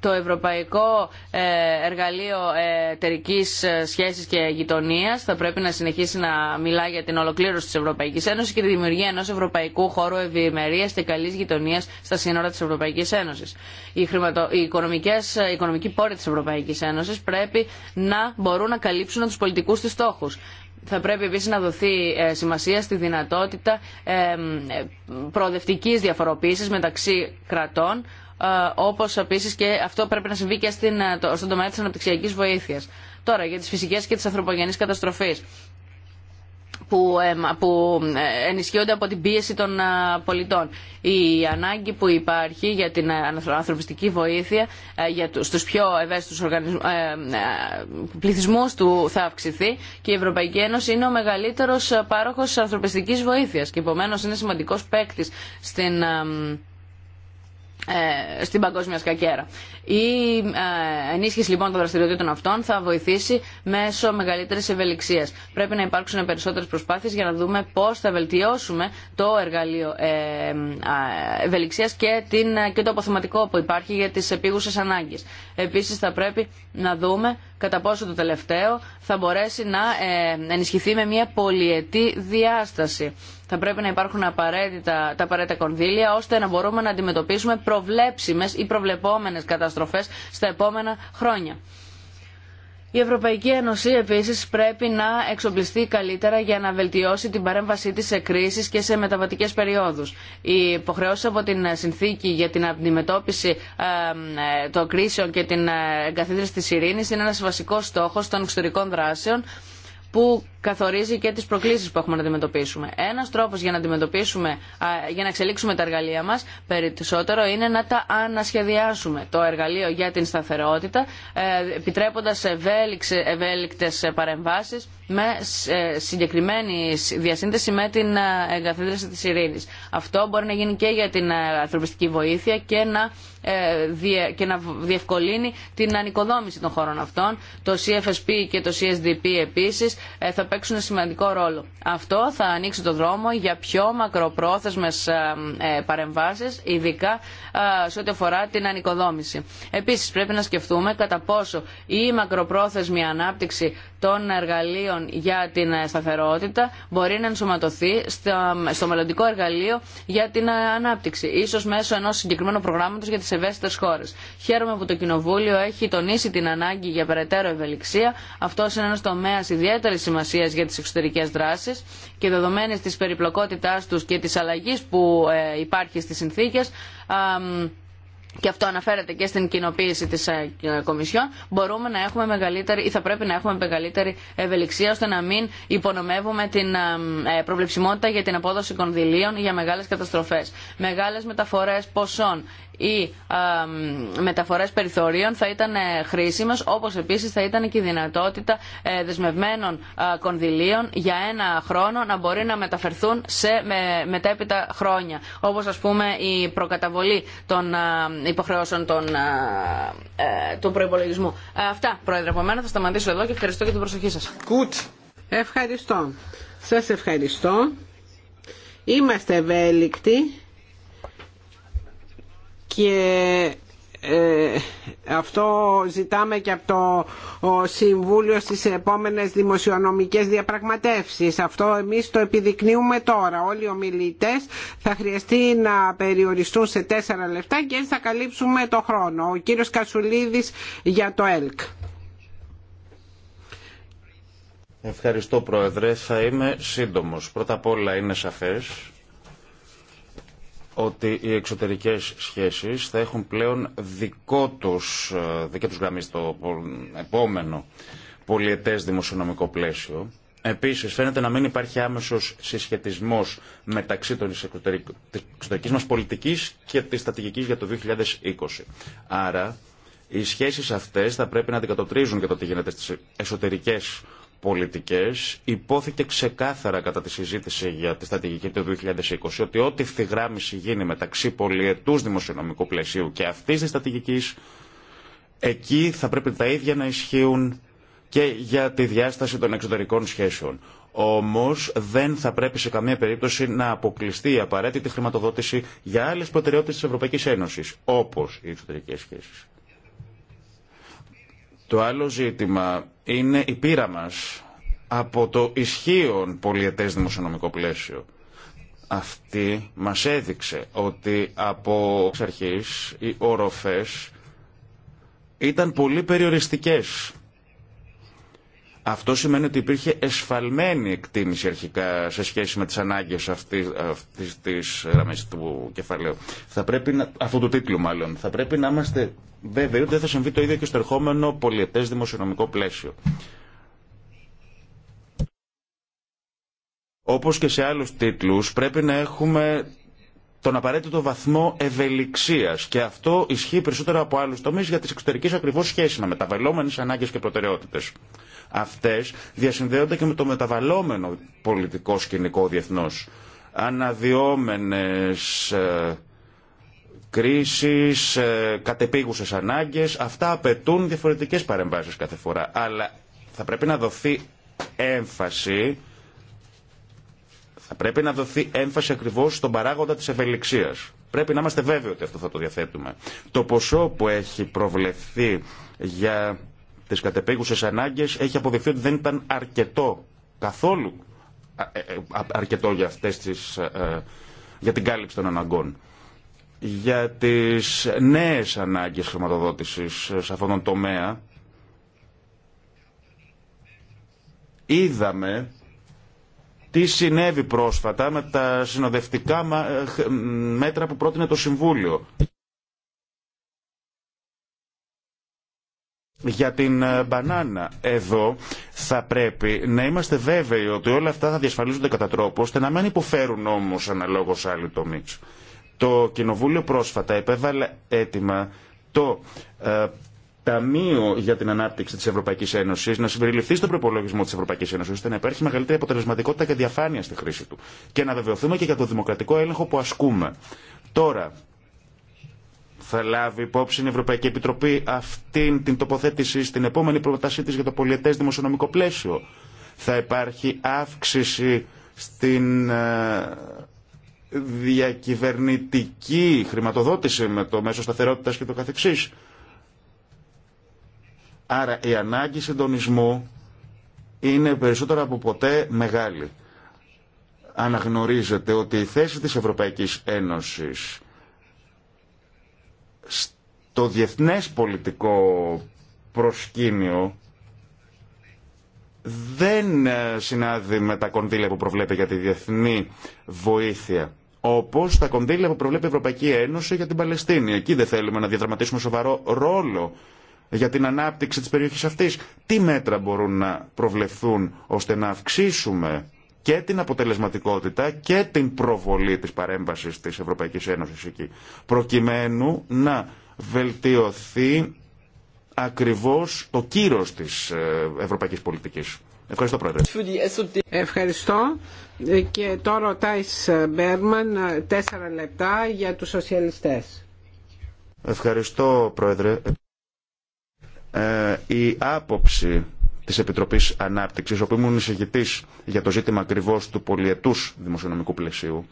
[SPEAKER 1] το Ευρωπαϊκό ε, Εργαλείο ε, Εταιρική ε, Σχέση και Γειτονία θα πρέπει να συνεχίσει να μιλά για την ολοκλήρωση τη Ευρωπαϊκή Ένωση και τη δημιουργία ενό Ευρωπαϊκού χώρου ευημερία και καλή γειτονία στα σύνορα τη Ευρωπαϊκή Ένωση. Οι, οικονομικοί πόροι τη Ευρωπαϊκή Ένωση πρέπει να μπορούν να καλύψουν του πολιτικού τη στόχου. Θα πρέπει επίση να δοθεί σημασία στη δυνατότητα προοδευτική διαφοροποίηση μεταξύ κρατών ε, Όπω επίση και αυτό πρέπει να συμβεί και στην, ε, στον τομέα τη αναπτυξιακή βοήθεια. Τώρα για τι φυσικέ και τις ανθρωπογενείς καταστροφέ που ε, ενισχύονται από την πίεση των πολιτών. Η ανάγκη που υπάρχει για την ανθρωπιστική βοήθεια στους πιο ευαίσθητους πληθυσμούς του θα αυξηθεί και η Ευρωπαϊκή Ένωση είναι ο μεγαλύτερος πάροχος ανθρωπιστικής βοήθειας και επομένως είναι σημαντικός παίκτη στην ε, στην παγκόσμια σκακέρα. Η ε, ενίσχυση λοιπόν των δραστηριοτήτων αυτών θα βοηθήσει μέσω μεγαλύτερη ευελιξία. Πρέπει να υπάρξουν περισσότερε προσπάθειε για να δούμε πώ θα βελτιώσουμε το εργαλείο ε, ε, ευελιξία και, και το αποθεματικό που υπάρχει για τι επίγουσε ανάγκε. Επίση θα πρέπει να δούμε κατά πόσο το τελευταίο θα μπορέσει να ενισχυθεί με μια πολυετή διάσταση. Θα πρέπει να υπάρχουν απαραίτητα, τα απαραίτητα κονδύλια ώστε να μπορούμε να αντιμετωπίσουμε προβλέψιμες ή προβλεπόμενες καταστάσεις στα επόμενα χρόνια. Η Ευρωπαϊκή Ένωση επίσης πρέπει να εξοπλιστεί καλύτερα για να βελτιώσει την παρέμβασή της σε κρίσεις και σε μεταβατικές περιόδους. Οι υποχρεώσει από την συνθήκη για την αντιμετώπιση ε, των κρίσεων και την ε, εγκαθίδρυση τη ειρήνη είναι ένας βασικός στόχος των εξωτερικών δράσεων που καθορίζει και τις προκλήσεις που έχουμε να αντιμετωπίσουμε. Ένα τρόπος για να, αντιμετωπίσουμε, για να εξελίξουμε τα εργαλεία μας περισσότερο είναι να τα ανασχεδιάσουμε. Το εργαλείο για την σταθερότητα ε, επιτρέποντας ευέλικτε παρεμβάσεις με ε, συγκεκριμένη διασύνδεση με την ε, εγκαθίδρυση της ειρήνης. Αυτό μπορεί να γίνει και για την ανθρωπιστική βοήθεια και να και να διευκολύνει την ανοικοδόμηση των χωρών αυτών. Το CFSP και το CSDP επίσης θα παίξουν σημαντικό ρόλο. Αυτό θα ανοίξει το δρόμο για πιο μακροπρόθεσμες ε, ε, παρεμβάσεις, ειδικά ε, σε ό,τι αφορά την ανοικοδόμηση. Επίσης πρέπει να σκεφτούμε κατά πόσο η μακροπρόθεσμη ανάπτυξη των εργαλείων για την ε, σταθερότητα μπορεί να ενσωματωθεί στο μελλοντικό εργαλείο για την ε, ανάπτυξη, ίσω μέσω ενό συγκεκριμένου προγράμματο για τι ευαίσθητε χώρε. Χαίρομαι που το Κοινοβούλιο έχει τονίσει την ανάγκη για περαιτέρω ευελιξία. Αυτό είναι ένα τομέα ιδιαίτερη σημασία για τι εξωτερικέ δράσει και δεδομένη τη περιπλοκότητά του και τη αλλαγή που ε, υπάρχει στι συνθήκε, και αυτό αναφέρεται και στην κοινοποίηση της ε, ε, Κομισιόν, μπορούμε να έχουμε μεγαλύτερη ή θα πρέπει να έχουμε μεγαλύτερη ευελιξία ώστε να μην υπονομεύουμε την ε, προβλεψιμότητα για την απόδοση κονδυλίων για μεγάλες καταστροφές. Μεγάλες μεταφορές ποσών ή μεταφορές περιθωρίων θα ήταν ε, χρήσιμε όπως επίσης θα ήταν και η δυνατότητα ε, δεσμευμένων ε, κονδυλίων για ένα χρόνο να μπορεί να μεταφερθούν σε μετέπειτα χρόνια. Όπως ας πούμε η προκαταβολή των υποχρεώσεων των, του προϋπολογισμού. Αυτά, Πρόεδρε, από μένα θα σταματήσω εδώ και ευχαριστώ για την προσοχή σας. Ευχαριστώ. Σας ευχαριστώ.
[SPEAKER 3] Είμαστε ευέλικτοι και ε, αυτό ζητάμε και από το Συμβούλιο στις επόμενες δημοσιονομικές διαπραγματεύσεις. Αυτό εμείς το επιδεικνύουμε τώρα. Όλοι οι ομιλητές θα χρειαστεί να περιοριστούν σε τέσσερα λεπτά και έτσι θα καλύψουμε το χρόνο. Ο κύριος Κασουλίδης για το ΕΛΚ.
[SPEAKER 2] Ευχαριστώ Πρόεδρε. Θα είμαι σύντομος. Πρώτα απ' όλα είναι σαφές ότι οι εξωτερικές σχέσεις θα έχουν πλέον δικό τους, ε, δική τους γραμμή στο επόμενο πολιετές δημοσιονομικό πλαίσιο. Επίσης φαίνεται να μην υπάρχει άμεσος συσχετισμός μεταξύ της εξωτερικής μας πολιτικής και της στρατηγικής για το 2020. Άρα οι σχέσεις αυτές θα πρέπει να αντικατοπτρίζουν και το τι γίνεται στις εσωτερικές πολιτικές υπόθηκε ξεκάθαρα κατά τη συζήτηση για τη στρατηγική του 2020 ότι ό,τι ευθυγράμμιση γίνει μεταξύ πολιετούς δημοσιονομικού πλαισίου και αυτής της στρατηγικής εκεί θα πρέπει τα ίδια να ισχύουν και για τη διάσταση των εξωτερικών σχέσεων. Όμω δεν θα πρέπει σε καμία περίπτωση να αποκλειστεί η απαραίτητη χρηματοδότηση για άλλε προτεραιότητε τη Ευρωπαϊκή Ένωση, όπω οι εξωτερικέ σχέσει. Το άλλο ζήτημα είναι η πείρα μας από το ισχύον πολιετές δημοσιονομικό πλαίσιο. Αυτή μας έδειξε ότι από εξ αρχής οι οροφές ήταν πολύ περιοριστικές. Αυτό σημαίνει ότι υπήρχε εσφαλμένη εκτίμηση αρχικά σε σχέση με τις ανάγκες αυτής, τη της του κεφαλαίου. Θα πρέπει να, αυτού του τίτλου μάλλον. Θα πρέπει να είμαστε Βέβαια, ότι δεν θα συμβεί το ίδιο και στο ερχόμενο πολιετές δημοσιονομικό πλαίσιο. Όπως και σε άλλους τίτλους πρέπει να έχουμε τον απαραίτητο βαθμό ευελιξίας Και αυτό ισχύει περισσότερο από άλλου τομείς για τις εξωτερικές ακριβώς σχέσεις με μεταβαλλόμενες ανάγκες και προτεραιότητες. Αυτές διασυνδέονται και με το μεταβαλλόμενο πολιτικό σκηνικό διεθνώ κρίσεις, ε, κατεπίγουσες ανάγκες. Αυτά απαιτούν διαφορετικές παρεμβάσεις κάθε φορά. Αλλά θα πρέπει να δοθεί έμφαση θα πρέπει να δοθεί έμφαση ακριβώ στον παράγοντα τη ευελιξία. Πρέπει να είμαστε βέβαιοι ότι αυτό θα το διαθέτουμε. Το ποσό που έχει προβλεφθεί για τι κατεπήγουσε ανάγκε έχει αποδειχθεί ότι δεν ήταν αρκετό καθόλου ε, ε, αρκετό για αυτές τις, για την κάλυψη των αναγκών για τις νέες ανάγκες χρηματοδότησης σε αυτόν τον τομέα, είδαμε τι συνέβη πρόσφατα με τα συνοδευτικά μέτρα που πρότεινε το Συμβούλιο. Για την μπανάνα εδώ θα πρέπει να είμαστε βέβαιοι ότι όλα αυτά θα διασφαλίζονται κατά τρόπο ώστε να μην υποφέρουν όμως αναλόγως άλλοι τομείς. Το Κοινοβούλιο πρόσφατα επέβαλε έτοιμα το ε, Ταμείο για την Ανάπτυξη τη Ευρωπαϊκή Ένωση να συμπεριληφθεί στον προπολογισμό τη Ευρωπαϊκή Ένωση, ώστε να υπάρχει μεγαλύτερη αποτελεσματικότητα και διαφάνεια στη χρήση του. Και να βεβαιωθούμε και για το δημοκρατικό έλεγχο που ασκούμε. Τώρα, θα λάβει υπόψη η Ευρωπαϊκή Επιτροπή αυτήν την τοποθέτηση στην επόμενη πρότασή τη για το πολιετέ δημοσιονομικό πλαίσιο. Θα υπάρχει αύξηση στην ε, διακυβερνητική χρηματοδότηση με το μέσο σταθερότητας και το καθεξής. Άρα η ανάγκη συντονισμού είναι περισσότερο από ποτέ μεγάλη. Αναγνωρίζεται ότι η θέση της Ευρωπαϊκής Ένωσης στο διεθνές πολιτικό προσκήνιο δεν συνάδει με τα κονδύλια που προβλέπει για τη διεθνή βοήθεια. Όπω τα κονδύλια που προβλέπει η Ευρωπαϊκή Ένωση για την Παλαιστίνη. Εκεί δεν θέλουμε να διαδραματίσουμε σοβαρό ρόλο για την ανάπτυξη τη περιοχή αυτή. Τι μέτρα μπορούν να προβλεφθούν ώστε να αυξήσουμε και την αποτελεσματικότητα και την προβολή της παρέμβασης της Ευρωπαϊκής Ένωσης εκεί, προκειμένου να βελτιωθεί ακριβώς το κύρος της ε, ευρωπαϊκής πολιτικής. Ευχαριστώ Πρόεδρε.
[SPEAKER 3] Ευχαριστώ και τώρα ο Τάις Μπέρμαν τέσσερα λεπτά για τους σοσιαλιστές.
[SPEAKER 2] Ευχαριστώ Πρόεδρε. Ε, η άποψη της Επιτροπής Ανάπτυξης, όπου ήμουν εισηγητής για το ζήτημα ακριβώ του πολυετούς δημοσιονομικού πλαισίου,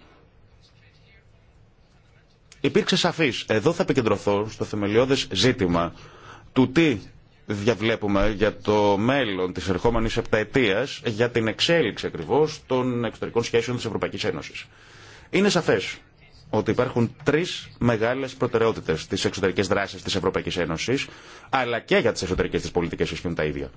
[SPEAKER 2] υπήρξε σαφής. Εδώ θα επικεντρωθώ στο θεμελιώδες ζήτημα του τι διαβλέπουμε για το μέλλον της ερχόμενης επταετίας για την εξέλιξη ακριβώς των εξωτερικών σχέσεων της Ευρωπαϊκής Ένωσης. Είναι σαφές ότι υπάρχουν τρεις μεγάλες προτεραιότητες στις εξωτερικές δράσεις της Ευρωπαϊκής Ένωσης, αλλά και για τις εσωτερικές της πολιτικές ισχύουν τα ίδια.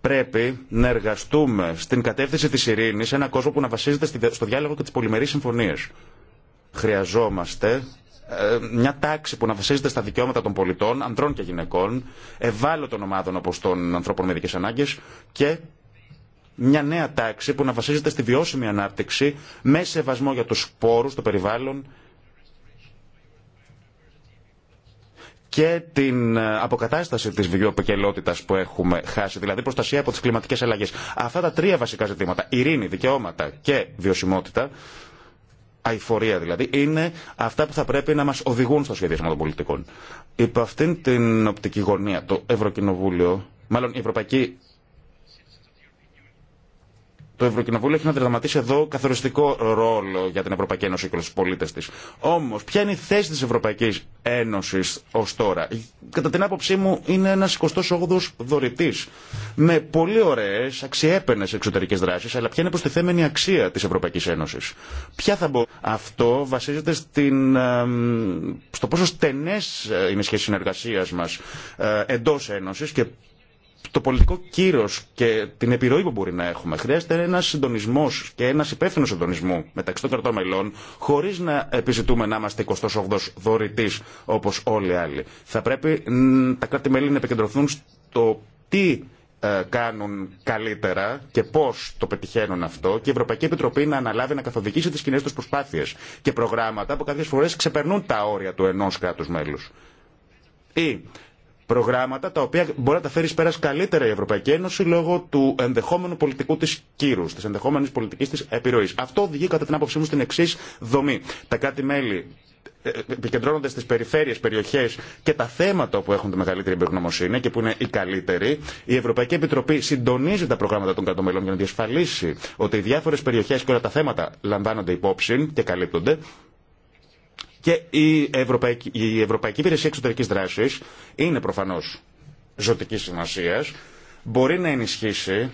[SPEAKER 2] Πρέπει να εργαστούμε στην κατεύθυνση της ειρήνης σε ένα κόσμο που να βασίζεται στο διάλογο και τις πολυμερείς συμφωνίες. Χρειαζόμαστε ε, μια τάξη που να βασίζεται στα δικαιώματα των πολιτών, ανδρών και γυναικών, ευάλωτων ομάδων όπω των ανθρώπων με ειδικές ανάγκες και μια νέα τάξη που να βασίζεται στη βιώσιμη ανάπτυξη με σεβασμό για τους σπόρους, το περιβάλλον και την ε, αποκατάσταση της βιοποικιλότητας που έχουμε χάσει, δηλαδή προστασία από τις κλιματικές αλλαγές. Αυτά τα τρία βασικά ζητήματα, ειρήνη, δικαιώματα και βιωσιμότητα, αηφορία δηλαδή, είναι αυτά που θα πρέπει να μας οδηγούν στο σχεδιασμό των πολιτικών. Υπό αυτήν την οπτική γωνία, το Ευρωκοινοβούλιο, μάλλον η Ευρωπαϊκή το Ευρωκοινοβούλιο έχει να δραματίσει εδώ καθοριστικό ρόλο για την Ευρωπαϊκή Ένωση και του πολίτε τη. Όμω, ποια είναι η θέση τη Ευρωπαϊκή Ένωση ω τώρα. Κατά την άποψή μου, είναι ένα 28ο δωρητή. Με πολύ ωραίε, αξιέπαινε εξωτερικέ δράσει, αλλά ποια είναι προστιθέμενη αξία τη Ευρωπαϊκή Ένωση. Ποια θα μπορούσε. Αυτό βασίζεται στην, στο πόσο στενέ ε, είναι οι σχέσει συνεργασία μα ε, εντό Ένωση και το πολιτικό κύρο και την επιρροή που μπορεί να έχουμε. Χρειάζεται ένα συντονισμό και ένα υπεύθυνο συντονισμού μεταξύ των κρατών μελών, χωρί να επιζητούμε να είμαστε 28 δωρητή όπω όλοι οι άλλοι. Θα πρέπει τα κράτη-μέλη να επικεντρωθούν στο τι ε, κάνουν καλύτερα και πώ το πετυχαίνουν αυτό και η Ευρωπαϊκή Επιτροπή να αναλάβει να καθοδηγήσει τι κοινέ του προσπάθειε και προγράμματα που κάποιε φορέ ξεπερνούν τα όρια του ενό κράτου μέλου προγράμματα τα οποία μπορεί να τα φέρει πέρα καλύτερα η Ευρωπαϊκή Ένωση λόγω του ενδεχόμενου πολιτικού τη κύρου, τη ενδεχόμενη πολιτική τη επιρροή. Αυτό οδηγεί κατά την άποψή μου στην εξή δομή. Τα κράτη-μέλη ε, ε, επικεντρώνονται στι περιφέρειε, περιοχέ και τα θέματα που έχουν τη μεγαλύτερη εμπειρογνωμοσύνη και που είναι οι καλύτεροι, η Ευρωπαϊκή Επιτροπή συντονίζει τα προγράμματα των κρατομελών για να διασφαλίσει ότι οι διάφορε περιοχέ και όλα τα θέματα λαμβάνονται υπόψη και καλύπτονται και η Ευρωπαϊκή, η Ευρωπαϊκή Υπηρεσία Εξωτερική Δράση είναι προφανώ ζωτική σημασία. Μπορεί να ενισχύσει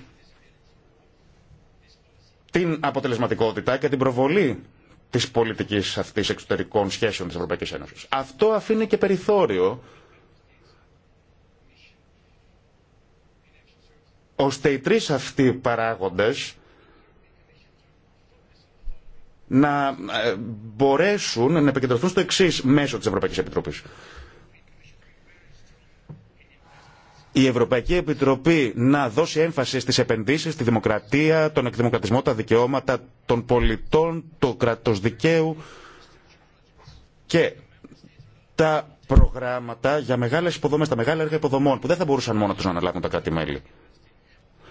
[SPEAKER 2] την αποτελεσματικότητα και την προβολή της πολιτικής αυτής εξωτερικών σχέσεων της Ευρωπαϊκής Ένωσης. Αυτό αφήνει και περιθώριο ώστε οι τρεις αυτοί παράγοντες να ε, μπορέσουν να επικεντρωθούν στο εξή μέσω της Ευρωπαϊκής Επιτροπής. Η Ευρωπαϊκή Επιτροπή να δώσει έμφαση στις επενδύσεις, στη δημοκρατία, τον εκδημοκρατισμό, τα δικαιώματα των πολιτών, το κρατος δικαίου και τα προγράμματα για μεγάλες υποδομές, τα μεγάλα έργα υποδομών που δεν θα μπορούσαν μόνο τους να αναλάβουν τα κράτη-μέλη.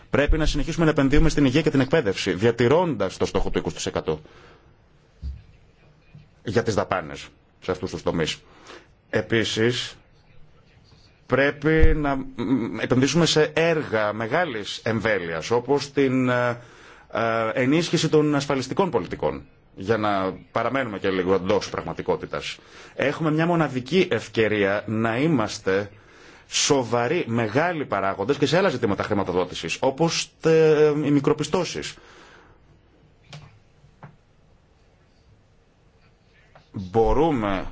[SPEAKER 2] Πρέπει να συνεχίσουμε να επενδύουμε στην υγεία και την εκπαίδευση, διατηρώντα το στόχο του 20% για τις δαπάνες σε αυτούς τους τομείς. Επίσης, πρέπει να επενδύσουμε σε έργα μεγάλης εμβέλειας, όπως την ε, ε, ενίσχυση των ασφαλιστικών πολιτικών για να παραμένουμε και λίγο εντό πραγματικότητας. Έχουμε μια μοναδική ευκαιρία να είμαστε σοβαροί, μεγάλοι παράγοντες και σε άλλα ζητήματα χρηματοδότηση, όπω οι μικροπιστώσεις. Μπορούμε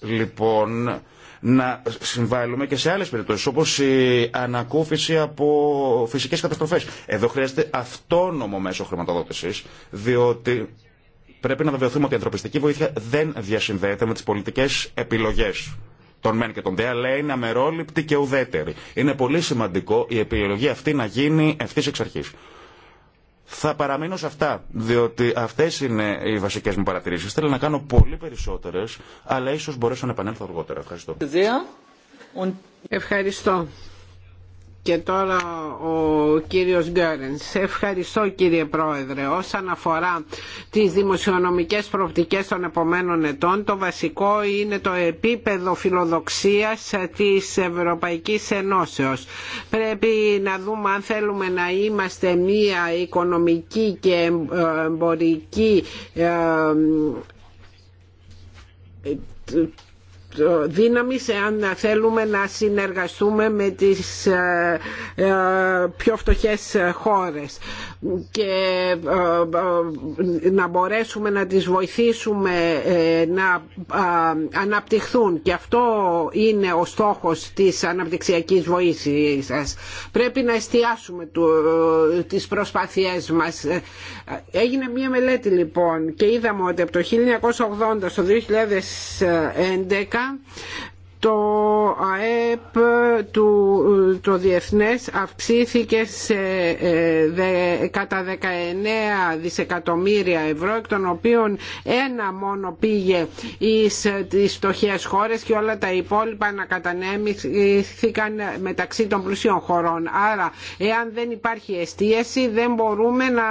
[SPEAKER 2] λοιπόν να συμβάλλουμε και σε άλλες περιπτώσεις όπως η ανακούφιση από φυσικές καταστροφές. Εδώ χρειάζεται αυτόνομο μέσο χρηματοδότησης διότι πρέπει να βεβαιωθούμε ότι η ανθρωπιστική βοήθεια δεν διασυνδέεται με τις πολιτικές επιλογές των μεν και των δε, αλλά είναι αμερόληπτη και ουδέτερη. Είναι πολύ σημαντικό η επιλογή αυτή να γίνει ευθύ εξ αρχής. Θα παραμείνω σε αυτά, διότι αυτέ είναι οι βασικέ μου παρατηρήσει. Θέλω να κάνω πολύ περισσότερε, αλλά ίσω μπορέσω να επανέλθω αργότερα. Ευχαριστώ.
[SPEAKER 3] Ευχαριστώ. Και τώρα ο κύριος Γκέρενς. Ευχαριστώ κύριε Πρόεδρε. Όσον αφορά τις δημοσιονομικές προοπτικές των επομένων ετών, το βασικό είναι το επίπεδο φιλοδοξίας της Ευρωπαϊκής Ενώσεως. Πρέπει να δούμε αν θέλουμε να είμαστε μία οικονομική και εμπορική ε, Δύναμη, εάν θέλουμε να συνεργαστούμε με τις ε, ε, πιο φτωχές χώρες και ε, ε, να μπορέσουμε να τις βοηθήσουμε ε, να αναπτυχθούν και αυτό είναι ο στόχος της αναπτυξιακής βοήθειας. Πρέπει να εστιάσουμε τις προσπάθειές μας. Έγινε μια μελέτη λοιπόν και είδαμε ότι από το 1980 στο 2011 το ΑΕΠ του, το διεθνές αυξήθηκε σε, ε, δε, κατά 19 δισεκατομμύρια ευρώ εκ των οποίων ένα μόνο πήγε εις ε, τις φτωχές χώρες και όλα τα υπόλοιπα ανακατανέμηθηκαν μεταξύ των πλουσίων χωρών. Άρα εάν δεν υπάρχει εστίαση δεν μπορούμε να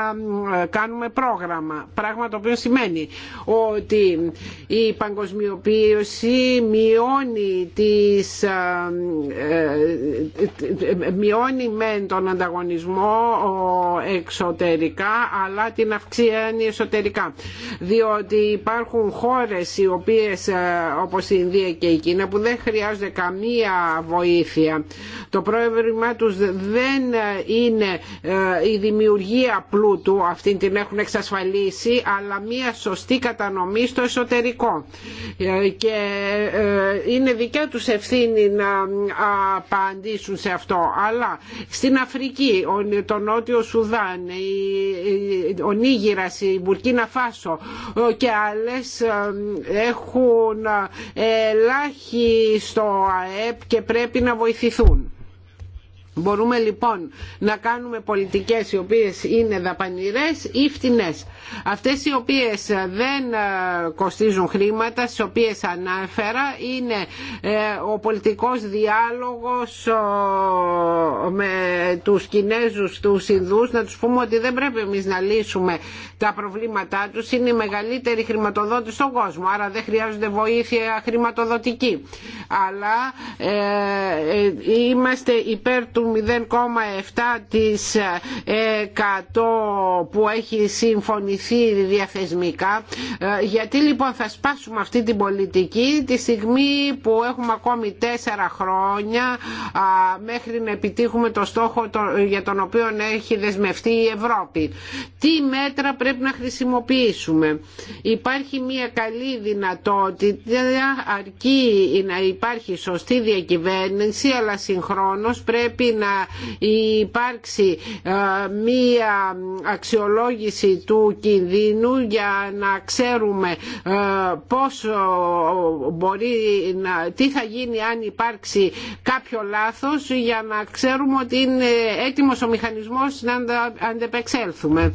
[SPEAKER 3] ε, κάνουμε πρόγραμμα. Πράγμα το οποίο σημαίνει ότι η παγκοσμιοποίηση μειώνει της ε, ε, μειώνει μεν τον ανταγωνισμό εξωτερικά αλλά την αυξάνει εσωτερικά διότι υπάρχουν χώρες οι οποίες ε, όπως η Ινδία και η Κίνα που δεν χρειάζονται καμία βοήθεια το πρόβλημά τους δεν είναι η δημιουργία πλούτου αυτήν την έχουν εξασφαλίσει αλλά μια σωστή κατανομή στο εσωτερικό και είναι και τους ευθύνη να απαντήσουν σε αυτό. Αλλά στην Αφρική, το Νότιο Σουδάν, ο Νίγηρας, η Μπουρκίνα Φάσο και άλλες ε, έχουν ε, ελάχιστο ΑΕΠ και πρέπει να βοηθηθούν. Μπορούμε λοιπόν να κάνουμε πολιτικές οι οποίες είναι δαπανηρές ή φτηνές. Αυτές οι οποίες δεν ε, κοστίζουν χρήματα, στις οποίες ανάφερα, είναι ε, ο πολιτικός διάλογος με τους Κινέζους, τους Ινδούς, να τους πούμε ότι δεν πρέπει εμείς να λύσουμε τα προβλήματά τους, είναι η μεγαλύτερη χρηματοδότηση στον κόσμο, άρα δεν χρειάζονται βοήθεια χρηματοδοτική. Αλλά ε, είμαστε υπέρ 0,7% ε, που έχει συμφωνηθεί διαθεσμικά. Ε, γιατί λοιπόν θα σπάσουμε αυτή την πολιτική τη στιγμή που έχουμε ακόμη τέσσερα χρόνια μέχρι να επιτύχουμε το στόχο για τον οποίο έχει δεσμευτεί η Ευρώπη. Τι μέτρα πρέπει να χρησιμοποιήσουμε. Υπάρχει μια καλή δυνατότητα αρκεί να υπάρχει σωστή διακυβέρνηση αλλά συγχρόνως πρέπει να υπάρξει ε, μία αξιολόγηση του κινδύνου για να ξέρουμε ε, πόσο μπορεί να, τι θα γίνει αν υπάρξει κάποιο λάθος για να ξέρουμε ότι είναι έτοιμος ο μηχανισμός να αντεπεξέλθουμε.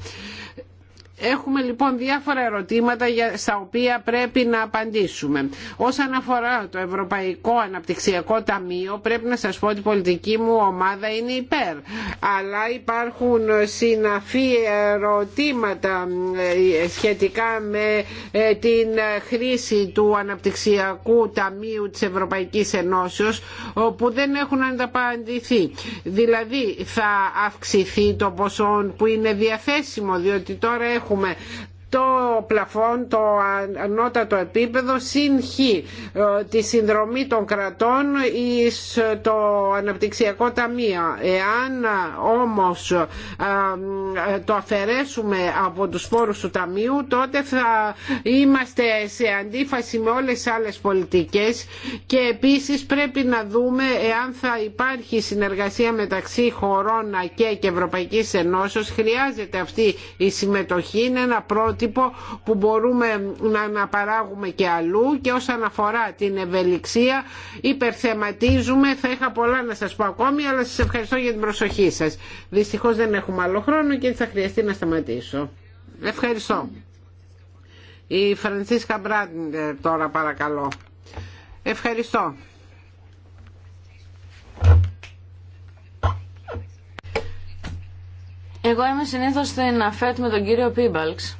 [SPEAKER 3] Έχουμε λοιπόν διάφορα ερωτήματα στα οποία πρέπει να απαντήσουμε. Όσον αφορά το Ευρωπαϊκό Αναπτυξιακό Ταμείο πρέπει να σας πω ότι η πολιτική μου ομάδα είναι υπέρ. Αλλά υπάρχουν συναφή ερωτήματα ε, σχετικά με ε, την χρήση του Αναπτυξιακού Ταμείου της Ευρωπαϊκής Ενώσεως που δεν έχουν ανταπαντηθεί. Δηλαδή θα αυξηθεί το ποσό που είναι διαθέσιμο διότι τώρα έχουμε το πλαφόν, το ανώτατο επίπεδο συγχύ ε, τη συνδρομή των κρατών ή το αναπτυξιακό ταμείο. Εάν όμως ε, ε, το αφαιρέσουμε από τους φόρους του ταμείου τότε θα είμαστε σε αντίφαση με όλες τις άλλες πολιτικές και επίσης πρέπει να δούμε εάν θα υπάρχει συνεργασία μεταξύ χωρών και, και Ευρωπαϊκής Ενώσεως. Χρειάζεται αυτή η συμμετοχή, είναι ένα πρώτο που μπορούμε να αναπαράγουμε και αλλού και όσον αφορά την ευελιξία υπερθεματίζουμε. Θα είχα πολλά να σας πω ακόμη αλλά σας ευχαριστώ για την προσοχή σας. Δυστυχώς δεν έχουμε άλλο χρόνο και θα χρειαστεί να σταματήσω. Ευχαριστώ. Η Φρανσίσκα Μπράντερ τώρα παρακαλώ. Ευχαριστώ.
[SPEAKER 1] Εγώ είμαι συνήθως στην ΑΦΕΤ με τον κύριο Πίμπαλξ.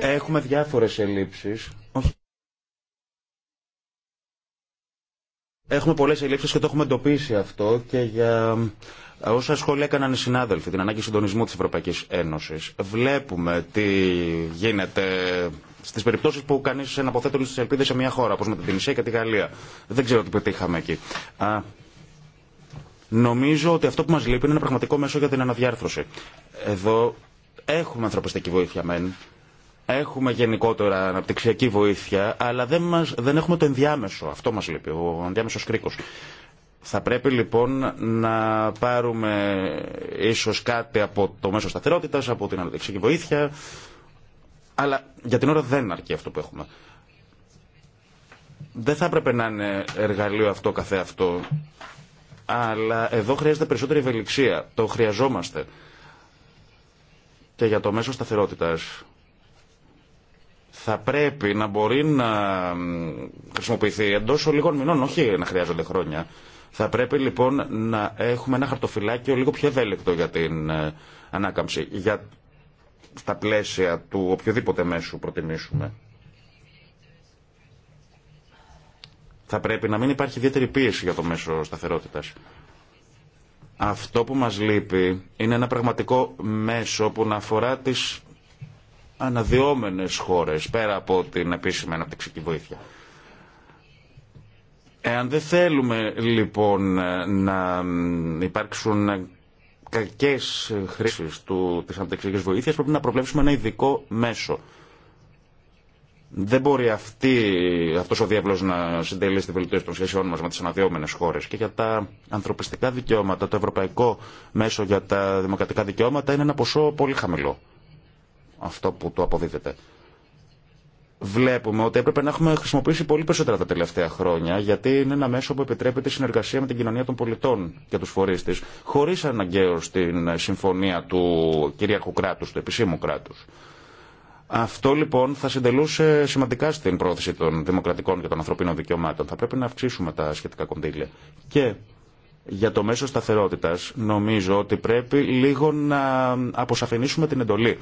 [SPEAKER 2] Έχουμε διάφορες ελλείψεις. Έχουμε πολλές ελλείψεις και το έχουμε εντοπίσει αυτό και για ε, όσα σχόλια έκαναν οι συνάδελφοι, την ανάγκη συντονισμού της Ευρωπαϊκής Ένωσης. Βλέπουμε τι γίνεται στις περιπτώσεις που κανεί αναποθέτει τι ελπίδες σε μια χώρα, όπως με την Τινησία και τη Γαλλία. Δεν ξέρω τι πετύχαμε εκεί. Α, νομίζω ότι αυτό που μας λείπει είναι ένα πραγματικό μέσο για την αναδιάρθρωση. Εδώ έχουμε ανθρωπιστική βοήθεια μεν, Έχουμε γενικότερα αναπτυξιακή βοήθεια, αλλά δεν, μας, δεν έχουμε το ενδιάμεσο. Αυτό μας λείπει, ο ενδιάμεσος κρίκος. Θα πρέπει λοιπόν να πάρουμε ίσως κάτι από το μέσο σταθερότητας, από την αναπτυξιακή βοήθεια, αλλά για την ώρα δεν αρκεί αυτό που έχουμε. Δεν θα έπρεπε να είναι εργαλείο αυτό αυτό αλλά εδώ χρειάζεται περισσότερη ευελιξία. Το χρειαζόμαστε. Και για το μέσο σταθερότητας θα πρέπει να μπορεί να χρησιμοποιηθεί εντό λίγων μηνών, όχι να χρειάζονται χρόνια. Θα πρέπει λοιπόν να έχουμε ένα χαρτοφυλάκιο λίγο πιο ευέλικτο για την ε, ανάκαμψη, για στα πλαίσια του οποιοδήποτε μέσου προτιμήσουμε. Θα πρέπει να μην υπάρχει ιδιαίτερη πίεση για το μέσο σταθερότητας. Αυτό που μας λείπει είναι ένα πραγματικό μέσο που να αφορά τις αναδυόμενες χώρες πέρα από την επίσημη αναπτυξική βοήθεια. Εάν δεν θέλουμε λοιπόν να υπάρξουν κακές χρήσεις του, της αναπτυξικής βοήθειας πρέπει να προβλέψουμε ένα ειδικό μέσο. Δεν μπορεί αυτή, αυτός ο διάβλος να συντελεί στη βελτίωση των σχέσεών μας με τις αναδυόμενες χώρες. Και για τα ανθρωπιστικά δικαιώματα, το ευρωπαϊκό μέσο για τα δημοκρατικά δικαιώματα είναι ένα ποσό πολύ χαμηλό αυτό που του αποδίδεται. Βλέπουμε ότι έπρεπε να έχουμε χρησιμοποιήσει πολύ περισσότερα τα τελευταία χρόνια, γιατί είναι ένα μέσο που επιτρέπεται συνεργασία με την κοινωνία των πολιτών και του φορεί τη, χωρί αναγκαίο την συμφωνία του κυρίαρχου κράτου, του επισήμου κράτου. Αυτό λοιπόν θα συντελούσε σημαντικά στην πρόθεση των δημοκρατικών και των ανθρωπίνων δικαιωμάτων. Θα πρέπει να αυξήσουμε τα σχετικά κονδύλια. Και για το μέσο σταθερότητα νομίζω ότι πρέπει λίγο να αποσαφηνίσουμε την εντολή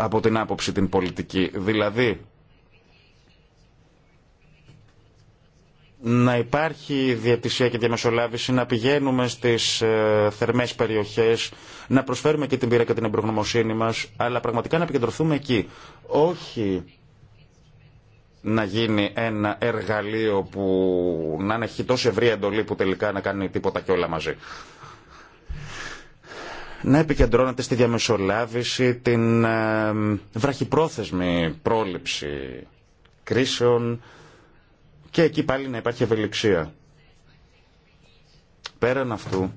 [SPEAKER 2] από την άποψη την πολιτική. Δηλαδή, να υπάρχει διατησία και διαμεσολάβηση, να πηγαίνουμε στις ε, θερμές περιοχές, να προσφέρουμε και την πείρα και την εμπρογνωμοσύνη μας, αλλά πραγματικά να επικεντρωθούμε εκεί. Όχι να γίνει ένα εργαλείο που να έχει τόσο ευρία εντολή που τελικά να κάνει τίποτα και όλα μαζί να επικεντρώνεται στη διαμεσολάβηση, την βραχυπρόθεσμη πρόληψη κρίσεων και εκεί πάλι να υπάρχει ευελιξία. Πέραν αυτού,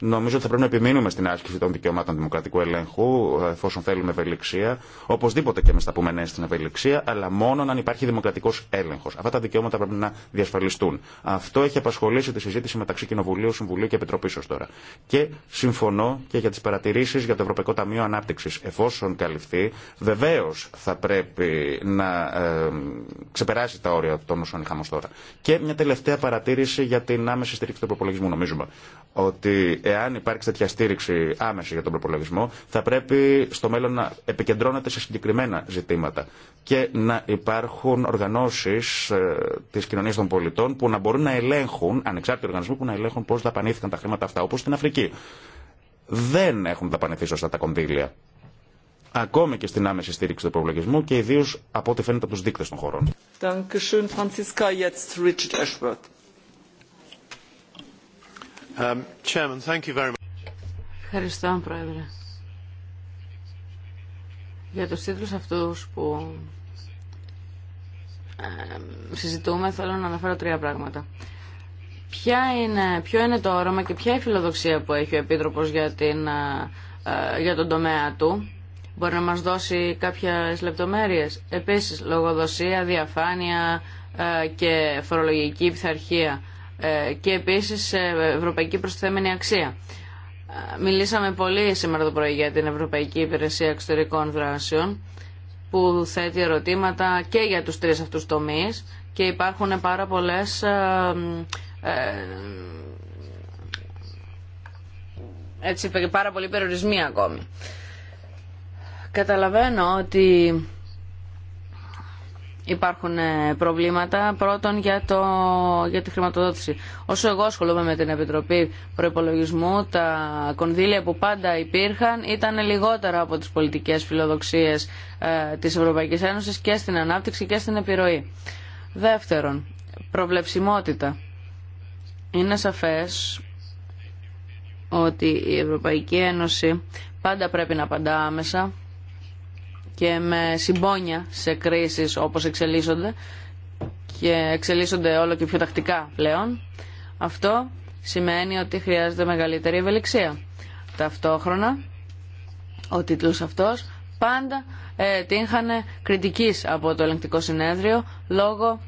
[SPEAKER 2] Νομίζω ότι θα πρέπει να επιμείνουμε στην άσκηση των δικαιωμάτων δημοκρατικού ελέγχου, εφόσον θέλουμε ευελιξία. Οπωσδήποτε και εμεί θα πούμε ναι στην ευελιξία, αλλά μόνο αν υπάρχει δημοκρατικό έλεγχο. Αυτά τα δικαιώματα πρέπει να διασφαλιστούν. Αυτό έχει απασχολήσει τη συζήτηση μεταξύ Κοινοβουλίου, Συμβουλίου και Επιτροπή ω τώρα. Και συμφωνώ και για τι παρατηρήσει για το Ευρωπαϊκό Ταμείο Ανάπτυξη. Εφόσον καλυφθεί, βεβαίω θα πρέπει να ε, ξεπεράσει τα όρια των όσων είχαμε τώρα. Και μια τελευταία παρατήρηση για την άμεση στήριξη του προπολογισμού. Νομίζουμε ότι εάν υπάρξει τέτοια στήριξη άμεση για τον προπολογισμό, θα πρέπει στο μέλλον να επικεντρώνεται σε συγκεκριμένα ζητήματα και να υπάρχουν οργανώσει ε, τη κοινωνία των πολιτών που να μπορούν να ελέγχουν, ανεξάρτητοι οργανισμοί που να ελέγχουν πώ δαπανήθηκαν τα χρήματα αυτά, όπω στην Αφρική. Δεν έχουν δαπανηθεί σωστά τα κονδύλια. Ακόμη και στην άμεση στήριξη του προπολογισμού και ιδίω από ό,τι φαίνεται από του δείκτε των χωρών. Um,
[SPEAKER 1] Ευχαριστώ, Πρόεδρε. Για τους τίτλους αυτούς που συζητούμε, θέλω να αναφέρω τρία πράγματα. Ποια είναι, ποιο είναι το όρομα και ποια η φιλοδοξία που έχει ο Επίτροπος για, ε, ε, για τον τομέα του. Μπορεί να μας δώσει κάποιες λεπτομέρειες. Επίσης, λογοδοσία, διαφάνεια ε, και φορολογική πειθαρχία. Ε, και επίσης ε, ευρωπαϊκή προστιθέμενη αξία. Ε, μιλήσαμε πολύ σήμερα το πρωί για την Ευρωπαϊκή Υπηρεσία Εξωτερικών Δράσεων που θέτει ερωτήματα και για τους τρεις αυτούς τομείς και υπάρχουν πάρα πολλές έτσι πάρα πολλοί περιορισμοί ακόμη. Καταλαβαίνω ότι υπάρχουν ε, προβλήματα. Πρώτον για, το, για τη χρηματοδότηση. Όσο εγώ ασχολούμαι με την Επιτροπή Προπολογισμού, τα κονδύλια που πάντα υπήρχαν ήταν λιγότερα από τις πολιτικές φιλοδοξίες ε, της Ευρωπαϊκής Ένωσης και στην ανάπτυξη και στην επιρροή. Δεύτερον, προβλεψιμότητα. Είναι σαφές ότι η Ευρωπαϊκή Ένωση πάντα πρέπει να απαντά άμεσα και με συμπόνια σε κρίσεις όπως εξελίσσονται και εξελίσσονται όλο και πιο τακτικά πλέον, αυτό σημαίνει ότι χρειάζεται μεγαλύτερη ευελιξία. Ταυτόχρονα, ο τίτλος αυτός πάντα ε, τύχανε κριτικής από το ελεγκτικό συνέδριο λόγω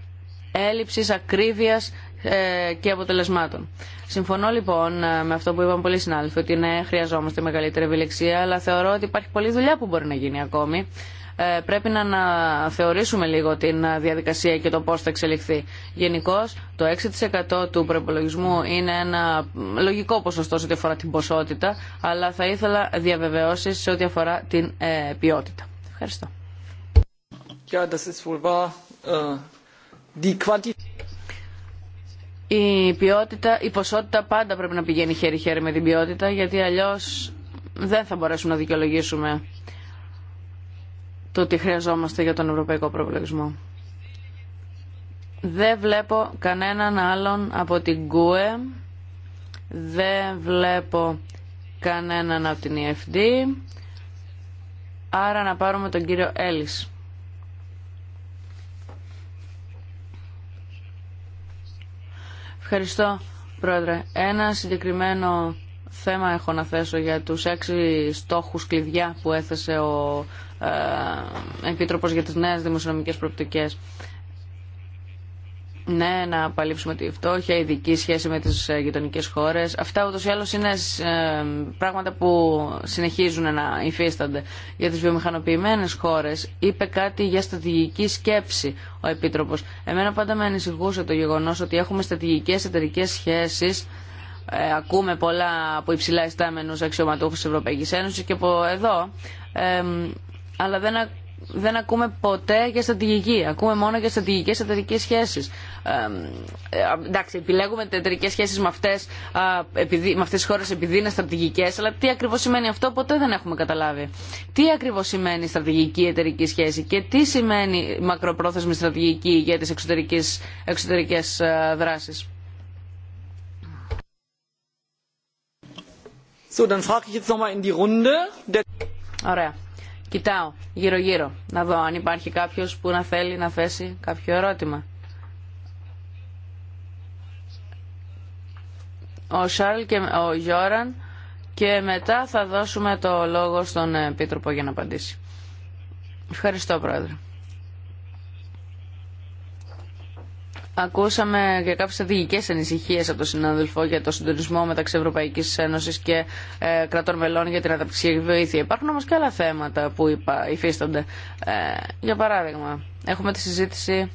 [SPEAKER 1] έλλειψης ακρίβειας ε, και αποτελεσμάτων. Συμφωνώ λοιπόν ε, με αυτό που είπαν πολλοί συνάδελφοι ότι ναι, χρειαζόμαστε μεγαλύτερη ευελιξία, αλλά θεωρώ ότι υπάρχει πολλή δουλειά που μπορεί να γίνει ακόμη. Ε, πρέπει να αναθεωρήσουμε λίγο την ε, διαδικασία και το πώς θα εξελιχθεί. Γενικώ, το 6% του προπολογισμού είναι ένα λογικό ποσοστό σε ό,τι αφορά την ποσότητα, αλλά θα ήθελα διαβεβαιώσεις σε ό,τι αφορά την ε, ποιότητα. Ευχαριστώ. Äh, η ποιότητα, η ποσότητα πάντα πρέπει να πηγαίνει χέρι-χέρι με την ποιότητα γιατί αλλιώς δεν θα μπορέσουμε να δικαιολογήσουμε το τι χρειαζόμαστε για τον ευρωπαϊκό προπολογισμό. Δεν βλέπω κανέναν άλλον από την ΚΟΕ, δεν βλέπω κανέναν από την EFD, άρα να πάρουμε τον κύριο Έλλης. Ευχαριστώ, Πρόεδρε. Ένα συγκεκριμένο θέμα έχω να θέσω για τους έξι στόχους κλειδιά που έθεσε ο ε, Επίτροπος για τις νέες δημοσιονομικές προοπτικές. Ναι, να παλύψουμε τη φτώχεια, ειδική σχέση με τις ε, γειτονικές χώρες. Αυτά ούτως ή άλλως είναι ε, πράγματα που συνεχίζουν να υφίστανται. Για τις βιομηχανοποιημένες χώρες είπε κάτι για στρατηγική σκέψη ο Επίτροπος. Εμένα πάντα με ανησυχούσε το γεγονός ότι έχουμε στρατηγικέ εταιρικέ σχέσεις ε, ακούμε πολλά από υψηλά ειστάμενους αξιωματούχους της Ευρωπαϊκής Ένωσης και από εδώ, ε, αλλά δεν δεν ακούμε ποτέ για στρατηγική. Ακούμε μόνο για στρατηγικέ εταιρικέ σχέσει. Ε, εντάξει, επιλέγουμε εταιρικέ σχέσει με αυτέ τι χώρε επειδή είναι στρατηγικέ, αλλά τι ακριβώ σημαίνει αυτό ποτέ δεν έχουμε καταλάβει. Τι ακριβώ σημαίνει στρατηγική εταιρική σχέση και τι σημαίνει μακροπρόθεσμη στρατηγική για τι εξωτερικέ δράσει. So, Ωραία. Κοιτάω γύρω-γύρω να δω αν υπάρχει κάποιος που να θέλει να θέσει κάποιο ερώτημα. Ο Σάρλ και ο Γιώραν και μετά θα δώσουμε το λόγο στον Επίτροπο για να απαντήσει. Ευχαριστώ Πρόεδρε. Ακούσαμε και κάποιες αδηγικές ανησυχίες από τον συνάδελφο για το συντονισμό μεταξύ Ευρωπαϊκής Ένωσης και ε, κρατών μελών για την ανταπτυξιακή βοήθεια. Υπάρχουν όμως και άλλα θέματα που υπα, υφίστανται. Ε, για παράδειγμα, έχουμε τη συζήτηση,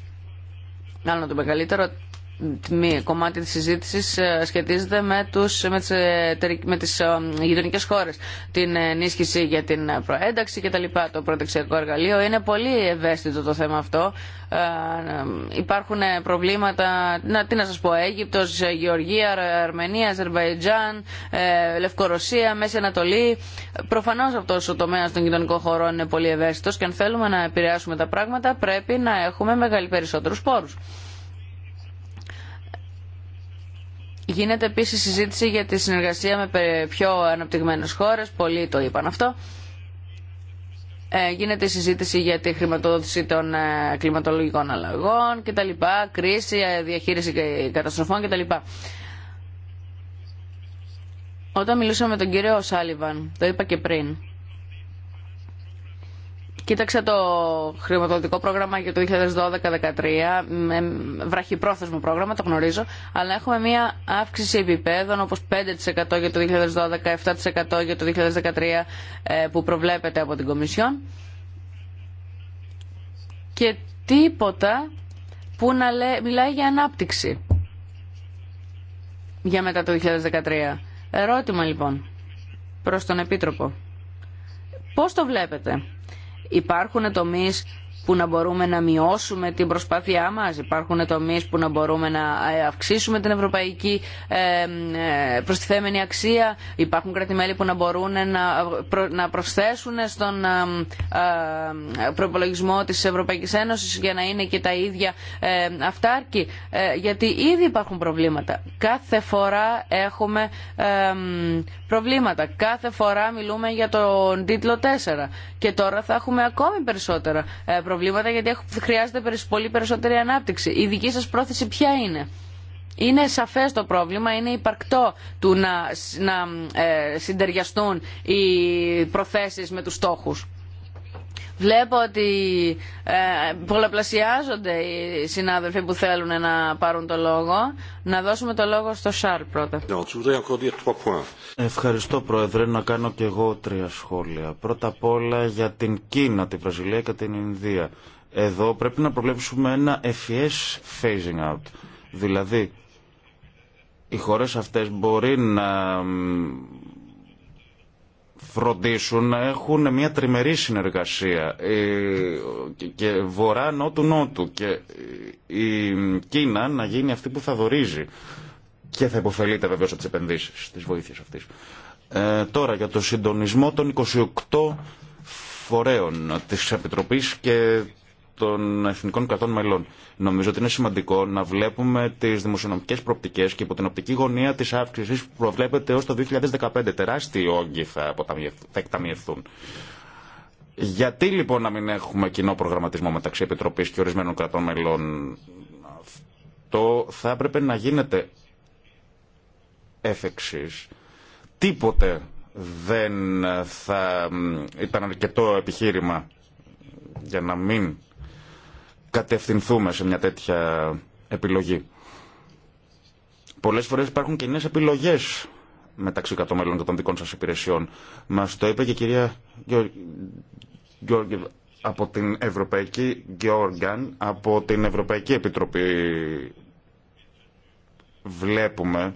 [SPEAKER 1] άλλο το μεγαλύτερο, κομμάτι της συζήτησης ε, σχετίζεται με, τους, με, τις, ε, με τις ε, γειτονικές χώρες. Την ενίσχυση για την προένταξη και τα λοιπά. Το πρωτεξιακό εργαλείο είναι πολύ ευαίσθητο το θέμα αυτό. Υπάρχουν προβλήματα, να, τι να σας πω, Αίγυπτος, Γεωργία, Αρμενία, Αζερβαϊτζάν, Λευκορωσία, Μέση Ανατολή. Προφανώς αυτός ο τομέας των γειτονικών χωρών είναι πολύ ευαίσθητος και αν θέλουμε να επηρεάσουμε τα πράγματα πρέπει να έχουμε μεγάλη περισσότερους πόρους. Γίνεται επίσης συζήτηση για τη συνεργασία με πιο αναπτυγμένους χώρες, πολλοί το είπαν αυτό. Ε, γίνεται συζήτηση για τη χρηματοδότηση των ε, κλιματολογικών αλλαγών κτλ, κρίση, ε, διαχείριση καταστροφών κτλ. Όταν μιλούσαμε με τον κύριο Σάλιβαν, το είπα και πριν, Κοίταξα το χρηματοδοτικό πρόγραμμα για το 2012-2013, βραχυπρόθεσμο πρόγραμμα, το γνωρίζω, αλλά έχουμε μία αύξηση επιπέδων όπως 5% για το 2012, 7% για το 2013 ε, που προβλέπεται από την Κομισιόν και τίποτα που να λέ, μιλάει για ανάπτυξη για μετά το 2013. Ερώτημα λοιπόν προς τον Επίτροπο. Πώς το βλέπετε υπάρχουν τομείς που να μπορούμε να μειώσουμε την προσπάθειά μας, υπάρχουν τομείς που να μπορούμε να ε, αυξήσουμε την ευρωπαϊκή ε, ε, προστιθέμενη αξία, υπάρχουν κρατημέλη που να μπορούν να προσθέσουν στον προπολογισμό της Ευρωπαϊκής Ένωσης για να είναι και τα ίδια αυτάρκη, γιατί ήδη υπάρχουν προβλήματα. Κάθε φορά έχουμε προβλήματα, κάθε φορά μιλούμε για τον τίτλο 4 και τώρα θα έχουμε ακόμη περισσότερα προβλήματα προβλήματα γιατί χρειάζεται πολύ περισσότερη ανάπτυξη. Η δική σας πρόθεση ποια είναι. Είναι σαφές το πρόβλημα, είναι υπαρκτό του να, να ε, συντεριαστούν οι προθέσεις με τους στόχους. Βλέπω ότι ε, πολλαπλασιάζονται οι συνάδελφοι που θέλουν να πάρουν το λόγο. Να δώσουμε το λόγο στο Σαρ πρώτα.
[SPEAKER 2] Ευχαριστώ Πρόεδρε να κάνω και εγώ τρία σχόλια. Πρώτα απ' όλα για την Κίνα, την Βραζιλία και την Ινδία. Εδώ πρέπει να προβλέψουμε ένα FES phasing out. Δηλαδή, οι χώρες αυτές μπορεί να φροντίσουν να έχουν μια τριμερή συνεργασία ε, και βορρά νότου νότου και ε, η Κίνα να γίνει αυτή που θα δορίζει και θα υποφελείται βεβαίως από τις επενδύσεις της βοήθειας αυτής. Ε, τώρα για το συντονισμό των 28 φορέων της Επιτροπής και των εθνικών κρατών μελών. Νομίζω ότι είναι σημαντικό να βλέπουμε τι δημοσιονομικέ προοπτικέ και υπό την οπτική γωνία τη αύξηση που προβλέπεται έω το 2015. Τεράστιοι όγκοι θα εκταμιευθούν. Γιατί λοιπόν να μην έχουμε κοινό προγραμματισμό μεταξύ επιτροπή και ορισμένων κρατών μελών. Αυτό θα έπρεπε να γίνεται έφεξή, Τίποτε δεν θα ήταν αρκετό επιχείρημα για να μην κατευθυνθούμε σε μια τέτοια επιλογή. Πολλές φορές υπάρχουν κοινέ επιλογές μεταξύ κατωμέλων και των δικών σας υπηρεσιών. Μας το είπε και η κυρία Γιώργη από την Ευρωπαϊκή Γεώργαν, από την Ευρωπαϊκή Επιτροπή βλέπουμε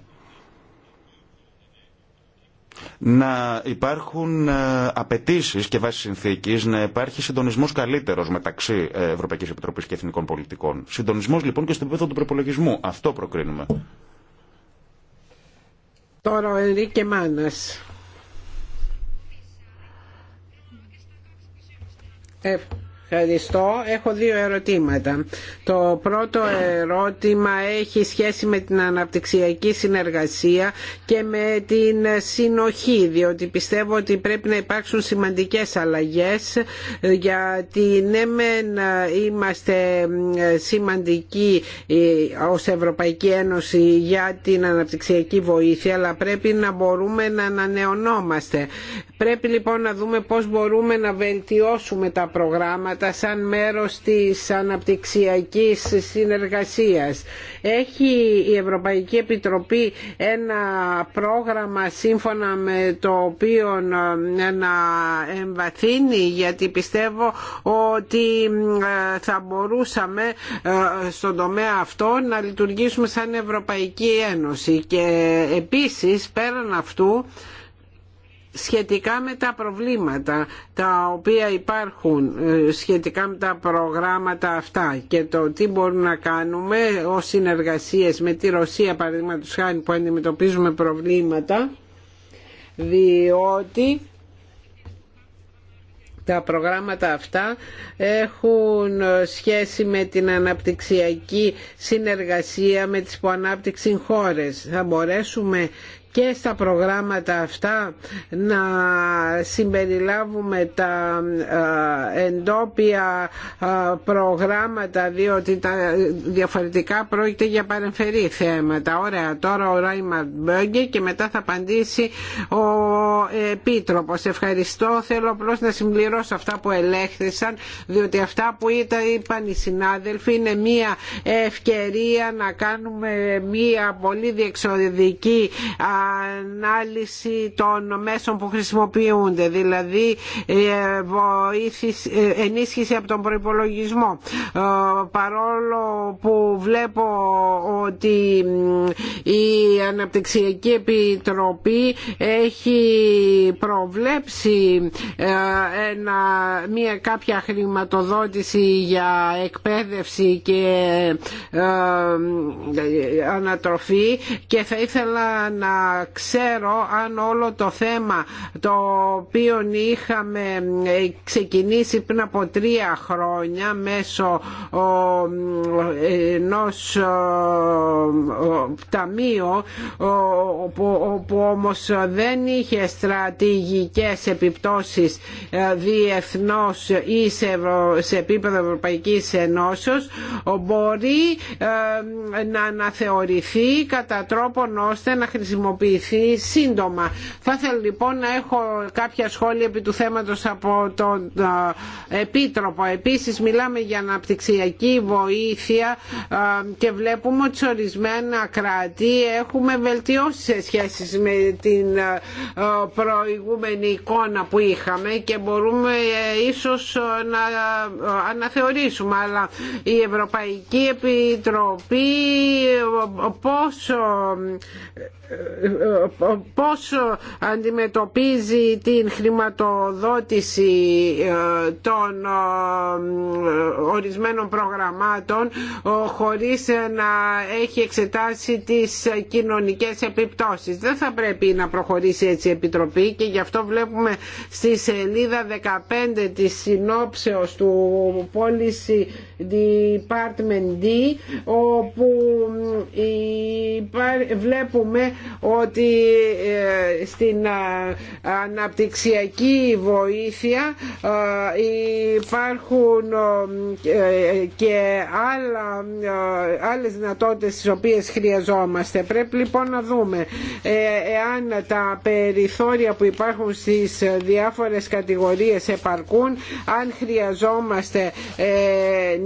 [SPEAKER 2] να υπάρχουν ε, απαιτήσει και βάσει συνθήκη να υπάρχει συντονισμό καλύτερο μεταξύ ε, Ευρωπαϊκή Επιτροπή και Εθνικών Πολιτικών. Συντονισμό λοιπόν και στο επίπεδο του προπολογισμού. Αυτό προκρίνουμε.
[SPEAKER 3] Τώρα ο Ε, Ευχαριστώ. Έχω δύο ερωτήματα. Το πρώτο ερώτημα έχει σχέση με την αναπτυξιακή συνεργασία και με την συνοχή, διότι πιστεύω ότι πρέπει να υπάρξουν σημαντικές αλλαγές, γιατί ναι μεν είμαστε σημαντικοί ως Ευρωπαϊκή Ένωση για την αναπτυξιακή βοήθεια, αλλά πρέπει να μπορούμε να ανανεωνόμαστε. Πρέπει λοιπόν να δούμε πώς μπορούμε να βελτιώσουμε τα προγράμματα σαν μέρος της αναπτυξιακής συνεργασίας. Έχει η Ευρωπαϊκή Επιτροπή ένα πρόγραμμα σύμφωνα με το οποίο ε, να εμβαθύνει γιατί πιστεύω ότι ε, θα μπορούσαμε ε, στον τομέα αυτό να λειτουργήσουμε σαν Ευρωπαϊκή Ένωση και επίσης πέραν αυτού σχετικά με τα προβλήματα τα οποία υπάρχουν ε, σχετικά με τα προγράμματα αυτά και το τι μπορούμε να κάνουμε ως συνεργασίες με τη Ρωσία παραδείγματος χάρη που αντιμετωπίζουμε προβλήματα διότι τα προγράμματα αυτά έχουν σχέση με την αναπτυξιακή συνεργασία με τις ανάπτυξη χώρες. Θα μπορέσουμε και στα προγράμματα αυτά να συμπεριλάβουμε τα ε, εντόπια ε, προγράμματα διότι τα διαφορετικά πρόκειται για παρεμφερή θέματα. Ωραία, τώρα ο Ράιμαρντ Μπέγκε και μετά θα απαντήσει ο Επίτροπος. Ευχαριστώ, θέλω απλώ να συμπληρώσω αυτά που ελέγχθησαν διότι αυτά που είπαν οι συνάδελφοι είναι μία ευκαιρία να κάνουμε μία πολύ διεξοδική ανάλυση των μέσων που χρησιμοποιούνται, δηλαδή ε, ε, ενίσχυση από τον προϋπολογισμό. Ε, παρόλο που βλέπω ότι η Αναπτυξιακή Επιτροπή έχει προβλέψει μια κάποια χρηματοδότηση για εκπαίδευση και ανατροφή και θα ήθελα να ξέρω αν όλο το θέμα το οποίο είχαμε ξεκινήσει πριν από τρία χρόνια μέσω ενός ταμείου που όμως δεν είχε στρατηγικές επιπτώσεις ε, διεθνώς ή σε επίπεδο Ευρωπαϊκής Ενώσεως μπορεί ε, να αναθεωρηθεί κατά τρόπον ώστε να χρησιμοποιηθεί σύντομα. Θα ήθελα λοιπόν να έχω κάποια σχόλια επί του θέματος από τον Επίτροπο. Επίσης μιλάμε για αναπτυξιακή βοήθεια και βλέπουμε ότι σε ορισμένα κράτη έχουμε βελτιώσει σε σχέση με την προηγούμενη εικόνα που είχαμε και μπορούμε ε, ίσως να αναθεωρήσουμε αλλά η Ευρωπαϊκή Επιτροπή ε, πόσο ε, ε, πώς αντιμετωπίζει την χρηματοδότηση ε, των ορισμένων προγραμμάτων χωρίς να έχει εξετάσει τις κοινωνικές επιπτώσεις. Δεν θα πρέπει να προχωρήσει έτσι η Επιτροπή και γι' αυτό βλέπουμε στη σελίδα 15 της συνόψεως του πώληση Department D όπου ε, βλέπουμε ότι ε, στην ε, αναπτυξιακή βοήθεια υπάρχουν και άλλα, άλλες δυνατότητες τις οποίες χρειαζόμαστε. Πρέπει λοιπόν να δούμε εάν τα περιθώρια που υπάρχουν στις διάφορες κατηγορίες επαρκούν, αν χρειαζόμαστε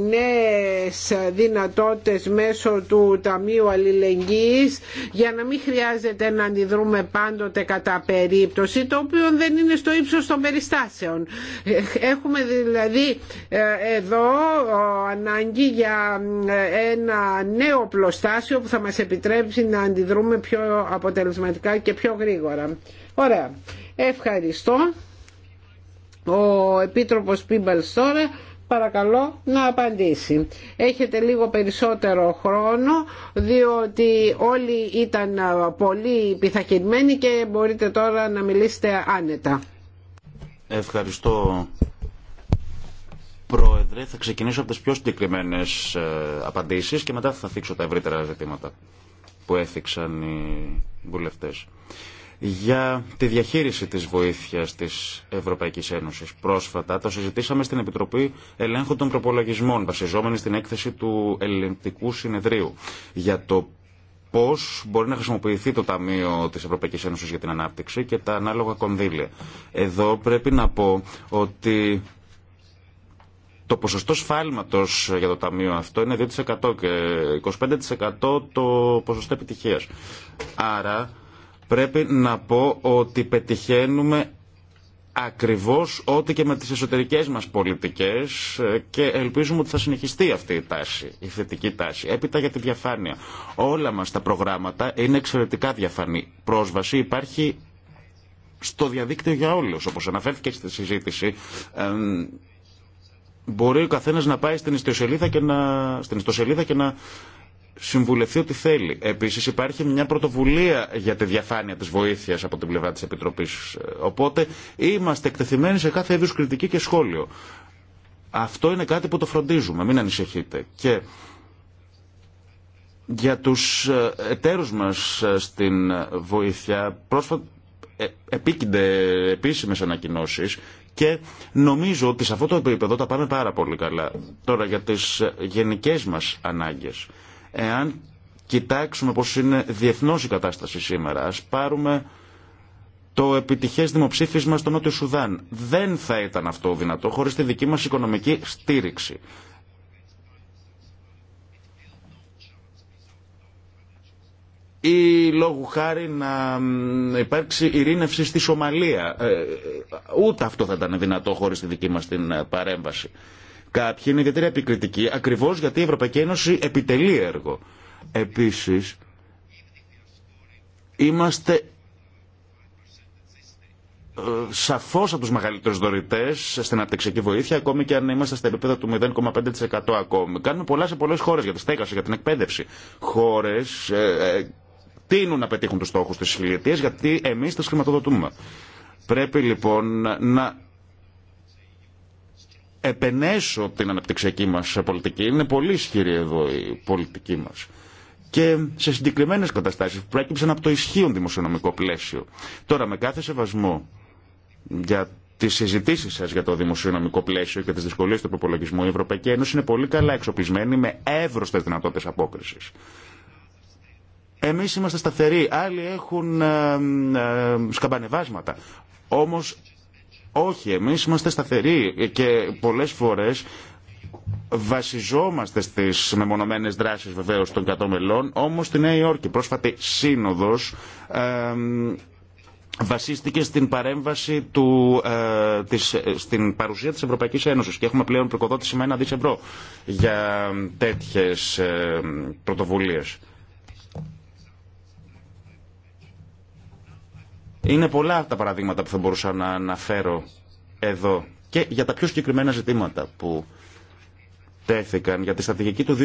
[SPEAKER 3] νέες δυνατότητες μέσω του Ταμείου Αλληλεγγύης για να μην χρειάζεται να αντιδρούμε πάντοτε κατά περίπτωση το οποίο δεν είναι στο ύψος των περιστάσεων. Έχουμε δηλαδή ε, εδώ ανάγκη για ε, ένα νέο πλωστάσιο που θα μας επιτρέψει να αντιδρούμε πιο αποτελεσματικά και πιο γρήγορα. Ωραία. Ευχαριστώ. Ο Επίτροπος Πίμπαλς τώρα παρακαλώ να απαντήσει. Έχετε λίγο περισσότερο χρόνο διότι όλοι ήταν πολύ πειθαρχημένοι και μπορείτε τώρα να μιλήσετε άνετα.
[SPEAKER 2] Ευχαριστώ Πρόεδρε. Θα ξεκινήσω από τις πιο συγκεκριμένε ε, απαντήσεις και μετά θα θίξω τα ευρύτερα ζητήματα που έθιξαν οι βουλευτές για τη διαχείριση της βοήθειας της Ευρωπαϊκής Ένωσης. Πρόσφατα το συζητήσαμε στην Επιτροπή Ελέγχου των Προπολογισμών, βασιζόμενη στην έκθεση του Ελληνικού Συνεδρίου, για το πώς μπορεί να χρησιμοποιηθεί το Ταμείο της Ευρωπαϊκής Ένωσης για την Ανάπτυξη και τα ανάλογα κονδύλια. Εδώ πρέπει να πω ότι το ποσοστό σφάλματος για το Ταμείο αυτό είναι 2% και 25% το ποσοστό επιτυχίας. Άρα πρέπει να πω ότι πετυχαίνουμε ακριβώς ό,τι και με τις εσωτερικές μας πολιτικές ε, και ελπίζουμε ότι θα συνεχιστεί αυτή η τάση, η θετική τάση. Έπειτα για τη διαφάνεια. Όλα μας τα προγράμματα είναι εξαιρετικά διαφανή. Πρόσβαση υπάρχει στο διαδίκτυο για όλους, όπως αναφέρθηκε στη συζήτηση. μπορεί ο καθένας να πάει και να, στην ιστοσελίδα και να συμβουλευτεί ό,τι θέλει. Επίση, υπάρχει μια πρωτοβουλία για τη διαφάνεια τη βοήθεια από την πλευρά τη Επιτροπή. Οπότε, είμαστε εκτεθειμένοι σε κάθε είδου κριτική και σχόλιο. Αυτό είναι κάτι που το φροντίζουμε, μην ανησυχείτε. Και για τους ε, εταίρους μας ε, στην βοήθεια πρόσφατα ε, επίκυνται επίσημες ανακοινώσει και νομίζω ότι σε αυτό το επίπεδο τα πάμε πάρα πολύ καλά. Τώρα για τις γενικές μας ανάγκες. Εάν κοιτάξουμε πώς είναι διεθνώς η κατάσταση σήμερα, ας πάρουμε το επιτυχές δημοψήφισμα στο Νότιο Σουδάν. Δεν θα ήταν αυτό δυνατό χωρίς τη δική μας οικονομική στήριξη. ή λόγου χάρη να υπάρξει ειρήνευση στη Σομαλία. Ε, ε, ε, ούτε αυτό θα ήταν δυνατό χωρίς τη δική μας την παρέμβαση. Κάποιοι είναι ιδιαίτερα επικριτικοί ακριβώ γιατί η Ευρωπαϊκή Ένωση επιτελεί έργο. Επίση, είμαστε ε, σαφώ από του μεγαλύτερου δωρητέ στην αναπτυξιακή βοήθεια, ακόμη και αν είμαστε στα επίπεδα του 0,5% ακόμη. Κάνουμε πολλά σε πολλέ χώρε για τη στέγαση, για την εκπαίδευση. Χώρε ε, ε, τείνουν να πετύχουν του στόχου τη χιλιετία γιατί εμεί τα χρηματοδοτούμε. Πρέπει λοιπόν να επενέσω την αναπτυξιακή μας πολιτική. Είναι πολύ ισχυρή εδώ η πολιτική μας και σε συγκεκριμένε καταστάσει που προέκυψαν από το ισχύον δημοσιονομικό πλαίσιο. Τώρα, με κάθε σεβασμό για τι συζητήσει σα για το δημοσιονομικό πλαίσιο και τι δυσκολίε του προπολογισμού, η Ευρωπαϊκή Ένωση είναι πολύ καλά εξοπλισμένη με εύρωστε δυνατότητε απόκριση. Εμεί είμαστε σταθεροί, άλλοι έχουν ε, ε σκαμπανεβάσματα. Όμω όχι, εμείς είμαστε σταθεροί και πολλές φορές βασιζόμαστε στις μεμονωμένες δράσεις βεβαίως των 100 μελών, όμως στη Νέα Υόρκη πρόσφατη σύνοδος βασίστηκε στην παρέμβαση του, ε, της, ε, στην παρουσία της Ευρωπαϊκής Ένωσης και έχουμε πλέον προκοδότηση με ένα δις για τέτοιες ε, πρωτοβουλίες. Είναι πολλά τα παραδείγματα που θα μπορούσα να αναφέρω εδώ και για τα πιο συγκεκριμένα ζητήματα που τέθηκαν για τη στρατηγική του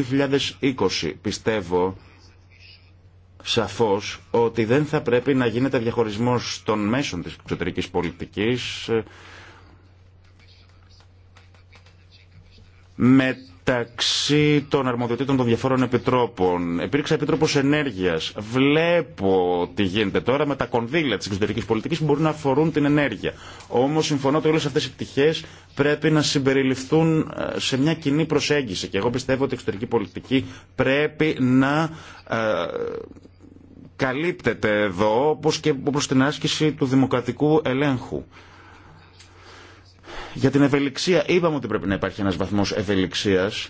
[SPEAKER 2] 2020. Πιστεύω σαφώς ότι δεν θα πρέπει να γίνεται διαχωρισμός των μέσων της εξωτερικής πολιτικής ε, με μεταξύ των αρμοδιοτήτων των διαφόρων επιτρόπων. Υπήρξα επίτροπο ενέργεια. Βλέπω τι γίνεται τώρα με τα κονδύλια τη εξωτερική πολιτική που μπορεί να αφορούν την ενέργεια. Όμω, συμφωνώ ότι όλε αυτέ οι πτυχέ πρέπει να συμπεριληφθούν ε, σε μια κοινή προσέγγιση. Και εγώ πιστεύω ότι η εξωτερική πολιτική πρέπει να ε, καλύπτεται εδώ όπω και προ την άσκηση του δημοκρατικού ελέγχου. Για την ευελιξία είπαμε ότι πρέπει να υπάρχει ένας βαθμός ευελιξίας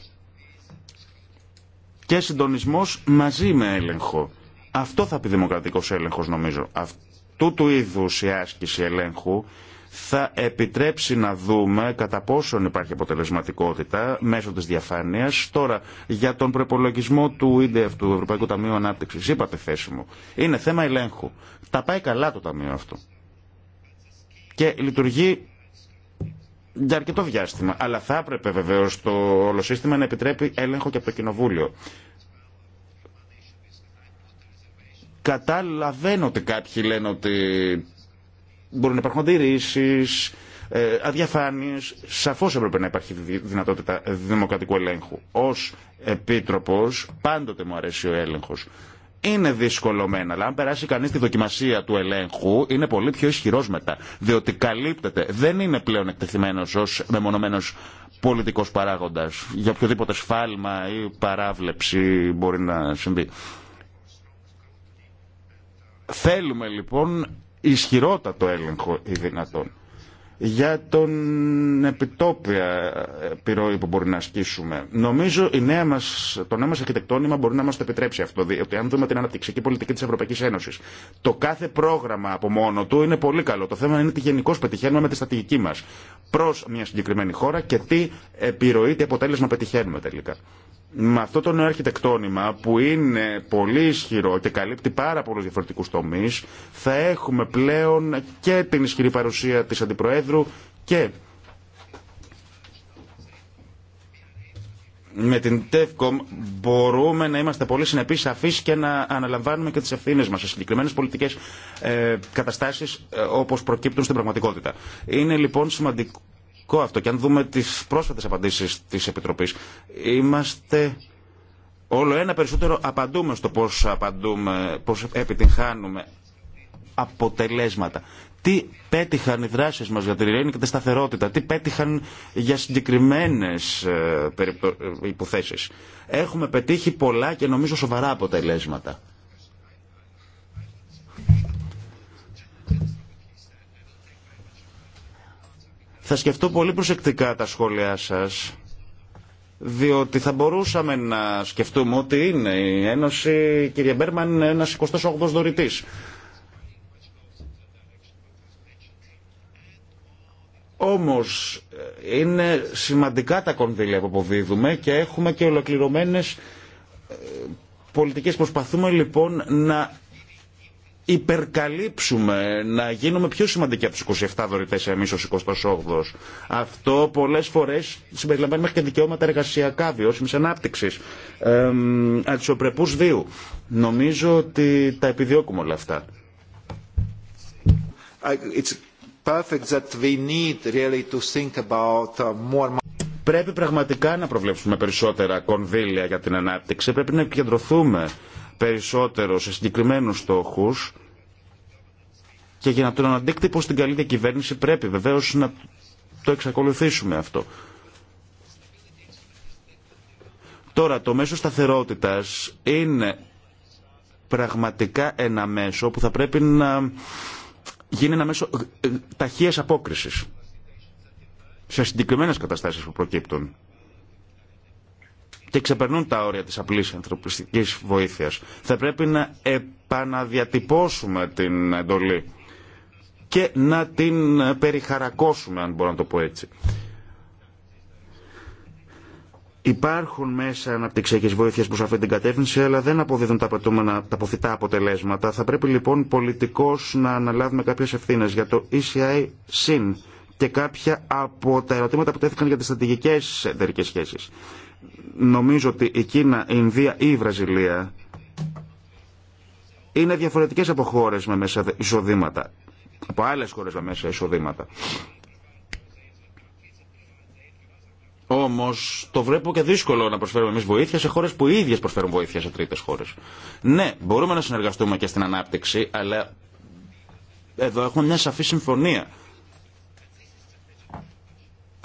[SPEAKER 2] και συντονισμός μαζί με έλεγχο. Αυτό θα πει δημοκρατικός έλεγχος νομίζω. Αυτού του είδους η άσκηση ελέγχου θα επιτρέψει να δούμε κατά πόσον υπάρχει αποτελεσματικότητα μέσω της διαφάνειας. Τώρα, για τον προπολογισμό του ΕΕ, του Ευρωπαϊκού Ταμείου Ανάπτυξης, είπατε θέση μου, είναι θέμα ελέγχου. Τα πάει καλά το Ταμείο αυτό. Και λειτουργεί για αρκετό διάστημα. Αλλά θα έπρεπε βεβαίω το όλο σύστημα να επιτρέπει έλεγχο και από το Κοινοβούλιο. Καταλαβαίνω ότι κάποιοι λένε ότι μπορούν να υπάρχουν αντιρρήσει, ε, αδιαφάνειε. Σαφώ έπρεπε να υπάρχει δυνατότητα δημοκρατικού ελέγχου. Ω επίτροπο, πάντοτε μου αρέσει ο έλεγχο είναι δύσκολο μένα, αλλά αν περάσει κανεί τη δοκιμασία του ελέγχου, είναι πολύ πιο ισχυρό μετά. Διότι καλύπτεται. Δεν είναι πλέον εκτεθειμένο ω μεμονωμένο πολιτικό παράγοντα. Για οποιοδήποτε σφάλμα ή παράβλεψη μπορεί να συμβεί. Θέλουμε λοιπόν ισχυρότατο έλεγχο ή δυνατόν για τον επιτόπια επιρροή που μπορεί να ασκήσουμε. Νομίζω η νέα μας, το νέο μας αρχιτεκτόνημα μπορεί να μας το επιτρέψει αυτό. Διότι αν δούμε την αναπτυξιακή πολιτική της Ευρωπαϊκής Ένωσης, το κάθε πρόγραμμα από μόνο του είναι πολύ καλό. Το θέμα είναι τι γενικώ πετυχαίνουμε με τη στρατηγική μας προς μια συγκεκριμένη χώρα και τι επιρροή, τι αποτέλεσμα πετυχαίνουμε τελικά με αυτό το νέο αρχιτεκτόνημα που είναι πολύ ισχυρό και καλύπτει πάρα πολλούς διαφορετικούς τομείς θα έχουμε πλέον και την ισχυρή παρουσία της Αντιπροέδρου και με την ΤΕΦΚΟΜ μπορούμε να είμαστε πολύ συνεπείς, σαφείς και να αναλαμβάνουμε και τις ευθύνε μας σε συγκεκριμένες πολιτικές ε, καταστάσεις ε, όπως προκύπτουν στην πραγματικότητα. Είναι λοιπόν σημαντικό λογικό αυτό και αν δούμε τι πρόσφατε απαντήσει τη επιτροπή, είμαστε όλο ένα περισσότερο απαντούμε στο πώ απαντούμε, πώς επιτυγχάνουμε αποτελέσματα. Τι πέτυχαν οι δράσεις μας για την ειρήνη και τη σταθερότητα, τι πέτυχαν για συγκεκριμένες ε, ε, υποθέσεις. Έχουμε πετύχει πολλά και νομίζω σοβαρά αποτελέσματα. Θα σκεφτώ πολύ προσεκτικά τα σχόλιά σας, διότι θα μπορούσαμε να σκεφτούμε ότι είναι η Ένωση, κύριε Μπέρμαν, ένας 28ος δωρητής. Όμως είναι σημαντικά τα κονδύλια που αποδίδουμε και έχουμε και ολοκληρωμένες ε, πολιτικές. Προσπαθούμε λοιπόν να υπερκαλύψουμε, να γίνουμε πιο σημαντικοί από του 27 δωρητέ εμεί ω 28. Αυτό πολλέ φορέ συμπεριλαμβάνει μέχρι και δικαιώματα εργασιακά, βιώσιμη ανάπτυξη. ε, αξιοπρεπού βίου. Νομίζω ότι τα επιδιώκουμε όλα αυτά. Πρέπει πραγματικά να προβλέψουμε περισσότερα κονδύλια για την ανάπτυξη. Πρέπει να επικεντρωθούμε περισσότερο σε συγκεκριμένους στόχους και για να τον αντίκτυπο στην καλή διακυβέρνηση πρέπει βεβαίως να το εξακολουθήσουμε αυτό. Τώρα, το μέσο σταθερότητας είναι πραγματικά ένα μέσο που θα πρέπει να γίνει ένα μέσο ταχείας απόκρισης σε συγκεκριμένες καταστάσεις που προκύπτουν και ξεπερνούν τα όρια της απλής ανθρωπιστικής βοήθειας. Θα πρέπει να επαναδιατυπώσουμε την εντολή και να την περιχαρακώσουμε, αν μπορώ να το πω έτσι. Υπάρχουν μέσα αναπτυξιακή βοήθεια προ αυτή την κατεύθυνση, αλλά δεν αποδίδουν τα απαιτούμενα τα αποτελέσματα. Θα πρέπει λοιπόν πολιτικώ να αναλάβουμε κάποιε ευθύνε για το ECI συν και κάποια από τα ερωτήματα που τέθηκαν για τι στρατηγικέ εταιρικέ σχέσει νομίζω ότι η Κίνα, η Ινδία ή η Βραζιλία είναι διαφορετικές από χώρες με μέσα εισοδήματα, από άλλες χώρες με μέσα εισοδήματα. Όμω το βλέπω και δύσκολο να προσφέρουμε εμεί βοήθεια σε χώρε που οι προσφέρουν βοήθεια σε τρίτες χώρε. Ναι, μπορούμε να συνεργαστούμε και στην ανάπτυξη, αλλά εδώ έχουμε μια σαφή συμφωνία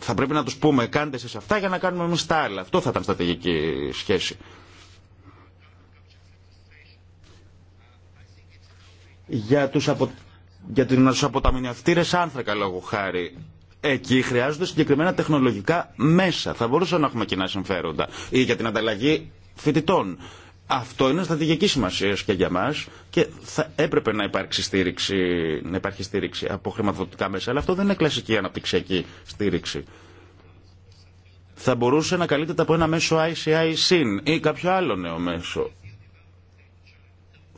[SPEAKER 2] θα πρέπει να τους πούμε κάντε εσείς αυτά για να κάνουμε εμείς τα άλλα. Αυτό θα ήταν στρατηγική σχέση. Για τους, απο... για τους άνθρακα λόγω χάρη Εκεί χρειάζονται συγκεκριμένα τεχνολογικά μέσα. Θα μπορούσαμε να έχουμε κοινά συμφέροντα. Ή για την ανταλλαγή φοιτητών. Αυτό είναι στρατηγική σημασία και για μα και θα έπρεπε να, υπάρξει στήριξη, να υπάρχει στήριξη από χρηματοδοτικά μέσα, αλλά αυτό δεν είναι κλασική αναπτυξιακή στήριξη. Θα μπορούσε να καλύπτεται από ένα μέσο ICI-SIN ή κάποιο άλλο νέο μέσο.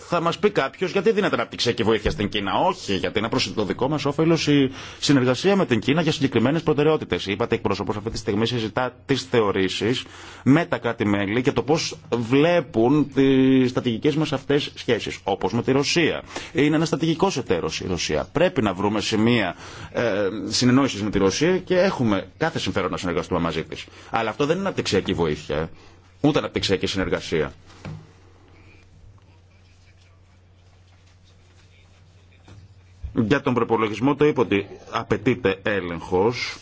[SPEAKER 2] Θα μα πει κάποιο γιατί δίνεται αναπτυξιακή βοήθεια στην Κίνα. Όχι, γιατί είναι προ το δικό μα όφελο η συνεργασία με την Κίνα για συγκεκριμένε προτεραιότητε. Είπατε εκπρόσωπο αυτή τη στιγμή συζητά τι θεωρήσει με τα κράτη-μέλη και το πώ βλέπουν τι στατηγικέ μα αυτέ σχέσει. Όπω με τη Ρωσία. Είναι ένα στατηγικό εταίρο η Ρωσία. Πρέπει να βρούμε σημεία ε, συνεννόηση με τη Ρωσία και έχουμε κάθε συμφέρον να συνεργαστούμε μαζί τη. Αλλά αυτό δεν είναι αναπτυξιακή βοήθεια, ούτε αναπτυξιακή συνεργασία. Για τον προπολογισμό το είπε ότι απαιτείται έλεγχος,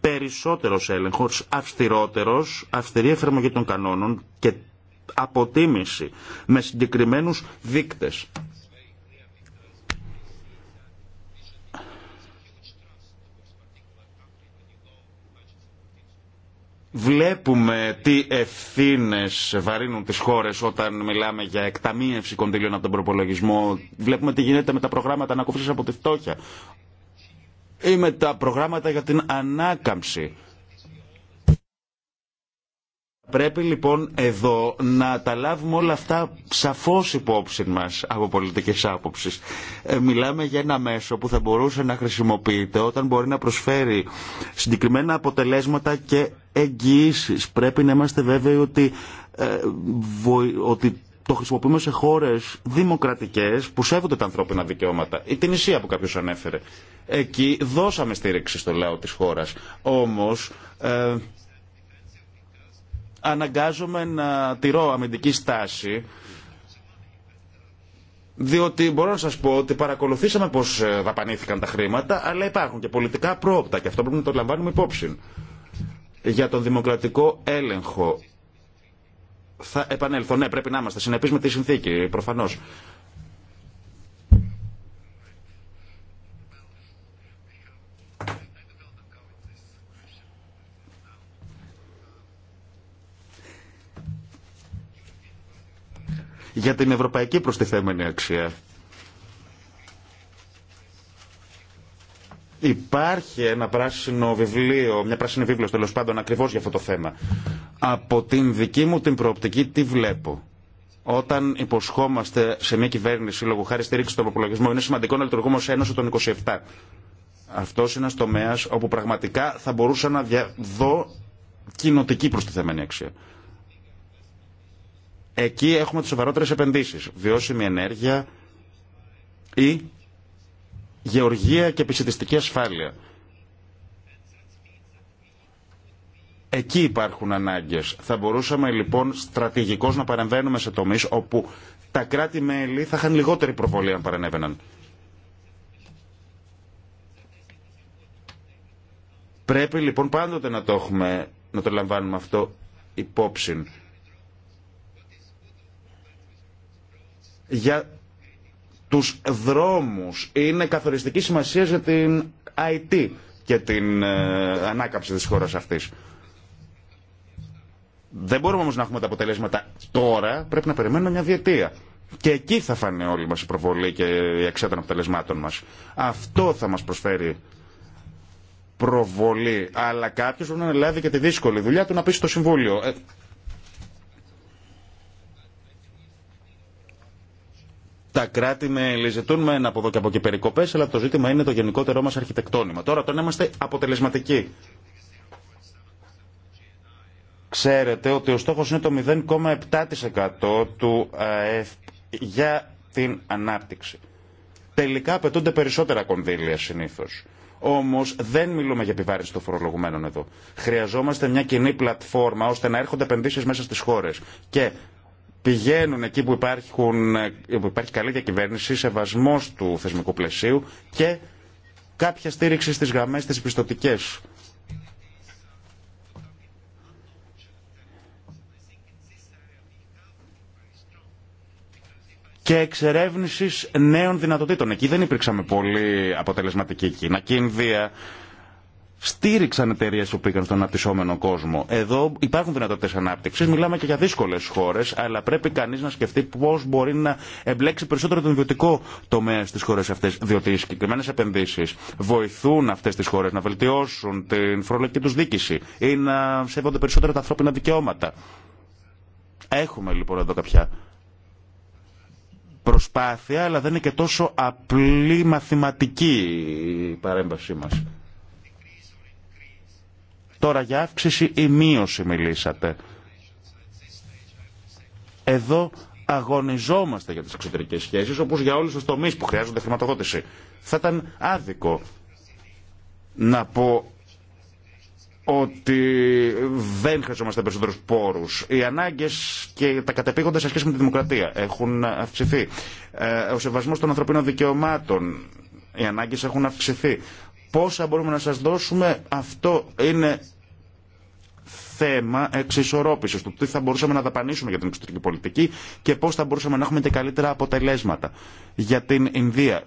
[SPEAKER 2] περισσότερος έλεγχος, αυστηρότερος, αυστηρή εφαρμογή των κανόνων και αποτίμηση με συγκεκριμένους δείκτες Βλέπουμε τι ευθύνε βαρύνουν τι χώρε όταν μιλάμε για εκταμείευση κονδυλίων από τον προπολογισμό. Βλέπουμε τι γίνεται με τα προγράμματα ανακούφιση από τη φτώχεια ή με τα προγράμματα για την ανάκαμψη. Πρέπει λοιπόν εδώ να τα λάβουμε όλα αυτά σαφώς υπόψη μας από πολιτικές άποψεις. Ε, μιλάμε για ένα μέσο που θα μπορούσε να χρησιμοποιείται όταν μπορεί να προσφέρει συγκεκριμένα αποτελέσματα και εγγυήσεις. Πρέπει να είμαστε βέβαιοι ότι, ε, ότι το χρησιμοποιούμε σε χώρες δημοκρατικές που σέβονται τα ανθρώπινα δικαιώματα. Η Τινησία που κάποιο ανέφερε. Εκεί δώσαμε στήριξη στο λαό της χώρας. Όμως... Ε, αναγκάζομαι να τηρώ αμυντική στάση διότι μπορώ να σας πω ότι παρακολουθήσαμε πώς ε, δαπανήθηκαν τα χρήματα, αλλά υπάρχουν και πολιτικά πρόοπτα και αυτό πρέπει να το λαμβάνουμε υπόψη. Για τον δημοκρατικό έλεγχο θα επανέλθω. Ναι, πρέπει να είμαστε συνεπείς με τη συνθήκη, προφανώς. για την ευρωπαϊκή προστιθέμενη αξία. Υπάρχει ένα πράσινο βιβλίο, μια πράσινη βίβλος τέλο πάντων ακριβώς για αυτό το θέμα. Από την δική μου την προοπτική τι βλέπω. Όταν υποσχόμαστε σε μια κυβέρνηση λόγω χάρη στήριξη των απολογισμού, είναι σημαντικό να λειτουργούμε ω Ένωση των 27. Αυτό είναι ένα τομέα όπου πραγματικά θα μπορούσα να δω κοινοτική προστιθέμενη αξία. Εκεί έχουμε τις σοβαρότερες επενδύσεις. Βιώσιμη ενέργεια ή γεωργία και επισητιστική ασφάλεια. Εκεί υπάρχουν ανάγκες. Θα μπορούσαμε λοιπόν στρατηγικώς να παρεμβαίνουμε σε τομείς όπου τα κράτη-μέλη θα είχαν λιγότερη προβολή αν παρενέβαιναν. Πρέπει λοιπόν πάντοτε να το έχουμε, να το λαμβάνουμε αυτό υπόψη. για τους δρόμους είναι καθοριστική σημασία για την IT και την ε, ανάκαψη της χώρας αυτής. Δεν μπορούμε όμως να έχουμε τα αποτελέσματα τώρα, πρέπει να περιμένουμε μια διετία. Και εκεί θα φανεί όλη μας η προβολή και η αξία των αποτελεσμάτων μας. Αυτό θα μας προσφέρει προβολή. Αλλά κάποιος μπορεί να λάβει και τη δύσκολη δουλειά του να πει στο Συμβούλιο. Ε, τα κράτη με ζητούν με ένα από εδώ και από εκεί περικοπέ, αλλά το ζήτημα είναι το γενικότερό μα αρχιτεκτόνιμα. Τώρα το είμαστε αποτελεσματικοί. Ξέρετε ότι ο στόχος είναι το 0,7% του ΑΕΦ για την ανάπτυξη. Τελικά απαιτούνται περισσότερα κονδύλια συνήθω. Όμω δεν μιλούμε για επιβάρυνση των φορολογουμένων εδώ. Χρειαζόμαστε μια κοινή πλατφόρμα ώστε να έρχονται επενδύσει μέσα στι χώρε. Και πηγαίνουν εκεί που, υπάρχουν, που υπάρχει καλή διακυβέρνηση, σεβασμό του θεσμικού πλαισίου και κάποια στήριξη στις γραμμέ τι πιστοτικές. και εξερεύνηση νέων δυνατοτήτων. Εκεί δεν υπήρξαμε πολύ αποτελεσματική. Κίνα κίνδία στήριξαν εταιρείε που πήγαν στον αναπτυσσόμενο κόσμο. Εδώ υπάρχουν δυνατότητε ανάπτυξη, μιλάμε και για δύσκολε χώρε, αλλά πρέπει κανεί να σκεφτεί πώ μπορεί να εμπλέξει περισσότερο τον ιδιωτικό τομέα στι χώρε αυτέ. Διότι οι συγκεκριμένε επενδύσει βοηθούν αυτέ τι χώρε να βελτιώσουν την φορολογική του δίκηση ή να σέβονται περισσότερο τα ανθρώπινα δικαιώματα. Έχουμε λοιπόν εδώ κάποια προσπάθεια, αλλά δεν είναι και τόσο απλή μαθηματική η παρέμβασή μας. Τώρα για αύξηση ή μείωση μιλήσατε. Εδώ αγωνιζόμαστε για τις εξωτερικές σχέσεις, όπως για όλους τους τομείς που χρειάζονται χρηματοδότηση. Θα ήταν άδικο να πω ότι δεν χρειαζόμαστε περισσότερου πόρους. Οι ανάγκες και τα κατεπήγοντα σε σχέση με τη δημοκρατία έχουν αυξηθεί. Ε, ο σεβασμός των ανθρωπίνων δικαιωμάτων, οι ανάγκες έχουν αυξηθεί. Πόσα μπορούμε να σας δώσουμε, αυτό είναι θέμα εξισορρόπησης του τι θα μπορούσαμε να δαπανίσουμε για την εξωτερική πολιτική και πώς θα μπορούσαμε να έχουμε και καλύτερα αποτελέσματα για την Ινδία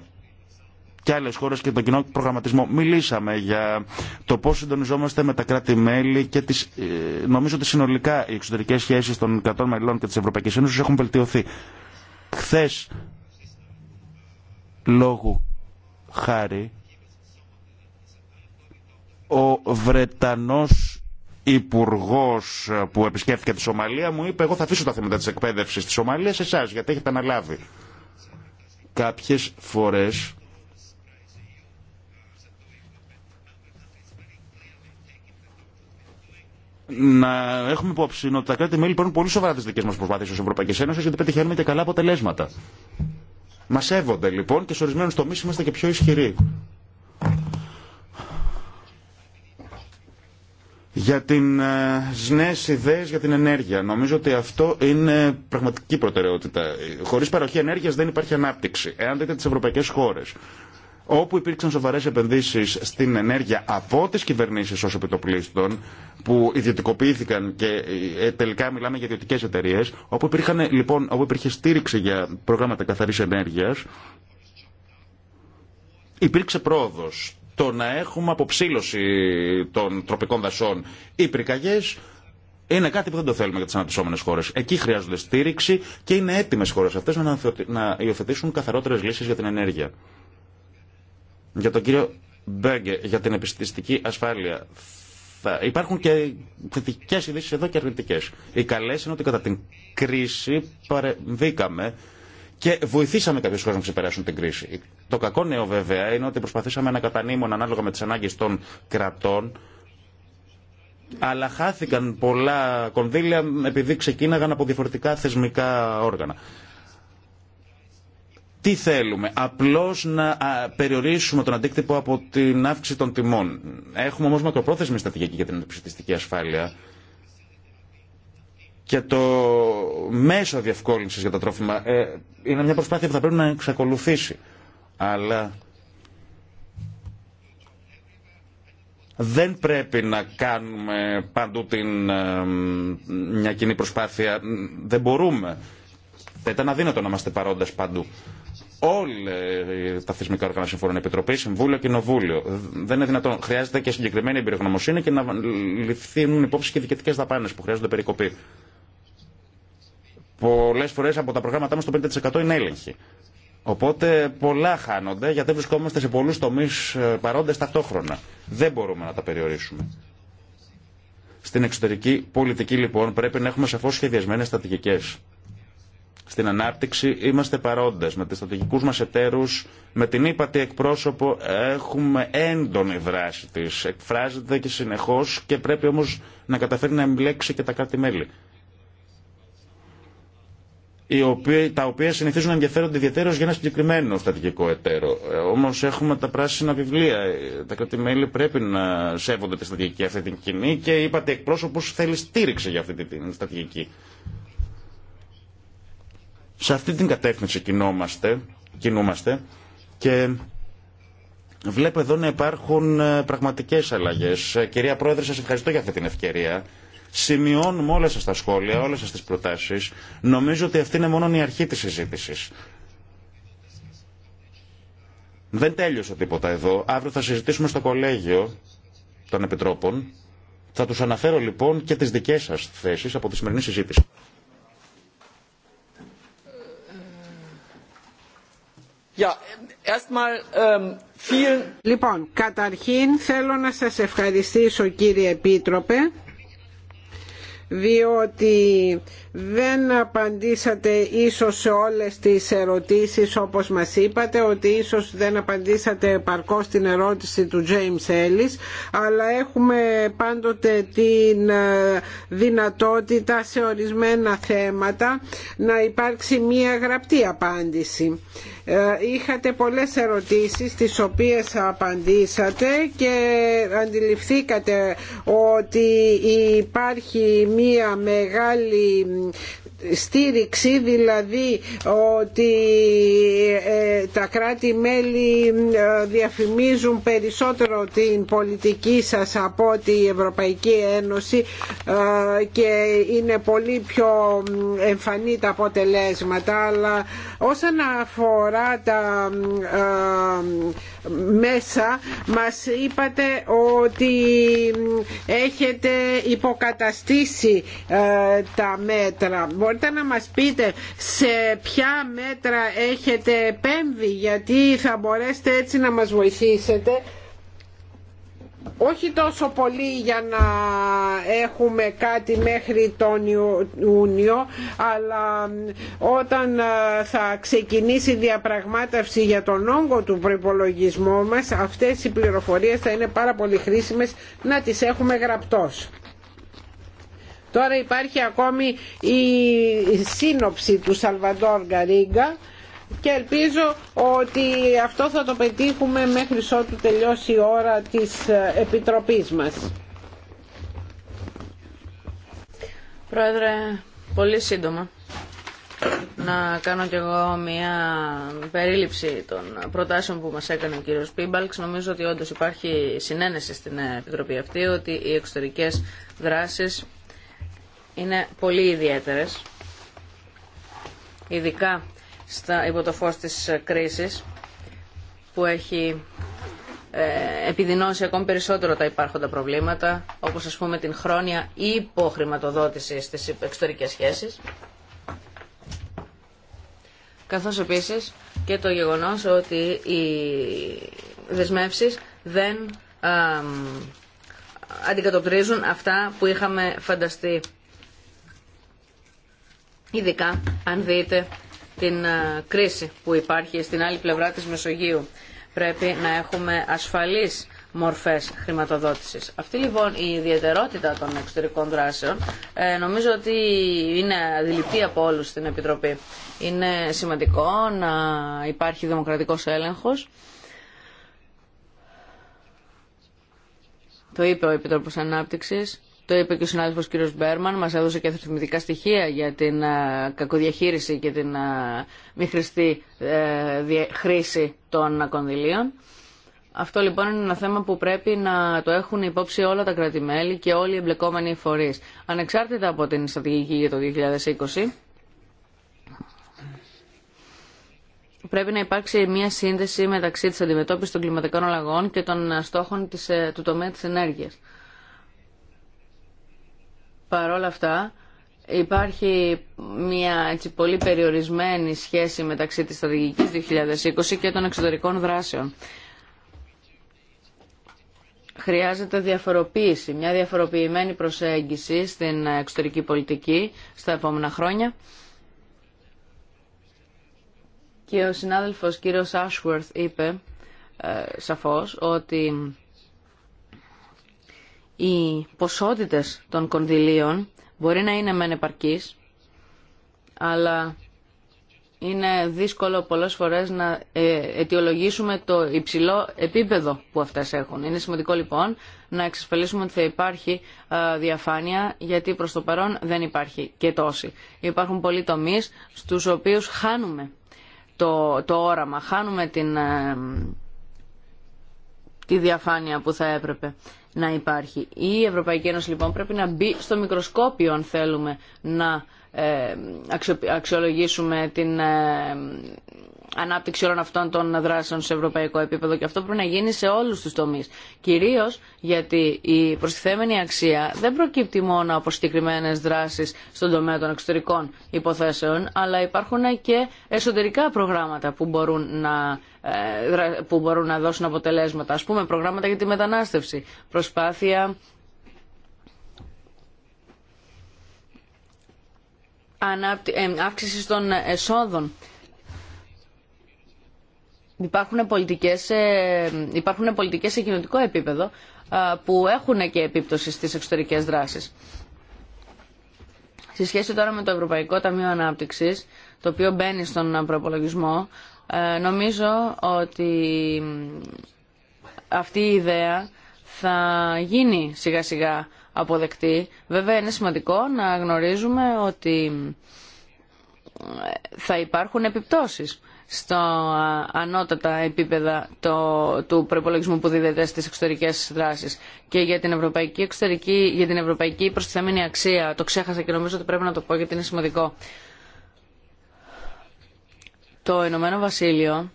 [SPEAKER 2] και άλλες χώρες και τον κοινό προγραμματισμό. Μιλήσαμε για το πώς συντονιζόμαστε με τα κράτη-μέλη και τις, ε, νομίζω ότι συνολικά οι εξωτερικές σχέσεις των κρατών μελών και της Ευρωπαϊκής Ένωσης έχουν βελτιωθεί. Χθες, λόγου χάρη, ο Βρετανός υπουργό που επισκέφθηκε τη Σομαλία μου είπε εγώ θα αφήσω τα θέματα της εκπαίδευσης της Σομαλίας σε εσάς γιατί έχετε αναλάβει. Κάποιες φορές να έχουμε υπόψη ότι τα κράτη-μέλη παίρνουν πολύ σοβαρά τι δικέ μα προσπάθειε ω Ευρωπαϊκή Ένωση γιατί πετυχαίνουμε και καλά αποτελέσματα. Μα σέβονται λοιπόν και σε ορισμένου τομεί είμαστε και πιο ισχυροί. για την ε, νέε ιδέε για την ενέργεια. Νομίζω ότι αυτό είναι πραγματική προτεραιότητα. Χωρί παροχή ενέργεια δεν υπάρχει ανάπτυξη. Εάν δείτε τι ευρωπαϊκέ χώρε, όπου υπήρξαν σοβαρέ επενδύσει στην ενέργεια από τι κυβερνήσει ω επιτοπλίστων, που ιδιωτικοποιήθηκαν και ε, τελικά μιλάμε για ιδιωτικέ εταιρείε, όπου, λοιπόν, όπου υπήρχε στήριξη για προγράμματα καθαρή ενέργεια, υπήρξε πρόοδο το να έχουμε αποψήλωση των τροπικών δασών ή πυρκαγιέ. είναι κάτι που δεν το θέλουμε για τι αναπτυσσόμενε χώρε. Εκεί χρειάζονται στήριξη και είναι έτοιμε χώρε αυτέ να υιοθετήσουν καθαρότερε λύσει για την ενέργεια. Για τον κύριο Μπέγκε, για την επιστημιστική ασφάλεια. Θα υπάρχουν και θετικέ ειδήσει εδώ και αρνητικέ. Οι καλέ είναι ότι κατά την κρίση παρεμβήκαμε και βοηθήσαμε κάποιε χώρε να ξεπεράσουν την κρίση. Το κακό νέο βέβαια είναι ότι προσπαθήσαμε να κατανείμουν ανάλογα με τι ανάγκε των κρατών, αλλά χάθηκαν πολλά κονδύλια επειδή ξεκίναγαν από διαφορετικά θεσμικά όργανα. Τι θέλουμε, απλώς να περιορίσουμε τον αντίκτυπο από την αύξηση των τιμών. Έχουμε όμως μακροπρόθεσμη στρατηγική για την επιστημιστική ασφάλεια και το μέσο διευκόλυνση για τα τρόφιμα ε, είναι μια προσπάθεια που θα πρέπει να εξακολουθήσει. Αλλά δεν πρέπει να κάνουμε παντού την, ε, μια κοινή προσπάθεια. Δεν μπορούμε. Θα ήταν αδύνατο να είμαστε παρόντε παντού. Όλοι τα θεσμικά όργανα συμφωνούν, Επιτροπή, Συμβούλιο, Κοινοβούλιο. Δεν είναι δυνατόν. Χρειάζεται και συγκεκριμένη εμπειρογνωμοσύνη και να ληφθούν υπόψη και διοικητικέ δαπάνε που χρειάζονται περικοπή. Πολλέ φορέ από τα προγράμματά μα το 50% είναι έλεγχοι. Οπότε πολλά χάνονται γιατί βρισκόμαστε σε πολλού τομεί ε, παρόντε ταυτόχρονα. Δεν μπορούμε να τα περιορίσουμε. Στην εξωτερική πολιτική λοιπόν πρέπει να έχουμε σαφώ σχεδιασμένε στρατηγικέ. Στην ανάπτυξη είμαστε παρόντε. Με του στρατηγικού μα εταίρου, με την ύπατη εκπρόσωπο έχουμε έντονη δράση τη. Εκφράζεται και συνεχώ και πρέπει όμω να καταφέρει να εμπλέξει και τα κράτη-μέλη τα οποία συνηθίζουν να ενδιαφέρονται ιδιαίτερω για ένα συγκεκριμένο στατικικό εταίρο. Ε, Όμω έχουμε τα πράσινα βιβλία. Ε, τα κρατημέλη πρέπει να σέβονται τη στατική αυτή την κοινή και είπατε εκπρόσωπο θέλει στήριξη για αυτή την στρατηγική. Σε αυτή την κατεύθυνση κινούμαστε, κινούμαστε και βλέπω εδώ να υπάρχουν ε, πραγματικές αλλαγές. Κυρία Πρόεδρε, σας ευχαριστώ για αυτή την ευκαιρία Σημειώνουμε όλα σας τα σχόλια, όλες σας τις προτάσεις. Νομίζω ότι αυτή είναι μόνο η αρχή της συζήτησης. Δεν τέλειωσε τίποτα εδώ. Αύριο θα συζητήσουμε στο κολέγιο των Επιτρόπων. Θα τους αναφέρω λοιπόν και τις δικές σας θέσεις από τη σημερινή συζήτηση.
[SPEAKER 1] Ähm,
[SPEAKER 3] λοιπόν, καταρχήν θέλω να σας ευχαριστήσω κύριε Επίτροπε διότι δεν απαντήσατε ίσως σε όλες τις ερωτήσεις όπως μας είπατε ότι ίσως δεν απαντήσατε επαρκώς την ερώτηση του James Ellis αλλά έχουμε πάντοτε την ε, δυνατότητα σε ορισμένα θέματα να υπάρξει μία γραπτή απάντηση. Ε, είχατε πολλές ερωτήσεις τις οποίες απαντήσατε και αντιληφθήκατε ότι υπάρχει μία μεγάλη Υπότιτλοι AUTHORWAVE στήριξη δηλαδή ότι ε, τα κράτη-μέλη ε, διαφημίζουν περισσότερο την πολιτική σας από ότι η Ευρωπαϊκή Ένωση ε, και είναι πολύ πιο εμφανή τα αποτελέσματα αλλά όσον αφορά τα μέσα μας είπατε ότι έχετε υποκαταστήσει τα μέτρα μπορείτε να μας πείτε σε ποια μέτρα έχετε επέμβει γιατί θα μπορέσετε έτσι να μας βοηθήσετε όχι τόσο πολύ για να έχουμε κάτι μέχρι τον Ιούνιο αλλά όταν ε, θα ξεκινήσει η διαπραγμάτευση για τον όγκο του προπολογισμού μας αυτές οι πληροφορίες θα είναι πάρα πολύ χρήσιμες να τις έχουμε γραπτός. Τώρα υπάρχει ακόμη η σύνοψη του Σαλβαντόρ Γκαρίγκα και ελπίζω ότι αυτό θα το πετύχουμε μέχρι ότου τελειώσει η ώρα της Επιτροπής μας.
[SPEAKER 1] Πρόεδρε, πολύ σύντομα να κάνω κι εγώ μια περίληψη των προτάσεων που μας έκανε ο κύριος Πίμπαλξ. Νομίζω ότι όντως υπάρχει συνένεση στην Επιτροπή αυτή ότι οι εξωτερικές δράσεις είναι πολύ ιδιαίτερες, ειδικά στα, υπό το φως της κρίσης που έχει ε, επιδεινώσει ακόμη περισσότερο τα υπάρχοντα προβλήματα, όπως ας πούμε την χρόνια υποχρηματοδότηση στις εξωτερικές σχέσεις, καθώς επίσης και το γεγονός ότι οι δεσμεύσεις δεν ε, ε, αντικατοπτρίζουν αυτά που είχαμε φανταστεί ειδικά αν δείτε την ε, κρίση που υπάρχει στην άλλη πλευρά της Μεσογείου. Πρέπει να έχουμε ασφαλείς μορφές χρηματοδότησης. Αυτή λοιπόν η ιδιαιτερότητα των εξωτερικών δράσεων ε, νομίζω ότι είναι αντιληπτή από όλους στην Επιτροπή. Είναι σημαντικό να υπάρχει δημοκρατικός έλεγχος. Το είπε ο Επιτρόπος Ανάπτυξης το είπε και ο συνάδελφος κ. Μπέρμαν, μας έδωσε και αριθμητικά στοιχεία για την κακοδιαχείριση και την μη χρηστή ε, χρήση των κονδυλίων. Αυτό λοιπόν είναι ένα θέμα που πρέπει να το έχουν υπόψη όλα τα κρατημέλη και όλοι οι εμπλεκόμενοι φορείς. Ανεξάρτητα από την στρατηγική για το 2020, πρέπει να υπάρξει μια σύνδεση μεταξύ της αντιμετώπισης των κλιματικών αλλαγών και των στόχων ε, του τομέα της ενέργειας παρόλα αυτά υπάρχει μια έτσι, πολύ περιορισμένη σχέση μεταξύ της στρατηγικής 2020 και των εξωτερικών δράσεων. Χρειάζεται διαφοροποίηση, μια διαφοροποιημένη προσέγγιση στην εξωτερική πολιτική στα επόμενα χρόνια. Και ο συνάδελφος κύριος Ashworth είπε ε, σαφώς ότι οι ποσότητες των κονδυλίων μπορεί να είναι μεν επαρκείς, αλλά είναι δύσκολο πολλές φορές να ε, αιτιολογήσουμε το υψηλό επίπεδο που αυτές έχουν. Είναι σημαντικό λοιπόν να εξασφαλίσουμε ότι θα υπάρχει διαφάνεια, γιατί προς το παρόν δεν υπάρχει και τόση. Υπάρχουν πολλοί τομείς στους οποίους χάνουμε το, το όραμα, χάνουμε την, ε, τη διαφάνεια που θα έπρεπε να υπάρχει. Η Ευρωπαϊκή Ένωση λοιπόν πρέπει να μπει στο μικροσκόπιο αν θέλουμε να ε, αξιολογήσουμε την ε, ανάπτυξη όλων αυτών των δράσεων σε ευρωπαϊκό επίπεδο και αυτό πρέπει να γίνει σε όλους τους τομείς. Κυρίως γιατί η προστιθέμενη αξία δεν προκύπτει μόνο από συγκεκριμένε δράσεις στον τομέα των εξωτερικών υποθέσεων, αλλά υπάρχουν και εσωτερικά προγράμματα που μπορούν να ε, που μπορούν να δώσουν αποτελέσματα, ας πούμε προγράμματα για τη μετανάστευση, προσπάθεια ε, αύξηση των εσόδων υπάρχουν πολιτικές, ε, υπάρχουν πολιτικές σε κοινωτικό επίπεδο ε, που έχουν και επίπτωση στις εξωτερικές δράσεις. Σε σχέση τώρα με το Ευρωπαϊκό Ταμείο Ανάπτυξης, το οποίο μπαίνει στον προπολογισμό, ε, νομίζω ότι αυτή η ιδέα θα γίνει σιγά σιγά αποδεκτή. Βέβαια είναι σημαντικό να γνωρίζουμε ότι θα υπάρχουν επιπτώσεις στο ανώτατα επίπεδα το, του προπολογισμού που δίδεται στις εξωτερικές δράσεις. Και για την ευρωπαϊκή, εξωτερική, για την ευρωπαϊκή προστιθέμενη αξία, το ξέχασα και νομίζω ότι πρέπει να το πω γιατί είναι σημαντικό. Το Ηνωμένο Βασίλειο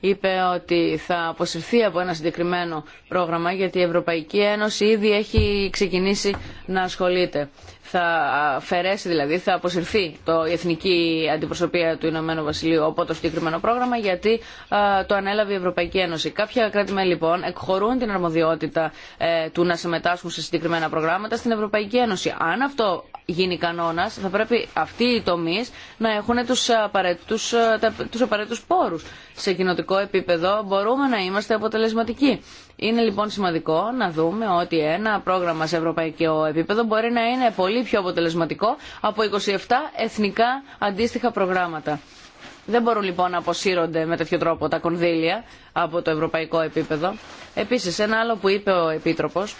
[SPEAKER 1] είπε ότι θα αποσυρθεί από ένα συγκεκριμένο πρόγραμμα γιατί η Ευρωπαϊκή Ένωση ήδη έχει ξεκινήσει να ασχολείται. Θα αφαιρέσει δηλαδή, θα αποσυρθεί το, η εθνική αντιπροσωπεία του Ηνωμένου Βασιλείου από το συγκεκριμένο πρόγραμμα γιατί το ανέλαβε η Ευρωπαϊκή Ένωση. Κάποια κράτη-μέλη λοιπόν εκχωρούν την αρμοδιότητα ε, του να συμμετάσχουν σε συγκεκριμένα προγράμματα στην Ευρωπαϊκή Ένωση. Αν αυτό γίνει κανόνας, θα πρέπει αυτοί οι τομεί να έχουν τους απαραίτητου τους πόρους. Σε κοινοτικό επίπεδο μπορούμε να είμαστε αποτελεσματικοί. Είναι λοιπόν σημαντικό να δούμε ότι ένα πρόγραμμα σε ευρωπαϊκό επίπεδο μπορεί να είναι πολύ πιο αποτελεσματικό από 27 εθνικά αντίστοιχα προγράμματα. Δεν μπορούν λοιπόν να αποσύρονται με τέτοιο τρόπο τα κονδύλια από το ευρωπαϊκό επίπεδο. Επίσης, ένα άλλο που είπε ο Επίτροπος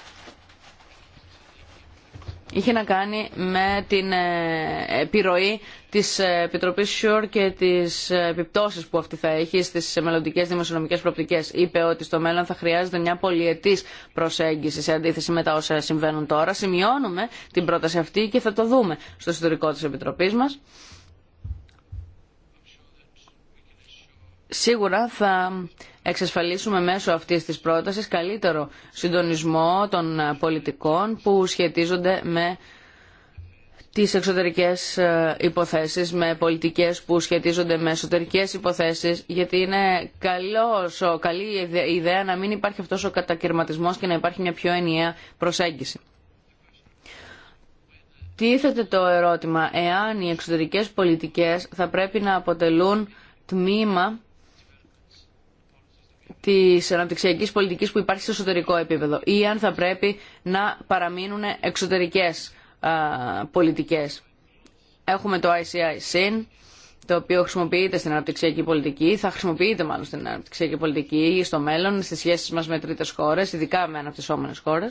[SPEAKER 1] είχε να κάνει με την ε, επιρροή της ε, Επιτροπής ΣΥΟΡ και τις ε, επιπτώσεις που αυτή θα έχει στις μελλοντικές δημοσιονομικές προοπτικές. Είπε ότι στο μέλλον θα χρειάζεται μια πολυετής προσέγγιση σε αντίθεση με τα όσα συμβαίνουν τώρα. Σημειώνουμε την πρόταση αυτή και θα το δούμε στο ιστορικό της Επιτροπής μας. Σίγουρα θα εξασφαλίσουμε μέσω αυτής της πρότασης καλύτερο συντονισμό των πολιτικών που σχετίζονται με τις εξωτερικές ε, υποθέσεις, με πολιτικές που σχετίζονται με εσωτερικές υποθέσεις, γιατί είναι καλός, καλή ιδέα να μην υπάρχει αυτός ο κατακαιρματισμός και να υπάρχει μια πιο ενιαία προσέγγιση. Τίθεται το ερώτημα εάν οι εξωτερικές πολιτικές θα πρέπει να αποτελούν τμήμα Τη αναπτυξιακή πολιτική που υπάρχει στο εσωτερικό επίπεδο ή αν θα πρέπει να παραμείνουν εξωτερικές πολιτικέ. πολιτικές. Έχουμε το ICI-SIN, το οποίο χρησιμοποιείται στην αναπτυξιακή πολιτική, θα χρησιμοποιείται μάλλον στην αναπτυξιακή πολιτική στο μέλλον, στις σχέσει μας με τρίτε χώρες, ειδικά με αναπτυσσόμενε χώρε.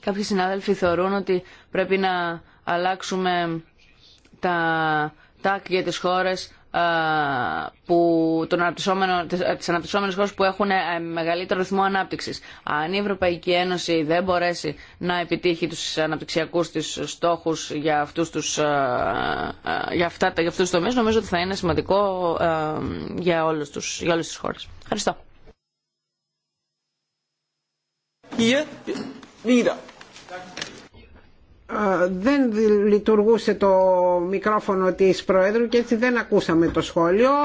[SPEAKER 1] Κάποιοι συνάδελφοι θεωρούν ότι πρέπει να αλλάξουμε τα τάκ για τις χώρες ε, που, των χώρε τις αναπτυσσόμενες χώρες που έχουν ε, μεγαλύτερο ρυθμό ανάπτυξης. Αν η Ευρωπαϊκή Ένωση δεν μπορέσει να επιτύχει τους αναπτυξιακούς της στόχους για αυτούς τους, ε, για αυτά, για αυτούς τους τομείς, νομίζω ότι θα είναι σημαντικό για, όλους τους, για όλες τις χώρες. Ευχαριστώ. Hier wieder
[SPEAKER 3] δεν λειτουργούσε το μικρόφωνο της Προέδρου και έτσι δεν ακούσαμε το σχόλιο